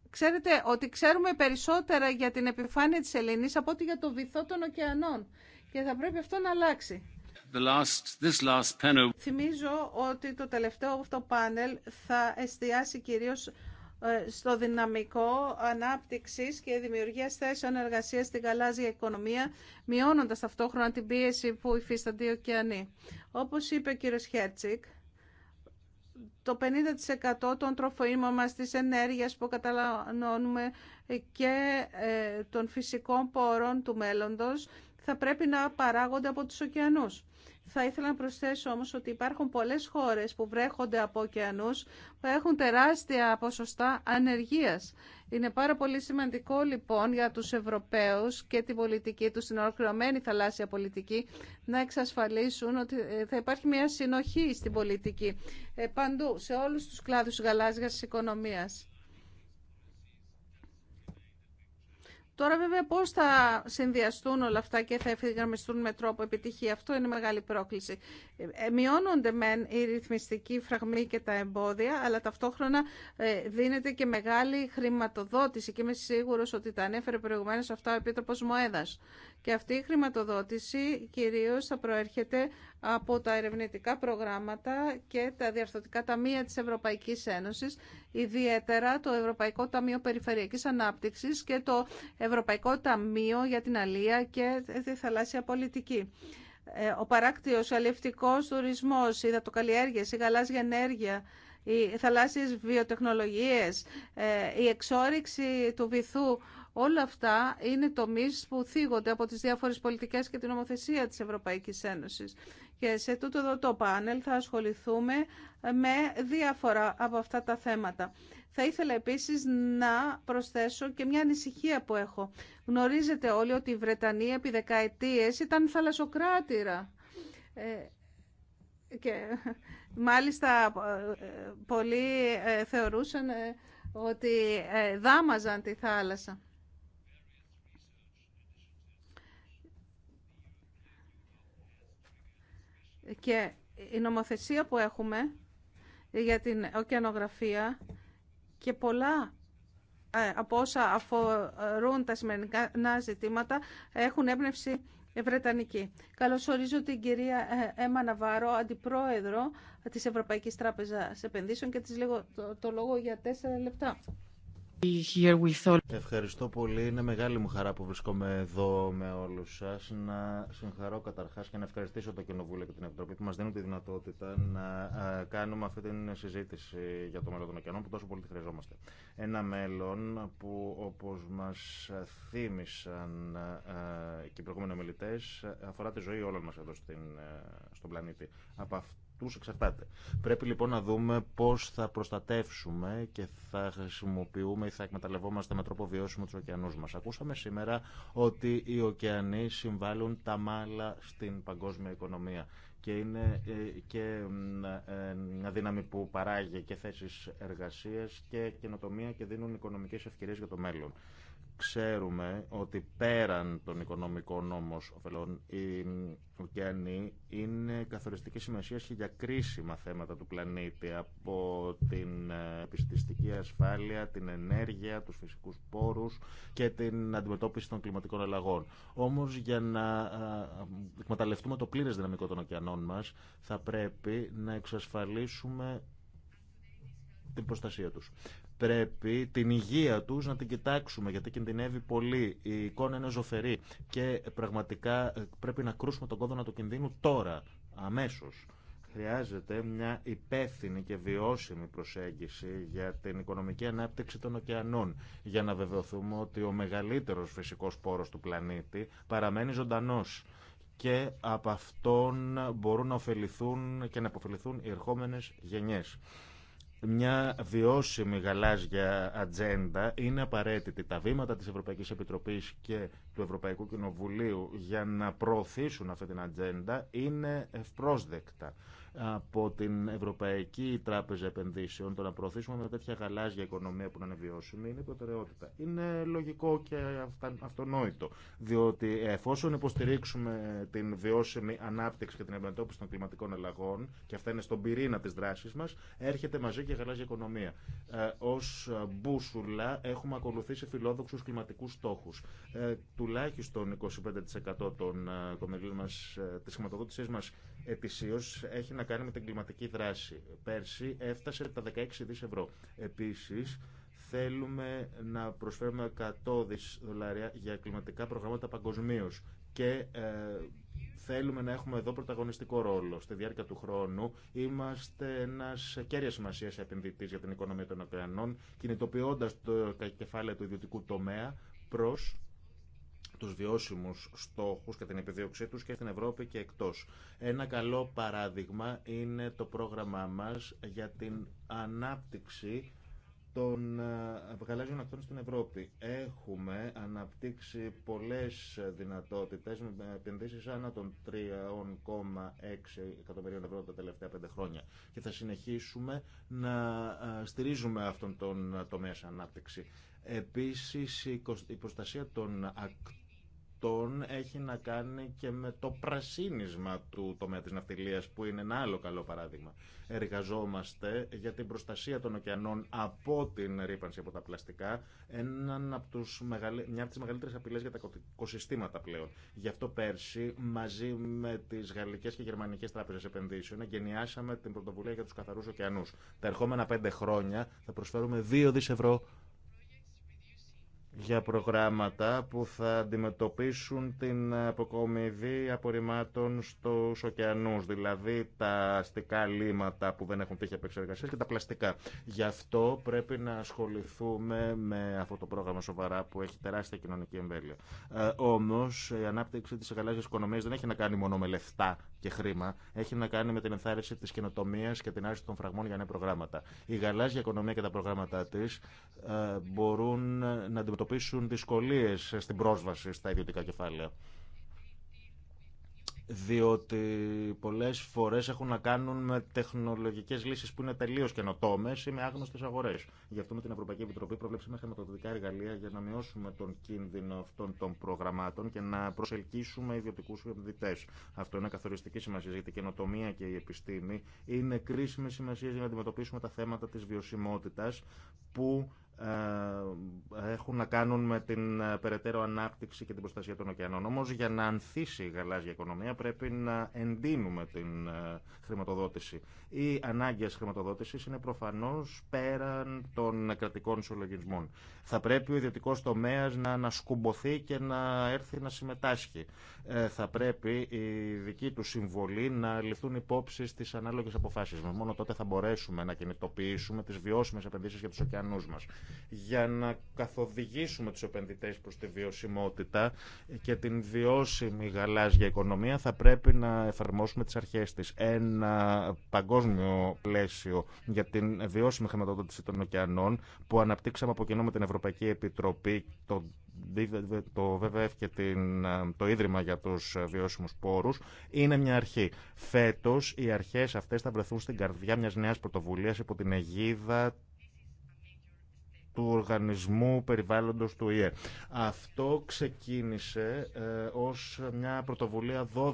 Ξέρετε ότι ξέρουμε περισσότερα για την επιφάνεια της Ελληνής από ότι για το βυθό των ωκεανών και θα πρέπει αυτό να αλλάξει. Θυμίζω ότι το τελευταίο αυτό πάνελ θα εστιάσει κυρίως ε, στο δυναμικό ανάπτυξης και δημιουργίας θέσεων εργασίας στην γαλάζια οικονομία, μειώνοντας ταυτόχρονα την πίεση που υφίστανται οι ωκεανοί. Όπως είπε ο κύριος Χέρτσικ, το 50% των τροφοίμων μας, της ενέργειας που καταλαμβάνουμε και ε, των φυσικών πόρων του μέλλοντος θα πρέπει να παράγονται από τους ωκεανούς. Θα ήθελα να προσθέσω όμως ότι υπάρχουν πολλές χώρες που βρέχονται από ωκεανούς που έχουν τεράστια ποσοστά ανεργίας. Είναι πάρα πολύ σημαντικό λοιπόν για τους Ευρωπαίους και την πολιτική του την ολοκληρωμένη θαλάσσια πολιτική, να εξασφαλίσουν ότι ε, θα υπάρχει μια συνοχή στην πολιτική ε, παντού, σε όλους τους κλάδους γαλάζιας οικονομίας. Τώρα βέβαια πώς θα συνδυαστούν όλα αυτά και θα ευθυγραμμιστούν με τρόπο επιτυχία. Αυτό είναι μεγάλη πρόκληση. Ε, ε, μειώνονται μεν οι ρυθμιστικοί φραγμοί και τα εμπόδια, αλλά ταυτόχρονα ε, δίνεται και μεγάλη χρηματοδότηση και είμαι σίγουρος ότι τα ανέφερε προηγουμένως αυτά ο Επίτροπος Μοέδας. Και αυτή η χρηματοδότηση κυρίως θα προέρχεται από τα ερευνητικά προγράμματα και τα διαρθωτικά ταμεία της Ευρωπαϊκής Ένωσης, ιδιαίτερα το Ευρωπαϊκό Ταμείο Περιφερειακής Ανάπτυξης και το Ευρωπαϊκό Ταμείο για την Αλία και τη Θαλάσσια Πολιτική. Ε, ο παράκτιος, ο αλευτικός τουρισμός, οι δατοκαλλιέργεια, η γαλάζια ενέργεια, οι θαλάσσιες βιοτεχνολογίες, ε, η εξόριξη του βυθού Όλα αυτά είναι τομεί που θίγονται από τις διάφορες πολιτικές και την νομοθεσία της Ευρωπαϊκής Ένωση. Και σε τούτο εδώ το πάνελ θα ασχοληθούμε με διάφορα από αυτά τα θέματα. Θα ήθελα επίσης να προσθέσω και μια ανησυχία που έχω. Γνωρίζετε όλοι ότι η Βρετανία επί δεκαετίες ήταν θαλασσοκράτηρα. Ε, και μάλιστα ε, πολλοί ε, θεωρούσαν ότι δάμαζαν τη θάλασσα. Και η νομοθεσία που έχουμε για την ωκεανογραφία και πολλά ε, από όσα αφορούν τα σημερινά ζητήματα έχουν έμπνευση βρετανική. Καλωσορίζω την κυρία ε, Έμα Ναβάρο, αντιπρόεδρο της Ευρωπαϊκής Τράπεζας Επενδύσεων και της λέγω το λόγο για τέσσερα λεπτά. Ευχαριστώ πολύ. Είναι μεγάλη μου χαρά που βρισκόμαι εδώ με όλους σας. Να συγχαρώ καταρχάς και να ευχαριστήσω το Κοινοβούλιο και την Επιτροπή που μας δίνουν τη δυνατότητα να κάνουμε αυτή την συζήτηση για το μέλλον των ωκεανών που τόσο πολύ τη χρειαζόμαστε. Ένα μέλλον που όπως μας θύμισαν και οι προηγούμενοι μιλητές αφορά τη ζωή όλων μας εδώ στον πλανήτη τους εξαρτάται. Πρέπει λοιπόν να δούμε πώς θα προστατεύσουμε και θα χρησιμοποιούμε ή θα εκμεταλλευόμαστε με τρόπο βιώσιμο του ωκεανού μα. Ακούσαμε σήμερα ότι οι ωκεανοί συμβάλλουν τα μάλα στην παγκόσμια οικονομία και είναι ε, και ε, μια δύναμη που παράγει και θέσεις εργασία και καινοτομία και δίνουν οικονομικέ ευκαιρίε για το μέλλον. Ξέρουμε ότι πέραν των οικονομικών νόμος ωφελών, οι ωκεανοί είναι καθοριστική σημασία και για κρίσιμα θέματα του πλανήτη, από την ε, επιστηστική ασφάλεια, την ενέργεια, τους φυσικούς πόρους και την αντιμετώπιση των κλιματικών αλλαγών. Όμως για να ε, εκμεταλλευτούμε το πλήρες δυναμικό των ωκεανών μας, θα πρέπει να εξασφαλίσουμε την προστασία τους πρέπει την υγεία τους να την κοιτάξουμε γιατί κινδυνεύει πολύ. Η εικόνα είναι ζωφερή και πραγματικά ε, πρέπει να κρούσουμε τον κόδωνα του κινδύνου τώρα, αμέσως. Χρειάζεται μια υπεύθυνη και βιώσιμη προσέγγιση για την οικονομική ανάπτυξη των ωκεανών, για να βεβαιωθούμε ότι ο μεγαλύτερος φυσικός πόρος του πλανήτη παραμένει ζωντανός και από αυτόν μπορούν να ωφεληθούν και να αποφεληθούν οι ερχόμενες γενιές μια βιώσιμη γαλάζια ατζέντα είναι απαραίτητη. Τα βήματα της Ευρωπαϊκής Επιτροπής και του Ευρωπαϊκού Κοινοβουλίου για να προωθήσουν αυτή την ατζέντα είναι ευπρόσδεκτα από την Ευρωπαϊκή Τράπεζα Επενδύσεων, το να προωθήσουμε μια τέτοια γαλάζια οικονομία που να είναι βιώσιμη, είναι προτεραιότητα. Είναι λογικό και αυτονόητο, διότι εφόσον υποστηρίξουμε την βιώσιμη ανάπτυξη και την αντιμετώπιση των κλιματικών αλλαγών, και αυτά είναι στον πυρήνα τη δράση μα, έρχεται μαζί και η γαλάζια οικονομία. Ε, Ω μπούσουλα έχουμε ακολουθήσει φιλόδοξου κλιματικού στόχου. Ε, τουλάχιστον 25% των ε, κομμελίων μα, ε, τη χρηματοδότησή μα Επίσης, έχει να κάνει με την κλιματική δράση. Πέρσι έφτασε τα 16 δις ευρώ. Επίσης, θέλουμε να προσφέρουμε 100 δις δολάρια για κλιματικά προγράμματα παγκοσμίω και ε, θέλουμε να έχουμε εδώ πρωταγωνιστικό ρόλο. Στη διάρκεια του χρόνου είμαστε ένα κέρια σημασία επενδυτή για την οικονομία των ωκεανών, κινητοποιώντα το κεφάλαιο του ιδιωτικού τομέα προ τους βιώσιμους στόχους και την επιδίωξή τους και στην Ευρώπη και εκτός. Ένα καλό παράδειγμα είναι το πρόγραμμά μας για την ανάπτυξη των ε, γαλάζιων ακτών στην Ευρώπη. Έχουμε αναπτύξει πολλές δυνατότητες με επενδύσεις άνω των 3,6 εκατομμυρίων ευρώ τα τελευταία πέντε χρόνια και θα συνεχίσουμε να ε, στηρίζουμε αυτόν τον τομέα ανάπτυξη. Επίσης η προστασία των ακτών αυτών έχει να κάνει και με το πρασίνισμα του τομέα της ναυτιλίας που είναι ένα άλλο καλό παράδειγμα. Εργαζόμαστε για την προστασία των ωκεανών από την ρήπανση από τα πλαστικά έναν από τους μια από τις μεγαλύτερες απειλές για τα οικοσυστήματα πλέον. Γι' αυτό πέρσι μαζί με τις γαλλικές και γερμανικές τράπεζες επενδύσεων εγκαινιάσαμε την πρωτοβουλία για τους καθαρούς ωκεανούς. Τα ερχόμενα πέντε χρόνια θα προσφέρουμε 2 δις ευρώ για προγράμματα που θα αντιμετωπίσουν την αποκομιδή απορριμμάτων στους ωκεανούς, δηλαδή τα αστικά λίματα που δεν έχουν τύχη επεξεργασία και τα πλαστικά. Γι' αυτό πρέπει να ασχοληθούμε με αυτό το πρόγραμμα σοβαρά που έχει τεράστια κοινωνική εμβέλεια. Ε, όμως η ανάπτυξη της γαλάζιας οικονομίας δεν έχει να κάνει μόνο με λεφτά και χρήμα, έχει να κάνει με την ενθάρρυνση της καινοτομία και την άρση των φραγμών για νέα προγράμματα. Η γαλάζια οικονομία και τα προγράμματά τη ε, μπορούν να αντιμετωπίσουν αντιμετωπίσουν δυσκολίες στην πρόσβαση στα ιδιωτικά κεφάλαια διότι πολλές φορές έχουν να κάνουν με τεχνολογικές λύσεις που είναι τελείω καινοτόμε ή με άγνωστες αγορές. Γι' αυτό με την Ευρωπαϊκή Επιτροπή προβλέψαμε χρηματοδοτικά εργαλεία για να μειώσουμε τον κίνδυνο αυτών των προγραμμάτων και να προσελκύσουμε ιδιωτικού επενδυτές. Αυτό είναι καθοριστική σημασία γιατί η καινοτομία και η επιστήμη είναι κρίσιμη σημασία για να αντιμετωπίσουμε τα θέματα της βιωσιμότητα. που ε, έχουν να κάνουν με την ε, περαιτέρω ανάπτυξη και την προστασία των ωκεανών. Όμω για να ανθίσει η γαλάζια οικονομία πρέπει να εντείνουμε την ε, χρηματοδότηση. Οι ανάγκε χρηματοδότηση είναι προφανώ πέραν των κρατικών συλλογισμών. Θα πρέπει ο ιδιωτικό τομέα να ανασκουμποθεί και να έρθει να συμμετάσχει. Θα πρέπει η δική του συμβολή να ληφθούν υπόψη στι ανάλογε αποφάσει μα. Μόνο τότε θα μπορέσουμε να κινητοποιήσουμε τι βιώσιμε επενδύσει για του ωκεανού μα για να καθοδηγήσουμε τους επενδυτές προς τη βιωσιμότητα και την βιώσιμη γαλάζια οικονομία θα πρέπει να εφαρμόσουμε τις αρχές της. Ένα παγκόσμιο πλαίσιο για την βιώσιμη χρηματοδότηση των ωκεανών που αναπτύξαμε από κοινό με την Ευρωπαϊκή Επιτροπή το το ΒΒΕΦ και την, το Ίδρυμα για τους βιώσιμους πόρους είναι μια αρχή. Φέτος οι αρχές αυτές θα βρεθούν στην καρδιά μιας νέας πρωτοβουλίας υπό την αιγίδα του Οργανισμού Περιβάλλοντος του ΙΕ. Αυτό ξεκίνησε ε, ως μια πρωτοβουλία 12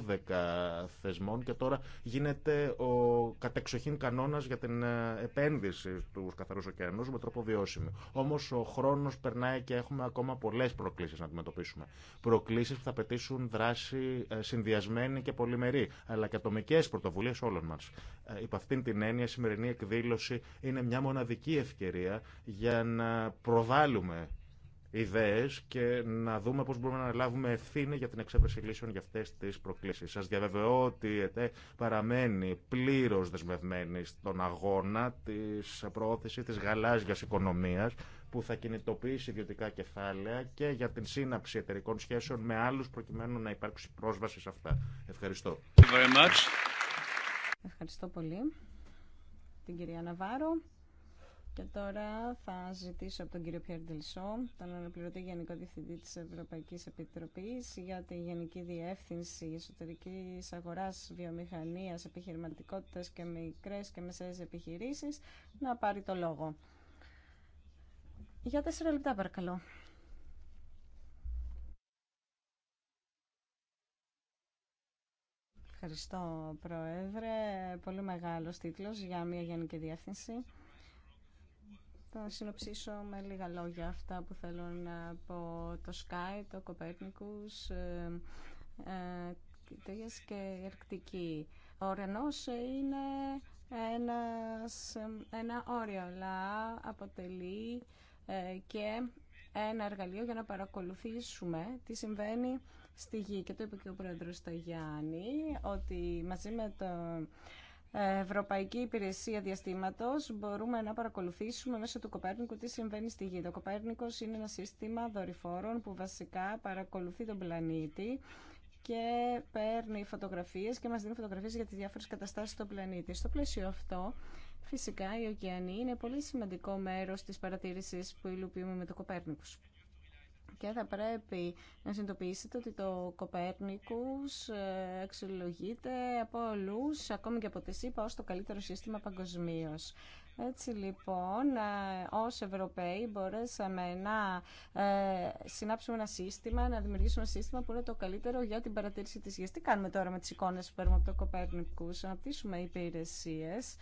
θεσμών και τώρα γίνεται ο κατεξοχήν κανόνας για την ε, επένδυση στους καθαρούς ωκεανούς με τρόπο βιώσιμο. Όμως ο χρόνος περνάει και έχουμε ακόμα πολλές προκλήσεις να αντιμετωπίσουμε. Προκλήσεις που θα απαιτήσουν δράση ε, συνδυασμένη και πολυμερή, αλλά και ατομικέ πρωτοβουλίες όλων μας. Υπ' αυτήν την έννοια, η σημερινή εκδήλωση είναι μια μοναδική ευκαιρία για να να προβάλλουμε ιδέε και να δούμε πώς μπορούμε να λάβουμε ευθύνη για την εξέβρεση λύσεων για αυτές τις προκλήσεις. Σας διαβεβαιώ ότι η ΕΤΕ παραμένει πλήρω δεσμευμένη στον αγώνα της προώθησης της γαλάζιας οικονομίας που θα κινητοποιήσει ιδιωτικά κεφάλαια και για την σύναψη εταιρικών σχέσεων με άλλους προκειμένου να υπάρξει πρόσβαση σε αυτά. Ευχαριστώ. Ευχαριστώ πολύ την κυρία Ναβάρο. Και τώρα θα ζητήσω από τον κύριο Πιέρ Ντελσό, τον αναπληρωτή Γενικό Διευθυντή της Ευρωπαϊκής Επιτροπής για τη Γενική Διεύθυνση Εσωτερικής Αγοράς, Βιομηχανίας, Επιχειρηματικότητας και Μικρές και Μεσαίες Επιχειρήσεις να πάρει το λόγο. Για τέσσερα λεπτά παρακαλώ. Ευχαριστώ, Πρόεδρε. Πολύ μεγάλος τίτλος για μια γενική διεύθυνση. Θα συνοψίσω με λίγα λόγια αυτά που θέλω να πω το Sky, το Copernicus, ε, ε, και η Αρκτική. Ο είναι ένας, ένα όριο, αλλά αποτελεί ε, και ένα εργαλείο για να παρακολουθήσουμε τι συμβαίνει στη γη. Και το είπε και ο πρόεδρος Σταγιάννη, ότι μαζί με το Ευρωπαϊκή Υπηρεσία Διαστήματος μπορούμε να παρακολουθήσουμε μέσω του Κοπέρνικου τι συμβαίνει στη Γη. Το Κοπέρνικος είναι ένα σύστημα δορυφόρων που βασικά παρακολουθεί τον πλανήτη και παίρνει φωτογραφίες και μας δίνει φωτογραφίες για τις διάφορες καταστάσεις του πλανήτη. Στο πλαίσιο αυτό, φυσικά, οι ωκεανοί είναι πολύ σημαντικό μέρος της παρατήρησης που υλοποιούμε με το Κοπέρνικος και θα πρέπει να συνειδητοποιήσετε ότι το Κοπέρνικους ε, αξιολογείται από όλου, ακόμη και από τη ΣΥΠΑ, ως το καλύτερο σύστημα παγκοσμίω. Έτσι λοιπόν, ε, ως Ευρωπαίοι μπορέσαμε να ε, συνάψουμε ένα σύστημα, να δημιουργήσουμε ένα σύστημα που είναι το καλύτερο για την παρατήρηση της γης. Τι κάνουμε τώρα με τις εικόνες που παίρνουμε από το Κοπέρνικους, αναπτύσσουμε υπηρεσίες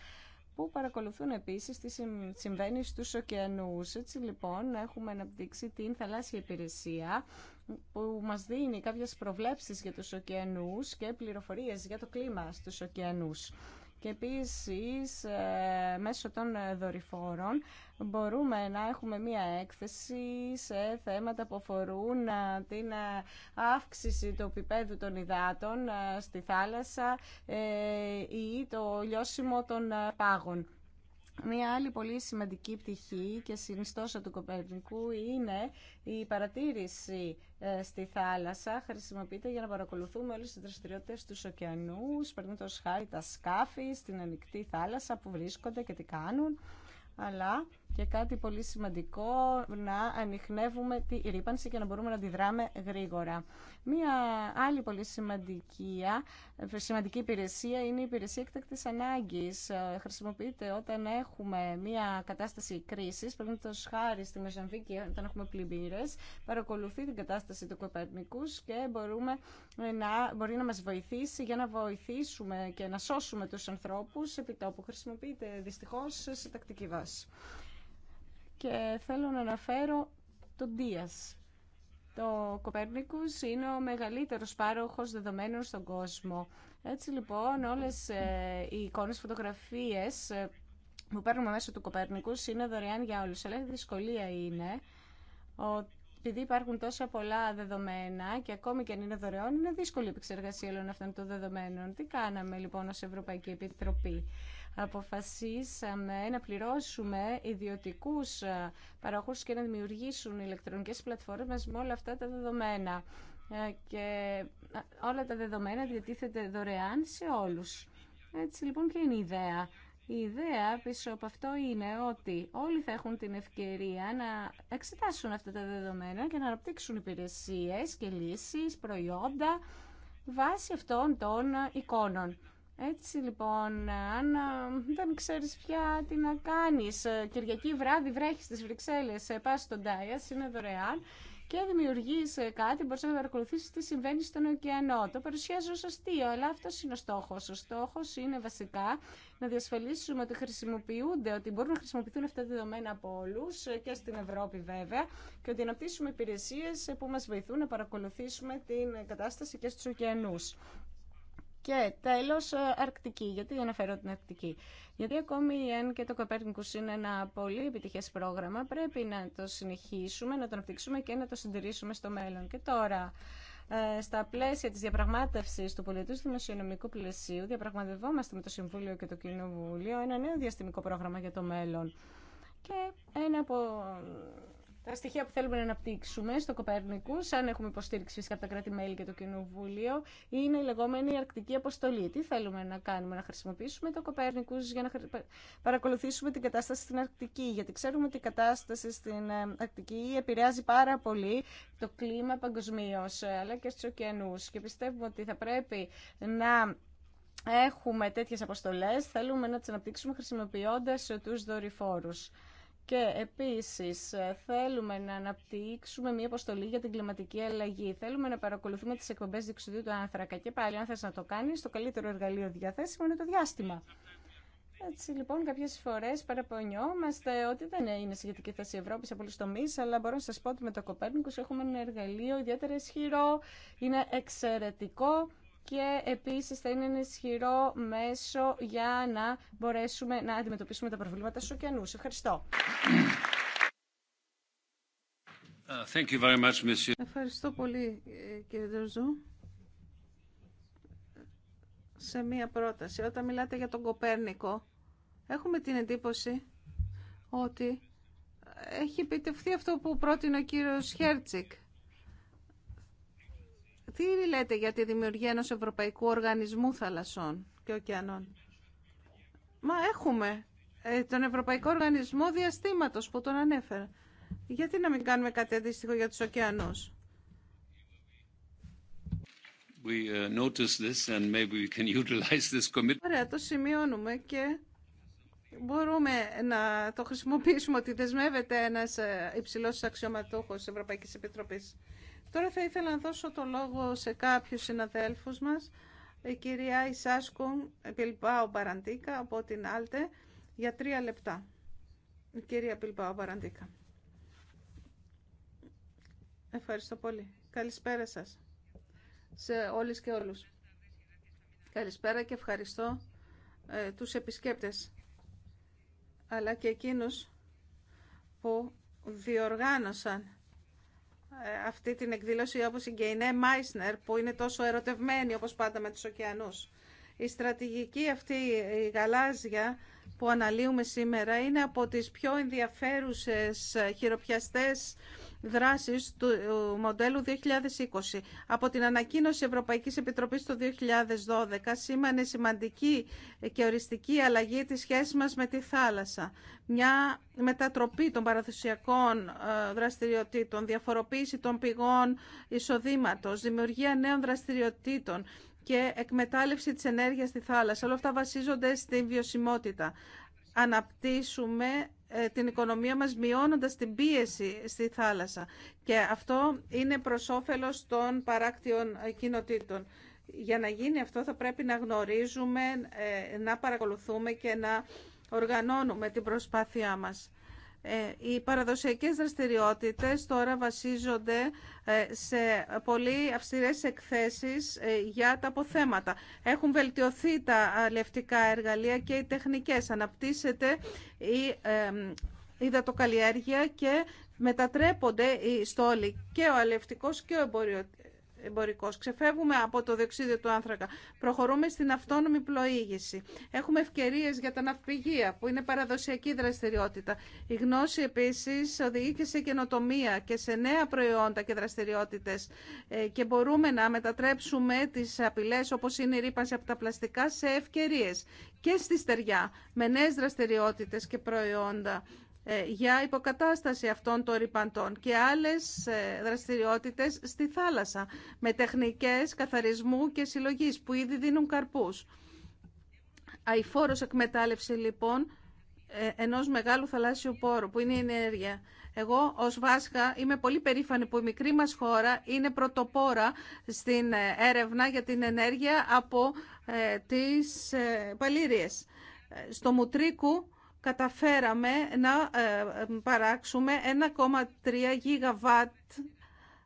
που παρακολουθούν επίσης τι συμβαίνει στους ωκεανούς. Έτσι λοιπόν έχουμε αναπτύξει την θαλάσσια υπηρεσία που μας δίνει κάποιες προβλέψεις για τους ωκεανούς και πληροφορίες για το κλίμα στους ωκεανούς. Και επίσης ε, μέσω των δορυφόρων μπορούμε να έχουμε μία έκθεση σε θέματα που αφορούν ε, την ε, αύξηση του επίπεδου των υδάτων στη θάλασσα ή το λιώσιμο των πάγων. Μία άλλη πολύ σημαντική πτυχή και συνιστόσα του Κοπέρνικου είναι η παρατήρηση ε, στη θάλασσα. Χρησιμοποιείται για να παρακολουθούμε όλες τις δραστηριότητε του ωκεανού, παραδείγματο χάρη τα σκάφη στην ανοιχτή θάλασσα που βρίσκονται και τι κάνουν. Αλλά και κάτι πολύ σημαντικό να ανοιχνεύουμε τη ρήπανση και να μπορούμε να αντιδράμε γρήγορα. Μία άλλη πολύ σημαντική, σημαντική υπηρεσία είναι η υπηρεσία εκτακτη αναγκη ε, Χρησιμοποιείται όταν έχουμε μία κατάσταση κριση πρέπει χάρη στη Μεζανβίκη όταν έχουμε πλημμύρε, παρακολουθεί την κατάσταση του Κοπέρνικους και μπορούμε να, μπορεί να μα βοηθήσει για να βοηθήσουμε και να σώσουμε του ανθρώπου επί τόπου. Χρησιμοποιείται δυστυχώ σε τακτική βάση και θέλω να αναφέρω τον Δίας. Το Κοπέρνικους είναι ο μεγαλύτερος πάροχος δεδομένων στον κόσμο. Έτσι λοιπόν όλες ε, οι εικόνες, φωτογραφίες ε, που παίρνουμε μέσω του Κοπέρνικους είναι δωρεάν για όλους. Αλλά η δυσκολία είναι ότι επειδή υπάρχουν τόσα πολλά δεδομένα και ακόμη και αν είναι δωρεάν, είναι δύσκολη η επεξεργασία όλων αυτών των δεδομένων. Τι κάναμε λοιπόν ως Ευρωπαϊκή Επιτροπή αποφασίσαμε να πληρώσουμε ιδιωτικούς ε, παραγωγούς και να δημιουργήσουν ηλεκτρονικές πλατφόρμες με όλα αυτά τα δεδομένα. Ε, και ε, όλα τα δεδομένα διατίθεται δωρεάν σε όλους. Έτσι λοιπόν και είναι η ιδέα. Η ιδέα πίσω από αυτό είναι ότι όλοι θα έχουν την ευκαιρία να εξετάσουν αυτά τα δεδομένα και να αναπτύξουν υπηρεσίες και λύσεις, προϊόντα βάσει αυτών των εικόνων. Έτσι λοιπόν, αν ε, δεν ξέρεις πια τι να κάνεις, ε, Κυριακή βράδυ βρέχει στις Βρυξέλλες, ε, πας στον Τάιας, είναι δωρεάν και δημιουργείς κάτι, μπορείς να παρακολουθήσεις τι συμβαίνει στον ωκεανό. Το παρουσιάζω ως αστείο, αλλά αυτό είναι ο στόχος. Ο στόχος είναι βασικά να διασφαλίσουμε ότι χρησιμοποιούνται, ότι μπορούν να χρησιμοποιηθούν αυτά τα δεδομένα από όλου και στην Ευρώπη βέβαια και ότι αναπτύσσουμε υπηρεσίες που μας βοηθούν να παρακολουθήσουμε την κατάσταση και στους ωκεανούς. Και τέλο ε, Αρκτική. Γιατί αναφέρω την Αρκτική. Γιατί ακόμη η ΕΝ και το Κοπέρνικους είναι ένα πολύ επιτυχές πρόγραμμα. Πρέπει να το συνεχίσουμε, να το αναπτύξουμε και να το συντηρήσουμε στο μέλλον. Και τώρα, ε, στα πλαίσια της διαπραγμάτευσης του πολιτικού δημοσιονομικού πλαισίου, διαπραγματευόμαστε με το Συμβούλιο και το Κοινοβούλιο ένα νέο διαστημικό πρόγραμμα για το μέλλον. Και ένα από τα στοιχεία που θέλουμε να αναπτύξουμε στο Κοπέρνικου, αν έχουμε υποστήριξη φυσικά από τα κράτη-μέλη και το Κοινοβούλιο, είναι η λεγόμενη Αρκτική Αποστολή. Τι θέλουμε να κάνουμε, να χρησιμοποιήσουμε το Κοπέρνικου για να παρακολουθήσουμε την κατάσταση στην Αρκτική. Γιατί ξέρουμε ότι η κατάσταση στην ε, Αρκτική επηρεάζει πάρα πολύ το κλίμα παγκοσμίω, ε, αλλά και στου ωκεανού. Και πιστεύουμε ότι θα πρέπει να έχουμε τέτοιε αποστολέ. Θέλουμε να τι αναπτύξουμε χρησιμοποιώντα του δορυφόρου. Και επίσης ε, θέλουμε να αναπτύξουμε μια αποστολή για την κλιματική αλλαγή. Θέλουμε να παρακολουθούμε τις εκπομπές διοξειδίου του άνθρακα. Και πάλι αν θες να το κάνεις, το καλύτερο εργαλείο διαθέσιμο είναι το διάστημα. Έτσι λοιπόν, κάποιε φορέ παραπονιόμαστε ότι δεν είναι σε ηγετική θέση Ευρώπη σε πολλού τομεί, αλλά μπορώ να σα πω ότι με το Κοπέρνικο έχουμε ένα εργαλείο ιδιαίτερα ισχυρό. Είναι εξαιρετικό και επίσης θα είναι ένα ισχυρό μέσο για να μπορέσουμε να αντιμετωπίσουμε τα προβλήματα στους ωκεανούς. Ευχαριστώ. Uh, Ευχαριστώ πολύ, ε, κύριε Δερζού. Σε μία πρόταση, όταν μιλάτε για τον Κοπέρνικο, έχουμε την εντύπωση ότι έχει επιτευχθεί αυτό που πρότεινε ο κύριος Χέρτσικ. Τι λέτε για τη δημιουργία ενός Ευρωπαϊκού Οργανισμού Θαλασσών και Οκεανών. Μα έχουμε ε, τον Ευρωπαϊκό Οργανισμό Διαστήματος που τον ανέφερα. Γιατί να μην κάνουμε κάτι αντίστοιχο για τους ωκεανούς. We uh, this and maybe we can this Ωραία, το σημειώνουμε και μπορούμε να το χρησιμοποιήσουμε ότι δεσμεύεται ένας ε, υψηλός αξιωματούχος Ευρωπαϊκής Επιτροπής. Τώρα θα ήθελα να δώσω το λόγο σε κάποιους συναδέλφους μας, η κυρία Ισάσκου Πιλπάου Μπαραντίκα από την Άλτε, για τρία λεπτά. Η κυρία Πιλπάου Μπαραντίκα. Ευχαριστώ πολύ. Καλησπέρα σας σε όλες και όλους. Καλησπέρα και ευχαριστώ ε, τους επισκέπτες, αλλά και εκείνους που διοργάνωσαν αυτή την εκδήλωση όπως η Γκέινέ Μάισνερ που είναι τόσο ερωτευμένη όπως πάντα με τους ωκεανούς. Η στρατηγική αυτή η γαλάζια που αναλύουμε σήμερα είναι από τις πιο ενδιαφέρουσες χειροπιαστές δράσεις του μοντέλου 2020. Από την ανακοίνωση Ευρωπαϊκής Επιτροπής το 2012 σήμανε σημαντική και οριστική αλλαγή της σχέσης μας με τη θάλασσα. Μια μετατροπή των παραδοσιακών ε, δραστηριοτήτων, διαφοροποίηση των πηγών εισοδήματος, δημιουργία νέων δραστηριοτήτων, και εκμετάλλευση της ενέργειας στη θάλασσα. Όλα αυτά βασίζονται στην βιωσιμότητα. Αναπτύσσουμε ε, την οικονομία μας μειώνοντας την πίεση στη θάλασσα. Και αυτό είναι προς όφελος των παράκτιων ε, κοινοτήτων. Για να γίνει αυτό θα πρέπει να γνωρίζουμε, ε, να παρακολουθούμε και να οργανώνουμε την προσπάθειά μας. Ε, οι παραδοσιακές δραστηριότητες τώρα βασίζονται ε, σε πολύ αυστηρές εκθέσεις ε, για τα αποθέματα. Έχουν βελτιωθεί τα αλευτικά εργαλεία και οι τεχνικές. Αναπτύσσεται η υδατοκαλλιέργεια και μετατρέπονται οι στόλοι και ο αλευτικός και ο Ξεφεύγουμε από το διοξίδιο του άνθρακα. Προχωρούμε στην αυτόνομη πλοήγηση. Έχουμε ευκαιρίε για τα ναυπηγεία που είναι παραδοσιακή δραστηριότητα. Η γνώση επίσης οδηγεί και σε καινοτομία και σε νέα προϊόντα και δραστηριότητες ε, και μπορούμε να μετατρέψουμε τις απειλέ, όπως είναι η ρήπανση από τα πλαστικά σε ευκαιρίε και στη στεριά με νέε δραστηριότητε και προϊόντα ε, για υποκατάσταση αυτών των ρηπαντών και άλλες ε, δραστηριότητες στη θάλασσα με τεχνικές καθαρισμού και συλλογής που ήδη δίνουν καρπούς. αιφόρος εκμετάλλευση λοιπόν ε, ενός μεγάλου θαλάσσιου πόρου που είναι η ενέργεια. Εγώ ως Βάσχα είμαι πολύ περήφανη που η μικρή μας χώρα είναι πρωτοπόρα στην έρευνα για την ενέργεια από τις παλήριες. Στο Μουτρίκου καταφέραμε να ε, παράξουμε 1,3 γιγαβάτ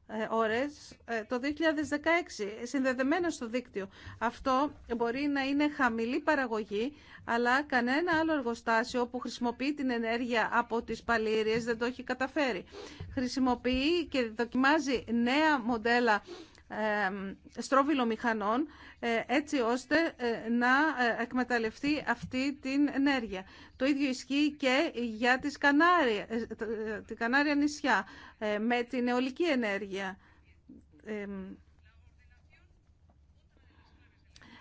ε, ώρες ε, το 2016, συνδεδεμένα στο δίκτυο. Αυτό μπορεί να είναι χαμηλή παραγωγή, αλλά κανένα άλλο εργοστάσιο που χρησιμοποιεί την ενέργεια από τις παλήριες δεν το έχει καταφέρει. Χρησιμοποιεί και δοκιμάζει νέα μοντέλα μηχανών ε, έτσι ώστε ε, να ε, εκμεταλλευτεί αυτή την ενέργεια. Το ίδιο ισχύει και για τις Κανάρια, την Κανάρια νησιά με την αιωλική ενέργεια.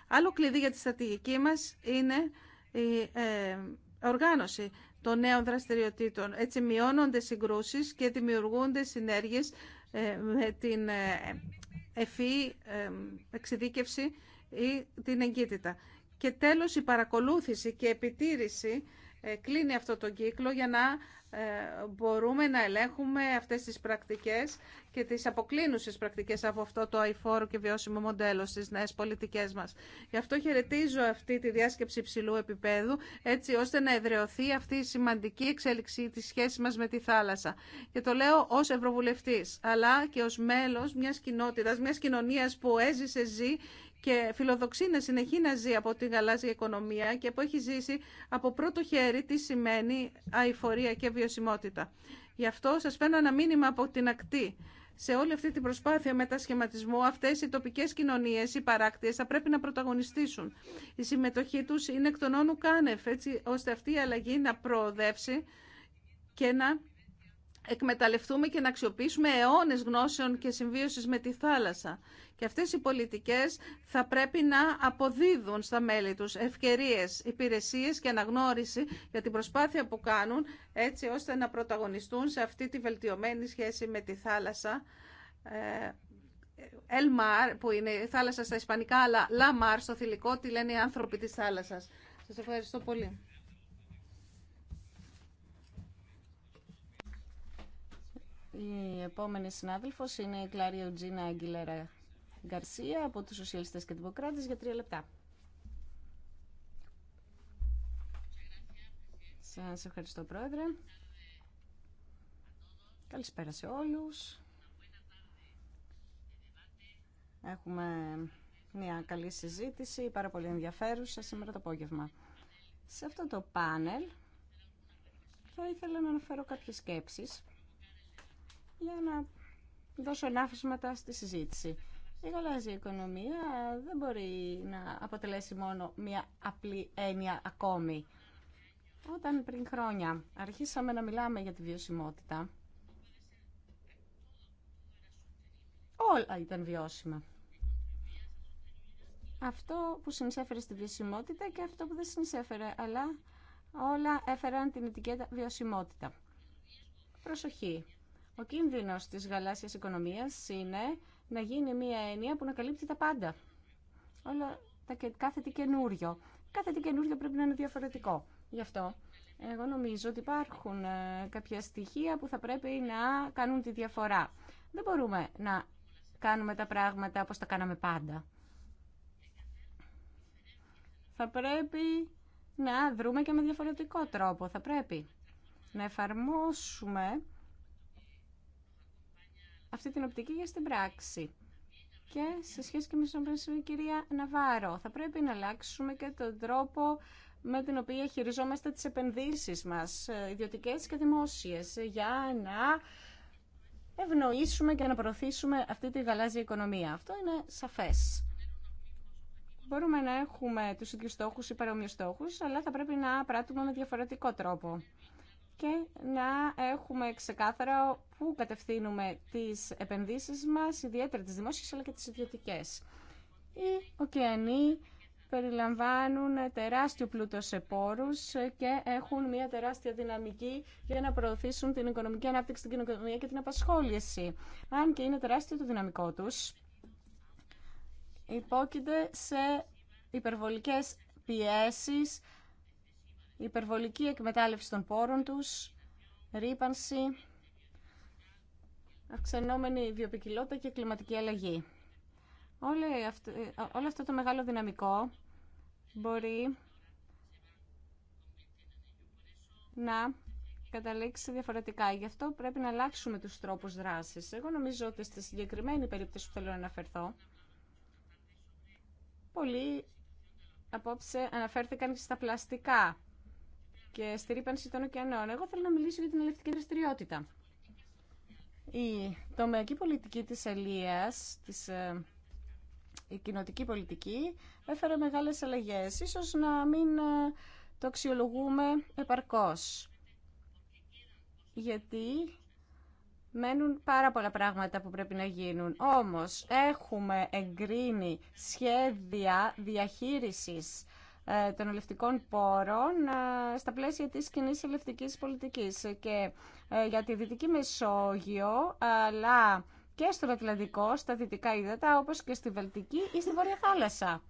Άλλο κλειδί για τη στρατηγική μας είναι η οργάνωση των νέων δραστηριοτήτων. Έτσι μειώνονται συγκρούσεις και δημιουργούνται συνέργειες με την ευφυή εξειδίκευση ή την εγκύτητα. Και τέλος η παρακολούθηση και επιτήρηση ε, κλείνει αυτό το κύκλο για να ε, μπορούμε να ελέγχουμε αυτές τις πρακτικές και τις αποκλίνουσες πρακτικές από αυτό το αηφόρο και βιώσιμο μοντέλο στις νέες πολιτικές μας. Γι' αυτό χαιρετίζω αυτή τη διάσκεψη υψηλού επίπεδου, έτσι ώστε να εδρεωθεί αυτή η σημαντική εξέλιξη της σχέσης μας με τη θάλασσα. Και το λέω ως Ευρωβουλευτής, αλλά και ως μέλος μιας κοινότητας, μιας κοινωνίας που έζησε, ζει και φιλοδοξεί να συνεχεί να ζει από τη γαλάζια οικονομία και που έχει ζήσει από πρώτο χέρι τι σημαίνει αηφορία και βιωσιμότητα. Γι' αυτό σας φέρνω ένα μήνυμα από την ακτή. Σε όλη αυτή την προσπάθεια μετασχηματισμού, αυτέ οι τοπικέ κοινωνίε, οι παρακτηε θα πρέπει να πρωταγωνιστήσουν. Η συμμετοχή του είναι εκ των όνου κάνευ, έτσι ώστε αυτή η αλλαγή να προοδεύσει και να εκμεταλλευτούμε και να αξιοποιήσουμε αιώνες γνώσεων και συμβίωσης με τη θάλασσα. Και αυτές οι πολιτικές θα πρέπει να αποδίδουν στα μέλη τους ευκαιρίες, υπηρεσίες και αναγνώριση για την προσπάθεια που κάνουν έτσι ώστε να πρωταγωνιστούν σε αυτή τη βελτιωμένη σχέση με τη θάλασσα. Ελμαρ, που είναι η θάλασσα στα ισπανικά, αλλά Λαμάρ στο θηλυκό τη λένε οι άνθρωποι της θάλασσας. Σας ευχαριστώ πολύ. Η επόμενη συνάδελφος είναι η Κλάρια Ουτζίνα Αγγιλέρα Γκαρσία από τους Σοσιαλιστές και δημοκράτε για τρία λεπτά. Σα ευχαριστώ Πρόεδρε. Καλησπέρα σε όλους. Έχουμε μια καλή συζήτηση, πάρα πολύ ενδιαφέρουσα σήμερα το απόγευμα. Σε αυτό το πάνελ θα ήθελα να αναφέρω κάποιες σκέψεις για να δώσω ενάφησματα στη συζήτηση. Η γαλάζια οικονομία δεν μπορεί να αποτελέσει μόνο μια απλή έννοια ακόμη. Όταν πριν χρόνια αρχίσαμε να μιλάμε για τη βιωσιμότητα, όλα ήταν βιώσιμα. Αυτό που συνεισέφερε στη βιωσιμότητα και αυτό που δεν συνεισέφερε, αλλά όλα έφεραν την ετικέτα βιωσιμότητα. Προσοχή. Ο κίνδυνο της γαλάσιας οικονομίας είναι να γίνει μια έννοια που να καλύπτει τα πάντα. Όλα τα κάθε τι καινούριο. Κάθε τι καινούριο πρέπει να είναι διαφορετικό. Γι' αυτό εγώ νομίζω ότι υπάρχουν ε, κάποια στοιχεία που θα πρέπει να κάνουν τη διαφορά. Δεν μπορούμε να κάνουμε τα πράγματα όπως τα κάναμε πάντα. Θα πρέπει να δρούμε και με διαφορετικό τρόπο. Θα πρέπει να εφαρμόσουμε αυτή την οπτική για στην πράξη. Και σε σχέση και με τον κυρία Ναβάρο, θα πρέπει να αλλάξουμε και τον τρόπο με την οποία χειριζόμαστε τις επενδύσεις μας, ε, ιδιωτικές και δημόσιες, για να ευνοήσουμε και να προωθήσουμε αυτή τη γαλάζια οικονομία. Αυτό είναι σαφές. Μπορούμε να έχουμε τους ίδιους στόχους ή παρόμοιους στόχους, αλλά θα πρέπει να πράττουμε με διαφορετικό τρόπο και να έχουμε ξεκάθαρα πού κατευθύνουμε τις επενδύσεις μας, ιδιαίτερα τις δημόσιες αλλά και τις ιδιωτικές. Οι ωκεανοί περιλαμβάνουν τεράστιο πλούτο σε πόρους και έχουν μια τεράστια δυναμική για να προωθήσουν την οικονομική ανάπτυξη, την κοινωνία και την απασχόληση. Αν και είναι τεράστιο το δυναμικό τους, υπόκειται σε υπερβολικές πιέσεις υπερβολική εκμετάλλευση των πόρων τους, ρήπανση, αυξανόμενη βιοπικιλότητα και κλιματική αλλαγή. Όλο αυτό, όλο αυτό το μεγάλο δυναμικό μπορεί να καταλήξει διαφορετικά. Γι' αυτό πρέπει να αλλάξουμε τους τρόπους δράσης. Εγώ νομίζω ότι στη συγκεκριμένη περίπτωση που θέλω να αναφερθώ, πολλοί απόψε αναφέρθηκαν και στα πλαστικά και στη ρήπανση των ωκεανών. Εγώ θέλω να μιλήσω για την ελευτική δραστηριότητα. Η τομεακή πολιτική της Ελίας, της, ε, η κοινοτική πολιτική, έφερε μεγάλες αλλαγές. Ίσως να μην ε, το αξιολογούμε επαρκώς. Γιατί μένουν πάρα πολλά πράγματα που πρέπει να γίνουν. Όμως έχουμε εγκρίνει σχέδια διαχείρισης ε, των ελευτικών πόρων ε, στα πλαίσια της κοινή ελευτικής πολιτικής και ε, για τη Δυτική Μεσόγειο αλλά και στον Ατλαντικό, στα Δυτικά ύδατα όπως και στη Βαλτική ή στη Βόρεια Θάλασσα.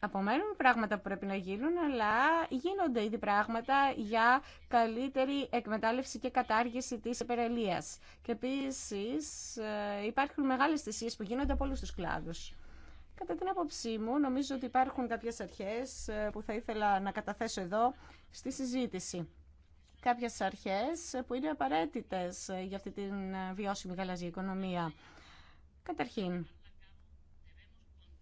Απομένουν πράγματα που πρέπει να γίνουν, αλλά γίνονται ήδη πράγματα για καλύτερη εκμετάλλευση και κατάργηση της υπερελίας. Και επίσης υπάρχουν μεγάλες θυσίες που γίνονται από όλους τους κλάδους. Κατά την άποψή μου, νομίζω ότι υπάρχουν κάποιες αρχές ε, που θα ήθελα να καταθέσω εδώ στη συζήτηση. Κάποιες αρχές ε, που είναι απαραίτητες ε, για αυτή την βιώσιμη γαλαζία οικονομία. Καταρχήν,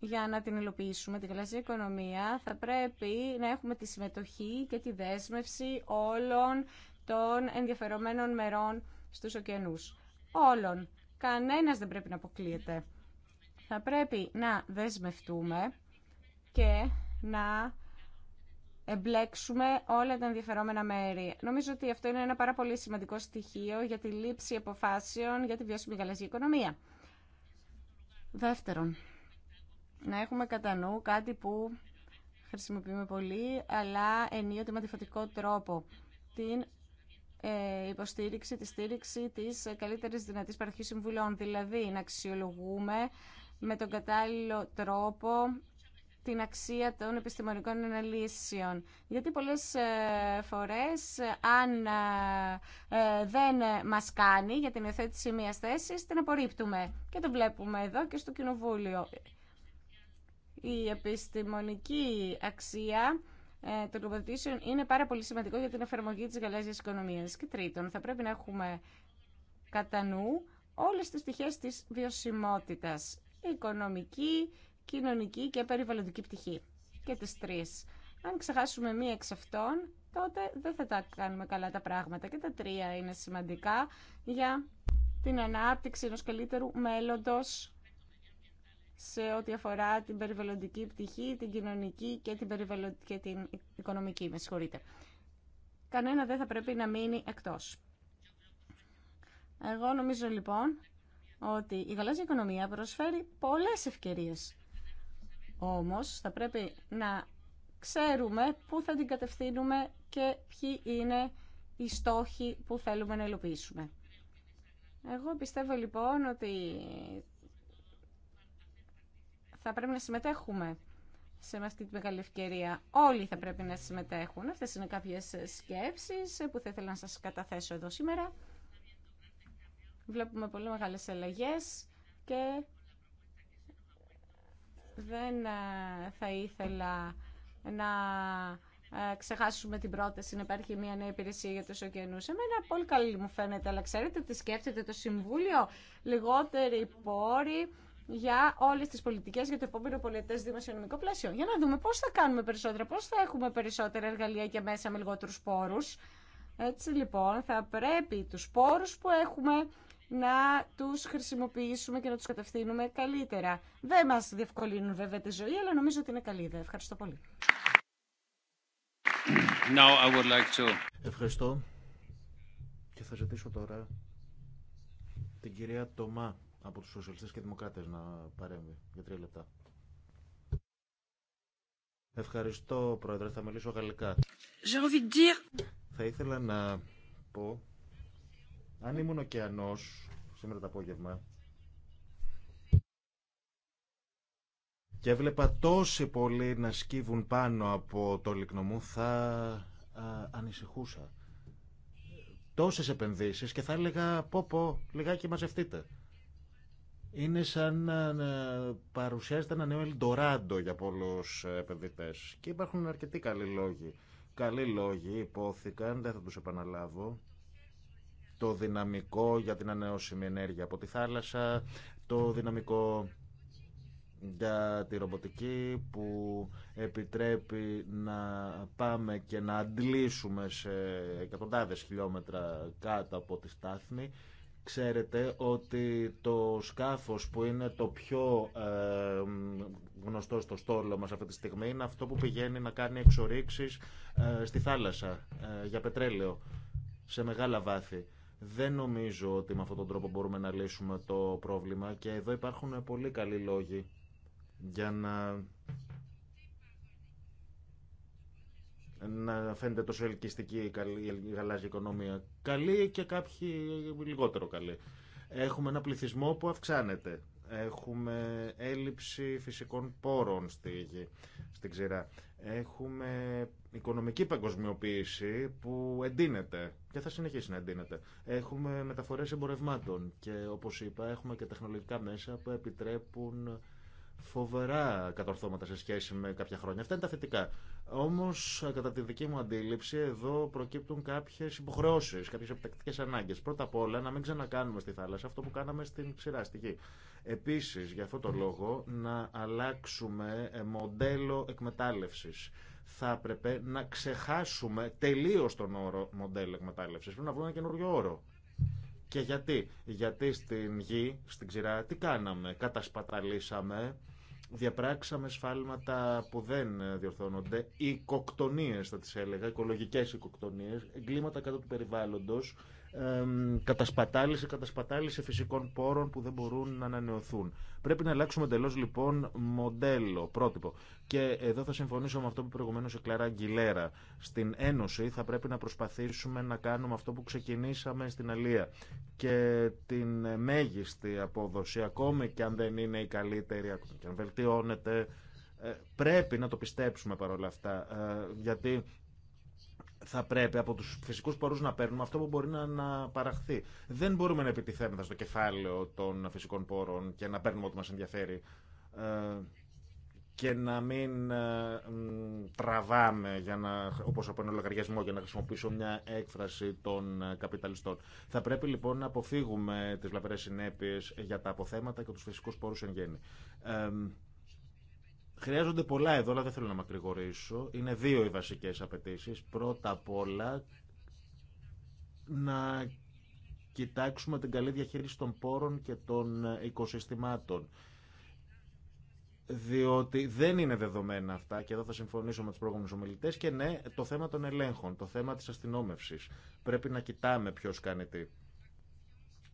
για να την υλοποιήσουμε τη γαλαζία οικονομία θα πρέπει να έχουμε τη συμμετοχή και τη δέσμευση όλων των ενδιαφερομένων μερών στους ωκεανούς. Όλων. Κανένας δεν πρέπει να αποκλείεται. Θα πρέπει να δεσμευτούμε και να εμπλέξουμε όλα τα ενδιαφερόμενα μέρη. Νομίζω ότι αυτό είναι ένα πάρα πολύ σημαντικό στοιχείο για τη λήψη αποφάσεων για τη βιώσιμη γαλαζική οικονομία. Δεύτερον, να έχουμε κατά νου κάτι που χρησιμοποιούμε πολύ, αλλά ενίοτε με αντιφατικό τρόπο. Την ε, υποστήριξη, τη στήριξη της καλύτερης δυνατής παροχής συμβουλών. Δηλαδή, να αξιολογούμε με τον κατάλληλο τρόπο την αξία των επιστημονικών αναλύσεων. Γιατί πολλές ε, φορές ε, αν ε, δεν μας κάνει για την υιοθέτηση μιας θέσης, την απορρίπτουμε. Και το βλέπουμε εδώ και στο Κοινοβούλιο. Η επιστημονική αξία των κομματήσεων είναι πάρα πολύ σημαντικό για την εφαρμογή της γαλάζιας οικονομίας. Και τρίτον, θα πρέπει να έχουμε κατά νου όλες τις στοιχείες της βιωσιμότητας οικονομική, κοινωνική και περιβαλλοντική πτυχή. Και τις τρεις. Αν ξεχάσουμε μία εξ αυτών, τότε δεν θα τα κάνουμε καλά τα πράγματα. Και τα τρία είναι σημαντικά για την ανάπτυξη ενός καλύτερου μέλλοντος σε ό,τι αφορά την περιβαλλοντική πτυχή, την κοινωνική και την, και την οικονομική. Με συγχωρείτε. Κανένα δεν θα πρέπει να μείνει εκτός. Εγώ νομίζω λοιπόν ότι η γαλάζια οικονομία προσφέρει πολλές ευκαιρίες. Όμως θα πρέπει να ξέρουμε πού θα την κατευθύνουμε και ποιοι είναι οι στόχοι που θέλουμε να υλοποιήσουμε. Εγώ πιστεύω λοιπόν ότι θα πρέπει να συμμετέχουμε σε αυτή τη μεγάλη ευκαιρία. Όλοι θα πρέπει να συμμετέχουν. Αυτές είναι κάποιες σκέψεις που θα ήθελα να σας καταθέσω εδώ σήμερα. Βλέπουμε πολύ μεγάλες αλλαγές και δεν ε, θα ήθελα να ε, ξεχάσουμε την πρόταση να υπάρχει μια νέα υπηρεσία για τους ωκεανούς. Εμένα πολύ καλή μου φαίνεται, αλλά ξέρετε τι σκέφτεται το Συμβούλιο. Λιγότεροι πόροι για όλες τις πολιτικές για το επόμενο πολιτές δημοσιονομικό πλαίσιο. Για να δούμε πώς θα κάνουμε περισσότερα, πώς θα έχουμε περισσότερα εργαλεία και μέσα με λιγότερους πόρους. Έτσι λοιπόν θα πρέπει τους πόρους που έχουμε να τους χρησιμοποιήσουμε και να τους κατευθύνουμε καλύτερα. Δεν μας διευκολύνουν βέβαια τη ζωή, αλλά νομίζω ότι είναι καλή ιδέα. Ευχαριστώ πολύ. Now I would like to... Ευχαριστώ. Και θα ζητήσω τώρα την κυρία Τομά από τους Σοσιαλιστές και Δημοκράτες να παρέμβει για τρία λεπτά. Ευχαριστώ, Πρόεδρε. Θα μιλήσω γαλλικά. Θα ήθελα να πω αν ήμουν ωκεανό σήμερα το απόγευμα και έβλεπα τόσοι πολλοί να σκύβουν πάνω από το λίκνο μου θα ανησυχούσα. Τόσες επενδύσεις και θα έλεγα πω πω λιγάκι μαζευτείτε. Είναι σαν να παρουσιάζεται ένα νέο Ελντοράντο για πολλούς επενδυτές. Και υπάρχουν αρκετοί καλοί λόγοι. Καλοί λόγοι υπόθηκαν, δεν θα τους επαναλάβω το δυναμικό για την ανανεώσιμη ενέργεια από τη θάλασσα, το δυναμικό για τη ρομποτική που επιτρέπει να πάμε και να αντλήσουμε σε εκατοντάδες χιλιόμετρα κάτω από τη στάθμη. Ξέρετε ότι το σκάφος που είναι το πιο ε, γνωστό στο στόλο μας αυτή τη στιγμή είναι αυτό που πηγαίνει να κάνει εξορίξεις ε, στη θάλασσα ε, για πετρέλαιο σε μεγάλα βάθη. Δεν νομίζω ότι με αυτόν τον τρόπο μπορούμε να λύσουμε το πρόβλημα και εδώ υπάρχουν πολύ καλοί λόγοι για να φαίνεται τόσο ελκυστική η γαλάζια οικονομία. Καλή και κάποιοι λιγότερο καλή. Έχουμε ένα πληθυσμό που αυξάνεται. Έχουμε έλλειψη φυσικών πόρων στη γη, στην ξηρά. Έχουμε οικονομική παγκοσμιοποίηση που εντείνεται και θα συνεχίσει να εντείνεται. Έχουμε μεταφορές εμπορευμάτων και όπως είπα έχουμε και τεχνολογικά μέσα που επιτρέπουν φοβερά κατορθώματα σε σχέση με κάποια χρόνια. Αυτά είναι τα θετικά. Όμως κατά τη δική μου αντίληψη εδώ προκύπτουν κάποιες υποχρεώσεις, κάποιες επιτακτικές ανάγκες. Πρώτα απ' όλα να μην ξανακάνουμε στη θάλασσα αυτό που κάναμε στην ξηρά στη γη. Επίσης για αυτό το λόγο να αλλάξουμε ε, μοντέλο εκμετάλλευση θα έπρεπε να ξεχάσουμε τελείω τον όρο μοντέλο εκμετάλλευση. Πρέπει να βρούμε ένα καινούριο όρο. Και γιατί. Γιατί στην γη, στην ξηρά, τι κάναμε. Κατασπαταλήσαμε, διαπράξαμε σφάλματα που δεν διορθώνονται, οικοκτονίες θα τις έλεγα, οικολογικές οικοκτονίες, εγκλήματα κάτω του περιβάλλοντος, κατασπατάληση, κατασπατάληση φυσικών πόρων που δεν μπορούν να ανανεωθούν. Πρέπει να αλλάξουμε εντελώ λοιπόν μοντέλο, πρότυπο. Και εδώ θα συμφωνήσω με αυτό που προηγουμένω η Κλάρα Αγγιλέρα. Στην Ένωση θα πρέπει να προσπαθήσουμε να κάνουμε αυτό που ξεκινήσαμε στην Αλία και την μέγιστη απόδοση, ακόμη και αν δεν είναι η καλύτερη, ακόμη και αν βελτιώνεται. Ε, πρέπει να το πιστέψουμε παρόλα αυτά, ε, γιατί θα πρέπει από του φυσικού πόρου να παίρνουμε αυτό που μπορεί να, να παραχθεί. Δεν μπορούμε να επιτιθέμεθα στο κεφάλαιο των φυσικών πόρων και να παίρνουμε ό,τι μα ενδιαφέρει ε, και να μην ε, τραβάμε για να, όπως από ένα λογαριασμό για να χρησιμοποιήσω μια έκφραση των ε, καπιταλιστών. Θα πρέπει λοιπόν να αποφύγουμε τις λαπερέ συνέπειες για τα αποθέματα και τους φυσικούς πόρους εν γέννη. Χρειάζονται πολλά εδώ, αλλά δεν θέλω να μακρηγορήσω. Είναι δύο οι βασικές απαιτήσει. Πρώτα απ' όλα, να κοιτάξουμε την καλή διαχείριση των πόρων και των οικοσυστημάτων. Διότι δεν είναι δεδομένα αυτά, και εδώ θα συμφωνήσω με τους προηγούμενους ομιλητές, και ναι, το θέμα των ελέγχων, το θέμα της αστυνόμευσης. Πρέπει να κοιτάμε ποιο κάνει τι.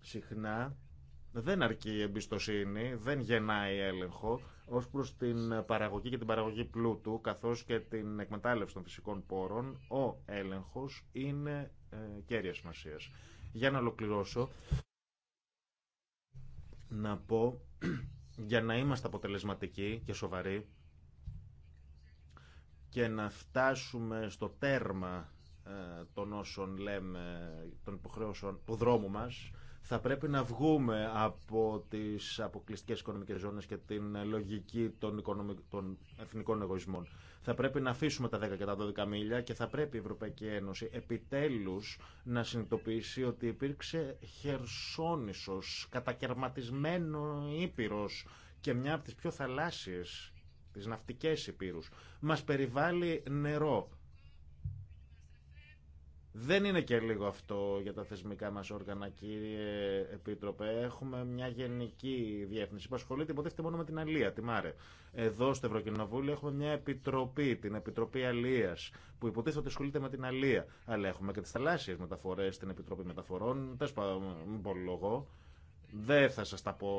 Συχνά δεν αρκεί η εμπιστοσύνη, δεν γεννάει έλεγχο ω προ την παραγωγή και την παραγωγή πλούτου, καθώ και την εκμετάλλευση των φυσικών πόρων, ο έλεγχο είναι ε, κέρια σημασία. Για να ολοκληρώσω, να πω για να είμαστε αποτελεσματικοί και σοβαροί και να φτάσουμε στο τέρμα ε, των όσων λέμε, των υποχρεώσεων του δρόμου μας, θα πρέπει να βγούμε από τις αποκλειστικές οικονομικές ζώνες και την λογική των, οικονομικ... εθνικών εγωισμών. Θα πρέπει να αφήσουμε τα 10 και τα 12 μίλια και θα πρέπει η Ευρωπαϊκή Ένωση επιτέλους να συνειδητοποιήσει ότι υπήρξε χερσόνησος, κατακαιρματισμένο ήπειρος και μια από τις πιο θαλάσσιες, τις ναυτικές ήπειρους. Μας περιβάλλει νερό δεν είναι και λίγο αυτό για τα θεσμικά μας όργανα, κύριε Επίτροπε. Έχουμε μια γενική διεύθυνση που ασχολείται υποτίθεται μόνο με την Αλία, τη Μάρε. Εδώ στο Ευρωκοινοβούλιο έχουμε μια επιτροπή, την Επιτροπή Αλίας, που υποτίθεται ότι ασχολείται με την Αλία. Αλλά έχουμε και τι θαλάσσιε μεταφορέ την Επιτροπή Μεταφορών, λόγο. Δεν θα σας τα πω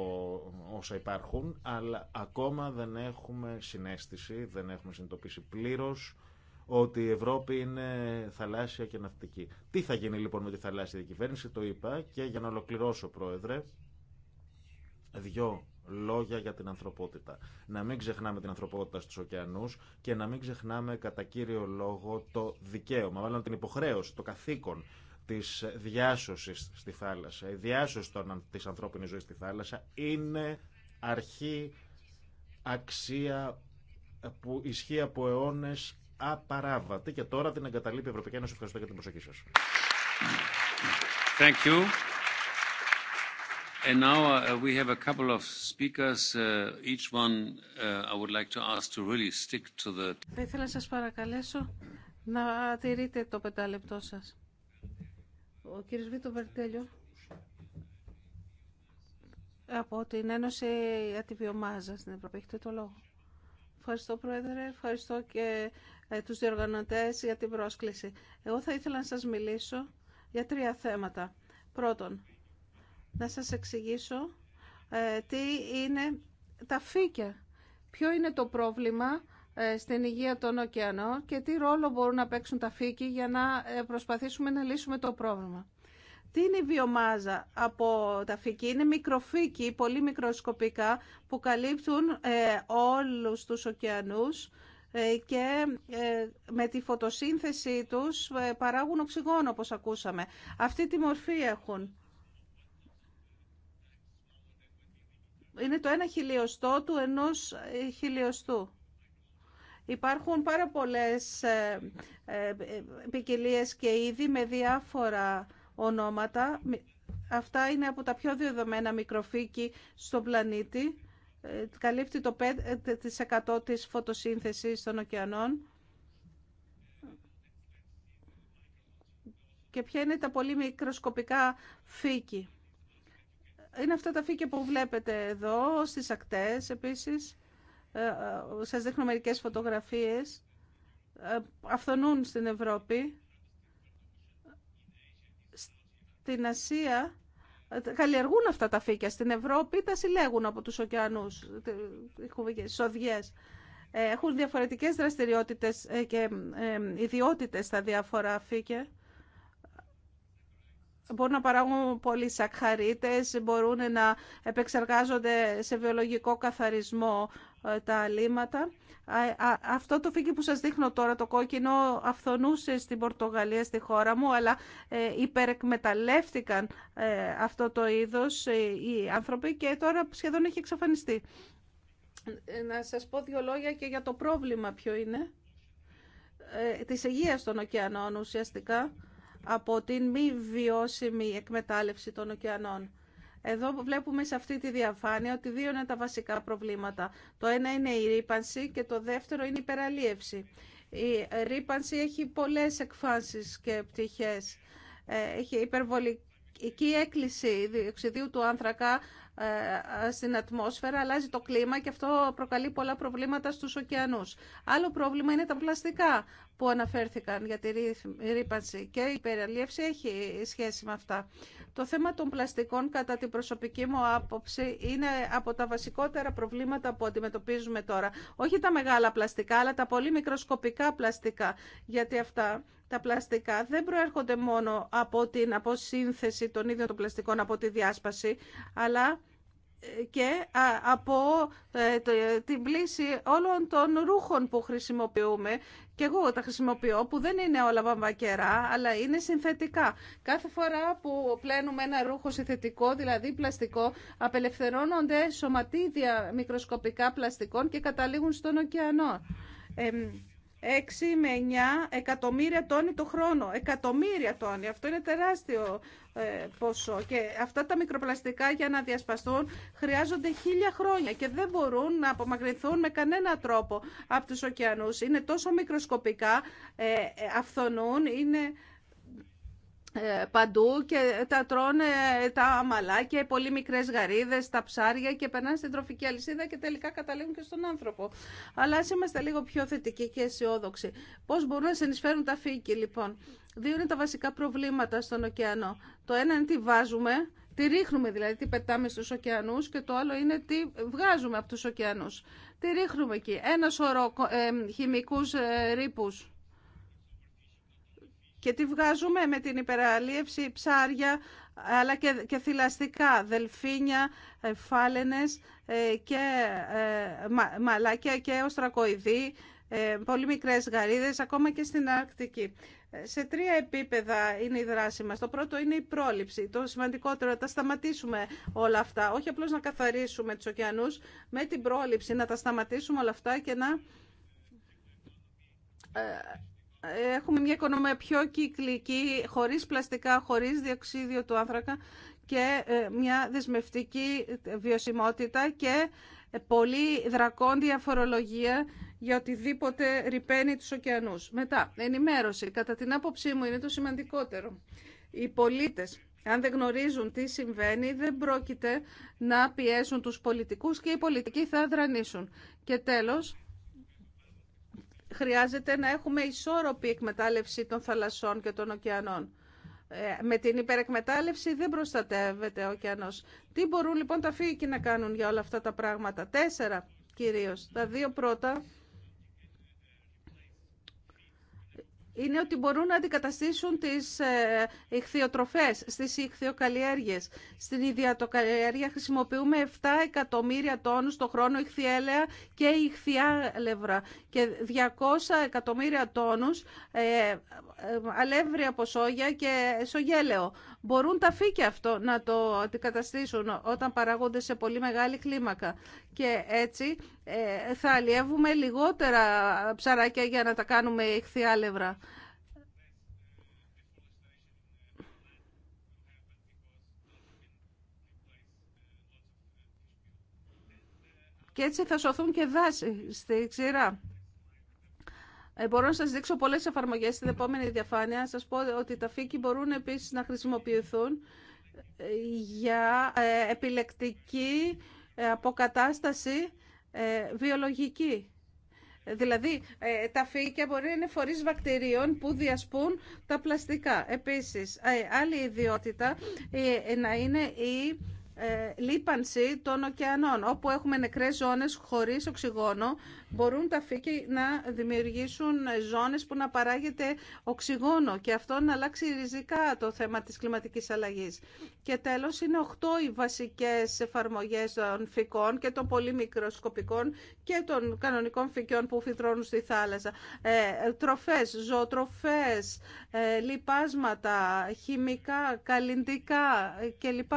όσα υπάρχουν, αλλά ακόμα δεν έχουμε συνέστηση, δεν έχουμε συνειδητοποιήσει πλήρως ότι η Ευρώπη είναι θαλάσσια και ναυτική. Τι θα γίνει λοιπόν με τη θαλάσσια κυβέρνηση, το είπα και για να ολοκληρώσω πρόεδρε, δυο λόγια για την ανθρωπότητα. Να μην ξεχνάμε την ανθρωπότητα στους ωκεανούς και να μην ξεχνάμε κατά κύριο λόγο το δικαίωμα, μάλλον την υποχρέωση, το καθήκον της διάσωσης στη θάλασσα. Η διάσωση της ανθρώπινης ζωής στη θάλασσα είναι αρχή, αξία που ισχύει από αιώνες απαράβατη και τώρα την εγκαταλείπει η Ευρωπαϊκή Ένωση. Ευχαριστώ για την προσοχή σας. Thank you. And now uh, we have a couple of speakers. Uh, each one uh, I would like to ask to really stick to the... Θα ήθελα να σας παρακαλέσω να τηρείτε το πεντάλεπτό σας. Ο κύριος Βίτο Βερτέλιο από την Ένωση ατυπιομάζας στην Ευρώπη. Έχετε το λόγο. Ευχαριστώ, Πρόεδρε. Ευχαριστώ και ε, τους διοργανωτές για την πρόσκληση. Εγώ θα ήθελα να σας μιλήσω για τρία θέματα. Πρώτον, να σας εξηγήσω ε, τι είναι τα φύκια. Ποιο είναι το πρόβλημα ε, στην υγεία των ωκεανών και τι ρόλο μπορούν να παίξουν τα φύκια για να προσπαθήσουμε να λύσουμε το πρόβλημα. Τι είναι η βιομάζα από τα φύκη. Είναι μικροφύκη, πολύ μικροσκοπικά, που καλύπτουν όλους τους ωκεανούς ε, και ε, με τη φωτοσύνθεση τους ε, παράγουν οξυγόνο όπως ακούσαμε. Αυτή τη μορφή έχουν. Είναι το ένα χιλιοστό του ενός χιλιοστού. Υπάρχουν πάρα πολλές ποικιλίε και είδη με διάφορα ονόματα. Αυτά είναι από τα πιο διοδομένα μικροφύκη στον πλανήτη ε, καλύπτει το 5% της φωτοσύνθεσης των ωκεανών. Και ποια είναι τα πολύ μικροσκοπικά φύκη. Είναι αυτά τα φύκη που βλέπετε εδώ, στις ακτές επίσης. Ε, ε, σας δείχνω μερικές φωτογραφίες. Αυθονούν στην Ευρώπη. Στην Ασία καλλιεργούν αυτά τα φύκια. Στην Ευρώπη τα συλλέγουν από τους ωκεανούς, τις οδιές. Ε, έχουν διαφορετικές δραστηριότητες ε, και ε, ιδιότητες τα διάφορα φύκια. Μπορούν να παράγουν πολλοί σακχαρίτες, μπορούν να επεξεργάζονται σε βιολογικό καθαρισμό ε, τα αλήματα. Ε, αυτό το φίκι που σας δείχνω τώρα, το κόκκινο, αυθονούσε στην Πορτογαλία, στη χώρα μου, αλλά ε, υπερεκμεταλλεύτηκαν αυτό το είδος οι άνθρωποι και τώρα σχεδόν έχει εξαφανιστεί. Να σας πω δύο λόγια και για το πρόβλημα ποιο είναι. Της υγείας των ωκεανών ουσιαστικά από την μη βιώσιμη εκμετάλλευση των ωκεανών. Εδώ βλέπουμε σε αυτή τη διαφάνεια ότι δύο είναι τα βασικά προβλήματα. Το ένα είναι η ρήπανση και το δεύτερο είναι η υπεραλίευση. Η ρήπανση έχει πολλές εκφάνσεις και πτυχές. Ε, έχει υπερβολική έκκληση διοξιδίου του άνθρακα ε, στην ατμόσφαιρα, αλλάζει το κλίμα και αυτό προκαλεί πολλά προβλήματα στους ωκεανούς. Άλλο πρόβλημα είναι τα πλαστικά που αναφέρθηκαν για τη ρήπανση και η υπεραλίευση έχει σχέση με αυτά. Το θέμα των πλαστικών κατά την προσωπική μου άποψη είναι από τα βασικότερα προβλήματα που αντιμετωπίζουμε τώρα. Όχι τα μεγάλα πλαστικά αλλά τα πολύ μικροσκοπικά πλαστικά γιατί αυτά τα πλαστικά δεν προέρχονται μόνο από την αποσύνθεση των ίδιων των πλαστικών από τη διάσπαση αλλά και από ε, την πλήση όλων των ρούχων που χρησιμοποιούμε και εγώ τα χρησιμοποιώ που δεν είναι όλα βαμβακερά αλλά είναι συνθετικά. Κάθε φορά που πλένουμε ένα ρούχο συνθετικό, δηλαδή πλαστικό, απελευθερώνονται σωματίδια μικροσκοπικά πλαστικών και καταλήγουν στον ωκεανό. 6 με 9 εκατομμύρια τόνοι το χρόνο. Εκατομμύρια τόνοι. Αυτό είναι τεράστιο ε, ποσό. Και αυτά τα μικροπλαστικά για να διασπαστούν χρειάζονται χίλια χρόνια και δεν μπορούν να απομακρυνθούν με κανένα τρόπο από τους ωκεανούς. Είναι τόσο μικροσκοπικά, ε, ε, αυθονούν, είναι ε, παντού και τα τρώνε τα αμαλάκια, οι πολύ μικρές γαρίδες, τα ψάρια και περνάνε στην τροφική αλυσίδα και τελικά καταλήγουν και στον άνθρωπο. Αλλά α είμαστε λίγο πιο θετικοί και αισιόδοξοι. Πώς μπορούν να συνεισφέρουν τα φύκη λοιπόν. Δύο είναι τα βασικά προβλήματα στον ωκεανό. Το ένα είναι τι βάζουμε, τι ρίχνουμε δηλαδή, τι πετάμε στους ωκεανούς και το άλλο είναι τι βγάζουμε από τους ωκεανούς. Τι ρίχνουμε εκεί. Ένα σωρό ε, χημικούς ε, και τι βγάζουμε με την υπεραλίευση ψάρια, αλλά και, θηλαστικά, δελφίνια, ε, φάλαινες ε, και ε, μα, μαλάκια και οστρακοειδή, πολύ μικρές γαρίδες, ακόμα και στην Αρκτική. Σε τρία επίπεδα είναι η δράση μας. Το πρώτο είναι η πρόληψη. Το σημαντικότερο είναι να τα σταματήσουμε όλα αυτά. Όχι απλώς να καθαρίσουμε τους ωκεανούς, με την πρόληψη να τα σταματήσουμε όλα αυτά και να έχουμε μια οικονομία πιο κυκλική, χωρίς πλαστικά, χωρίς διοξίδιο του άνθρακα και ε, μια δεσμευτική βιωσιμότητα και ε, πολύ δρακόντια φορολογία για οτιδήποτε ρηπαίνει τους ωκεανούς. Μετά, ενημέρωση. Κατά την άποψή μου είναι το σημαντικότερο. Οι πολίτες, αν δεν γνωρίζουν τι συμβαίνει, δεν πρόκειται να πιέσουν τους πολιτικούς και οι πολιτικοί θα δρανήσουν. Και τέλος, χρειάζεται να έχουμε ισόρροπη εκμετάλλευση των θαλασσών και των ωκεανών. Ε, με την υπερεκμετάλλευση δεν προστατεύεται ο ωκεανός. Τι μπορούν λοιπόν τα φύγη να κάνουν για όλα αυτά τα πράγματα. Τέσσερα κυρίως. Τα δύο πρώτα είναι ότι μπορούν να αντικαταστήσουν τις ε, ηχθειοτροφές, στις ηχθειοκαλλιέργειες. Στην ιδιατοκαλλιέργεια χρησιμοποιούμε 7 εκατομμύρια τόνους το χρόνο ηχθιέλαια και ηχθιάλευρα και 200 εκατομμύρια τόνους ε, ε, αλεύρια από σόγια και σογέλαιο μπορούν τα φύκια αυτό να το αντικαταστήσουν όταν παράγονται σε πολύ μεγάλη κλίμακα. Και έτσι ε, θα αλλιεύουμε λιγότερα ψαράκια για να τα κάνουμε ηχθιάλευρα. Και έτσι θα σωθούν και δάση στη ξηρά. Ε, μπορώ να σας δείξω πολλές εφαρμογές στην επόμενη διαφάνεια. σας πω ότι τα φύκη μπορούν επίσης να χρησιμοποιηθούν ε, για ε, επιλεκτική αποκατάσταση βιολογική. Δηλαδή, τα φύκια μπορεί να είναι φορείς βακτηρίων που διασπούν τα πλαστικά. Επίσης, άλλη ιδιότητα να είναι η λίπανση των ωκεανών, όπου έχουμε νεκρές ζώνες χωρίς οξυγόνο μπορούν τα φύκη να δημιουργήσουν ζώνες που να παράγεται οξυγόνο και αυτό να αλλάξει ριζικά το θέμα της κλιματικής αλλαγής. Και τέλος είναι οχτώ οι βασικές εφαρμογές των φυκών και των πολύ μικροσκοπικών και των κανονικών φυκιών που φυτρώνουν στη θάλασσα. Ε, τροφές, ζωοτροφές, ε, λιπάσματα, χημικά, καλλιντικά κλπ.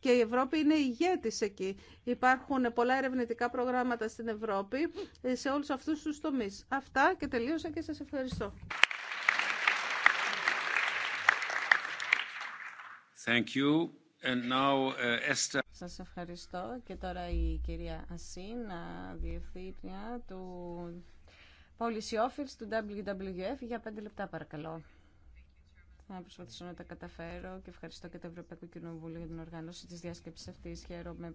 Και η Ευρώπη είναι ηγέτης εκεί. Υπάρχουν πολλά ερευνητικά προγράμματα στην Ευρώπη ε, σε όλους αυτούς τους τομείς. Αυτά και τελείωσα και σας ευχαριστώ. Thank you. And now, uh, σας ευχαριστώ. Και τώρα η κυρία Ασίν, διευθύντρια του Policy Office του WWF. Για πέντε λεπτά παρακαλώ. Θα προσπαθήσω να τα καταφέρω και ευχαριστώ και το Ευρωπαϊκό Κοινοβούλιο για την οργάνωση της διάσκεψης αυτής. Χαίρομαι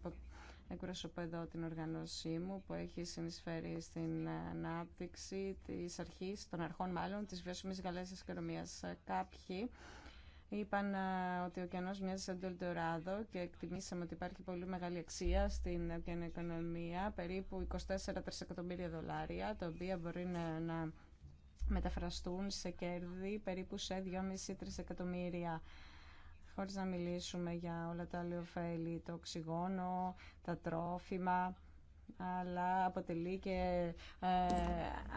εκπροσωπώ εδώ την οργανώσή μου που έχει συνεισφέρει στην ανάπτυξη της αρχής, των αρχών μάλλον, της βιώσιμης γαλάζιας οικονομίας. Κάποιοι είπαν ότι ο ωκεανός μοιάζει σαν το και εκτιμήσαμε ότι υπάρχει πολύ μεγάλη αξία στην οικονομία, περίπου 24 τρισεκατομμύρια δολάρια, τα οποία μπορεί να, να μεταφραστούν σε κέρδη περίπου σε 2,5-3 εκατομμύρια χωρίς να μιλήσουμε για όλα τα άλλη ωφέλη, το οξυγόνο, τα τρόφιμα, αλλά αποτελεί και ε,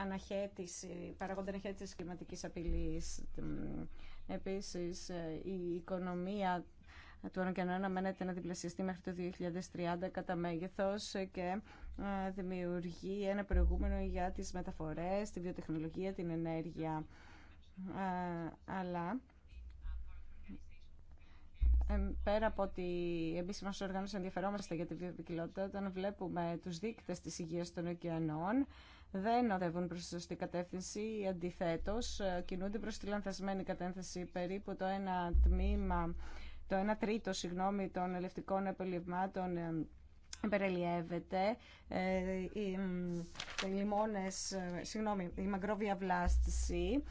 αναχέτηση, παράγοντα αναχέτηση της κλιματικής απειλής. Επίσης, ε, η οικονομία του ανακαινού αναμένεται να διπλασιαστεί μέχρι το 2030 κατά μέγεθος και ε, δημιουργεί ένα προηγούμενο για τις μεταφορές, τη βιοτεχνολογία, την ενέργεια. Ε, αλλά πέρα από ότι εμεί είμαστε οργανώσεις ενδιαφερόμαστε για τη βιοποικιλότητα, όταν βλέπουμε του δείκτες τη υγεία των ωκεανών, δεν οδεύουν προς τη σωστή κατεύθυνση, Αντιθέτω, ε, κινούνται προ τη λανθασμένη κατεύθυνση. Περίπου το ένα τμήμα, το ένα τρίτο συγγνώμη, των ελευτικών επελευμάτων ε, οι λιμόνες, ε, η μαγκρόβια βλάστηση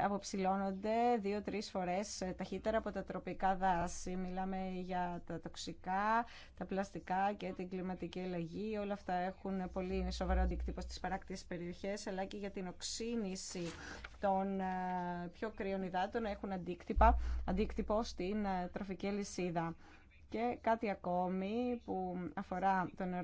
ε, αποψηλώνονται δύο-τρεις φορές ε, ταχύτερα από τα τροπικά δάση. Μιλάμε για τα τοξικά, τα πλαστικά και την κλιματική αλλαγή. Όλα αυτά έχουν πολύ σοβαρό αντικτύπο στις παράκτιες περιοχές, αλλά και για την οξύνηση των πιο κρυών υδάτων έχουν αντίκτυπα, αντίκτυπο στην τροφική αλυσίδα. Και κάτι ακόμη που αφορά τον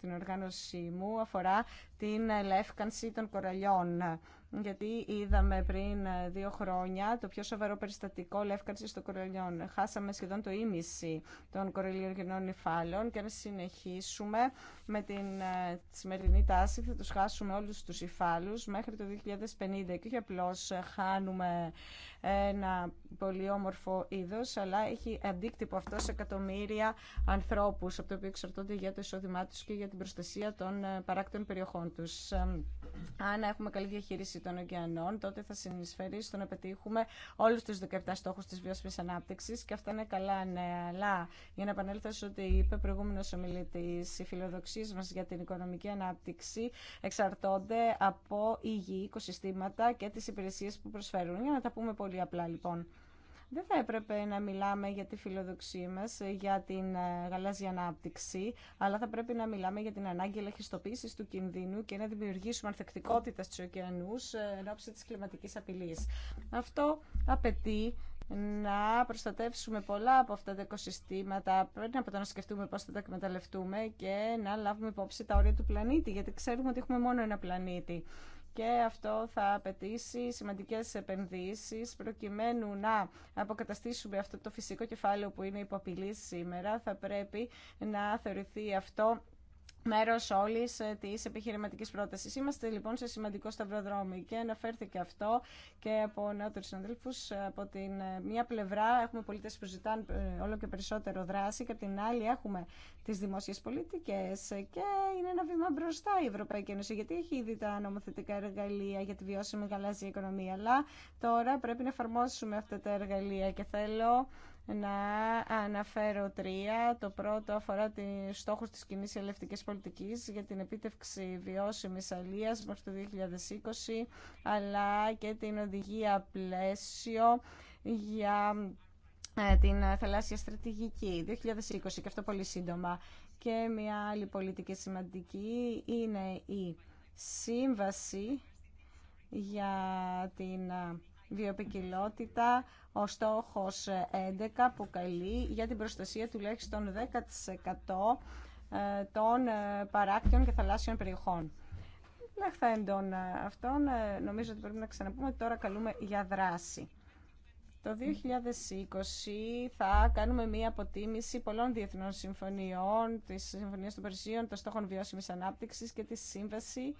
την οργάνωσή μου αφορά την ελεύκανση των κοραλιών. Γιατί είδαμε πριν δύο χρόνια το πιο σοβαρό περιστατικό λεύκανση των κοραλιών. Χάσαμε σχεδόν το ίμιση των κοραλιογενών υφάλων και αν συνεχίσουμε με την ε, σημερινή τάση θα τους χάσουμε όλους τους υφάλους μέχρι το 2050. Και όχι απλώ χάνουμε ένα πολύ όμορφο είδος, αλλά έχει αντίκτυπο αυτό σε εκατομμύρια ανθρώπους από το οποίο εξαρτώνται για το εισόδημά τους και για την προστασία των ε, παράκτων περιοχών αν έχουμε καλή διαχείριση των ωκεανών, τότε θα συνεισφέρει στο να πετύχουμε όλους τους 17 στόχου τη βιώσιμη ανάπτυξης και αυτά είναι καλά νέα. Αλλά για να επανέλθω σε ό,τι είπε προηγούμενο ομιλήτη οι φιλοδοξίες μας για την οικονομική ανάπτυξη εξαρτώνται από υγιή οικοσυστήματα και τις υπηρεσίε που προσφέρουν. Για να τα πούμε πολύ απλά λοιπόν. Δεν θα έπρεπε να μιλάμε για τη φιλοδοξία μας, ε, για την ε, γαλάζια ανάπτυξη, αλλά θα πρέπει να μιλάμε για την ανάγκη ελαχιστοποίηση του κινδύνου και να δημιουργήσουμε ανθεκτικότητα στους ωκεανούς ε, εν ώψη της κλιματικής απειλής. Αυτό απαιτεί να προστατεύσουμε πολλά από αυτά τα οικοσυστήματα πριν από το να σκεφτούμε πώς θα τα εκμεταλλευτούμε και να λάβουμε υπόψη τα όρια του πλανήτη, γιατί ξέρουμε ότι έχουμε μόνο ένα πλανήτη και αυτό θα απαιτήσει σημαντικές επενδύσεις προκειμένου να αποκαταστήσουμε αυτό το φυσικό κεφάλαιο που είναι υποπηλή σήμερα. Θα πρέπει να θεωρηθεί αυτό Μέρο όλη ε, τη επιχειρηματική πρόταση. Είμαστε λοιπόν σε σημαντικό σταυροδρόμι και αναφέρθηκε αυτό και από νεότερου συναδέλφους. Ε, από την ε, μία πλευρά έχουμε πολιτέ που ζητάνε όλο και περισσότερο δράση και από την άλλη έχουμε τι δημόσιε πολιτικέ και είναι ένα βήμα μπροστά η Ευρωπαϊκή Ένωση γιατί έχει ήδη τα νομοθετικά εργαλεία για τη βιώσιμη γαλάζια οικονομία αλλά τώρα πρέπει να εφαρμόσουμε αυτά τα εργαλεία και θέλω να αναφέρω τρία. Το πρώτο αφορά τη στόχους της κοινή ελευθερικής πολιτικής για την επίτευξη βιώσιμης αλίας μέχρι το 2020, αλλά και την οδηγία πλαίσιο για ε, την θαλάσσια στρατηγική 2020 και αυτό πολύ σύντομα. Και μια άλλη πολιτική σημαντική είναι η σύμβαση για την βιοπικιλότητα, ο στόχος 11 που καλεί για την προστασία τουλάχιστον 10% ε, των ε, παράκτιων και θαλάσσιων περιοχών. Λέχθα τον ε, αυτών, νομίζω ότι πρέπει να ξαναπούμε τώρα καλούμε για δράση. Το 2020 θα κάνουμε μία αποτίμηση πολλών διεθνών συμφωνιών, της Συμφωνίας των Περισσίων, των Στόχων Βιώσιμης Ανάπτυξης και τη Σύμβαση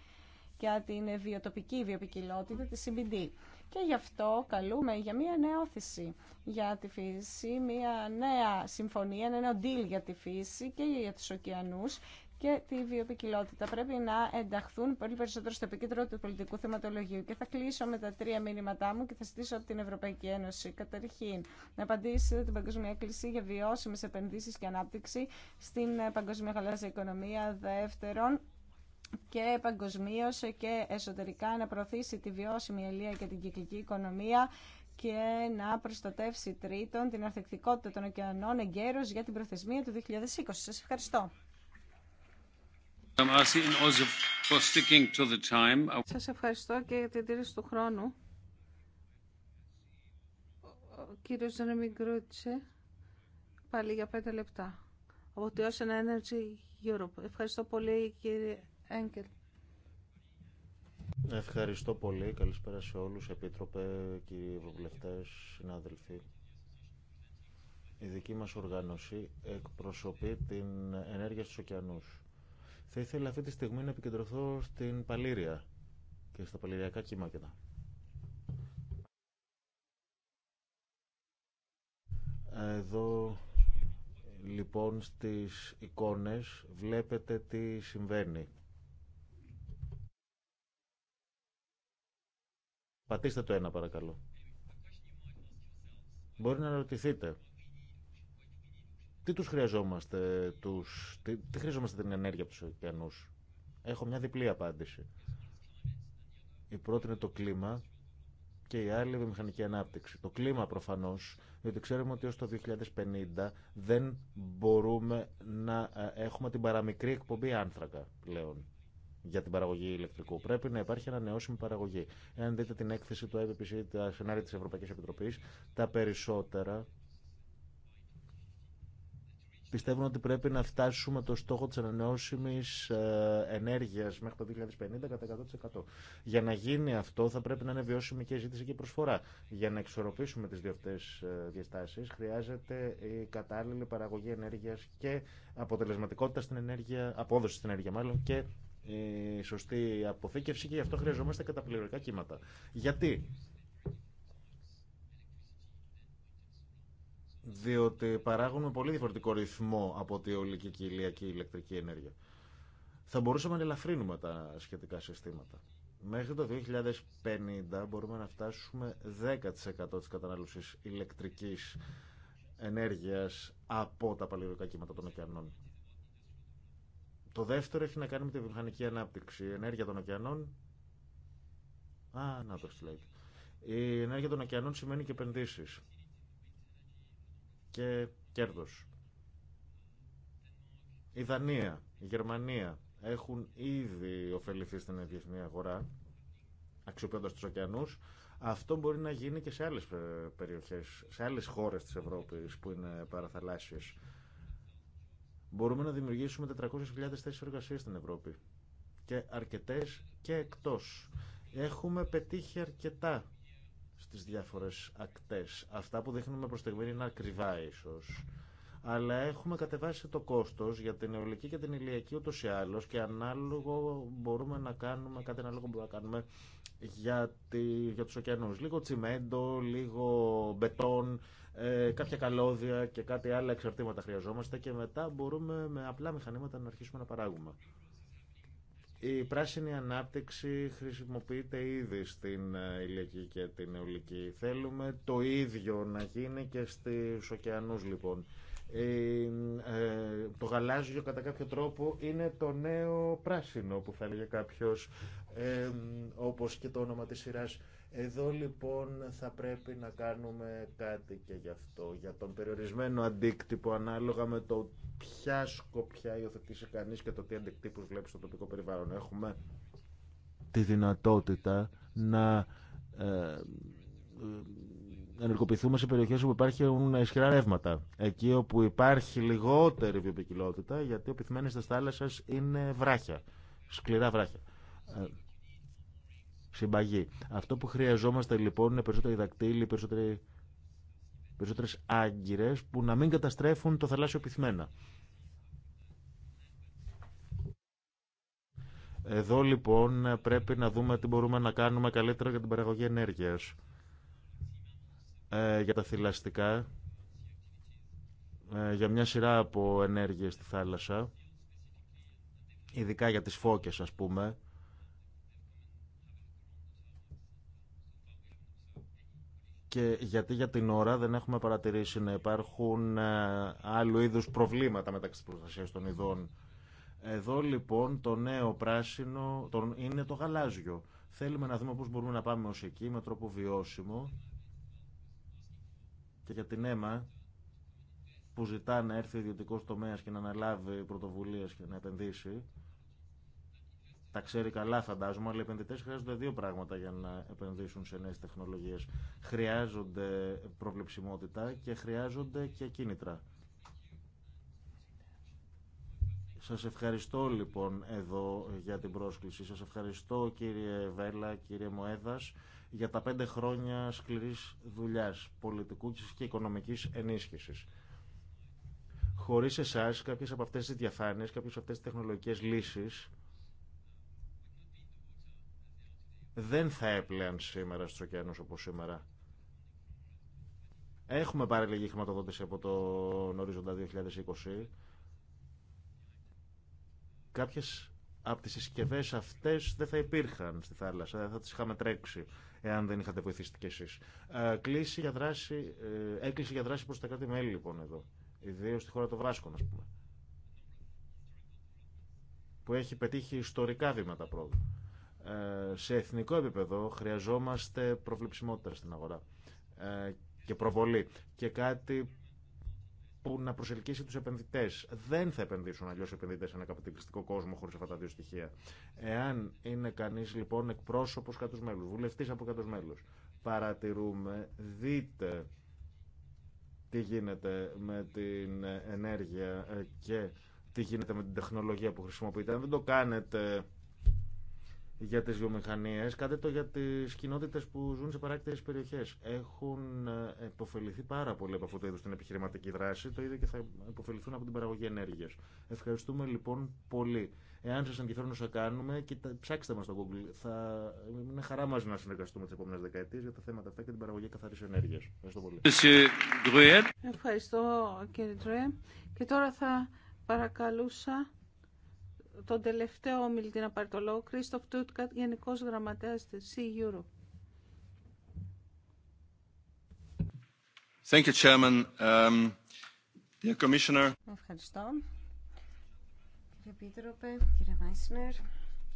για την βιοτοπική βιοπικιλότητα, τη CBD. Και γι' αυτό καλούμε για μια νέα όθηση για τη φύση, μια νέα συμφωνία, ένα νέο deal για τη φύση και για τους ωκεανούς και τη βιοπικιλότητα. Πρέπει να ενταχθούν πολύ περισσότερο στο επίκεντρο του πολιτικού θεματολογίου. Και θα κλείσω με τα τρία μήνυματά μου και θα ζητήσω από την Ευρωπαϊκή Ένωση. Καταρχήν, να απαντήσει την παγκόσμια Κλίση για βιώσιμε επενδύσει και ανάπτυξη στην παγκόσμια Γαλάζια οικονομία. Δεύτερον, και παγκοσμίω και εσωτερικά να προωθήσει τη βιώσιμη ελεία και την κυκλική οικονομία και να προστατεύσει τρίτον την αρθεκτικότητα των ωκεανών εγκαίρως για την προθεσμία του 2020. Σας ευχαριστώ. Σας ευχαριστώ και για την τήρηση του χρόνου. Ο κύριος Ζανεμιγκρούτσε, πάλι για πέντε λεπτά. Από τη Ocean Energy Europe. Ευχαριστώ πολύ κύριε Ευχαριστώ πολύ. Καλησπέρα σε όλους, Επίτροπε, κύριοι Ευρωβουλευτές, συνάδελφοι. Η δική μας οργάνωση εκπροσωπεί την ενέργεια στους ωκεανούς. Θα ήθελα αυτή τη στιγμή να επικεντρωθώ στην Παλήρια και στα παλιριακά κύματα. Εδώ λοιπόν στις εικόνες βλέπετε τι συμβαίνει Πατήστε το ένα παρακαλώ. Μπορεί να ρωτηθείτε. Τι τους χρειαζόμαστε, τους... Τι, τι χρειαζόμαστε την ενέργεια από τους ωκεανούς. Έχω μια διπλή απάντηση. Η πρώτη είναι το κλίμα και η άλλη η βιομηχανική ανάπτυξη. Το κλίμα προφανώς, διότι ξέρουμε ότι έως το 2050 δεν μπορούμε να ε, έχουμε την παραμικρή εκπομπή άνθρακα πλέον για την παραγωγή ηλεκτρικού. Πρέπει να υπάρχει ανανεώσιμη παραγωγή. Εάν δείτε την έκθεση του IPPC, τα σενάρια τη Ευρωπαϊκή Επιτροπή. τα περισσότερα πιστεύουν ότι πρέπει να φτάσουμε το στόχο της ανανεώσιμης ε, ενέργειας μέχρι το 2050 κατά 100%. Για να γίνει αυτό θα πρέπει να είναι βιώσιμη και ζήτηση και προσφορά. Για να εξορροπήσουμε τις δύο αυτές ε, διαστάσεις χρειάζεται η κατάλληλη παραγωγή ενέργειας και αποτελεσματικότητα στην ενέργεια, απόδοση στην ενέργεια μάλλον και η σωστή αποθήκευση και γι' αυτό χρειαζόμαστε καταπληρωτικά κύματα. Γιατί? Διότι παράγουμε πολύ διαφορετικό ρυθμό από τη ολική και ηλιακή ηλεκτρική ενέργεια. Θα μπορούσαμε να ελαφρύνουμε τα σχετικά συστήματα. Μέχρι το 2050 μπορούμε να φτάσουμε 10% της κατανάλωσης ηλεκτρικής ενέργειας από τα παλιωτικά κύματα των ωκεανών. Το δεύτερο έχει να κάνει με τη βιομηχανική ανάπτυξη. Η ενέργεια των ωκεανών. Α, να το λέει. Η ενέργεια των ωκεανών σημαίνει και επενδύσει. Και κέρδο. Η Δανία, η Γερμανία έχουν ήδη ωφεληθεί στην διεθνή αγορά, αξιοποιώντα του ωκεανού. Αυτό μπορεί να γίνει και σε άλλε περιοχέ, σε άλλε χώρε τη Ευρώπη που είναι παραθαλάσσιες μπορούμε να δημιουργήσουμε 400.000 θέσει εργασία στην Ευρώπη. Και αρκετέ και εκτό. Έχουμε πετύχει αρκετά στι διάφορε ακτέ. Αυτά που δείχνουμε προ στιγμή είναι ακριβά, ίσω. Αλλά έχουμε κατεβάσει το κόστο για την νεολική και την ηλιακή ούτω ή άλλω και ανάλογο μπορούμε να κάνουμε, κάτι ανάλογο μπορούμε να κάνουμε για, για του ωκεανού. Λίγο τσιμέντο, λίγο μπετόν ε, κάποια καλώδια και κάτι άλλα εξαρτήματα χρειαζόμαστε και μετά μπορούμε με απλά μηχανήματα να αρχίσουμε να παράγουμε. Η πράσινη ανάπτυξη χρησιμοποιείται ήδη στην ε, ηλιακή και την αιωλική. Θέλουμε το ίδιο να γίνει και στους ωκεανούς λοιπόν. Ε, το γαλάζιο κατά κάποιο τρόπο είναι το νέο πράσινο που θα έλεγε κάποιος, όπως και το όνομα της σειράς εδώ λοιπόν θα πρέπει να κάνουμε κάτι και γι' αυτό, για τον περιορισμένο αντίκτυπο ανάλογα με το ποια σκοπιά υιοθετήσει κανείς και το τι αντικτύπους βλέπει στο τοπικό περιβάλλον. Έχουμε τη δυνατότητα να ε, ε, ενεργοποιηθούμε σε περιοχές όπου υπάρχουν ισχυρά ρεύματα. Εκεί όπου υπάρχει λιγότερη βιοποικιλότητα γιατί ο πυθμένης τη θάλασσα είναι βράχια, σκληρά βράχια. Ε, συμπαγή. Αυτό που χρειαζόμαστε λοιπόν είναι περισσότεροι δακτύλοι, περισσότεροι περισσότερες άγκυρες που να μην καταστρέφουν το θαλάσσιο πυθμένα. Εδώ λοιπόν πρέπει να δούμε τι μπορούμε να κάνουμε καλύτερα για την παραγωγή ενέργειας. Ε, για τα θηλαστικά, ε, για μια σειρά από ενέργειες στη θάλασσα, ειδικά για τις φώκες ας πούμε, και γιατί για την ώρα δεν έχουμε παρατηρήσει να υπάρχουν ε, άλλου είδους προβλήματα μεταξύ της προστασίας των ειδών. Εδώ λοιπόν το νέο πράσινο είναι το γαλάζιο. Θέλουμε να δούμε πώς μπορούμε να πάμε ως εκεί με τρόπο βιώσιμο και για την αίμα που ζητά να έρθει ο ιδιωτικό τομέα και να αναλάβει πρωτοβουλίες και να επενδύσει, τα ξέρει καλά, φαντάζομαι, αλλά οι επενδυτέ χρειάζονται δύο πράγματα για να επενδύσουν σε νέε τεχνολογίε. Χρειάζονται προβλεψιμότητα και χρειάζονται και κίνητρα. Σας ευχαριστώ λοιπόν εδώ για την πρόσκληση. Σας ευχαριστώ κύριε Βέλα, κύριε Μοέδα, για τα πέντε χρόνια σκληρής δουλειά πολιτικού και οικονομική ενίσχυση. Χωρί εσά κάποιε από αυτέ τι διαφάνειε, κάποιε από αυτέ τι τεχνολογικέ λύσει, δεν θα έπλεαν σήμερα στους ωκεανούς όπως σήμερα. Έχουμε πάρει λίγη χρηματοδότηση από τον ορίζοντα 2020. Κάποιες από τις συσκευέ αυτές δεν θα υπήρχαν στη θάλασσα, δεν θα τις είχαμε τρέξει εάν δεν είχατε βοηθήσει κι εσείς. Έκλεισε ε, για δράση, προ ε, για δράση προς τα κράτη-μέλη λοιπόν εδώ, ιδίω στη χώρα των Βράσκων ας πούμε, που έχει πετύχει ιστορικά βήματα πρόοδου. Ε, σε εθνικό επίπεδο χρειαζόμαστε προβλεψιμότητα στην αγορά ε, και προβολή και κάτι που να προσελκύσει τους επενδυτές. Δεν θα επενδύσουν αλλιώς οι επενδυτές σε ένα καπιταλιστικό κόσμο χωρίς αυτά τα δύο στοιχεία. Εάν είναι κανείς λοιπόν εκπρόσωπο κάτω μέλους, βουλευτή από κάτω μέλους παρατηρούμε, δείτε τι γίνεται με την ενέργεια ε, και τι γίνεται με την τεχνολογία που χρησιμοποιείτε. Αν δεν το κάνετε για τις βιομηχανίες, κάντε το για τις κοινότητες που ζουν σε παράκτηρες περιοχές. Έχουν υποφεληθεί ε, πάρα πολύ από αυτό το είδος την επιχειρηματική δράση, το ίδιο και θα υποφεληθούν από την παραγωγή ενέργειας. Ευχαριστούμε λοιπόν πολύ. Εάν σας ενδιαφέρουν όσα κάνουμε, κοιτά, ψάξτε μας στο Google. Θα... Είναι χαρά μας να συνεργαστούμε τις επόμενες δεκαετίες για τα θέματα αυτά και την παραγωγή καθαρής ενέργειας. Ευχαριστώ πολύ. Ευχαριστώ κύριε Τρουέ. Και τώρα θα παρακαλούσα τον τελευταίο ομιλητή να πάρει το λόγο, Κρίστοφ Τούτκατ, Γενικός Γραμματέας της Sea Europe. Thank you, Chairman. Um, Commissioner. Ευχαριστώ. Κύριε Πίτροπε, κύριε Μάισνερ,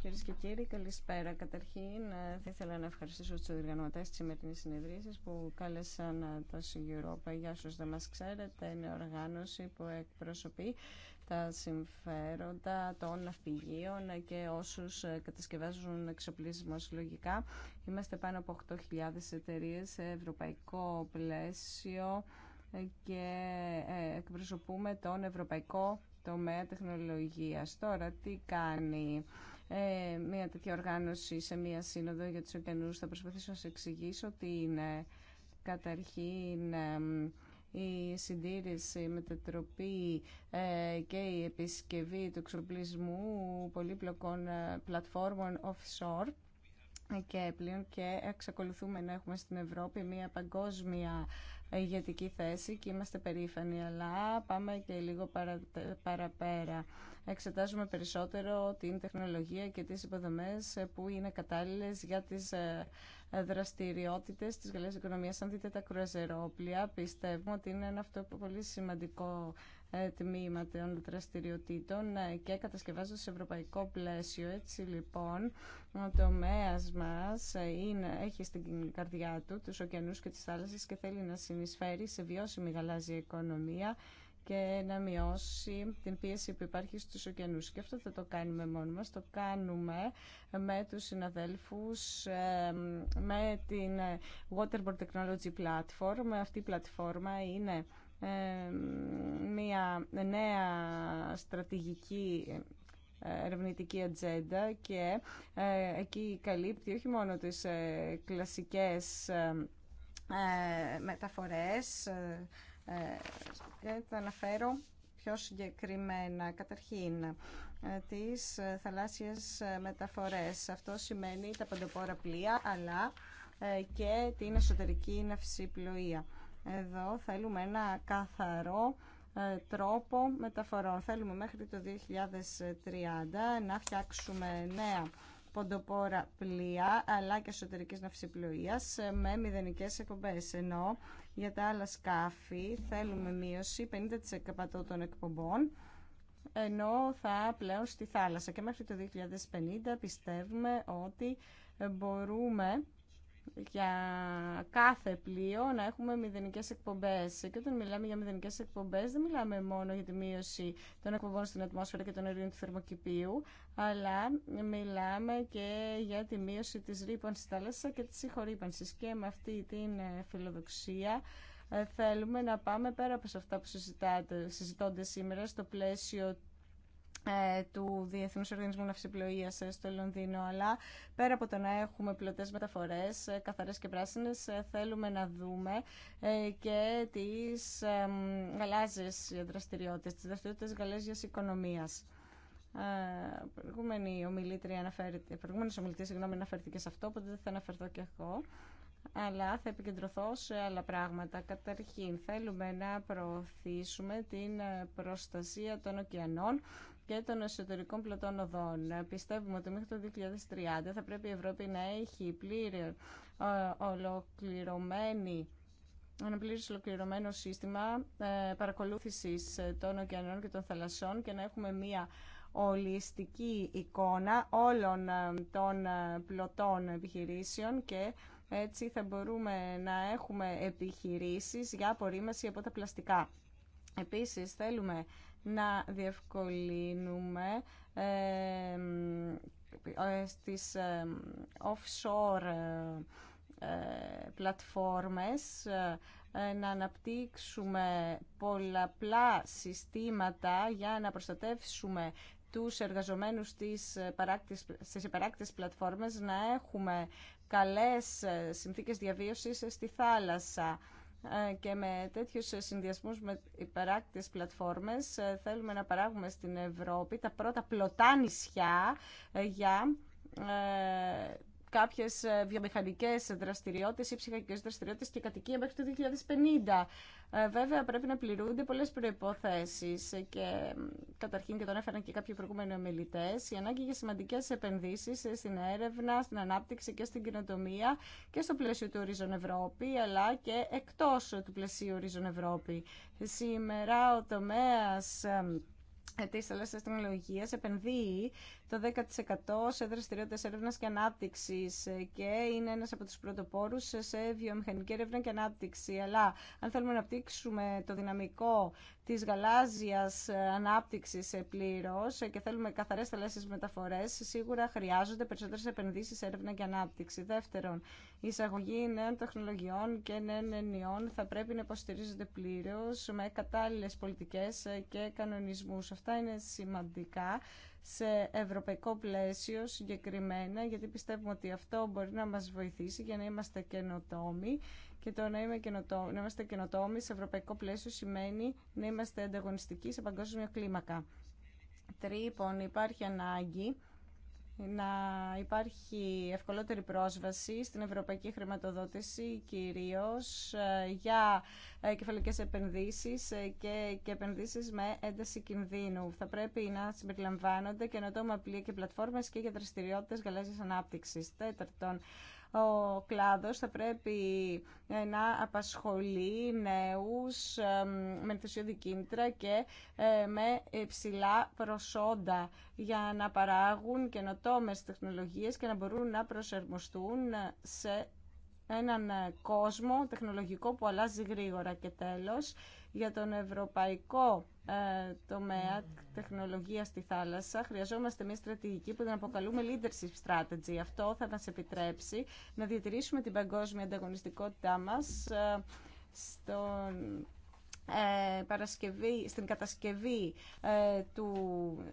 κυρίε και κύριοι, καλησπέρα. Καταρχήν, ε, θα ήθελα να ευχαριστήσω του διοργανωτέ τη σημερινή συνεδρίαση που κάλεσαν ε, το Σιγηρόπα. Για όσου δεν μα ξέρετε, είναι οργάνωση που εκπροσωπεί τα συμφέροντα των ναυπηγείων και όσους κατασκευάζουν εξοπλισμό συλλογικά. Είμαστε πάνω από 8.000 εταιρείε σε ευρωπαϊκό πλαίσιο και ε, εκπροσωπούμε τον ευρωπαϊκό τομέα τεχνολογίας. Τώρα τι κάνει ε, μια τέτοια οργάνωση σε μια σύνοδο για τους ωκεανούς. Θα προσπαθήσω να σας εξηγήσω ότι είναι καταρχήν η συντήρηση, η μετατροπή ε, και η επισκευή του εξοπλισμού πολύπλοκων ε, πλατφόρμων offshore ε, και πλέον και εξακολουθούμε να έχουμε στην Ευρώπη μια παγκόσμια ηγετική θέση και είμαστε περήφανοι, αλλά πάμε και λίγο παραπέρα. Εξετάζουμε περισσότερο την τεχνολογία και τις υποδομές ε, που είναι κατάλληλες για τις ε, ε, δραστηριότητες της γαλλικής οικονομίας. Αν δείτε τα κρουαζερόπλια, πιστεύουμε ότι είναι ένα αυτό πολύ σημαντικό ε, τμήμα των δραστηριοτήτων ε, και κατασκευάζονται σε ευρωπαϊκό πλαίσιο. Έτσι λοιπόν, ο τομέα μα ε, έχει στην καρδιά του του ωκεανού και τι θάλασσε και θέλει να συνεισφέρει σε βιώσιμη γαλάζια οικονομία και να μειώσει την πίεση που υπάρχει στους ωκεανούς. Και αυτό θα το κάνουμε μόνοι μας, το κάνουμε με τους συναδέλφους, με την Waterboard Technology Platform. Αυτή η πλατφόρμα είναι ε, μια νέα στρατηγική ε, ερευνητική ατζέντα και ε, εκεί καλύπτει όχι μόνο τις κλασικές μεταφορές και θα αναφέρω πιο συγκεκριμένα. Καταρχήν, τις θαλάσσιες μεταφορές. Αυτό σημαίνει τα παντοπόρα πλοία, αλλά και την εσωτερική ναυσιπλοεία. Εδώ θέλουμε ένα καθαρό ε, τρόπο μεταφορών. Θέλουμε μέχρι το 2030 να φτιάξουμε νέα ποντοπόρα πλοία αλλά και εσωτερική ναυσιπλοεία ε, με μηδενικέ εκπομπέ. Ενώ για τα άλλα σκάφη θέλουμε μείωση 50% των εκπομπών ενώ θα πλέον στη θάλασσα. Και μέχρι το 2050 πιστεύουμε ότι μπορούμε για κάθε πλοίο να έχουμε μηδενικέ εκπομπέ. Και όταν μιλάμε για μηδενικέ εκπομπέ, δεν μιλάμε μόνο για τη μείωση των εκπομπών στην ατμόσφαιρα και των αερίων του θερμοκηπίου, αλλά μιλάμε και για τη μείωση τη ρήπανση στη θάλασσα και τη συγχωρήπανση. Και με αυτή την ε, φιλοδοξία ε, θέλουμε να πάμε πέρα από αυτά που συζητάτε, συζητώνται σήμερα στο πλαίσιο ε, του Διεθνούς Οργανισμού Ναυσιπλοείας ε, στο Λονδίνο, αλλά πέρα από το να έχουμε πλωτές μεταφορές, ε, καθαρές και πράσινες, θέλουμε να δούμε και τις γαλάζιες δραστηριότητες, τις δραστηριότητες γαλάζιας οικονομίας. Προηγούμενη ομιλήτρια αναφέρεται, προηγούμενος ομιλητής, συγγνώμη, αναφέρθηκε σε αυτό, οπότε δεν θα αναφερθώ και εγώ αλλά θα επικεντρωθώ σε άλλα πράγματα. Καταρχήν, θέλουμε να προωθήσουμε την προστασία των ωκεανών και των εσωτερικών πλωτών οδών. Πιστεύουμε ότι μέχρι το 2030 θα πρέπει η Ευρώπη να έχει πλήρη ε, ολοκληρωμένη ένα πλήρω ολοκληρωμένο σύστημα ε, παρακολούθησης των ωκεανών και των θαλασσών και να έχουμε μία ολιστική εικόνα όλων ε, των πλωτών επιχειρήσεων και έτσι θα μπορούμε να έχουμε επιχειρήσεις για απορρίμαση από τα πλαστικά. Επίσης θέλουμε να διευκολύνουμε ε, στις offshore ε, πλατφόρμες ε, να αναπτύξουμε πολλαπλά συστήματα για να προστατεύσουμε τους εργαζομένους στις, παράκτης, στις πλατφόρμες να έχουμε καλές συνθήκες διαβίωσης στη θάλασσα. Ε, και με τέτοιους συνδυασμούς με υπεράκτιες πλατφόρμες ε, θέλουμε να παράγουμε στην Ευρώπη τα πρώτα πλωτά νησιά ε, για κάποιε βιομηχανικέ δραστηριότητε ή ψυχακέ δραστηριότητε και κατοικία μέχρι το 2050. Ε, βέβαια, πρέπει να πληρούνται πολλέ προποθέσει και καταρχήν και τον έφεραν και κάποιοι προηγούμενοι ομιλητέ, η ανάγκη για σημαντικέ επενδύσει ε, στην έρευνα, στην ανάπτυξη και στην κοινοτομία και στο πλαίσιο του Horizon Ευρώπη, αλλά και εκτό του πλαισίου Horizon Ευρώπη. Σήμερα ο τομέα ε, τη ελεύθερη τεχνολογία επενδύει το 10% σε δραστηριότητε έρευνα και ανάπτυξη ε, και είναι ένα από του πρωτοπόρου σε βιομηχανική έρευνα και ανάπτυξη. Αλλά αν θέλουμε να αναπτύξουμε το δυναμικό τη γαλάζια ε, ανάπτυξη ε, πλήρω και θέλουμε καθαρέ θαλάσσιε μεταφορέ, σίγουρα χρειάζονται περισσότερε επενδύσει σε έρευνα και ανάπτυξη. Δεύτερον, η εισαγωγή νέων τεχνολογιών και νέων ενιών θα πρέπει να υποστηρίζονται πλήρω με κατάλληλε πολιτικέ και κανονισμού. Αυτά είναι σημαντικά σε ευρωπαϊκό πλαίσιο συγκεκριμένα, γιατί πιστεύουμε ότι αυτό μπορεί να μας βοηθήσει για να είμαστε καινοτόμοι και το να, είμαι καινοτό, να είμαστε καινοτόμοι σε ευρωπαϊκό πλαίσιο σημαίνει να είμαστε ανταγωνιστικοί σε παγκόσμιο κλίμακα. Τρίπον, υπάρχει ανάγκη να υπάρχει ευκολότερη πρόσβαση στην ευρωπαϊκή χρηματοδότηση κυρίως ε, για ε, κεφαλικές επενδύσεις ε, και, και επενδύσεις με ένταση κινδύνου. Θα πρέπει να συμπεριλαμβάνονται καινοτόμα πλοία και πλατφόρμες και για δραστηριότητες γαλάζιας ανάπτυξης. Τέταρτον, ο κλάδος θα πρέπει ε, να απασχολεί νέους με ενθουσιώδη κίνητρα και ε, με υψηλά προσόντα για να παράγουν καινοτόμες τεχνολογίες και να μπορούν να προσαρμοστούν σε έναν ε, κόσμο τεχνολογικό που αλλάζει γρήγορα. Και τέλος, για τον ευρωπαϊκό ε, τομέα τεχνολογία στη θάλασσα, χρειαζόμαστε μια στρατηγική που την αποκαλούμε leadership strategy. Αυτό θα μας επιτρέψει να διατηρήσουμε την παγκόσμια ανταγωνιστικότητά μας ε, στον ε, παρασκευή, στην κατασκευή ε, του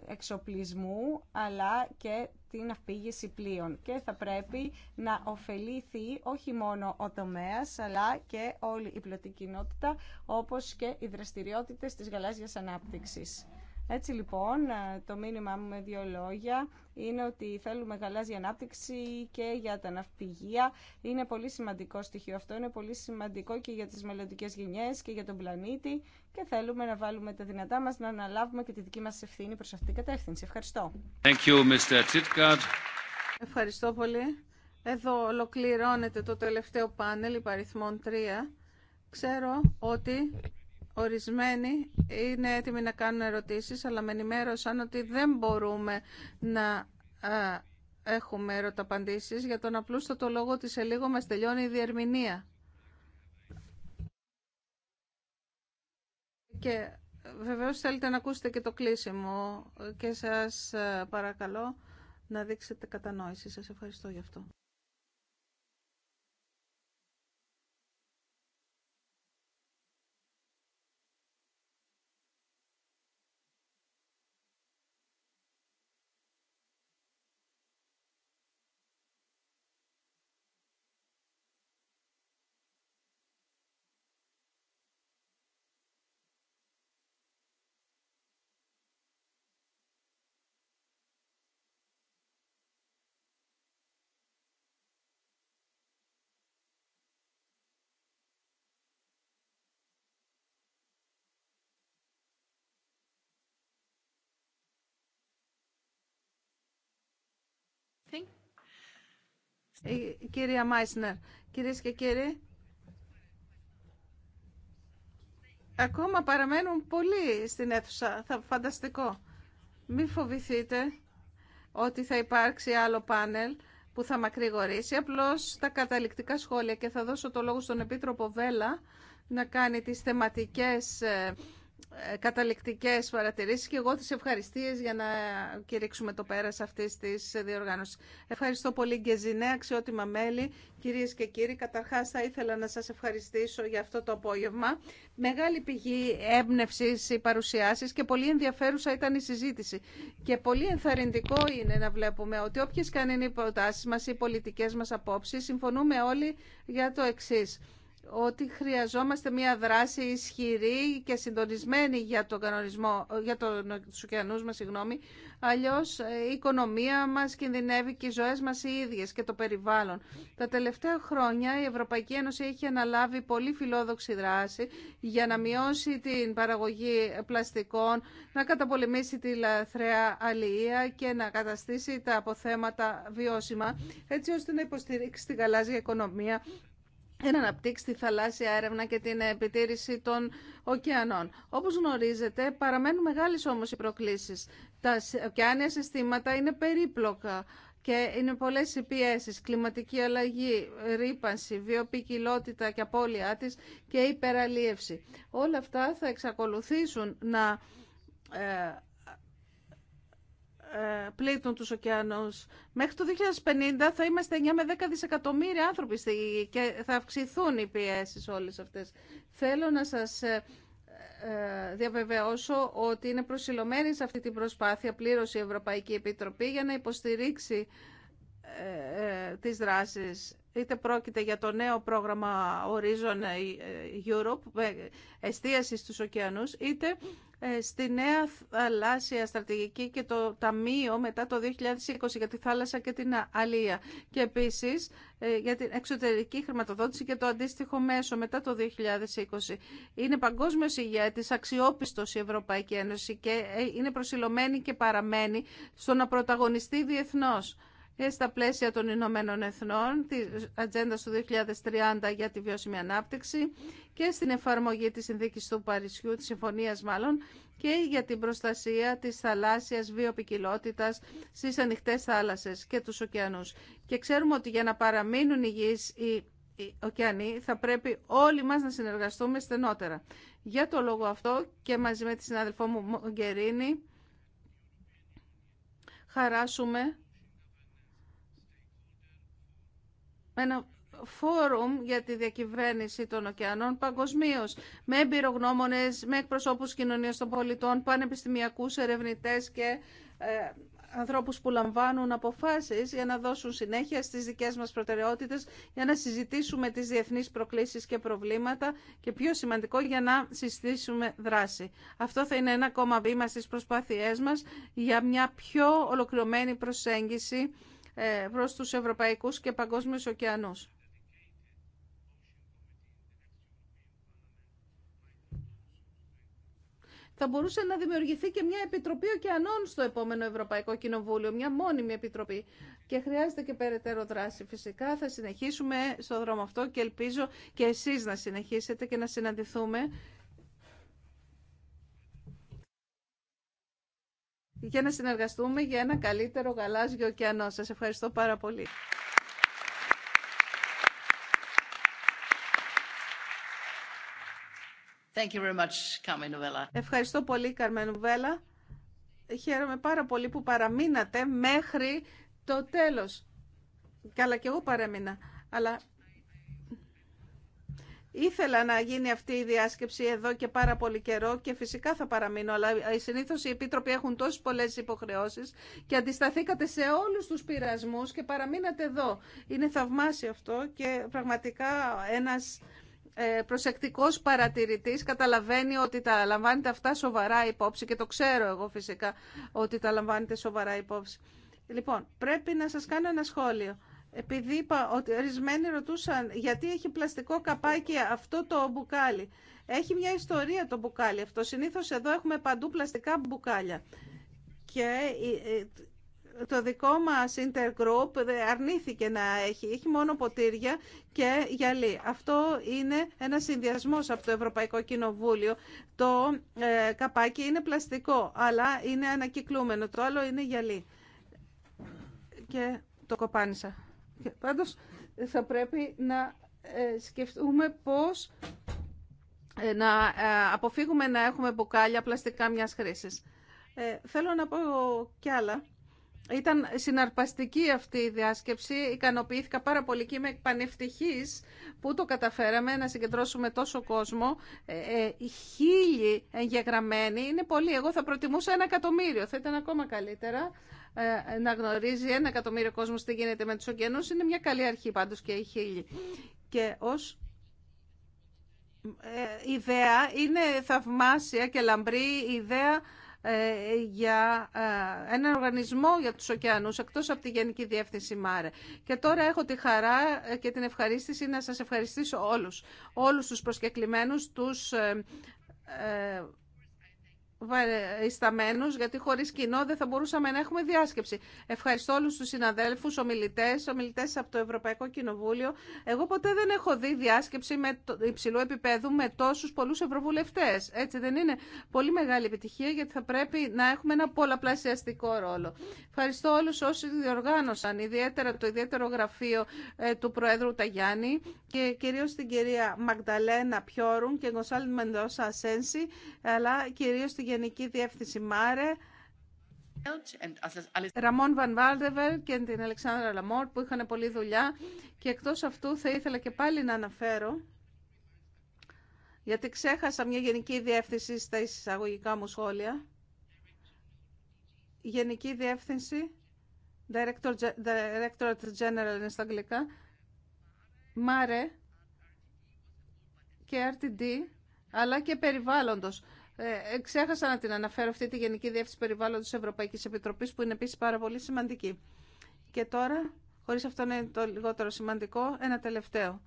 εξοπλισμού αλλά και την αφήγηση πλοίων και θα πρέπει να ωφεληθεί όχι μόνο ο τομέας αλλά και όλη η πλωτική κοινότητα όπως και οι δραστηριότητες της γαλάζιας ανάπτυξης. Έτσι λοιπόν, ε, το μήνυμά μου με δύο λόγια είναι ότι θέλουμε γαλάζια ανάπτυξη και για τα ναυπηγεία. Είναι πολύ σημαντικό στοιχείο αυτό, είναι πολύ σημαντικό και για τις μελλοντικέ γενιές και για τον πλανήτη και θέλουμε να βάλουμε τα δυνατά μας να αναλάβουμε και τη δική μας ευθύνη προς αυτήν την κατεύθυνση. Ευχαριστώ. Thank you, Mr. Ευχαριστώ πολύ. Εδώ ολοκληρώνεται το τελευταίο πάνελ υπαριθμών 3. Ξέρω ότι Ορισμένοι είναι έτοιμοι να κάνουν ερωτήσεις, αλλά με ενημέρωσαν ότι δεν μπορούμε να έχουμε ερωταπαντήσεις για τον το λόγο ότι σε λίγο μας τελειώνει η διερμηνία. Και βεβαίως θέλετε να ακούσετε και το κλείσιμο και σας παρακαλώ να δείξετε κατανόηση. Σας ευχαριστώ γι' αυτό. κυρία Μάισνερ, κυρίες και κύριοι, ακόμα παραμένουν πολλοί στην αίθουσα. Θα φανταστικό. Μην φοβηθείτε ότι θα υπάρξει άλλο πάνελ που θα μακρηγορήσει. Απλώς τα καταληκτικά σχόλια και θα δώσω το λόγο στον Επίτροπο Βέλα να κάνει τις θεματικές ε, ε, καταληκτικές παρατηρήσεις και εγώ τις ευχαριστίες για να κηρύξουμε το πέρας αυτής της διοργάνωσης. Ευχαριστώ πολύ Γκεζινέ, αξιότιμα μέλη, κυρίες και κύριοι. Καταρχάς θα ήθελα να σας ευχαριστήσω για αυτό το απόγευμα. Μεγάλη πηγή έμπνευση οι παρουσιάσεις και πολύ ενδιαφέρουσα ήταν η συζήτηση. Και πολύ ενθαρρυντικό είναι να βλέπουμε ότι όποιες κάνουν είναι οι προτάσεις μας, οι πολιτικές μας απόψεις, συμφωνούμε όλοι για το εξή ότι χρειαζόμαστε μια δράση ισχυρή και συντονισμένη για τον κανονισμό, για τον, τους ωκεανούς μας, αλλιώς ε, η οικονομία μας κινδυνεύει και οι ζωές μας οι ίδιες και το περιβάλλον. Τα τελευταία χρόνια η Ευρωπαϊκή Ένωση έχει αναλάβει πολύ φιλόδοξη δράση για να μειώσει την παραγωγή πλαστικών, να καταπολεμήσει τη λαθρέα αλληλεία και να καταστήσει τα αποθέματα βιώσιμα, έτσι ώστε να υποστηρίξει την γαλάζια οικονομία να αναπτύξει τη θαλάσσια έρευνα και την επιτήρηση των ωκεανών. Όπως γνωρίζετε, παραμένουν μεγάλες όμως οι προκλήσεις. Τα ωκεάνια συστήματα είναι περίπλοκα και είναι πολλές οι πιέσεις, κλιματική αλλαγή, ρήπανση, βιοπικιλότητα και απώλειά της και υπεραλίευση. Όλα αυτά θα εξακολουθήσουν να ε, πλήττουν τους ωκεανούς. Μέχρι το 2050 θα είμαστε 9 με 10 δισεκατομμύρια άνθρωποι στη γη και θα αυξηθούν οι πιέσεις όλες αυτές. Θέλω να σας ε, ε, διαβεβαιώσω ότι είναι προσιλωμένη σε αυτή την προσπάθεια πλήρωση η Ευρωπαϊκή Επιτροπή για να υποστηρίξει ε, τις δράσεις είτε πρόκειται για το νέο πρόγραμμα Horizon ε, Europe με εστίαση στους ωκεανούς, είτε ε, στη νέα θαλάσσια στρατηγική και το Ταμείο μετά το 2020 για τη θάλασσα και την αλία. Και επίσης ε, για την εξωτερική χρηματοδότηση και το αντίστοιχο μέσο μετά το 2020. Είναι παγκόσμιο ηγέτης, αξιόπιστος η Ευρωπαϊκή Ένωση και είναι προσιλωμένη και παραμένει στο να πρωταγωνιστεί διεθνώς. Ε, στα πλαίσια των Ηνωμένων Εθνών, τη ατζέντα του 2030 για τη βιώσιμη ανάπτυξη και στην εφαρμογή της συνθήκης του Παρισιού, της συμφωνίας μάλλον, και για την προστασία της θαλάσσιας βιοπικιλότητας στις ανοιχτές θάλασσες και τους ωκεανούς. Και ξέρουμε ότι για να παραμείνουν υγιείς οι ωκεανοί θα πρέπει όλοι μας να συνεργαστούμε στενότερα. Για το λόγο αυτό και μαζί με τη συνάδελφό μου Γκερίνη χαράσουμε ένα φόρουμ για τη διακυβέρνηση των ωκεανών παγκοσμίω, με εμπειρογνώμονε, με εκπροσώπους κοινωνίας των πολιτών, πανεπιστημιακούς ερευνητές και ε, ανθρώπους που λαμβάνουν αποφάσεις για να δώσουν συνέχεια στις δικές μας προτεραιότητες, για να συζητήσουμε τις διεθνείς προκλήσεις και προβλήματα και πιο σημαντικό για να συστήσουμε δράση. Αυτό θα είναι ένα ακόμα βήμα στις προσπάθειές μας για μια πιο ολοκληρωμένη προσέγγιση ε, προς τους ευρωπαϊκούς και παγκόσμιους Οκεανούς. Θα μπορούσε να δημιουργηθεί και μια επιτροπή Οκεανών στο επόμενο Ευρωπαϊκό Κοινοβούλιο, μια μόνιμη επιτροπή. Και χρειάζεται και περαιτέρω δράση. Φυσικά θα συνεχίσουμε στον δρόμο αυτό και ελπίζω και εσείς να συνεχίσετε και να συναντηθούμε για να συνεργαστούμε για ένα καλύτερο γαλάζιο ωκεανό. Σας ευχαριστώ πάρα πολύ. Thank you very much, Ευχαριστώ πολύ, Καρμενουβέλα. Χαίρομαι πάρα πολύ που παραμείνατε μέχρι το τέλος. Καλά και εγώ παρέμεινα. Αλλά Ήθελα να γίνει αυτή η διάσκεψη εδώ και πάρα πολύ καιρό και φυσικά θα παραμείνω, αλλά ε, συνήθω οι επίτροποι έχουν τόσε πολλέ υποχρεώσει και αντισταθήκατε σε όλου του πειρασμού και παραμείνατε εδώ. Είναι θαυμάσιο αυτό και πραγματικά ένα ε, προσεκτικός παρατηρητής καταλαβαίνει ότι τα λαμβάνετε αυτά σοβαρά υπόψη και το ξέρω εγώ φυσικά ότι τα λαμβάνετε σοβαρά υπόψη. Λοιπόν, πρέπει να σας κάνω ένα σχόλιο επειδή είπα ότι ορισμένοι ρωτούσαν γιατί έχει πλαστικό καπάκι αυτό το μπουκάλι. Έχει μια ιστορία το μπουκάλι αυτό. Συνήθως εδώ έχουμε παντού πλαστικά μπουκάλια. Και το δικό μας Intergroup αρνήθηκε να έχει. Έχει μόνο ποτήρια και γυαλί. Αυτό είναι ένα συνδυασμός από το Ευρωπαϊκό Κοινοβούλιο. Το ε, καπάκι είναι πλαστικό, αλλά είναι ανακυκλούμενο. Το άλλο είναι γυαλί. Και το κοπάνισα. Πάντως θα πρέπει να ε, σκεφτούμε πώς ε, να ε, αποφύγουμε να έχουμε μπουκάλια πλαστικά μιας χρήσης. Θέλω να πω κι άλλα. Ήταν συναρπαστική αυτή η διάσκεψη. Ικανοποιήθηκα πάρα πολύ και είμαι πανευτυχής που το καταφέραμε να συγκεντρώσουμε τόσο κόσμο. Ε, ε, χίλιοι εγγεγραμμένοι είναι πολύ. Εγώ θα προτιμούσα ένα εκατομμύριο. Θα ήταν ακόμα καλύτερα. Ε, να γνωρίζει ένα εκατομμύριο κόσμο τι γίνεται με τους ωκεανούς είναι μια καλή αρχή πάντως και η χίλιοι. Και ως ε, ιδέα είναι θαυμάσια και λαμπρή ιδέα ε, για έναν οργανισμό για τους ωκεανούς εκτός από τη Γενική Διεύθυνση ΜΑΡΕ. Και τώρα έχω τη χαρά και την ευχαρίστηση να σας ευχαριστήσω όλους. Όλους τους προσκεκλημένους, τους ε, ισταμένους, γιατί χωρίς κοινό δεν θα μπορούσαμε να έχουμε διάσκεψη. Ευχαριστώ όλους τους συναδέλφους, ομιλητές, ομιλητές από το Ευρωπαϊκό Κοινοβούλιο. Εγώ ποτέ δεν έχω δει διάσκεψη με υψηλού επίπεδου με τόσους πολλούς ευρωβουλευτές. Έτσι δεν είναι πολύ μεγάλη επιτυχία γιατί θα πρέπει να έχουμε ένα πολλαπλασιαστικό ρόλο. Ευχαριστώ όλους όσοι διοργάνωσαν, ιδιαίτερα το ιδιαίτερο γραφείο ε, του Προέδρου Ταγιάννη και κυρίω την κυρία Μαγδαλένα Πιόρουν και Γκοσάλ Μεντόσα Ασένση, αλλά κυρίως την Γενική Διεύθυνση ΜΑΡΕ, Ραμόν Βαν Βάλτεβελ και την Αλεξάνδρα Λαμόρ που είχαν πολλή δουλειά και εκτός αυτού θα ήθελα και πάλι να αναφέρω γιατί ξέχασα μια γενική διεύθυνση στα εισαγωγικά μου σχόλια Γενική Διεύθυνση Director, Directorate General είναι στα αγγλικά ΜΑΡΕ και RTD αλλά και περιβάλλοντος ε, ε, ξέχασα να την αναφέρω αυτή τη Γενική Διεύθυνση Περιβάλλοντος Ευρωπαϊκής Επιτροπής που είναι επίσης πάρα πολύ σημαντική. Και τώρα, χωρίς αυτό να είναι το λιγότερο σημαντικό, ένα τελευταίο.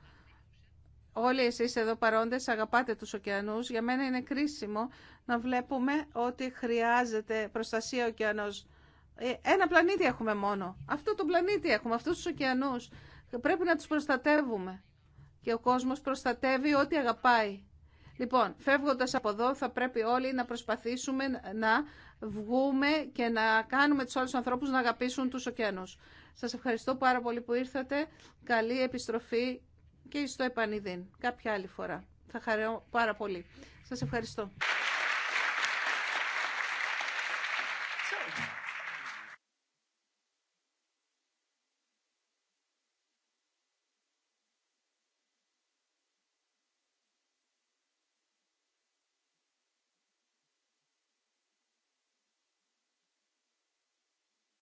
Όλοι εσείς εδώ παρόντες αγαπάτε τους ωκεανούς. Για μένα είναι κρίσιμο να βλέπουμε ότι χρειάζεται προστασία ωκεανός. Ε, ένα πλανήτη έχουμε μόνο. Αυτό το πλανήτη έχουμε, αυτούς τους ωκεανούς. Πρέπει να τους προστατεύουμε. Και ο κόσμος προστατεύει ό,τι αγαπάει. Λοιπόν, φεύγοντας από εδώ θα πρέπει όλοι να προσπαθήσουμε να βγούμε και να κάνουμε τους άλλους ανθρώπους να αγαπήσουν τους ωκεανούς. Σας ευχαριστώ πάρα πολύ που ήρθατε. Καλή επιστροφή και στο επανειδήν. Κάποια άλλη φορά. Θα χαρώ πάρα πολύ. Σας ευχαριστώ.